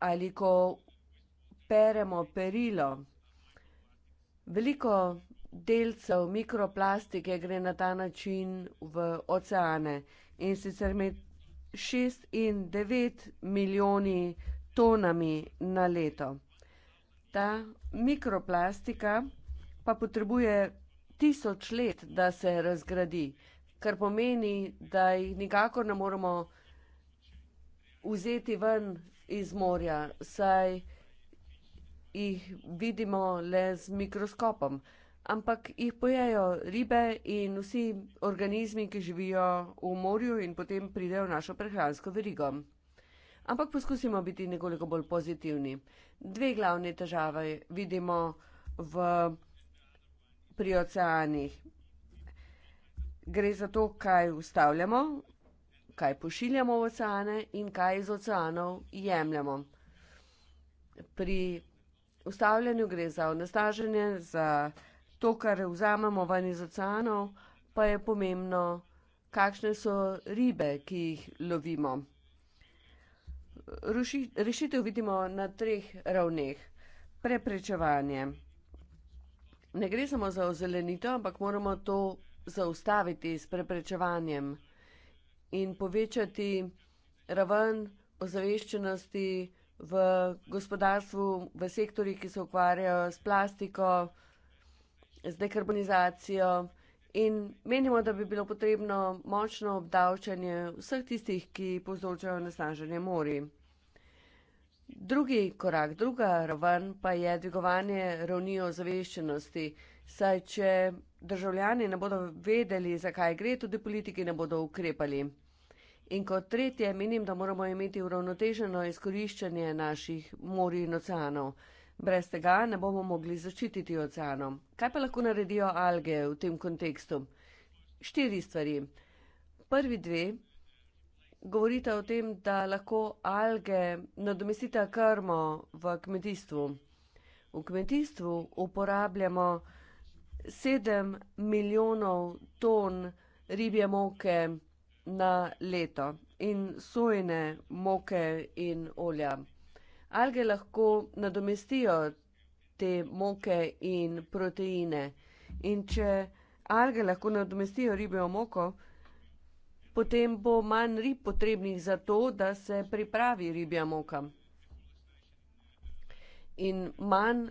ali ko peremo perilo. Veliko delcev mikroplastike gre na ta način v oceane in sicer med 6 in 9 milijoni tonami na leto. Ta mikroplastika pa potrebuje tisoč let, da se razgradi, kar pomeni, da jih nikako ne moremo vzeti ven iz morja, saj jih vidimo le z mikroskopom, ampak jih pojejo ribe in vsi organizmi, ki živijo v morju in potem pridejo v našo prehransko verigo. Ampak poskusimo biti nekoliko bolj pozitivni. Dve glavne težave vidimo v, pri oceanih. Gre za to, kaj ustavljamo, kaj pošiljamo v oceane in kaj iz oceanov jemljamo. Pri ustavljanju gre za onestaženje, za to, kar vzamemo ven iz oceanov, pa je pomembno, kakšne so ribe, ki jih lovimo. Ruši, rešitev vidimo na treh ravneh. Preprečevanje. Ne gre samo za ozelenitev, ampak moramo to zaustaviti s preprečevanjem in povečati raven ozaveščenosti v gospodarstvu, v sektorjih, ki se ukvarjajo s plastiko, z dekarbonizacijo. In menimo, da bi bilo potrebno močno obdavčanje vseh tistih, ki povzročajo nasnaženje mori. Drugi korak, druga raven pa je dvigovanje ravni ozaveščenosti. Saj, če državljani ne bodo vedeli, zakaj gre, tudi politiki ne bodo ukrepali. In kot tretje, menim, da moramo imeti uravnoteženo izkoriščanje naših morij in oceanov. Brez tega ne bomo mogli začititi oceanom. Kaj pa lahko naredijo alge v tem kontekstu? Štiri stvari. Prvi dve govorite o tem, da lahko alge nadomestite krmo v kmetijstvu. V kmetijstvu uporabljamo 7 milijonov ton ribje moke na leto in sojne, moke in olja. Alge lahko nadomestijo te moke in proteine. In če alge lahko nadomestijo ribjo moko, potem bo manj rib potrebnih za to, da se pripravi ribja moka. In manj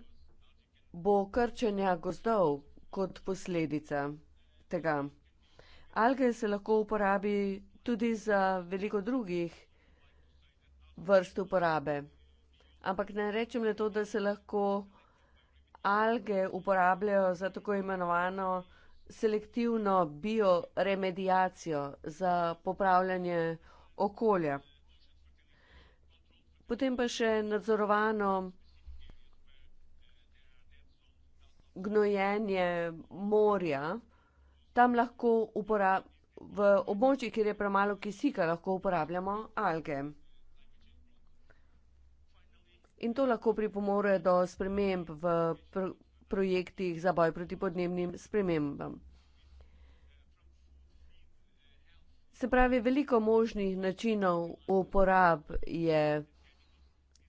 bo krčenja gozdov kot posledica tega alge se lahko uporabi tudi za veliko drugih vrst uporabe. Ampak ne rečem le to, da se lahko alge uporabljajo za tako imenovano selektivno bioremedijacijo, za popravljanje okolja. Potem pa še nadzorovano gnojenje morja tam lahko uporabljamo, v območjih, kjer je premalo kisika, lahko uporabljamo alge. In to lahko pripomore do sprememb v pro projektih za boj proti podnebnim spremembam. Se pravi, veliko možnih načinov uporab je,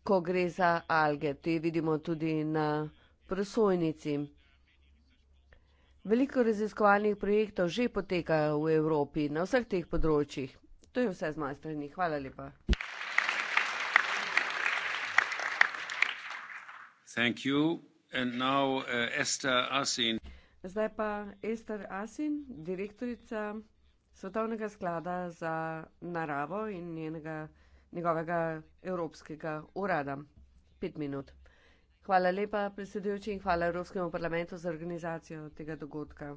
ko gre za alge. To vidimo tudi na prosojnici. Veliko raziskovalnih projektov že poteka v Evropi na vseh teh področjih. To je vse z moje strani. Hvala lepa. Thank you. And now, uh, Esther Asin. Zdaj pa Ester Asin, direktorica Svetovnega sklada za naravo in njenega, njegovega evropskega urada. Pet minut. Hvala lepa, predsedujoči, in hvala Evropskemu parlamentu za organizacijo tega dogodka.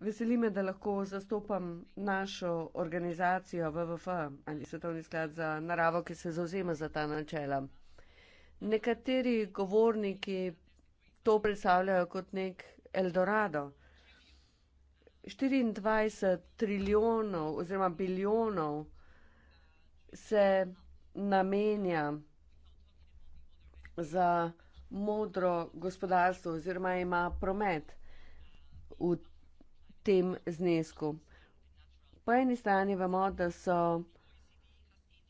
Veseli me, da lahko zastopam našo organizacijo WWF ali Svetovni sklad za naravo, ki se zauzema za ta načela. Nekateri govorniki to predstavljajo kot nek Eldorado. 24 trilijonov oziroma bilijonov se namenja za modro gospodarstvo oziroma ima promet v tem znesku. Po eni strani vemo, da, so,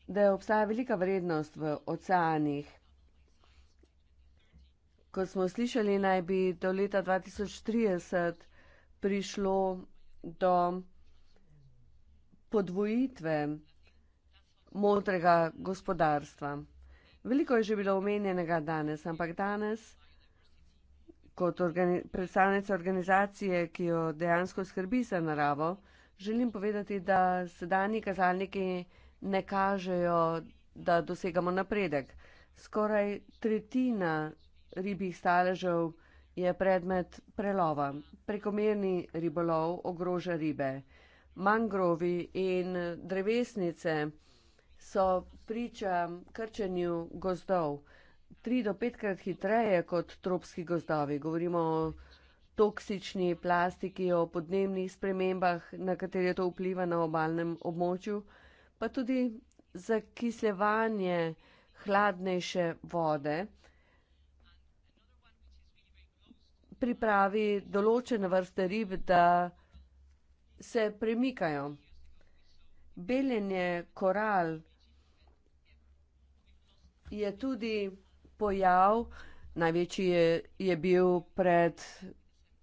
da obstaja velika vrednost v oceanih. Kot smo slišali, naj bi do leta 2030 prišlo do podvojitve modrega gospodarstva. Veliko je že bilo omenjenega danes, ampak danes kot organi predstavnica organizacije, ki jo dejansko skrbi za naravo, želim povedati, da sedajni kazalniki ne kažejo, da dosegamo napredek. Skoraj tretjina ribjih staležev je predmet prelova. Prekomerni ribolov ogroža ribe. Mangrovi in drevesnice so priča krčenju gozdov tri do petkrat hitreje kot tropski gozdovi. Govorimo o toksični plastiki, o podnebnih spremembah, na katere to vpliva na obalnem območju, pa tudi zakisljevanje hladnejše vode pripravi določene vrste rib, da se premikajo. Beljenje koral je tudi pojav, največji je, je bil pred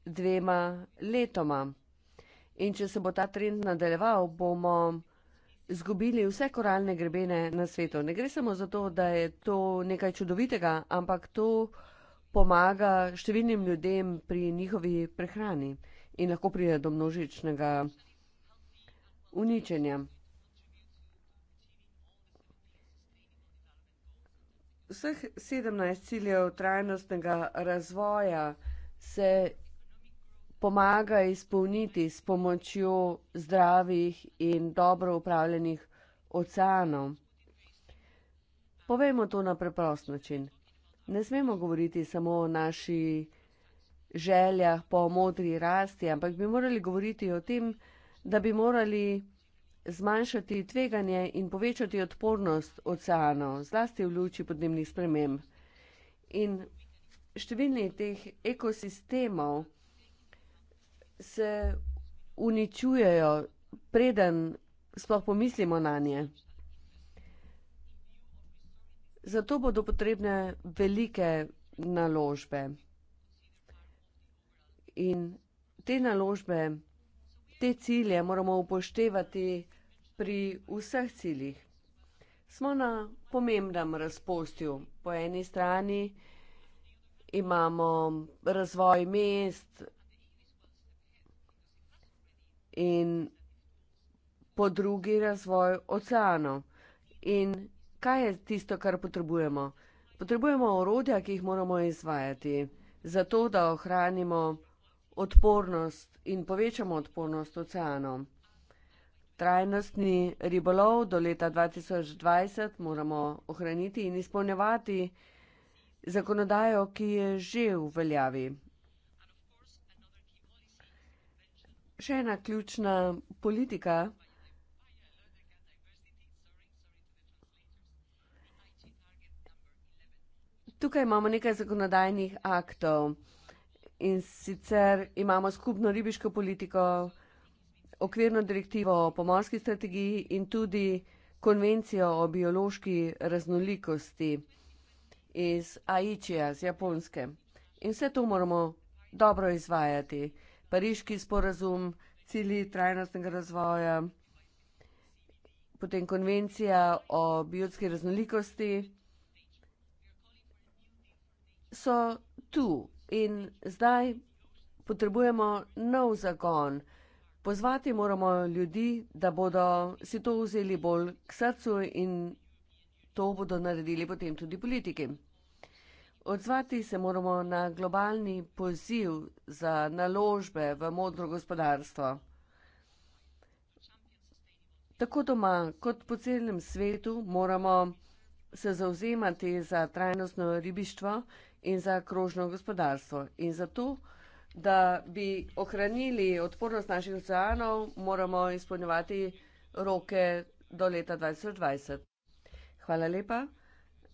dvema letoma. In če se bo ta trend nadaljeval, bomo izgubili vse koralne grebene na svetu. Ne gre samo za to, da je to nekaj čudovitega, ampak to pomaga številnim ljudem pri njihovi prehrani in lahko pride do množičnega uničenja. vseh 17 ciljev trajnostnega razvoja se pomaga izpolniti s pomočjo zdravih in dobro upravljenih oceanov. Povejmo to na preprost način. Ne smemo govoriti samo o naši željah po modri rasti, ampak bi morali govoriti o tem, da bi morali zmanjšati tveganje in povečati odpornost oceanov, zlasti v luči podnebnih sprememb. In številni teh ekosistemov se uničujejo, preden sploh pomislimo na nje. Zato bodo potrebne velike naložbe. In te naložbe te cilje moramo upoštevati pri vseh ciljih. Smo na pomembnem razpostju. Po eni strani imamo razvoj mest in po drugi razvoj oceanov. In kaj je tisto, kar potrebujemo? Potrebujemo orodja, ki jih moramo izvajati, zato da ohranimo odpornost in povečamo odpornost oceanov. Trajnostni ribolov do leta 2020 moramo ohraniti in izpolnjevati zakonodajo, ki je že v veljavi. Še ena ključna politika Tukaj imamo nekaj zakonodajnih aktov in sicer imamo skupno ribiško politiko, okvirno direktivo o pomorski strategiji in tudi konvencijo o biološki raznolikosti iz Aichija, z Japonske. In vse to moramo dobro izvajati. Pariški sporazum, cilji trajnostnega razvoja, potem konvencija o biotski raznolikosti so tu in zdaj potrebujemo nov zagon. Pozvati moramo ljudi, da bodo si to vzeli bolj k srcu in to bodo naredili potem tudi politiki. Odzvati se moramo na globalni poziv za naložbe v modro gospodarstvo. Tako doma kot po celem svetu moramo se zauzemati za trajnostno ribištvo, in za krožno gospodarstvo. In zato, da bi ohranili odpornost naših oceanov, moramo izpolnjevati roke do leta 2020. Hvala lepa.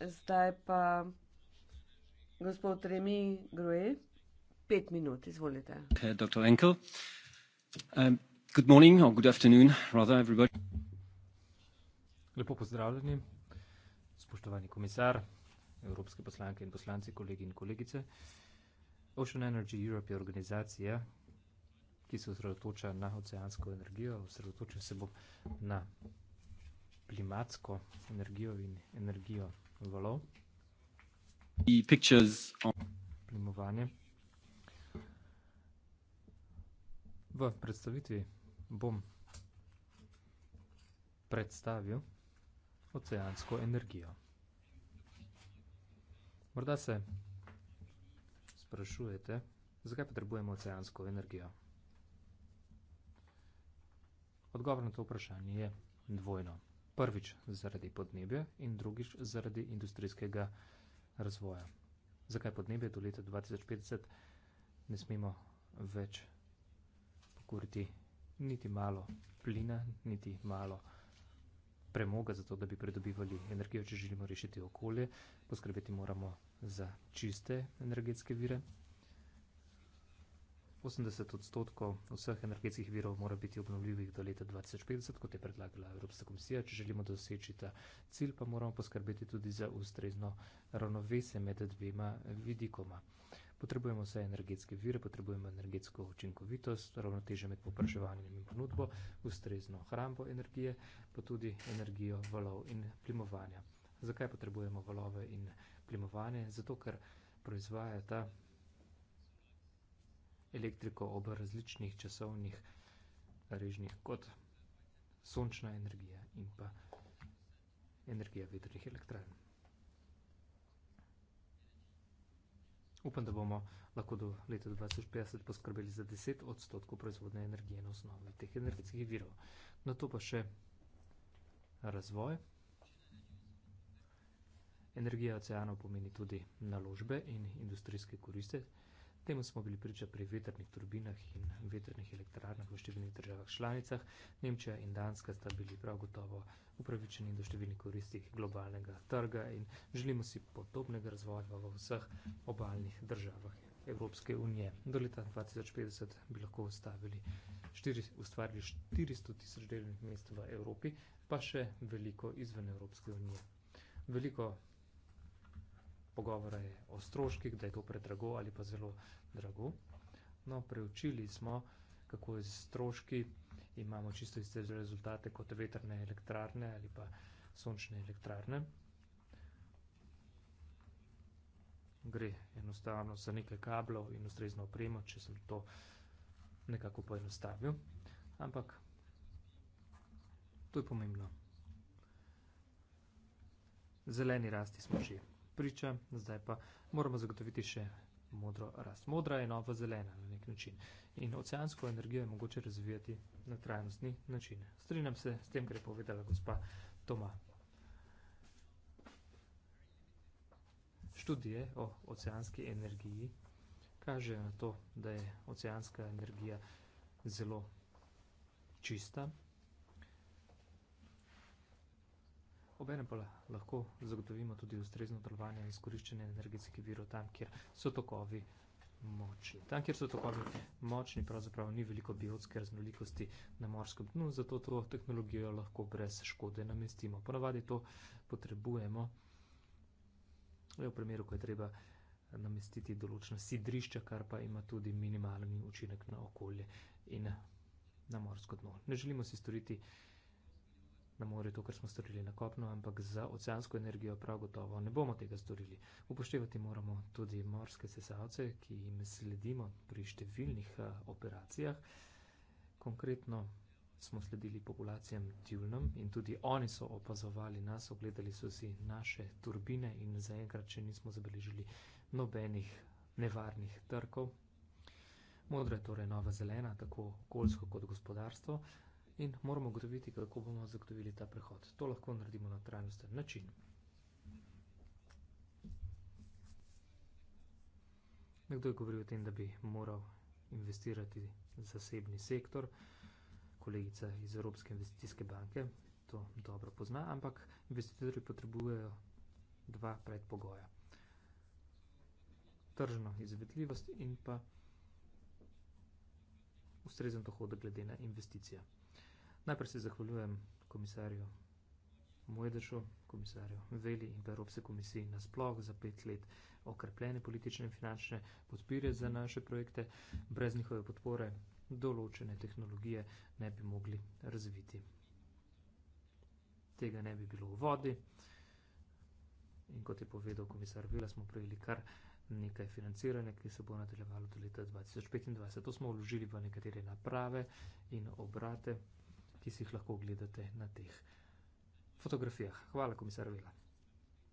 Zdaj pa gospod Remi Gruje, pet minut, izvolite. Dr. Enkel. Um, good morning or good afternoon, rather everybody. Lepo pozdravljeni, spoštovani komisar, evropske poslanke in poslanci, kolegi in kolegice. Ocean Energy Europe je organizacija, ki se osredotoča na oceansko energijo, osredotoča se bo na klimatsko energijo in energijo valov. Plimovanje. V predstavitvi bom predstavil oceansko energijo. Morda se sprašujete, zakaj potrebujemo oceansko energijo? Odgovor na to vprašanje je dvojno. Prvič zaradi podnebja in drugič zaradi industrijskega razvoja. Zakaj podnebje do leta 2050 ne smemo več pokoriti niti malo plina, niti malo energije? premoga, zato da bi pridobivali energijo, če želimo rešiti okolje. Poskrbeti moramo za čiste energetske vire. 80 odstotkov vseh energetskih virov mora biti obnovljivih do leta 2050, kot je predlagala Evropska komisija. Če želimo doseči ta cilj, pa moramo poskrbeti tudi za ustrezno ravnovesje med dvema vidikoma potrebujemo vse energetske vire, potrebujemo energetsko učinkovitost, ravnoteže med popraševanjem in ponudbo, ustrezno hrambo energije, pa tudi energijo valov in plimovanja. Zakaj potrebujemo valove in plimovanje? Zato, ker proizvajata elektriko ob različnih časovnih režnih kot sončna energija in pa energija vetrnih elektrarn. Upam, da bomo lahko do leta 2050 poskrbeli za 10 odstotkov proizvodne energije na osnovi teh energetskih virov. Na to pa še razvoj. Energija oceanov pomeni tudi naložbe in industrijske koriste. Temu smo bili priča pri vetrnih turbinah in vetrnih elektrarnah v številnih državah članicah. Nemčija in Danska sta bili prav gotovo upravičeni do številnih koristih globalnega trga in želimo si podobnega razvoja v vseh obaljnih državah Evropske unije. Do leta 2050 bi lahko ustavili štiri, ustvarili 400 tisoč delovnih mest v Evropi, pa še veliko izven Evropske unije. Veliko pogovora je o stroških, da je to predrago ali pa zelo drago. No, preučili smo, kako je z stroški, imamo čisto iste rezultate kot veterne elektrarne ali pa sončne elektrarne. Gre enostavno za nekaj kablov in ustrezno opremo, če sem to nekako poenostavil. Ampak to je pomembno. Zeleni rasti smo že priča, zdaj pa moramo zagotoviti še modro rast. Modra je nova zelena na nek način in oceansko energijo je mogoče razvijati na trajnostni način. Strinjam se s tem, kar je povedala gospa Toma. Študije o oceanski energiji kažejo na to, da je oceanska energija zelo čista. obenem pa lahko zagotovimo tudi ustrezno delovanje in skoriščenje energetskih virov tam, kjer so tokovi močni. Tam, kjer so tokovi močni, pravzaprav ni veliko biotske raznolikosti na morskem dnu, zato to tehnologijo lahko brez škode namestimo. Ponavadi to potrebujemo v primeru, ko je treba namestiti določena sidrišča, kar pa ima tudi minimalni učinek na okolje in na morsko dno. Ne želimo si storiti uh, na morju to, kar smo storili na kopno, ampak za oceansko energijo prav gotovo ne bomo tega storili. Upoštevati moramo tudi morske sesalce, ki jim sledimo pri številnih operacijah. Konkretno smo sledili populacijam tjulnom in tudi oni so opazovali nas, ogledali so si naše turbine in zaenkrat še nismo zabeležili nobenih nevarnih trkov. Modro je torej nova zelena, tako okoljsko kot gospodarstvo in moramo gotoviti, kako bomo zagotovili ta prehod. To lahko naredimo na trajnosten način. Nekdo je govoril o tem, da bi moral investirati zasebni sektor, kolegica iz Evropske investicijske banke to dobro pozna, ampak investitorji potrebujejo dva predpogoja. Tržno izvedljivost in pa ustrezen dohodek glede na investicija. Najprej se zahvaljujem komisarju Mojdešu, komisarju Veli in pa Evropske komisiji nasploh za pet let okrepljene politične in finančne podpire za naše projekte. Brez njihove podpore določene tehnologije ne bi mogli razviti. Tega ne bi bilo v vodi. In kot je povedal komisar Vila, smo prejeli kar nekaj financiranja, ki se bo nadaljevalo do leta 2025. To smo vložili v nekatere naprave in obrate ki si jih lahko ogledate na teh fotografijah. Hvala, komisar Vela.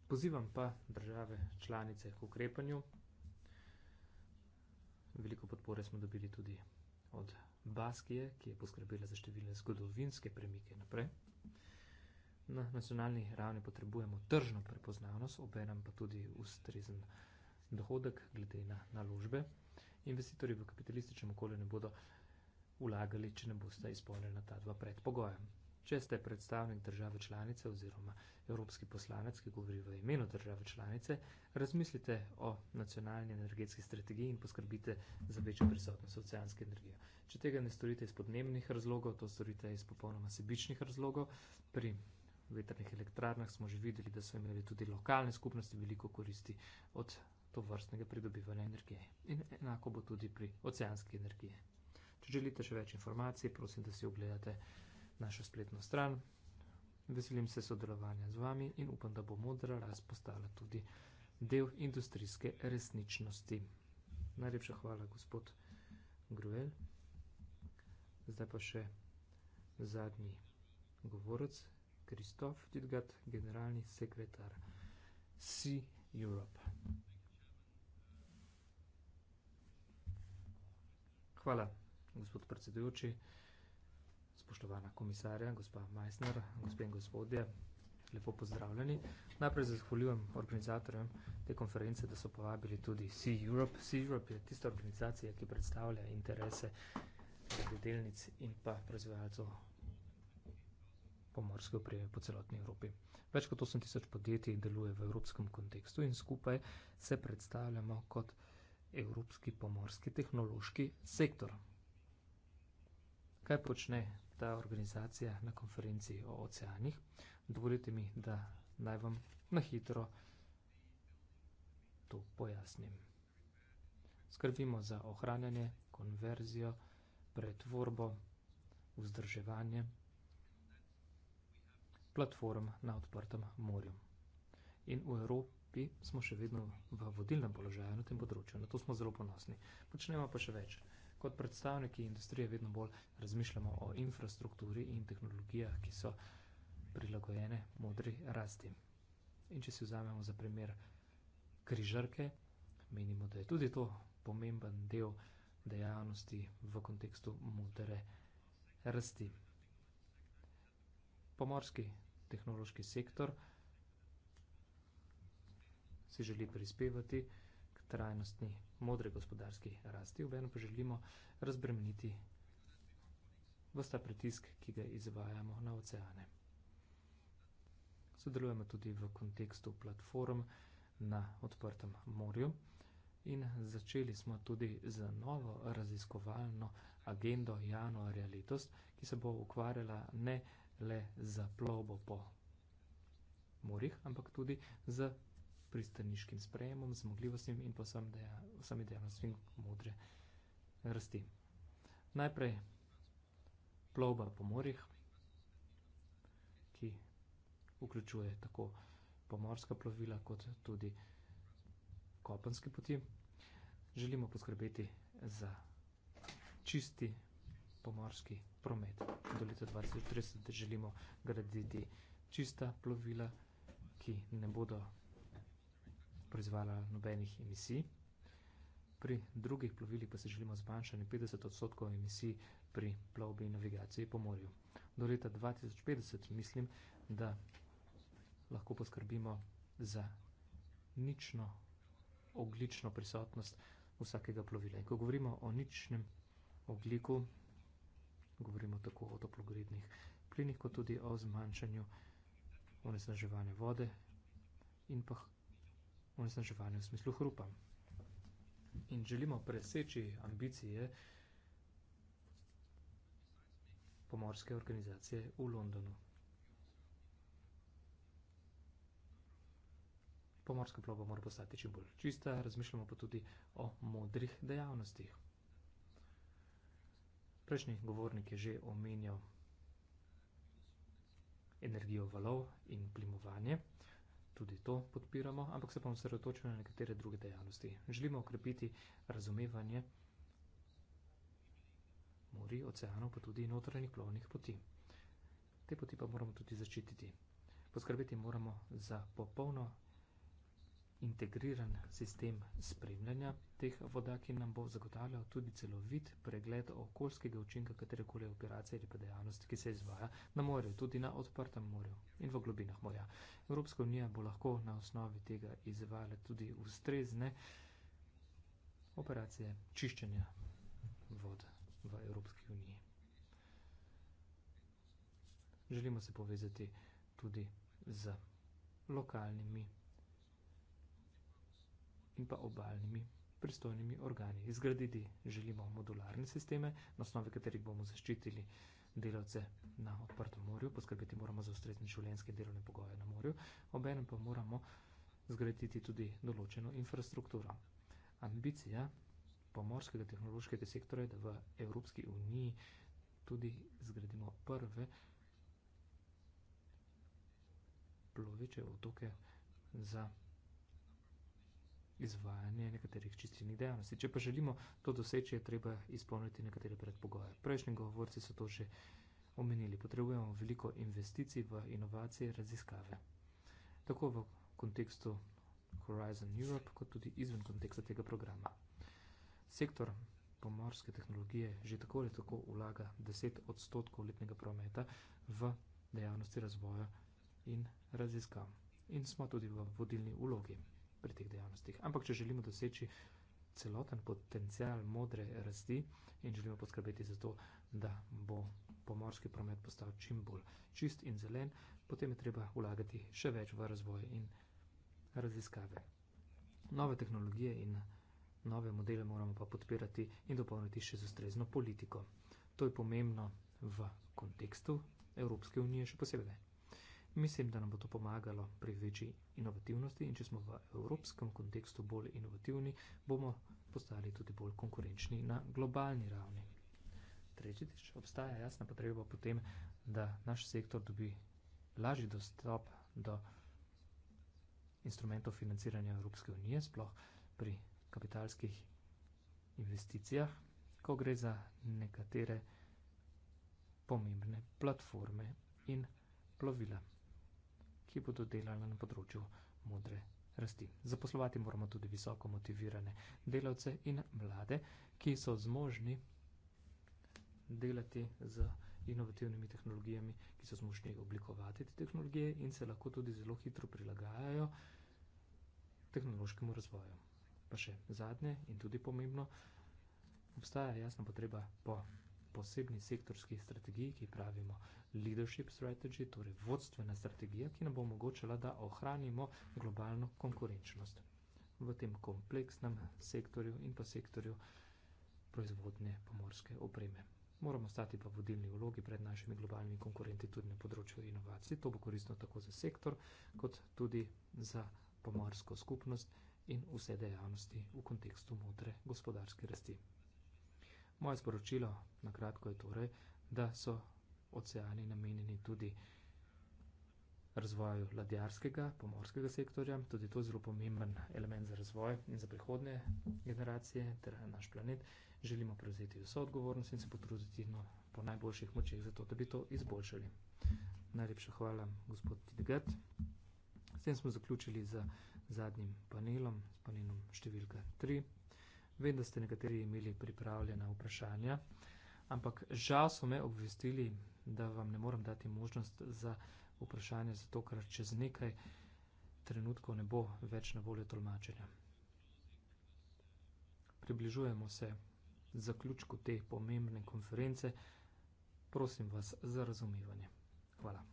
Pozivam pa države članice k ukrepanju. Veliko podpore smo dobili tudi od Baskije, ki je poskrbela za številne zgodovinske premike naprej. Na nacionalni ravni potrebujemo tržno prepoznavnost, obenem pa tudi ustrezen dohodek glede na naložbe. Investitorji v kapitalističnem okolju ne bodo vlagali, če ne boste izpolnjena ta dva predpogoja. Če ste predstavnik države članice oziroma evropski poslanec, ki govori v imenu države članice, razmislite o nacionalni energetski strategiji in poskrbite za večjo prisotnost oceanske energije. Če tega ne storite iz podnebnih razlogov, to storite iz popolnoma sebičnih razlogov. Pri vetrnih elektrarnah smo že videli, da so imeli tudi lokalne skupnosti veliko koristi od to vrstnega pridobivanja energije. In enako bo tudi pri oceanski energiji. Če želite še več informacij, prosim, da si ogledate našo spletno stran. Veselim se sodelovanja z vami in upam, da bo modra rast postala tudi del industrijske resničnosti. Najlepša hvala, gospod Gruel. Zdaj pa še zadnji govorec, Kristof Didgat, generalni sekretar Sea Europe. Hvala gospod predsedujoči, spoštovana komisarja, gospa Majsner, gospe in gospodje, lepo pozdravljeni. Najprej zahvaljujem organizatorjem te konference, da so povabili tudi Sea Europe. Sea Europe je tista organizacija, ki predstavlja interese delnic in pa proizvajalcev pomorske opreme po celotni Evropi. Več kot 8000 podjetij deluje v evropskem kontekstu in skupaj se predstavljamo kot evropski pomorski tehnološki sektor kaj počne ta organizacija na konferenci o oceanih. Dovolite mi, da naj vam na hitro to pojasnim. Skrbimo za ohranjanje, konverzijo, pretvorbo, vzdrževanje platform na odprtem morju. In v Evropi smo še vedno v vodilnem položaju na tem področju, na to smo zelo ponosni. Počnemo pa še več kot predstavniki industrije vedno bolj razmišljamo o infrastrukturi in tehnologijah, ki so prilagojene modri rasti. In če si vzamemo za primer križarke, menimo, da je tudi to pomemben del dejavnosti v kontekstu modre rasti. Pomorski tehnološki sektor si želi prispevati k trajnostni modre gospodarske rasti, obenem pa želimo razbremeniti vsta pritisk, ki ga izvajamo na oceane. Sodelujemo tudi v kontekstu platform na odprtem morju in začeli smo tudi z novo raziskovalno agendo januarja letos, ki se bo ukvarjala ne le za plovbo po morjih, ampak tudi z pristaniškim sprejemom, zmogljivostim in pa vsemi dejavnostmi modre rasti. Najprej plovba po morjih, ki vključuje tako pomorska plovila kot tudi kopenske poti. Želimo poskrbeti za čisti pomorski promet. Do leta 2030 želimo graditi čista plovila, ki ne bodo proizvala nobenih emisij. Pri drugih plovilih pa se želimo zmanjšati 50 odstotkov emisij pri plovbi in navigaciji po morju. Do leta 2050 mislim, da lahko poskrbimo za nično oglično prisotnost vsakega plovila. In ko govorimo o ničnem ogliku, govorimo tako o toplogrednih plinih, kot tudi o zmanjšanju onesnaževanja vode in pa onesnaževanje v smislu hrupa. In želimo preseči ambicije pomorske organizacije v Londonu. Pomorska ploba mora postati čim bolj čista, razmišljamo pa tudi o modrih dejavnostih. Prejšnji govornik je že omenjal energijo valov in plimovanje tudi to podpiramo, ampak se bomo sredotočili na nekatere druge dejavnosti. Želimo okrepiti razumevanje morij, oceanov, pa tudi notranjih plovnih poti. Te poti pa moramo tudi zaščititi. Poskrbeti moramo za popolno integriran sistem spremljanja teh voda, ki nam bo zagotavljal tudi celovit pregled okoljskega učinka katerekoli operacije ali pa dejavnosti, ki se izvaja na morju, tudi na odprtem morju in v globinah morja. Evropska unija bo lahko na osnovi tega izvajala tudi ustrezne operacije čiščenja vod v Evropski uniji. Želimo se povezati tudi z lokalnimi in pa obaljnimi pristojnimi organi. Izgraditi želimo modularne sisteme, na osnovi katerih bomo zaščitili delavce na odprtem morju, poskrbeti moramo za ustrezne življenjske delovne pogoje na morju, obenem pa moramo zgraditi tudi določeno infrastrukturo. Ambicija pomorskega tehnološkega sektora je, da v Evropski uniji tudi zgradimo prve ploveče otoke za izvajanje nekaterih čistilnih dejavnosti. Če pa želimo to doseči, je treba izpolniti nekatere predpogoje. Prejšnji govorci so to že omenili. Potrebujemo veliko investicij v inovacije, raziskave. Tako v kontekstu Horizon Europe, kot tudi izven konteksta tega programa. Sektor pomorske tehnologije že tako ali tako vlaga 10 odstotkov letnega prometa v dejavnosti razvoja in raziskav. In smo tudi v vodilni ulogi pri teh dejavnostih. Ampak, če želimo doseči celoten potencial modre rasti in želimo poskrbeti za to, da bo pomorski promet postal čim bolj čist in zelen, potem je treba vlagati še več v razvoj in raziskave. Nove tehnologije in nove modele moramo pa podpirati in dopolniti še z ustrezno politiko. To je pomembno v kontekstu Evropske unije še posebej. Mislim, da nam bo to pomagalo pri večji inovativnosti in če smo v evropskem kontekstu bolj inovativni, bomo postali tudi bolj konkurenčni na globalni ravni. Tretjič, obstaja jasna potreba potem, da naš sektor dobi lažji dostop do instrumentov financiranja Evropske unije, sploh pri kapitalskih investicijah, ko gre za nekatere pomembne platforme in plovila ki bodo delali na področju modre rasti. Zaposlovati moramo tudi visoko motivirane delavce in mlade, ki so zmožni delati z inovativnimi tehnologijami, ki so zmožni oblikovati te tehnologije in se lahko tudi zelo hitro prilagajajo tehnološkemu razvoju. Pa še zadnje in tudi pomembno, obstaja jasna potreba po posebni sektorski strategiji, ki pravimo leadership strategy, torej vodstvena strategija, ki nam bo omogočala, da ohranimo globalno konkurenčnost v tem kompleksnem sektorju in pa sektorju proizvodnje pomorske opreme. Moramo stati pa vodilni vlogi pred našimi globalnimi konkurenti tudi na področju inovacij. To bo koristno tako za sektor, kot tudi za pomorsko skupnost in vse dejavnosti v kontekstu modre gospodarske rasti. Moje sporočilo na kratko je torej, da so oceani namenjeni tudi razvoju ladjarskega, pomorskega sektorja. Tudi to je zelo pomemben element za razvoj in za prihodne generacije ter naš planet. Želimo prevzeti vso odgovornost in se potruditi no, po najboljših močeh za to, da bi to izboljšali. Najlepša hvala, gospod Tidegat. S tem smo zaključili z zadnjim panelom, s panelom številka 3. Vem, da ste nekateri imeli pripravljena vprašanja, ampak žal so me obvestili, da vam ne morem dati možnost za vprašanje, zato ker čez nekaj trenutkov ne bo več na voljo tolmačenja. Približujemo se zaključku te pomembne konference. Prosim vas za razumevanje. Hvala.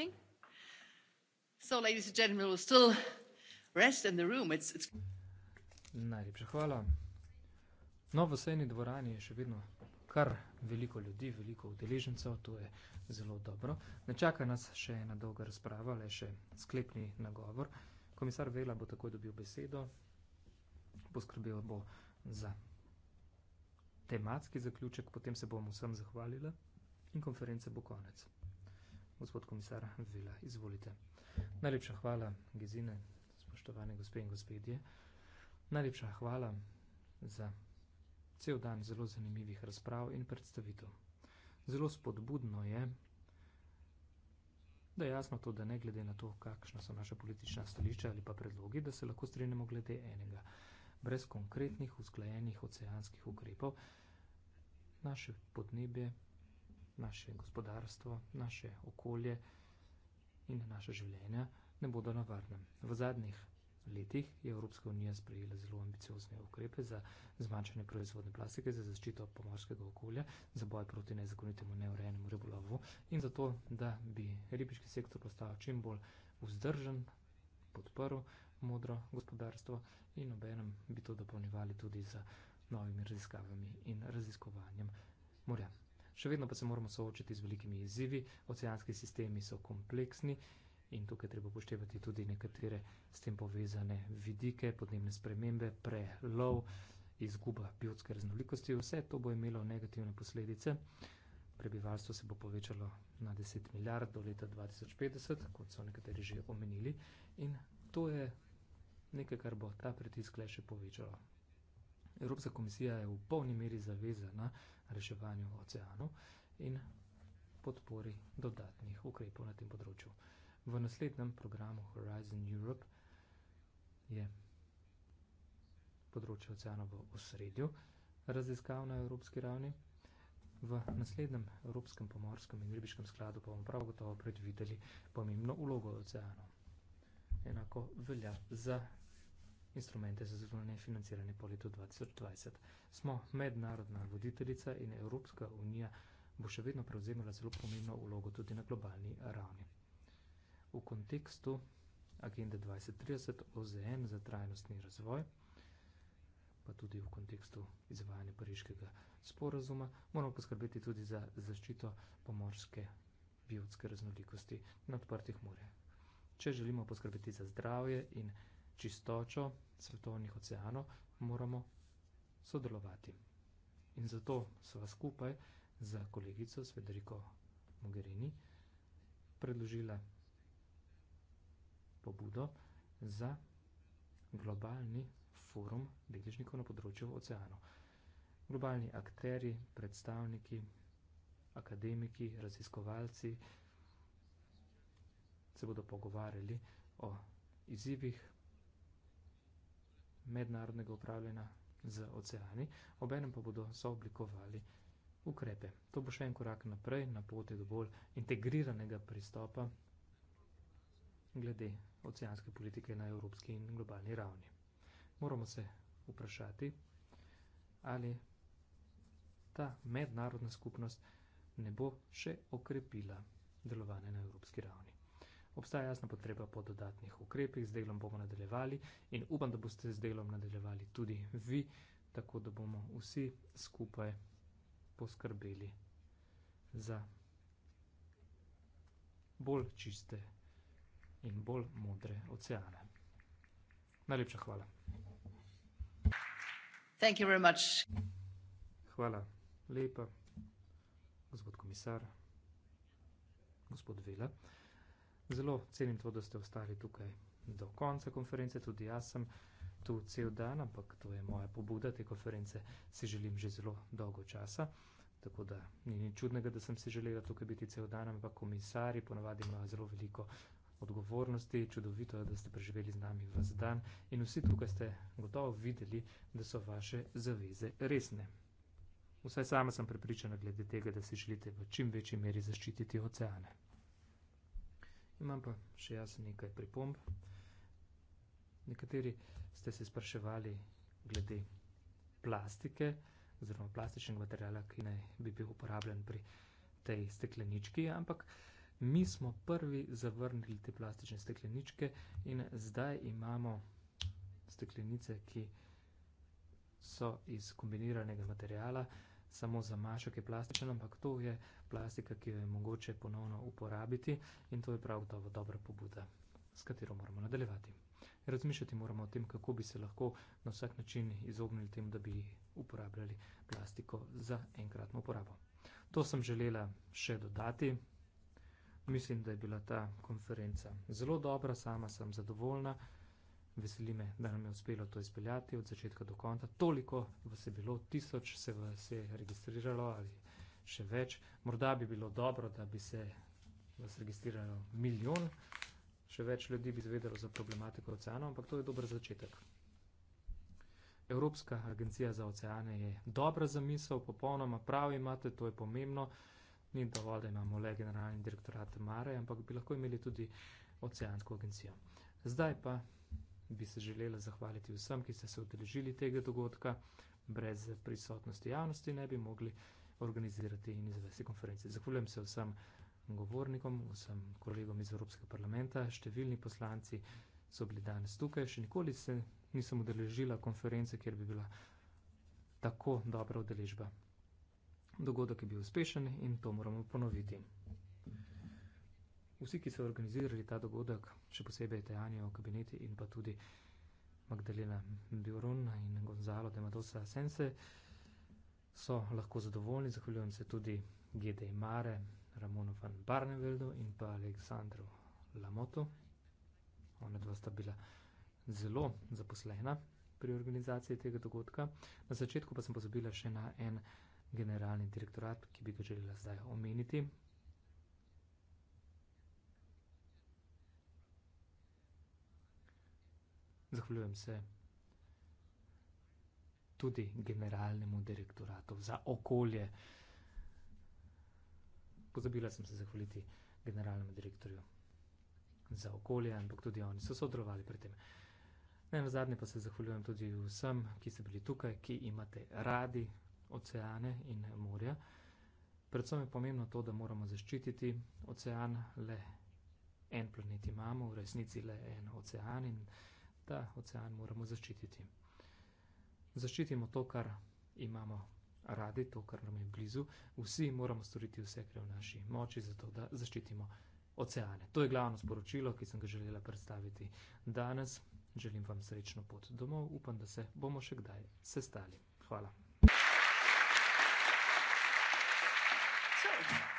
Okay. So, ladies and gentlemen, we'll still rest in the room. It's, it's... Najlepša hvala. No, v sejni dvorani je še vedno kar veliko ljudi, veliko udeležencev, to je zelo dobro. Ne čaka nas še ena dolga razprava, le še sklepni nagovor. Komisar Vela bo takoj dobil besedo, poskrbel bo za tematski zaključek, potem se bom vsem zahvalila in konference bo konec gospod komisar Vila. Izvolite. Najlepša hvala, Gezine, spoštovane gospe in gospedje. Najlepša hvala za cel dan zelo zanimivih razprav in predstavitev. Zelo spodbudno je, da je jasno to, da ne glede na to, kakšna so naša politična stališča ali pa predlogi, da se lahko strinjamo glede enega. Brez konkretnih usklajenih oceanskih ukrepov naše podnebje naše gospodarstvo, naše okolje in naše življenja ne bodo na varnem. V zadnjih letih je Evropska unija sprejela zelo ambiciozne ukrepe za zmanjšanje proizvodne plastike, za zaščito pomorskega okolja, za boj proti nezakonitemu neurejenemu ribolovu in zato, da bi ribiški sektor postal čim bolj vzdržen, podprl modro gospodarstvo in obenem bi to dopolnjevali tudi z novimi raziskavami in raziskovanjem morja še vedno pa se moramo soočiti z velikimi izzivi, oceanski sistemi so kompleksni in tukaj treba poštevati tudi nekatere s tem povezane vidike, podnebne spremembe, prelov, izguba biotske raznolikosti. Vse to bo imelo negativne posledice. Prebivalstvo se bo povečalo na 10 milijard do leta 2050, kot so nekateri že omenili, in to je nekaj, kar bo ta pritisk le še povečalo. Evropska komisija je v polni meri zavezana reševanju oceanov in podpori dodatnih ukrepov na tem področju. V naslednjem programu Horizon Europe je področje oceanov v osredju raziskav na evropski ravni. V naslednjem Evropskem pomorskem in ribiškem skladu pa bomo prav gotovo predvideli pomembno ulogo oceanov. Enako velja za instrumente za zunanje financiranje po letu 2020. Smo mednarodna voditeljica in Evropska unija bo še vedno prevzemila zelo pomembno vlogo tudi na globalni ravni. V kontekstu agende 2030 OZN za trajnostni razvoj, pa tudi v kontekstu izvajanja pariškega sporazuma, moramo poskrbeti tudi za zaščito pomorske biotske raznolikosti na odprtih morjih. Če želimo poskrbeti za zdravje in čistočo svetovnih oceanov moramo sodelovati. In zato sva skupaj z kolegico Svederiko Mogherini predložila pobudo za globalni forum deležnikov na področju oceanov. Globalni akteri, predstavniki, akademiki, raziskovalci se bodo pogovarjali o izzivih, mednarodnega upravljanja z oceani, obenem pa bodo sooblikovali ukrepe. To bo še en korak naprej na poti do bolj integriranega pristopa glede oceanske politike na evropski in globalni ravni. Moramo se vprašati, ali ta mednarodna skupnost ne bo še okrepila delovanje na evropski ravni obstaja jasna potreba po dodatnih ukrepih, z delom bomo nadaljevali in upam, da boste z delom nadaljevali tudi vi, tako da bomo vsi skupaj poskrbeli za bolj čiste in bolj modre oceane. Najlepša hvala. Thank you very much. Hvala lepa, gospod komisar, gospod Vela. Zelo cenim to, da ste ostali tukaj do konca konference, tudi jaz sem tu cel dan, ampak to je moja pobuda, te konference si želim že zelo dolgo časa, tako da ni nič čudnega, da sem si želela tukaj biti cel dan, ampak komisari ponavadi imajo zelo veliko odgovornosti, čudovito je, da ste preživeli z nami vas dan in vsi tukaj ste gotovo videli, da so vaše zaveze resne. Vsaj sama sem prepričana glede tega, da si želite v čim večji meri zaščititi oceane. Imam pa še jaz nekaj pripomb. Nekateri ste se spraševali glede plastike oziroma plastičnega materijala, ki naj bi bil uporabljen pri tej steklenički, ampak mi smo prvi zavrnili te plastične stekleničke in zdaj imamo steklenice, ki so iz kombiniranega materijala, uh, samo zamašek je plastičen, ampak to je plastika, ki jo je mogoče ponovno uporabiti in to je prav gotovo dobra pobuda, s katero moramo nadaljevati. Razmišljati moramo o tem, kako bi se lahko na vsak način izognili tem, da bi uporabljali plastiko za enkratno uporabo. To sem želela še dodati. Mislim, da je bila ta konferenca zelo dobra, sama sem zadovoljna. Veseli me, da nam je uspelo to izpeljati od začetka do konca. Toliko vas je bilo, tisoč se vas je registriralo ali še več. Morda bi bilo dobro, da bi se vas registriralo milijon, še več ljudi bi zvedelo za problematiko oceanov, ampak to je dober začetek. Evropska agencija za oceane je dobra zamisel, popolnoma prav imate, to je pomembno. Ni dovolj, da imamo le generalni direktorat Mare, ampak bi lahko imeli tudi oceansko agencijo. Zdaj pa bi se želela zahvaliti vsem, ki ste se odeležili tega dogodka. Brez prisotnosti javnosti ne bi mogli organizirati in izvesti konference. Zahvaljujem se vsem govornikom, vsem kolegom iz Evropskega parlamenta, številni poslanci so bili danes tukaj. Še nikoli se nisem odeležila konference, kjer bi bila tako dobra odeležba. Dogodek je bil uspešen in to moramo ponoviti vsi, ki so organizirali ta dogodek, še posebej Tejanje v kabineti in pa tudi Magdalena Biorun in Gonzalo de Madosa Sense, so lahko zadovoljni. Zahvaljujem se tudi GD Mare, Ramonu van Barneveldu in pa Aleksandru Lamotu. Ona dva sta bila zelo zaposlena pri organizaciji tega dogodka. Na začetku pa sem pozabila še na en generalni direktorat, ki bi ga želela zdaj omeniti, Zahvaljujem se tudi generalnemu direktoratu za okolje. Pozabila sem se zahvaliti generalnemu direktorju za okolje, ampak tudi oni so sodelovali pri tem. Ne na zadnje pa se zahvaljujem tudi vsem, ki ste bili tukaj, ki imate radi oceane in morja. Predvsem je pomembno to, da moramo zaščititi ocean, le en planet imamo, v resnici le en ocean in ocean ta ocean moramo zaščititi. Zaščitimo to, kar imamo radi, to, kar nam je blizu. Vsi moramo storiti vse, kar je v naši moči, zato da zaščitimo oceane. To je glavno sporočilo, ki sem ga želela predstaviti danes. Želim vam srečno pot domov, upam, da se bomo še kdaj sestali. Hvala. Thank you.